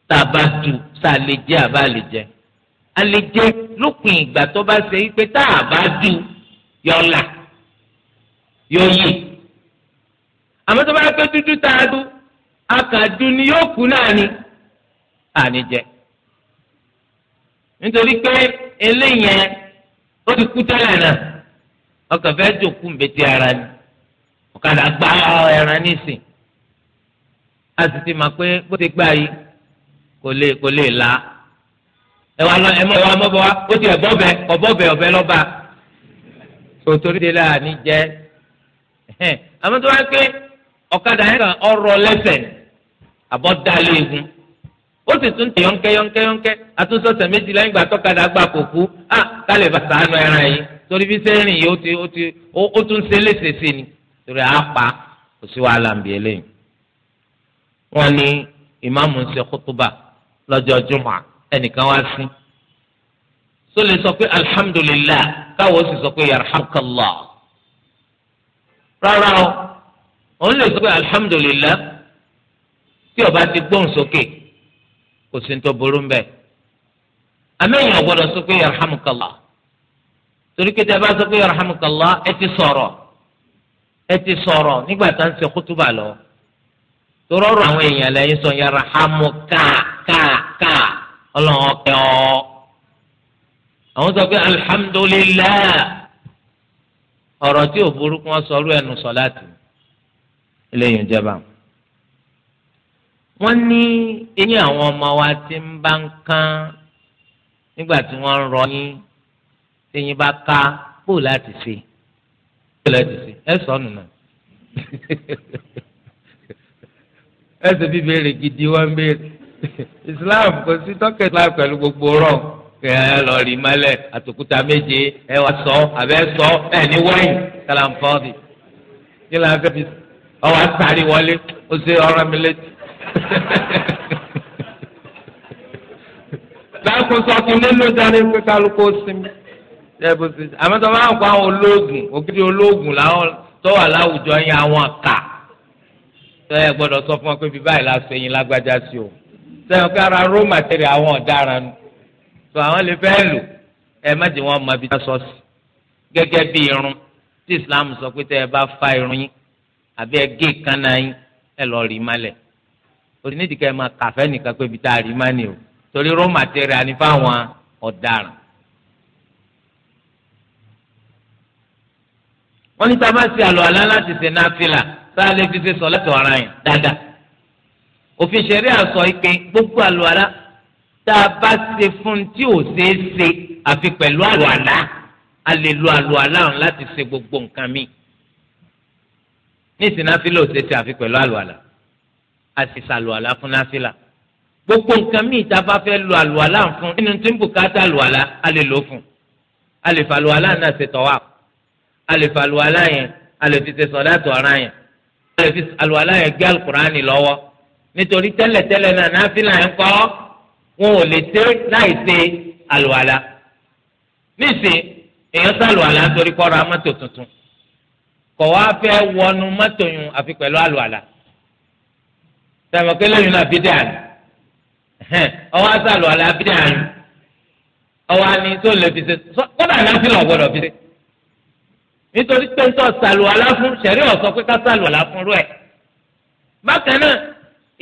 tá a bá tu sá lè jẹ́ àbá lè jẹ́ a lè jẹ́ lópin ìgbà tó bá ṣe pé tá a bá ju yọ là yọ yí àmọ́ tó bá dúdú tá ni yóò kú náà ni àníjẹ nítorí pé eléyẹn ó ti kú tẹ́lẹ̀ náà ọkàn fẹ́ jòkú ara ni ọ̀kadà gba ẹran nísìn a sì ti mọ̀ pé bó ti gbá yìí kò lè kò lè la. ẹ wà lọ ẹ mọ ẹ mọbọ wa ó ti ẹ bọbẹ ọbọbẹ ọbẹ lọba sòtòrí de la ní jẹ àmọ́ tó wá pé ọ̀kadà yẹn kan ọ̀rọ̀ lẹsẹ àbọ dalẹ egun ó sì tún tẹ yọnkẹ yọnkẹ yọnkẹ àtúnṣọṣẹ méjì lẹ́yìn gbà tọkadà gbà kò kú à kálẹ̀ bàtà ànú ẹran yìí torí bí sẹ́rìn yìí ó ti ó ti ó tún ṣe léṣeṣe ni torí àpá kò sí wàhálà ń bí eléyìí. wọ́n ní ìmáàmù ń ṣe kútúbà lọ́jọ́ jùmọ̀ ẹnìkan wá sí so lè sọ pé alhamdulilah káwọ sì sọ pé yarhamukallah rárá o òun lè sọ pé alhamdulilah tí ọba ti gbóhùn sókè kò sí ní tó burú ń bẹ amẹ́yìn ọ̀gbọ́dọ̀ sọ pé yarhamukallah torí pé tí a bá sọ pé yarhamukallah ẹ ti sọ̀rọ̀ ẹ ti sọ̀rọ̀ nígbà tá à ń ṣe kútúbà lọ torọ́rọ̀ àwọn èèyàn lẹ́yìn sọ yàrá ọlọ́run ọkẹ́ ọ. àwọn sọ pé alihamudulilayi ọ̀rọ̀ tí ò burúkú wọn sọ ọrú ẹnu sọ láti eléyìí ìjọba. wọ́n ní eyín àwọn ọmọ wa ti ń bá ń kán nígbà tí wọ́n ń rọ yín tẹ̀yìn bá ká bó láti ṣe bó láti ṣe ẹ sọ nùnà ẹ sì bí béèrè gidi wọn béèrè islam kò sí tọ́kẹ̀ islam pẹ̀lú gbogbo rọ̀ kẹ́ ẹ lọ rí mọ́lẹ̀ àtòkúta méje ẹ wá sọ àbẹ́ sọ ẹ ní wáyìn kálá ń fọ́ọ̀dì kí ló ń fẹ́ fi ọwọ́ àtàrí wọlé ó ṣe ọ̀rọ̀ mi létí. lákòóso ti nílò jáde pé kálukó sinmi ẹbùsùn àmọ́ tó máa ń kó àwọn olóògùn ògidì olóògùn làwọn tó wà láwùjọ yẹn àwọn kà tó yẹ gbọ́dọ̀ sọ fún wọn pé bíbáyìí la sọ eyín lágbájá sí o sẹ́yìn kára raw material àwọn ọ̀daràn nu tó àwọn lè fẹ́ lò ẹ má jẹ́ wọn mọ ibi tí wọ́n sọ sí gẹ́gẹ́ bí irun tí Islam sọ pé tẹ́ ẹ bá fa irun yín àbí ẹ gé ìkànnà yín ẹ lọ rí má lẹ̀ nídìí ká ẹ máa kàfẹ́ nìkan pé ibi tá a rí má ni o torí raw material ni fáwọn ọ̀daràn. wọ́n ní tá a bá ṣe àlọ́ àlá láti ṣe náà fìlà tá a lè fi ṣe sọ lẹ́tọ̀ọ́ ara yẹn dáadáa òfin ṣẹ̀rí àsọ ìpè gbogbo àlùwàlá tá a bá ṣe fún tí ò ṣeé ṣe àfi pẹ̀lú àlùwàlá a lè lo àlùwàlá ọ̀hún láti ṣe gbogbo nǹkan mi nísìnyí náfìlà ò ṣeé ṣe àfi pẹ̀lú àlùwàlá a sì ṣàlùwàlá fún náfìlà gbogbo nǹkan mi ìta bá fẹ́ lo àlùwàlá fún nínú tí ń bùkátà àlùwàlá a lè lò fún a lè fa àlùwàlá náà ṣe tọ́wà a lè fa àlùwàlá yẹn a lè fi ṣe sọ̀dá nítorí tẹ́lẹ̀tẹ́lẹ̀ náà náfìlà ń kọ́ wọn ò lè ṣe láì ṣe àlùwàlà nísìn èèyàn sàlùwàlà nítorí kó ra mọ́tò tuntun kọ̀ wá fẹ́ wọnú mọ́tò yun àfi pẹ̀lú àlùwàlà sàmọ̀kẹ́ lẹ́yìn náà bídẹ́ àná ọwọ́ sàlùwàlà bídẹ́ àná ọwọ́ àní tó lè fi ṣe kódà náfìlà ọ̀gbọ́dọ̀ fi ṣe nítorí pé ń tọ́ sàlùwàlà fún ṣẹ̀rí ọ̀sọ́ pé ká sàlùwàlà fún rú ẹ̀ bákan náà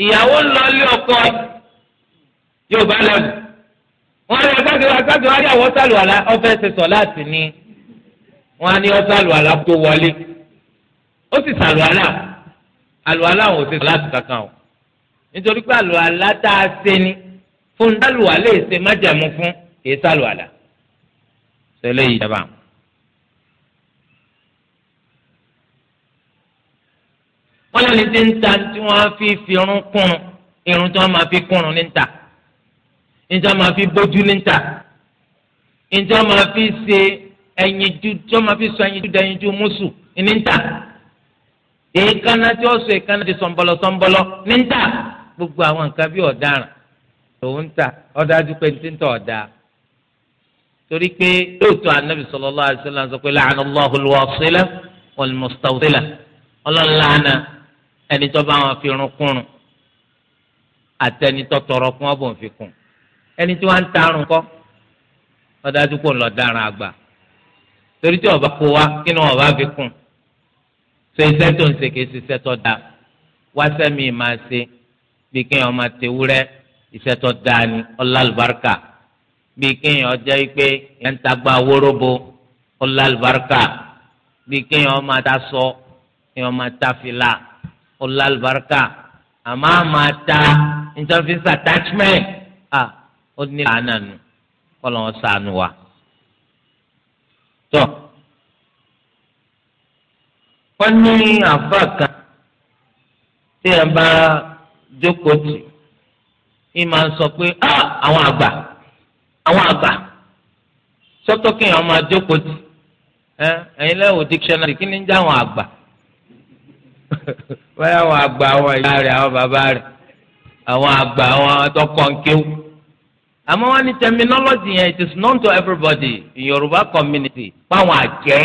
ìyàwó ń lọ ilé ọkọ yóò bá lẹ́nu wọn lè gbàgbéwà gbàgbéwà yàwó sàlùwàlà ọfẹ ṣe sọ láti ní wọn á ní ọsàlùwàlà tó wọlé ó sì sàlùwàlà àlùwàlà wọn ò ṣe sọ láti kankan o nítorí pé àlùwàlà tá a ṣe ni fún dálùwàlà èsè májàmú fún èsàlùwàlà ṣẹlẹ̀ yìí dábàá. wọ́n lẹ́ni tí ń ta tí wọ́n fi fi irun kùn irun tí wọ́n máa fi kùn ní ta ní tí wọ́n máa fi bójú ní ta ní tí wọ́n máa fi ṣe ẹyinjú tí wọ́n máa fi sọ ẹyinjú dẹyinjú mùsù ní ta èékánná tí wọ́n sọ èékánná di sọ̀nbọ̀lọ̀ sọ̀nbọ̀lọ̀ ní ta gbogbo àwọn nǹkan bí ọ̀daràn lòun ta ọ̀dájú pé ti ń tọ̀ ọ̀dà torí pé lóòótọ́ anabi sallallahu alaihi wasallam sọ pé la'ana Allahu al-wasila wal-mustawsila ẹni tó bá wọn fi irun kúrun àtẹni tó tọrọ kún ọbọ fi kún ẹni tí wọn ń tarun kọ ọdájú kò ń lọ dáràn àgbà torí tí ọba kó wa kí ni wọn bá fi kún ṣe iṣẹ́ tó ń ṣe kì í ṣiṣẹ́ tó dáa wá sẹmi máa ṣe bí kéèyàn máa tewúrẹ́ iṣẹ́ tó dáa ni ọlálùbáríkà bí kéèyàn jẹ́ pé yẹn ń tagbá wóróbo ọlálùbáríkà bí kéèyàn máa ta sọ kéèyàn máa ta fìlà. So, ọlá àlùbáríkà àmọ́ àmọ́ ata interface attachment ah, ó ní làánà nù kọ́ lọ́wọ́ sànù wa. tọ́ wọ́n ní àfa kan tí ẹ bá jókòó tì í máa sọ pé àwọn àgbà àwọn àgbà sọ́tọ́ kéèyàn máa jókòó tì ẹ̀yin lẹ́wọ̀ dictionary kí ni ń jẹ́ àwọn àgbà báyà àwọn àgbà àwọn ìyá rẹ̀ àwọn bàbá rẹ̀ àwọn àgbà àwọn tọkọ nkéw àmọ́ wọ́n ní terminology yẹn it is known to everybody in Yorùbá community páwọn àjẹ́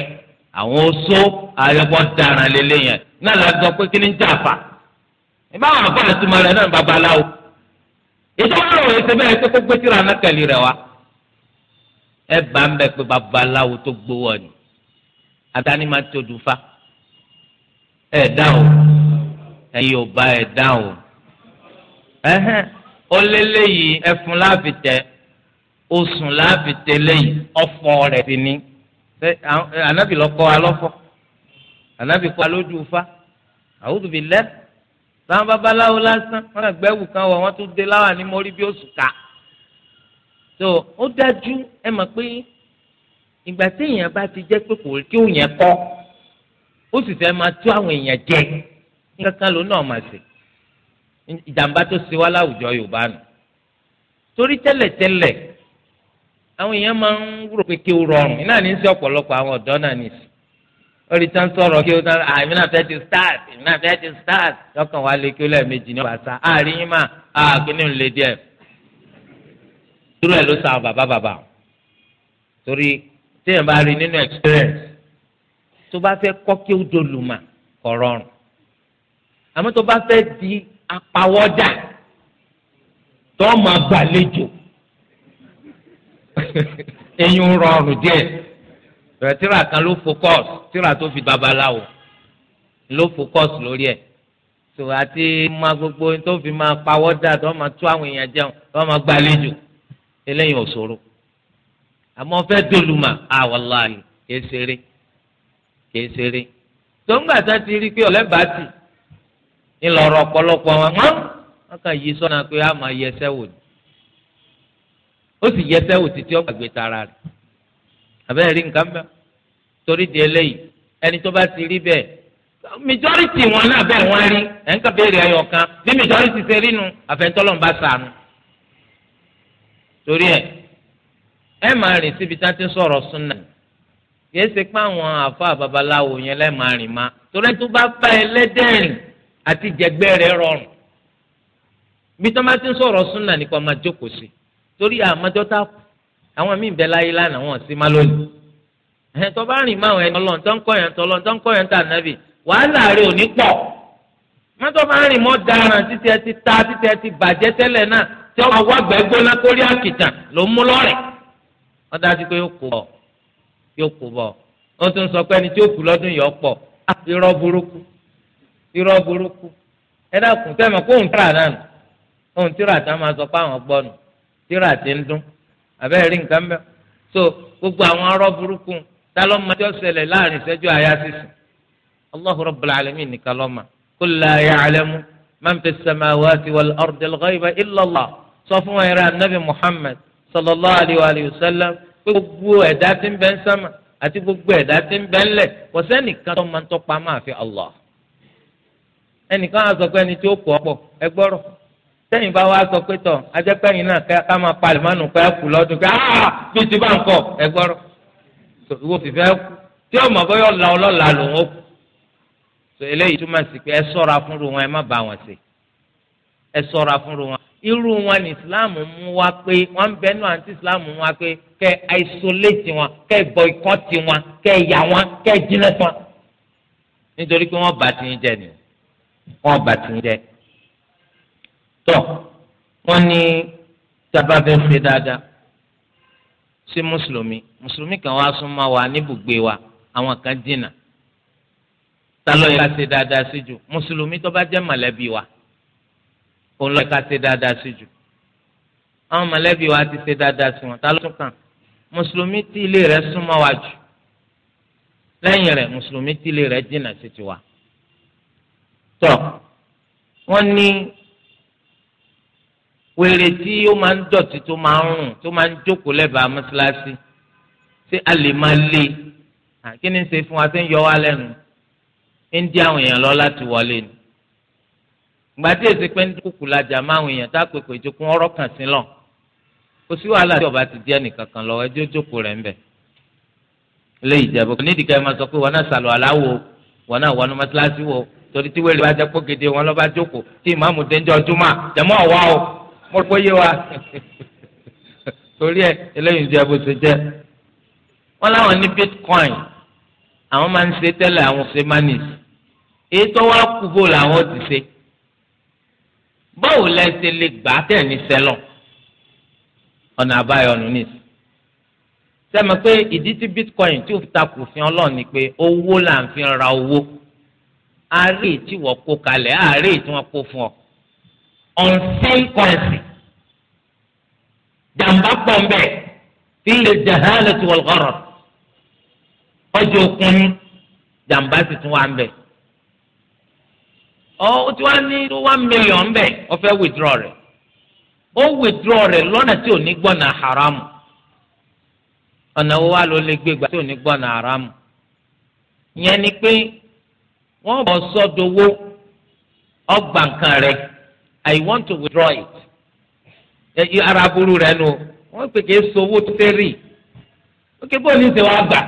àwọn oṣó àyẹ̀wò daran lélẹ̀ yẹn náà la sọ pé kí ni ń jà fà ìbáwọn àbá àtúmọ̀ rẹ̀ náà babaláwo ètò wọn rò ètò bẹ́ẹ̀ pé kó gbé tíra anákẹ́lì rẹ̀ wá ẹ bá ń bẹ pé babaláwo tó gbowó ni àtàní máa tó dùn fa ẹ dáhùn ẹ̀yin ò bá ẹ dáhùn ẹhẹn ó lé léyìí ẹfun láàfin tẹ oṣù láàfin tẹ léyìí ọ̀fọ̀ rẹ̀ sì ni anabi lọ kọ́ alọ́fọ̀ anabi kọ́ alójú fa àwùjọ bíi lẹ sáwọn babaláwo lásán wọn àgbẹwò kan wọ wọn tún dé láwà ní mórí bí oṣù ká so ó dájú ẹ mọ̀ pé ìgbà téèyàn bá ti jẹ́ pé kò kí òun yẹn kọ́ ó sì fẹ́ máa tú àwọn èèyàn jẹ kankan ló náà máa ṣe ìjàmbá tó ṣe wá láwùjọ yorùbá nù torí tẹ́lẹ̀tẹ́lẹ̀ àwọn èèyàn máa ń rò pé kí o rọrùn iná ní sí ọ̀pọ̀lọpọ̀ àwọn ọ̀dọ́ náà nìyí orí tán sọ̀rọ̀ kí o tán àmì ah, náà fẹ́ ti start àmì náà fẹ́ ti start lọ́kàn wá lé kí o lẹ́ẹ̀mejì ní ọ̀bàṣá àárín ah, yín mà àgbẹ̀ni ò lè díẹ̀ dúró ẹ̀ ló sa bàbá bàbá torí téèyàn bá rí nínú experience tó bá fẹ́ kọ́ kí ó dolùmà kò rọrùn àmọ́ tó bá fẹ́ di apawọ́dà tó máa gbàlejò eyín rọrùn díẹ̀ bẹ̀rẹ̀ tíra kan ló fokọ́s tíra tó fi babaláwo ló fokọ́s lórí ẹ̀ tó àti máa gbogbo tó fi máa pawọ́dà tó máa tú àwọn èèyàn jẹun tó máa gbàlejò eléyìí ò ṣòro àmọ́ fẹ́ dolùmà àwọ̀láyé ah, kìí ṣeré. kìí ṣeré tóńgbà tá ti rí pé ọlẹ́bàá tì ńlọrọ ọ̀pọ̀lọpọ̀ wọn wọn kàn yí sọ́nà pé a máa yẹ ẹsẹ̀ wò ni ó sì yẹ ẹsẹ̀ wò títí tara rẹ̀ rí nǹkan bẹ́ẹ̀ torí di eléyìí ẹni tó bá ti rí bẹ́ẹ̀ majority wọn náà bẹ́ẹ̀ wọ́n rí ẹ̀ ń kà béèrè ẹyọ kan bí majority ṣe rí nu àfẹ́ntọ́lọ́n bá sànù torí ẹ ẹ máa rìn kìí ṣe pé àwọn àfa babaláwo yẹn lẹ́ẹ̀ma rìn ma torí tó bá bá ẹlẹ́dẹ̀ rìn àti jẹgbẹ́ rẹ̀ rọrùn bí tó bá ti ń sọ̀rọ̀ súnà nìkan máa jókòó sí torí àmọ́jọ́ tá kù àwọn míì bẹ láyé lánàá wọn sí má lónìí ẹ̀ tọ́ bá rìn máwọn ẹni ọlọ́run tó ń kọ́ yẹn tó ọlọ́run tó ń kọ́ yẹn tà nábì wàhálà rẹ̀ ò ní pọ̀ mọ́tò bá rìn mọ́ daran títí ẹ ti ta títí ẹ ti bàjẹ́ tẹ́lẹ̀ náà tí ọ yóò kú bọ̀ wọ́n tún sọ pé ẹni tí ó kú lọ́dún yìí ọ̀pọ̀ irọ́ burúkú irọ́ burúkú ẹ dákun tẹ́mọ̀ kó òun tíra náà nù òun tíra tá a máa sọ pé àwọn gbọ́ nù tíra ti ń dún àbẹ́rẹ́ rí nǹkan mẹ́ so gbogbo àwọn arọ́ burúkú tá ló máa jọ ṣẹlẹ̀ láàrin ìṣẹ́jú àyà sísìn Allahu Rabbul Alamin nìkan ló máa qul la ya'lamu man fi samawati wal ardi al-ghayba illa Allah sọ fún wa yẹrẹ anabi Muhammad sallallahu alayhi wa pé gbogbo ẹ̀dá tí ń bẹ ń sámà àti gbogbo ẹ̀dá tí ń bẹ ń lẹ̀ kò sẹ́nìkan tó máa ń tọ́pa máa fi Allah ẹnìkan á sọ pé ẹni tí ó kọ́ ọ̀pọ̀ ẹ gbọ́rọ̀ sẹ́yìn bá wá sọ pé tọ̀ ajẹ́pẹ́yìn náà ká máa palẹ̀ máa nù pé ẹ kù lọ́dún pé áá bí ti bá ń kọ́ ẹ gbọ́rọ̀ ìwọ fìfẹ́ kù tí ọmọ bọ́yọ̀ la ọlọ́la lòun ó kù eléyìí túmọ̀ sí pé ẹ sọ́ra irú wọn ní islam mú wa pé wọn bẹ nù àti islam mú wa pé kẹ isolate wọn kẹ boycott wọn kẹ yà wọn kẹ jìnnà wọn. nítorí pé wọn bá ti ń jẹ ni wọn bá ti ń jẹ. tọ wọn ní tábà fẹ́ fẹ́ dáadáa sí mùsùlùmí mùsùlùmí kan wá súnmọ́ wa níbùgbé wa àwọn kan jìnnà. ta ló yẹ ká ṣe dáadáa sí jù mùsùlùmí tó bá jẹ́ mọ̀lẹ́bí wa òun lọ́ọ́ ká ṣe dáadáa sí jù àwọn mọ̀lẹ́bí wa ti ṣe dáadáa sí wọn ta ló tún kàn mùsùlùmí tí ilé rẹ̀ súnmọ́ wa jù lẹ́yìn rẹ̀ mùsùlùmí tí ilé rẹ̀ jìnnà sí tiwa. tọ́ wọ́n ní wèrè tí ó máa ń dọ̀tí tó máa ń rùn tó máa ń jókòó lẹ́bàá mọ́ṣáláṣí ṣé a lè máa lé kí ni ṣe fún wa ṣé ń yọ wá lẹ́nu ń dí àwọn èèyàn lọ láti wọlé ni gbàdé èsì pé ní kúkú lajà máwùn èèyàn tá a pè pé ìjókòó ọ̀rọ̀ kàn sí lọ kò sí wàhálà tí ọba ti di ẹnìkan kan lọ ẹjọ jókòó rẹ ń bẹ ilé ìjẹbù kò nídìí ká ẹ máa sọ pé wọn náà sàlọ aláwo wọn náà wọnú mọ́tíláṣí wo torí tí wẹ́rẹ́ bá jẹ́ kó gèdè wọn lọ́ba jókòó tí ìmáàmù dénjọ́ júmọ́ jẹ̀mọ́ ọ̀wá o mo rò yé wa torí ẹ eléyìí jẹ́ bó ti báwo lẹ ṣe lè gbà á tẹ̀ ní sẹ́lọ̀ ọ̀nà àbáyọ nù nìsí. sẹ́mi pé ìdí tí bitcoin tí ó fi takò fi ọlọ́ọ̀ ni pé owó là ń fi ra owó àárẹ̀ tí wọ́n kó kalẹ̀ àárẹ̀ tí wọ́n kó fún ọ unseen currency jàǹbá pọ̀ ń bẹ̀ fi lè jahalatu wal gharar ọjọ́ òkun jàǹbá sì tún wà ń ọ tí wàá ní tó one million bẹ́ẹ̀ ọ fẹ́ withdraw rẹ̀ ó withdraw rẹ̀ lọ́nà tí ò ní na haramu ọ̀nà wo wá ló lè gbégbá tí ò ní haramu yẹn ni pé wọ́n bọ̀ sọ́dọ̀wọ́ ọgbà nǹkan rẹ̀ I want to withdraw it ara burú rẹ nu wọ́n pè é sowó tẹ́rì ó ké bóyá ní ìṣèwà gbà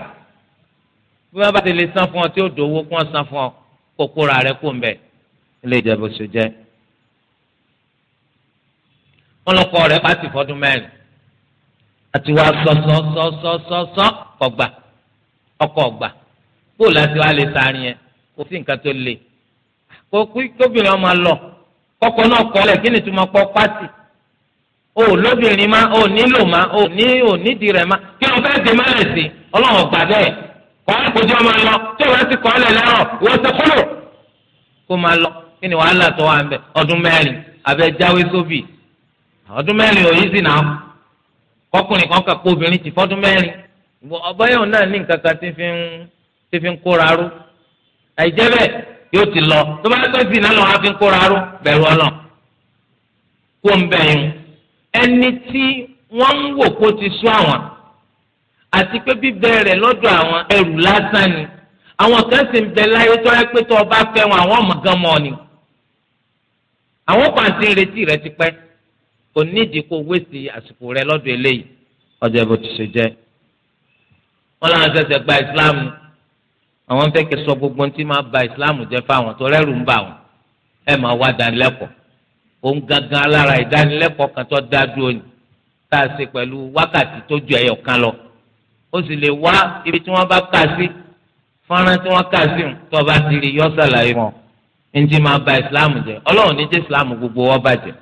bí wọ́n bá san fún ọ tí ó dòwó kí wọ́n san fún ọ kókóra rẹ̀ kó ń ilé ìjẹbù ṣe jẹ wọn lọkọ rẹ pàtì fọdún mẹ́rin àti wàá sọsọsọsọsọ kọgbà ọkọ ọgbà bóò láti wàá lè sáré yẹn kò sí nǹkan tó le kò kóbìnrin ọmọ lọ kọkọ náà kọlẹ kí ni tó máa kọ pàtì o lóbìnrin ma o nílò ma o ní o nídìí rẹ ma kí ló fẹ́ di mẹ́rin sí ọlọ́run ọgbà bẹ́ẹ̀ kọ́ ẹ́ kojú ọmọ lọ tí ìwé ti kọ́ ẹ lẹ́rọ̀ ìwé ti kúrò kó máa lọ. kí ni wàhálà tó wà ń bẹ ọdún mẹ́rin abẹ́ jáwé sóbì ọdún mẹ́rin ò yí sí náà kọkùnrin kan kàkó obìnrin ti fọdún náà ní nǹkan kan fi ń tí fi ń ti lọ tó bá tó sì náà lọ́wọ́ fi ń kóra ró bẹ̀rù kó ń ẹni tí wọ́n ń wò kó ti sún àwọn àti pé lọ́dọ̀ ọba fẹ́ wọn àwọn ni. àwọn pàǹtí retí rẹ ti pẹ́ kò nídìí kó wéṣì àsìkò rẹ lọ́dọ̀ eléyìí ọjọ́ ìbò ti ṣe jẹ́ wọn làwọn ṣẹ̀ṣẹ̀ gba ìsìláàmù àwọn ń fẹ́ kí sọ gbogbo ohun tí máa ba ìsìláàmù jẹ́ fáwọn tó rẹ́rù ń bà wọ́n ẹ máa wá dánilẹ́kọ̀ọ́ òun gangan alára ìdánilẹ́kọ̀ọ́ kan tó dá dúró ni tá a ṣe pẹ̀lú wákàtí tó ju ẹyọ kan lọ ó sì lè wá ibi tí wọ́n bá kà sí fọ́nrán tí wọ́n kà sí tó bá ti rí yọ́ sàlàyé wọn ntí máa ba islam jẹ́ Ọlọ́run ní jẹ́ islam gbogbo wọn bàjẹ́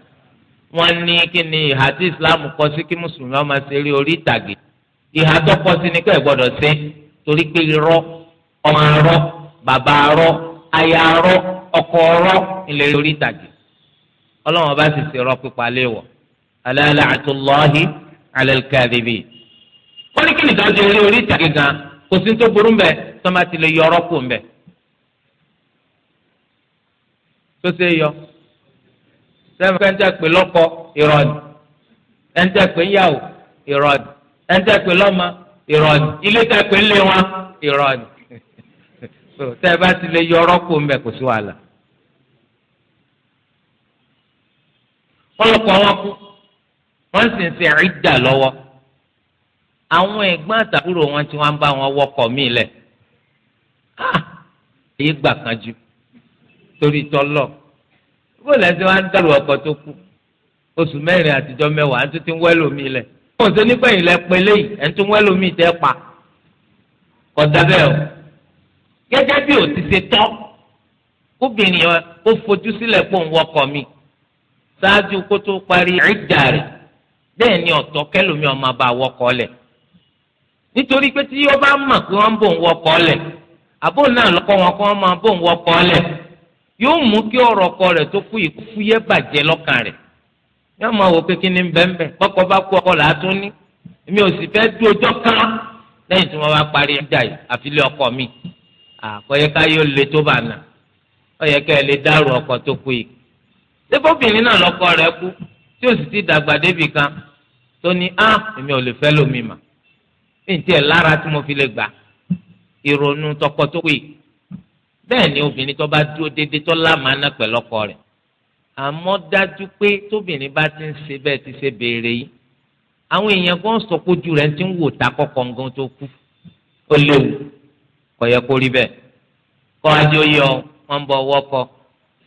wọ́n ní kí ni ìhà tí islam kọ sí kí mùsùlùmí ọmọ ṣe rí orí ìtàgé ìhà tó kọ sí ni kò ẹ gbọ́dọ̀ ṣe torí pé irọ́ ọmọ arọ́ bàbá arọ́ aya arọ́ ọkọ arọ́ ilẹ̀ orí ìtàgé Ọlọ́run ọba sì ṣe irọ́ pípa léèwọ̀ ala la'atullahi ala al-kadhibin wọ́n ní kí ni ìdájọ́ orí ìtàgé gan kò sí ní tó burú mbẹ tó lè yọ ọ̀rọ̀ kù mbẹ. tó ṣe yọ sẹ́mi kẹ́ ń tẹ́ pé lọ́kọ ìrọ̀lì ẹ̀ ń tẹ́ pé yàwó ìrọ̀lì ẹ̀ ń tẹ́ pé lọ́mọ ìrọ̀lì ilé tẹ́ pé wọn ìrọ̀lì tẹ́ bá ti lè yọ ọ̀rọ̀ kó kò sí wàhálà. ọlọ́pàá wọn kú wọ́n sì ń sin ìdà lọ́wọ́ àwọn ẹ̀gbọ́n àtàkùrọ̀ wọn tí wọ́n bá wọn wọkọ̀ mí lẹ̀ ah! torí tọ́lọ̀ bó lẹ́sẹ̀ wá ń dàrú ọkọ̀ tó kù oṣù mẹ́rin àtijọ́ mẹ́wàá ẹ̀ tó ti ń wẹ́ lómi lẹ̀ wọ́n ṣe nígbà yìí lẹ pé léyìí tó ń wẹ́ lómi tẹ́ pa kọ́dà bẹ́ẹ̀ o gẹ́gẹ́ bí o ti ṣe tọ́ obìnrin yẹn ó fojú sílẹ̀ pé òun wọkọ̀ mi ṣáájú kó tó parí ìdá rẹ̀ bẹ́ẹ̀ ni ọ̀tọ̀ kẹlòmí ọmọ bá wọkọ̀ lẹ̀ nítorí pé tí yóò bá mọ̀ pé wọ́n bò ń wọkọ̀ lẹ̀ àbò náà lọ́kọ́ wọn kó wọ́n máa bò ń wọkọ̀ lẹ̀ yóò mú kí ọrọ ọkọ rẹ̀ tó kú ìkúfú yẹ lọ́kàn rẹ̀ yóò máa wò pé ní ni kọ́kọ́ bá kú ọkọ là tún ní èmi ò sì fẹ́ dú ọjọ́ kan lẹ́yìn tí wọ́n bá parí ẹja yìí àfilẹ́ ọkọ mi àkọyẹ tó bá nà ọyẹ ká ẹ lè dárò ọkọ tó kú yìí náà rẹ kú tí ó ti dàgbà débì kan tó ní á èmi ò lè fẹ́ lómi mà ní ti ẹ̀ lára tí mo fi lè bẹ́ẹ̀ ni obìnrin tó bá dúró déédéé tó lámàánà pẹ̀lú ọkọ rẹ̀ àmọ́ dájú pé tóbìnrin bá ti ń ṣe bẹ́ẹ̀ ti ṣe béèrè yìí àwọn èèyàn kan sọ pé ojú rẹ̀ ti ń wò ta kọ́kọ́ nǹkan tó kú ó léwu kò yẹ kó rí bẹ́ẹ̀ kọ́ adé oyè ọ wọ́n bọ ọwọ́ kọ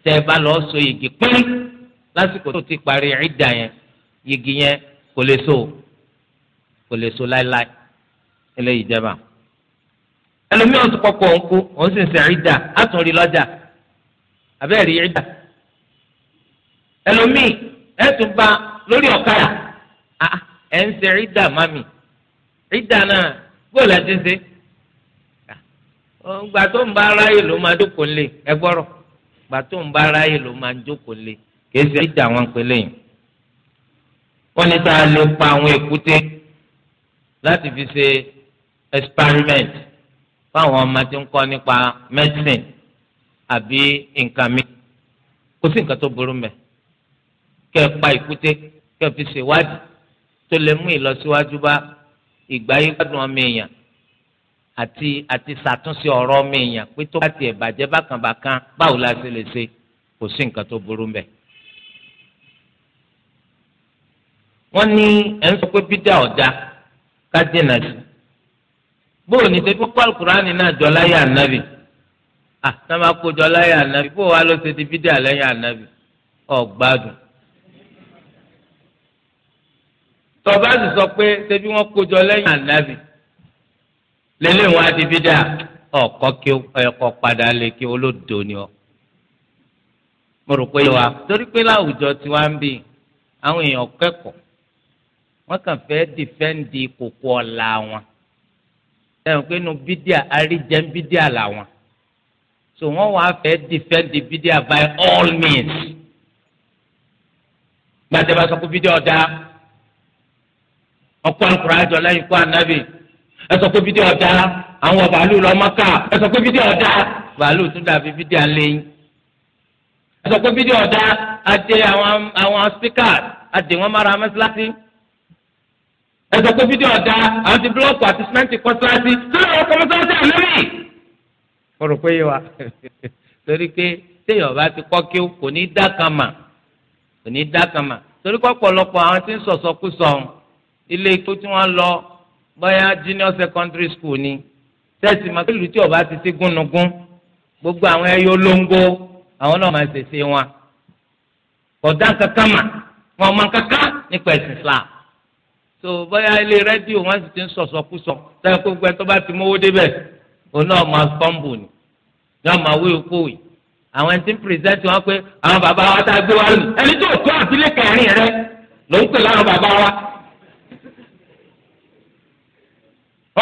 tẹ́ ẹ bá lọ so yìgì pín lásìkò tó ti parí ìdá yẹn yìgì yẹn kò lè so kò lè so láéláé eléyìí jẹba. ẹlòmíì ọ̀tún kọ̀kọ̀ ń òun sì ń sẹ̀ ìdá àtún rí lọ́jà lori rí ìdá ẹlòmíì ẹ̀tún ah, mami ìdá náà bóòlù ẹ̀ ti ṣe ah, gbà tó ń bá aráyè ló máa dókòó lé ẹ gbọ́rọ̀ gbà tó ń pa àwọn èkúté láti fi ṣe experiment. fáwọn ọmọ tí ń kọ́ nípa medicine àbí nǹkan mi kò sí nǹkan tó burú mẹ́ kẹ́ ẹ pa ìkúté kẹ́ ẹ fi ṣèwádìí tó lè mú ìlọsíwájú bá ìgbà yìí gbádùn ọmọ èèyàn àti àti ṣàtúnṣe ọ̀rọ̀ ọmọ èèyàn pé tó bá tiẹ̀ bàjẹ́ bákànbákan báwo la ṣe lè ṣe kò sí nǹkan tó burú mẹ́. wọ́n ní ẹ̀ ń sọ pé bídà ọ̀dà ká dènà sí i bóò ní ṣe pípọ́ alukurani náà jọ láyé ànábì à náà kó jọ láyé ànábì bóò wá ló ṣe ti fídíà lẹ́yìn ànàbì ọ̀gbádùn. tọ́ba sì sọ pé bí wọ́n kó jọ lẹ́yìn ti fídíà ọ̀kọ́ kí ọ. mo rò pé wa torí pé láwùjọ tí wàá ń bì àwọn èèyàn kẹ́kọ̀ọ́ wọ́n kàn ẹ̀hún pé nu bídíà àríjẹ́ bídíà làwọn so wọ́n wàá fẹ́ defend the bídíà by all means gbàtẹ́ bá sọ pé bídíà ọ̀dà ọkọ àkùrọ̀ àjọ lẹ́yìn kó ànábì ẹ sọ pé bídíà ọ̀dà àwọn bàálù lọ Mákà ẹ sọ pé bídíà ọ̀dà bàálù tún dàbí bídíà lẹ́yìn ẹ sọ pé bídíà ọ̀dà àti àwọn àwọn speakers àti wọn mára mẹ́sàlásì ẹsọ pé fídíò ọ̀dà àwọn ti búlọ́ọ̀kù àti sìmẹ́ǹtì kọ́sáàtì tí wọ́n kọ́ mọ́sáàtì àlẹ́rì. mo rò pé wa torí pé téèyàn bá ti kọ́ kí kò ní dá kan mà kò ní dá kan mà torí kọ́ pọ̀lọpọ̀ àwọn tí ń sọ̀sọ̀ kú sọ̀hún ilé ikú tí wọ́n lọ bóyá junior secondary school ni tẹ́sí ma pẹ̀lú tí ọba ti ti gúnnugún gbogbo àwọn ẹyọ lóńgó àwọn náà máa ṣèṣe wọn kọ̀dá kankan mà wọn ọmọ kankan nípa ẹ̀sìn Islam so bóyá ilé rẹ́díò wọ́n sì ti ń sọ̀sọ̀kúsọ sẹ́yìn kó gbẹ tó bá ti mówó débẹ̀ òun náà máa fọ́ǹbù ni yóò máa wí okòwì àwọn ẹni tí ń pírẹsẹ́ǹtì wọn pé àwọn bàbá wa tá a gbé wa lù ẹni tó tó àtìlẹ́ kẹrin rẹ ló ń pè láwọn bàbá wa.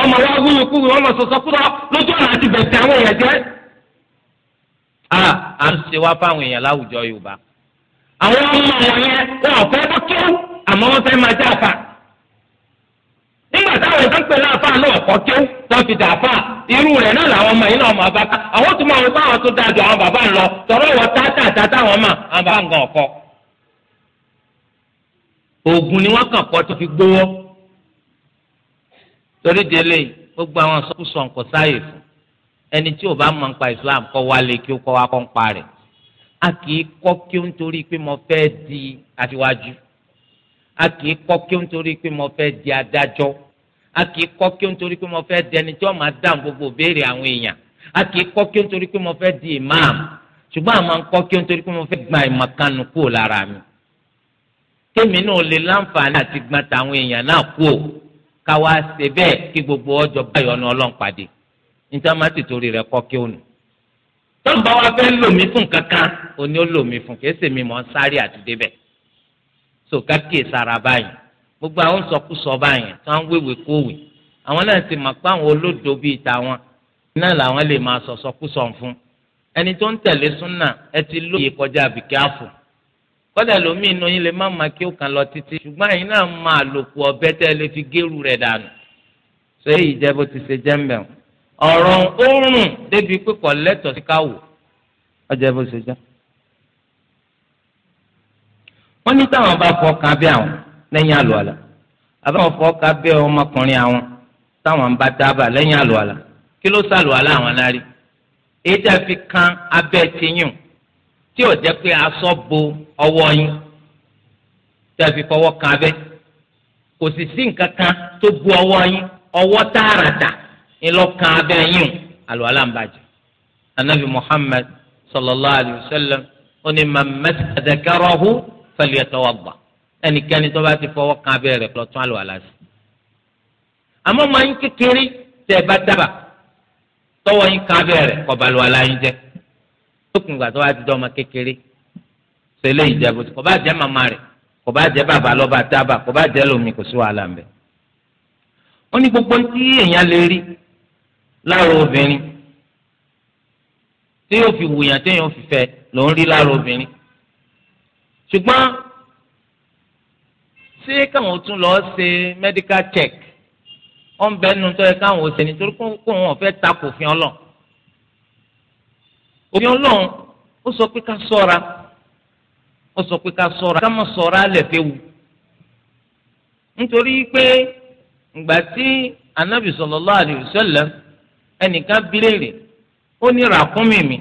ọmọ wa wí okòwì wọn lọ sọ̀sọ̀kúsọ lójú ọ̀nà àti bẹ̀tẹ̀ àwọn èèyàn jẹ́. a à ń ṣe wá fáwọn èèyàn láwùjọ Yorùbá àwọn ọmọ wọn yẹn wọn ò fẹ́ bọ́ kí táwọn nǹkan pè láàfà náà kọ́ kí wọ́n fi dàáfà irú rẹ̀ náà làwọn ọmọ yìí náà máa bá ká àwọn tó máa ń bá àwọn tó dáa ju àwọn bàbá ń lọ tọrọ wọ tátàtà táwọn mà àwọn bàbá nǹkan ọkọ. oògùn ni wọ́n kàn kọ́ tó fi gbówó torí délé gbogbo àwọn sọ́kùsọ̀ nǹkan sáyè fún ẹni tí ò bá mọ̀ nípa Islam kọ́ wálé kí ó kọ́ wá kọ́ ń pa rẹ̀ a kì í kọ́ kí ó ń torí pé mo fẹ́ di aṣíwájú a kì í kọ́ kí ó ń torí pé mo fẹ́ di adájọ́ a kì í kọ́ kí ó ń torí pé mo fẹ́ dẹni tí wọ́n máa dáhùn gbogbo béèrè àwọn èèyàn a kì í kọ́ kí ó ń torí pé mo fẹ́ di imam ṣùgbọ́n àmọ́ ń kọ́ kí ó ń torí pé mo fẹ́ gba ìmọ̀kanu kúrò lára mi kémi náà lè láǹfààní àti gbọ́n tàwọn èèyàn náà kúrò káwa ṣe bẹ́ẹ̀ kí gbogbo ọjọ́ báyọ̀ ní ọlọ́ǹpàdé níta má ti torí rẹ̀ kọ́ kí ó nù tọ́ǹbà wa fẹ́ lò mí fún kankan òní ó lò mí fún kì í so ká kíyèsára gbogbo àwọn sọkúsọ báyìí tí wọn wéwè kówè àwọn náà ti mọ̀ pé àwọn olódo bíi tàwọn náà làwọn lè máa sọ sọkúsọ fún ẹni tó ń tẹ̀lé súnà ẹ ti lóye kọjá àbíkẹ́ àfò kọ́dà lómi inú yín lè má máa kí ó kàn lọ títí ṣùgbọ́n ẹ̀yin náà máa lòkù ọ̀bẹ tẹ́ ẹ lè fi gẹ́rù rẹ̀ dànù ṣé ìjẹ́ bó ti ṣe jẹ́ ń bẹ̀ ọ̀rọ̀ òórùn débi pé kò lẹ́tọ̀ọ́ sí ká wò ọjọ́ bó ṣe jẹ́ wọ́n ní táwọn bá fọkàn bí àwọn lẹ́yìn àlùwàlà àbáwọn fọ́ọ̀ká bẹ́ ọmọkùnrin àwọn táwọn bá dábàá lẹ́yìn àlùwàlà kí ló sàlùwàlà àwọn lárí èyí tẹ́ fi kan abẹ́ tiyún tí ò jẹ́ pé aṣọ bo ọwọ́ yín tẹ́ fi fọwọ́ kan abẹ́ kò sì sí nǹkan kan tó bu ọwọ́ yín ọwọ́ tààràtà ńlọ́kan abẹ́ yín àlùwàlà ń bàjẹ́ anabi muhammad sallallahu alayhi wa sallam ó ní man massada dhakarahu falyatawadda ẹnikẹ́ni tó bá ti fọwọ́ kan abẹ́ rẹ̀ lọ́tún àlọ́ àlàsì. àmọ́ máa ń kékeré tẹ́ ẹ bá dábàá tọwọ́ yín kan abẹ́ rẹ̀ kọ́ balùwà láyín jẹ́ lókun ìgbà tó bá ti dán ọmọ kékeré ṣẹlẹ̀ ìjẹ́bù kò bá jẹ́ màmá rẹ̀ kò bá jẹ́ bàbá lọ́ba tábà kò bá jẹ́ lómi kò sí wàhálà ń ó ní gbogbo tí èèyàn lè rí lára obìnrin tí yóò fi wùyàn téèyàn fi fẹ́ lòún rí lára obìnrin ṣùgbọ́n ṣé káwọn tún lọ ṣe medical check ọ̀n bẹ́ẹ̀ nu tó yẹ káwọn ò ṣe nítorí kó wọn fẹ́ takò fi ọlọ́ òfin ọlọ́run ó sọ pé ká sọ́ra ó sọ pé ká sọ́ra ká má sọ́ra alẹ̀ fẹ́ wù nítorí pé ìgbà tí anabi sallallahu alaihi wasallam ẹnìkan bi ó ní ràkúnmí mi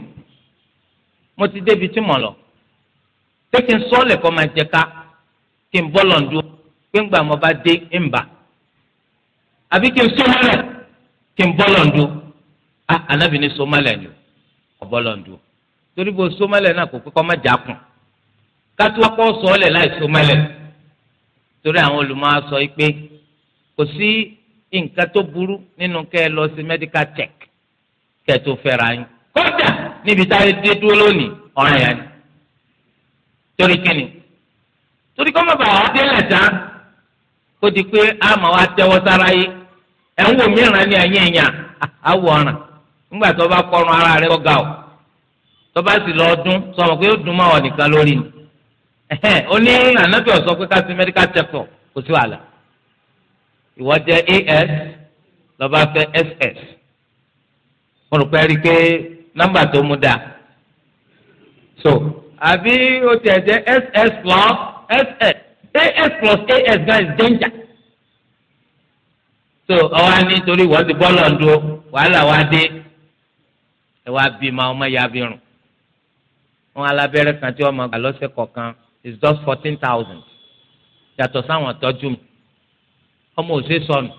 mo ti débi tí mo lọ pé kí n sọ́ọ̀lẹ̀ kọ́ máa jẹ ká kí n bọ́ lọ́ndún pé ńgbà mo bá dé ńbà àbí kí n sọmọlẹ kí n bọ́ lọ́ndu ah anábì ní sọmọlẹ ni ọ bọ́ lọ́ndu torí bó sọmọlẹ náà kò pé kọ́ má jà kùn kátó akọ́ sọ́ọ́lẹ̀ láì sọmọlẹ torí àwọn olùmọ̀ sọ pé kò sí nǹkan tó burú nínú kẹ́ ẹ lọ sí medical check kẹ́ ẹ tó fẹ́ra yín kódà níbi táyé dé dúró lónìí ọ̀ràn yẹn ni torí kíni torí kọ́ mọ̀ bàá délẹ̀ tán. ó di pé àmọ́ wa tẹ́wọ́ sára yìí ẹ̀ ń wò mìíràn ní ẹ̀yìn ẹ̀yàn àwọ̀ ọ̀ràn nígbà tó bá kọrun ara rẹ̀ kọ́ga o tó bá sì lọ dún sọmọ pé ó dùn mọ́ nìkan lórí ni ó ní ànábì ọ̀sọ́ pé ká sí medical check as plus as gan is danger. so ọwọ́ á ní torí wọ́n ti bọ́ lọ́ndún wàhálà wa dé ẹ wá bí ma ọmọ ya bí rùn wọn alábẹ́rẹ́ kan tí wọ́n máa gbà lọ́sẹ̀ kọ̀ọ̀kan is just fourteen thousand yàtọ̀ sáwọn tọ́jú mi ọmọ òṣè sọnù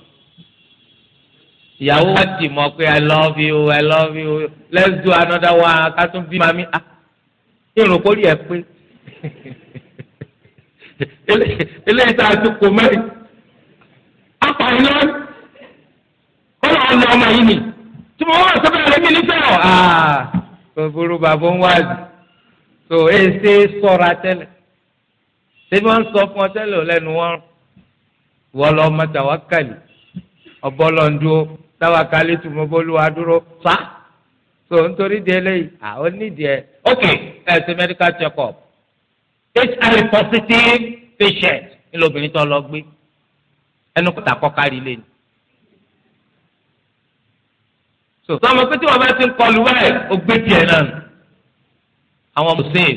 ìyàwó wa dì mọ́ pé i love you i love you let's do another one ká tún bí mami ah ìrùn kórìí ẹ pé. eléyìí tá a ti kò mẹ́rin apààyàn náà ó lọ́ọ́ lọ ọmọ yìí ni tí mo wá sọ́kà rẹ̀ mí nífẹ̀ẹ́ ọ̀ ah, aa búburú bàbá ń wáàzì tó e ṣe sọ̀ra tẹ́lẹ̀ ṣé wọ́n ń sọ fún ọ tẹ́lẹ̀ lẹ́nu wọn wọ́n lọ ọmọ tàwákàlì ọbọ̀lọ́ndúró tàwákàlì tó mo bólúwa dúró fa tó nítorí di eléyìí àwọn nídìí ẹ ok ẹ ṣe medical check up HIV positive patient ní lóbìnrin tó lọ gbé ẹnu kọta kọkárí lé ni. so sọmọ pé tí wọn bá ti ń kọlu wáyé ó gbé tiẹ̀ náà àwọn ọmọ save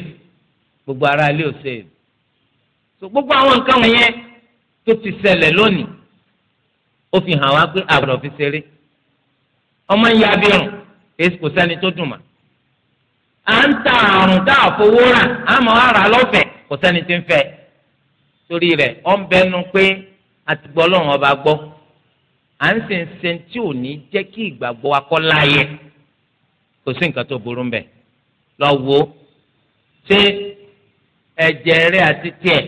gbogbo ara ilé ò save so gbogbo àwọn nǹkan wọ̀nyẹn tó ti ṣẹlẹ̀ lónìí ó fi hàn wá pé àbọ̀dọ̀ fi ṣeré ọmọ ń ya abirùn kò sẹ́ni tó dùn mà à ń ta àrùn tá a fowó rà á mọ̀ ara lọ́fẹ̀ẹ́ kò sẹ́ni tí ń fẹ́ torí rẹ̀ ọ́ ń bẹnu pé àti gbọ́ lọ́rùn ọba gbọ́ à ń sìn sìn tí ò ní jẹ́ kí ìgbàgbọ́ wa láàyè kò sí nǹkan tó burú mbẹ̀ lọ wo ṣé ẹ̀jẹ̀ rẹ̀ àti tiẹ̀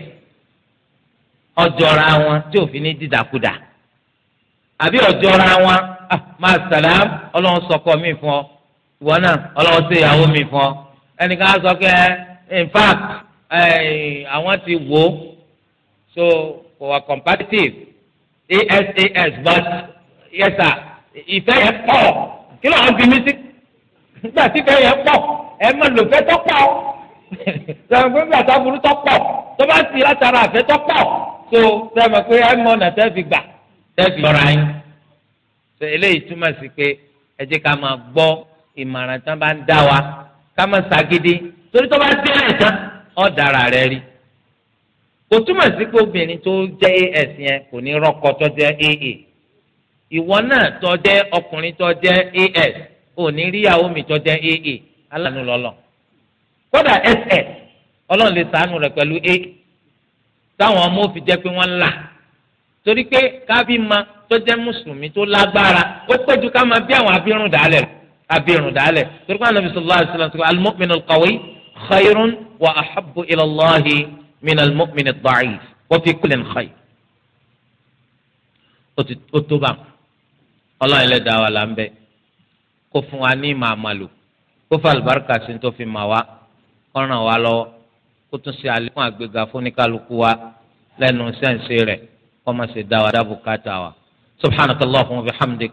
ọjọ́ra wọn tí òfin ní dídàkudà àbí ọjọ́ra wọn ah, máa sàlám ọlọ́run sọkọ mi fún ọ ìwọ náà ọlọ́wọ́ sí ìyàwó mi fún ọ ẹnìkan á sọ pé ẹ in fact eh, àwọn ti wò ó so kò wà competitive asas but yes sir ìfẹ́ yẹn pọ̀ kí ló ń fi mí sí nígbà tí ìfẹ́ yẹn pọ̀ ẹ mọ̀ lòfẹ́ tó pọ̀ sọ̀rọ̀ pé nígbà tá a burú tó pọ̀ tó bá ti látara àfẹ́ tó pọ̀ so sọ̀rọ̀ pé ẹ mọ̀ ọ̀nà tẹ́ fi gbà tẹ́ fi lọ́ra yín so eléyìí túmọ̀ sí pé ẹ jẹ́ ká máa gbọ́ ìmọ̀ràn tán bá ń dá wa ká má torí tó bá délẹ̀ tán ọ̀ dára rẹ̀ rí kò túmọ̀ obìnrin tó jẹ́ as yẹn kò ní rọ́kọ tó jẹ́ aa ìwọ náà tó jẹ́ ọkùnrin tó jẹ́ as ò ní ríyàwó mi tó jẹ́ aa aláàánú lọ́lọ́ kódà ss ọlọ́run lè rẹ̀ pẹ̀lú a táwọn ọmọ òfin jẹ́ pé wọ́n là torí pé kábí ma tó jẹ́ mùsùlùmí tó abirun dálẹ̀ torí pé anabi sallallahu alayhi wa sallam sọ al-mu'min al-qawi khayrun wa ahabbu ila Allahi min al-mu'min ad-da'if wa fi kullin khayr. ó tó bá ọlọ́run ẹlẹ́dàá wa là ń bẹ kó fún wa ní ìmọ̀ àmàlò kó fún àlùbáríkà sí tó fi mà wá kó ràn wá lọ́wọ́ kó tún ṣe àlékún àgbéga fún oníkálukú wa lẹ́nu sẹ́ǹsì rẹ̀ kó má ṣe dá wa dábùkátà wa subhanakallahumma wa bihamdik.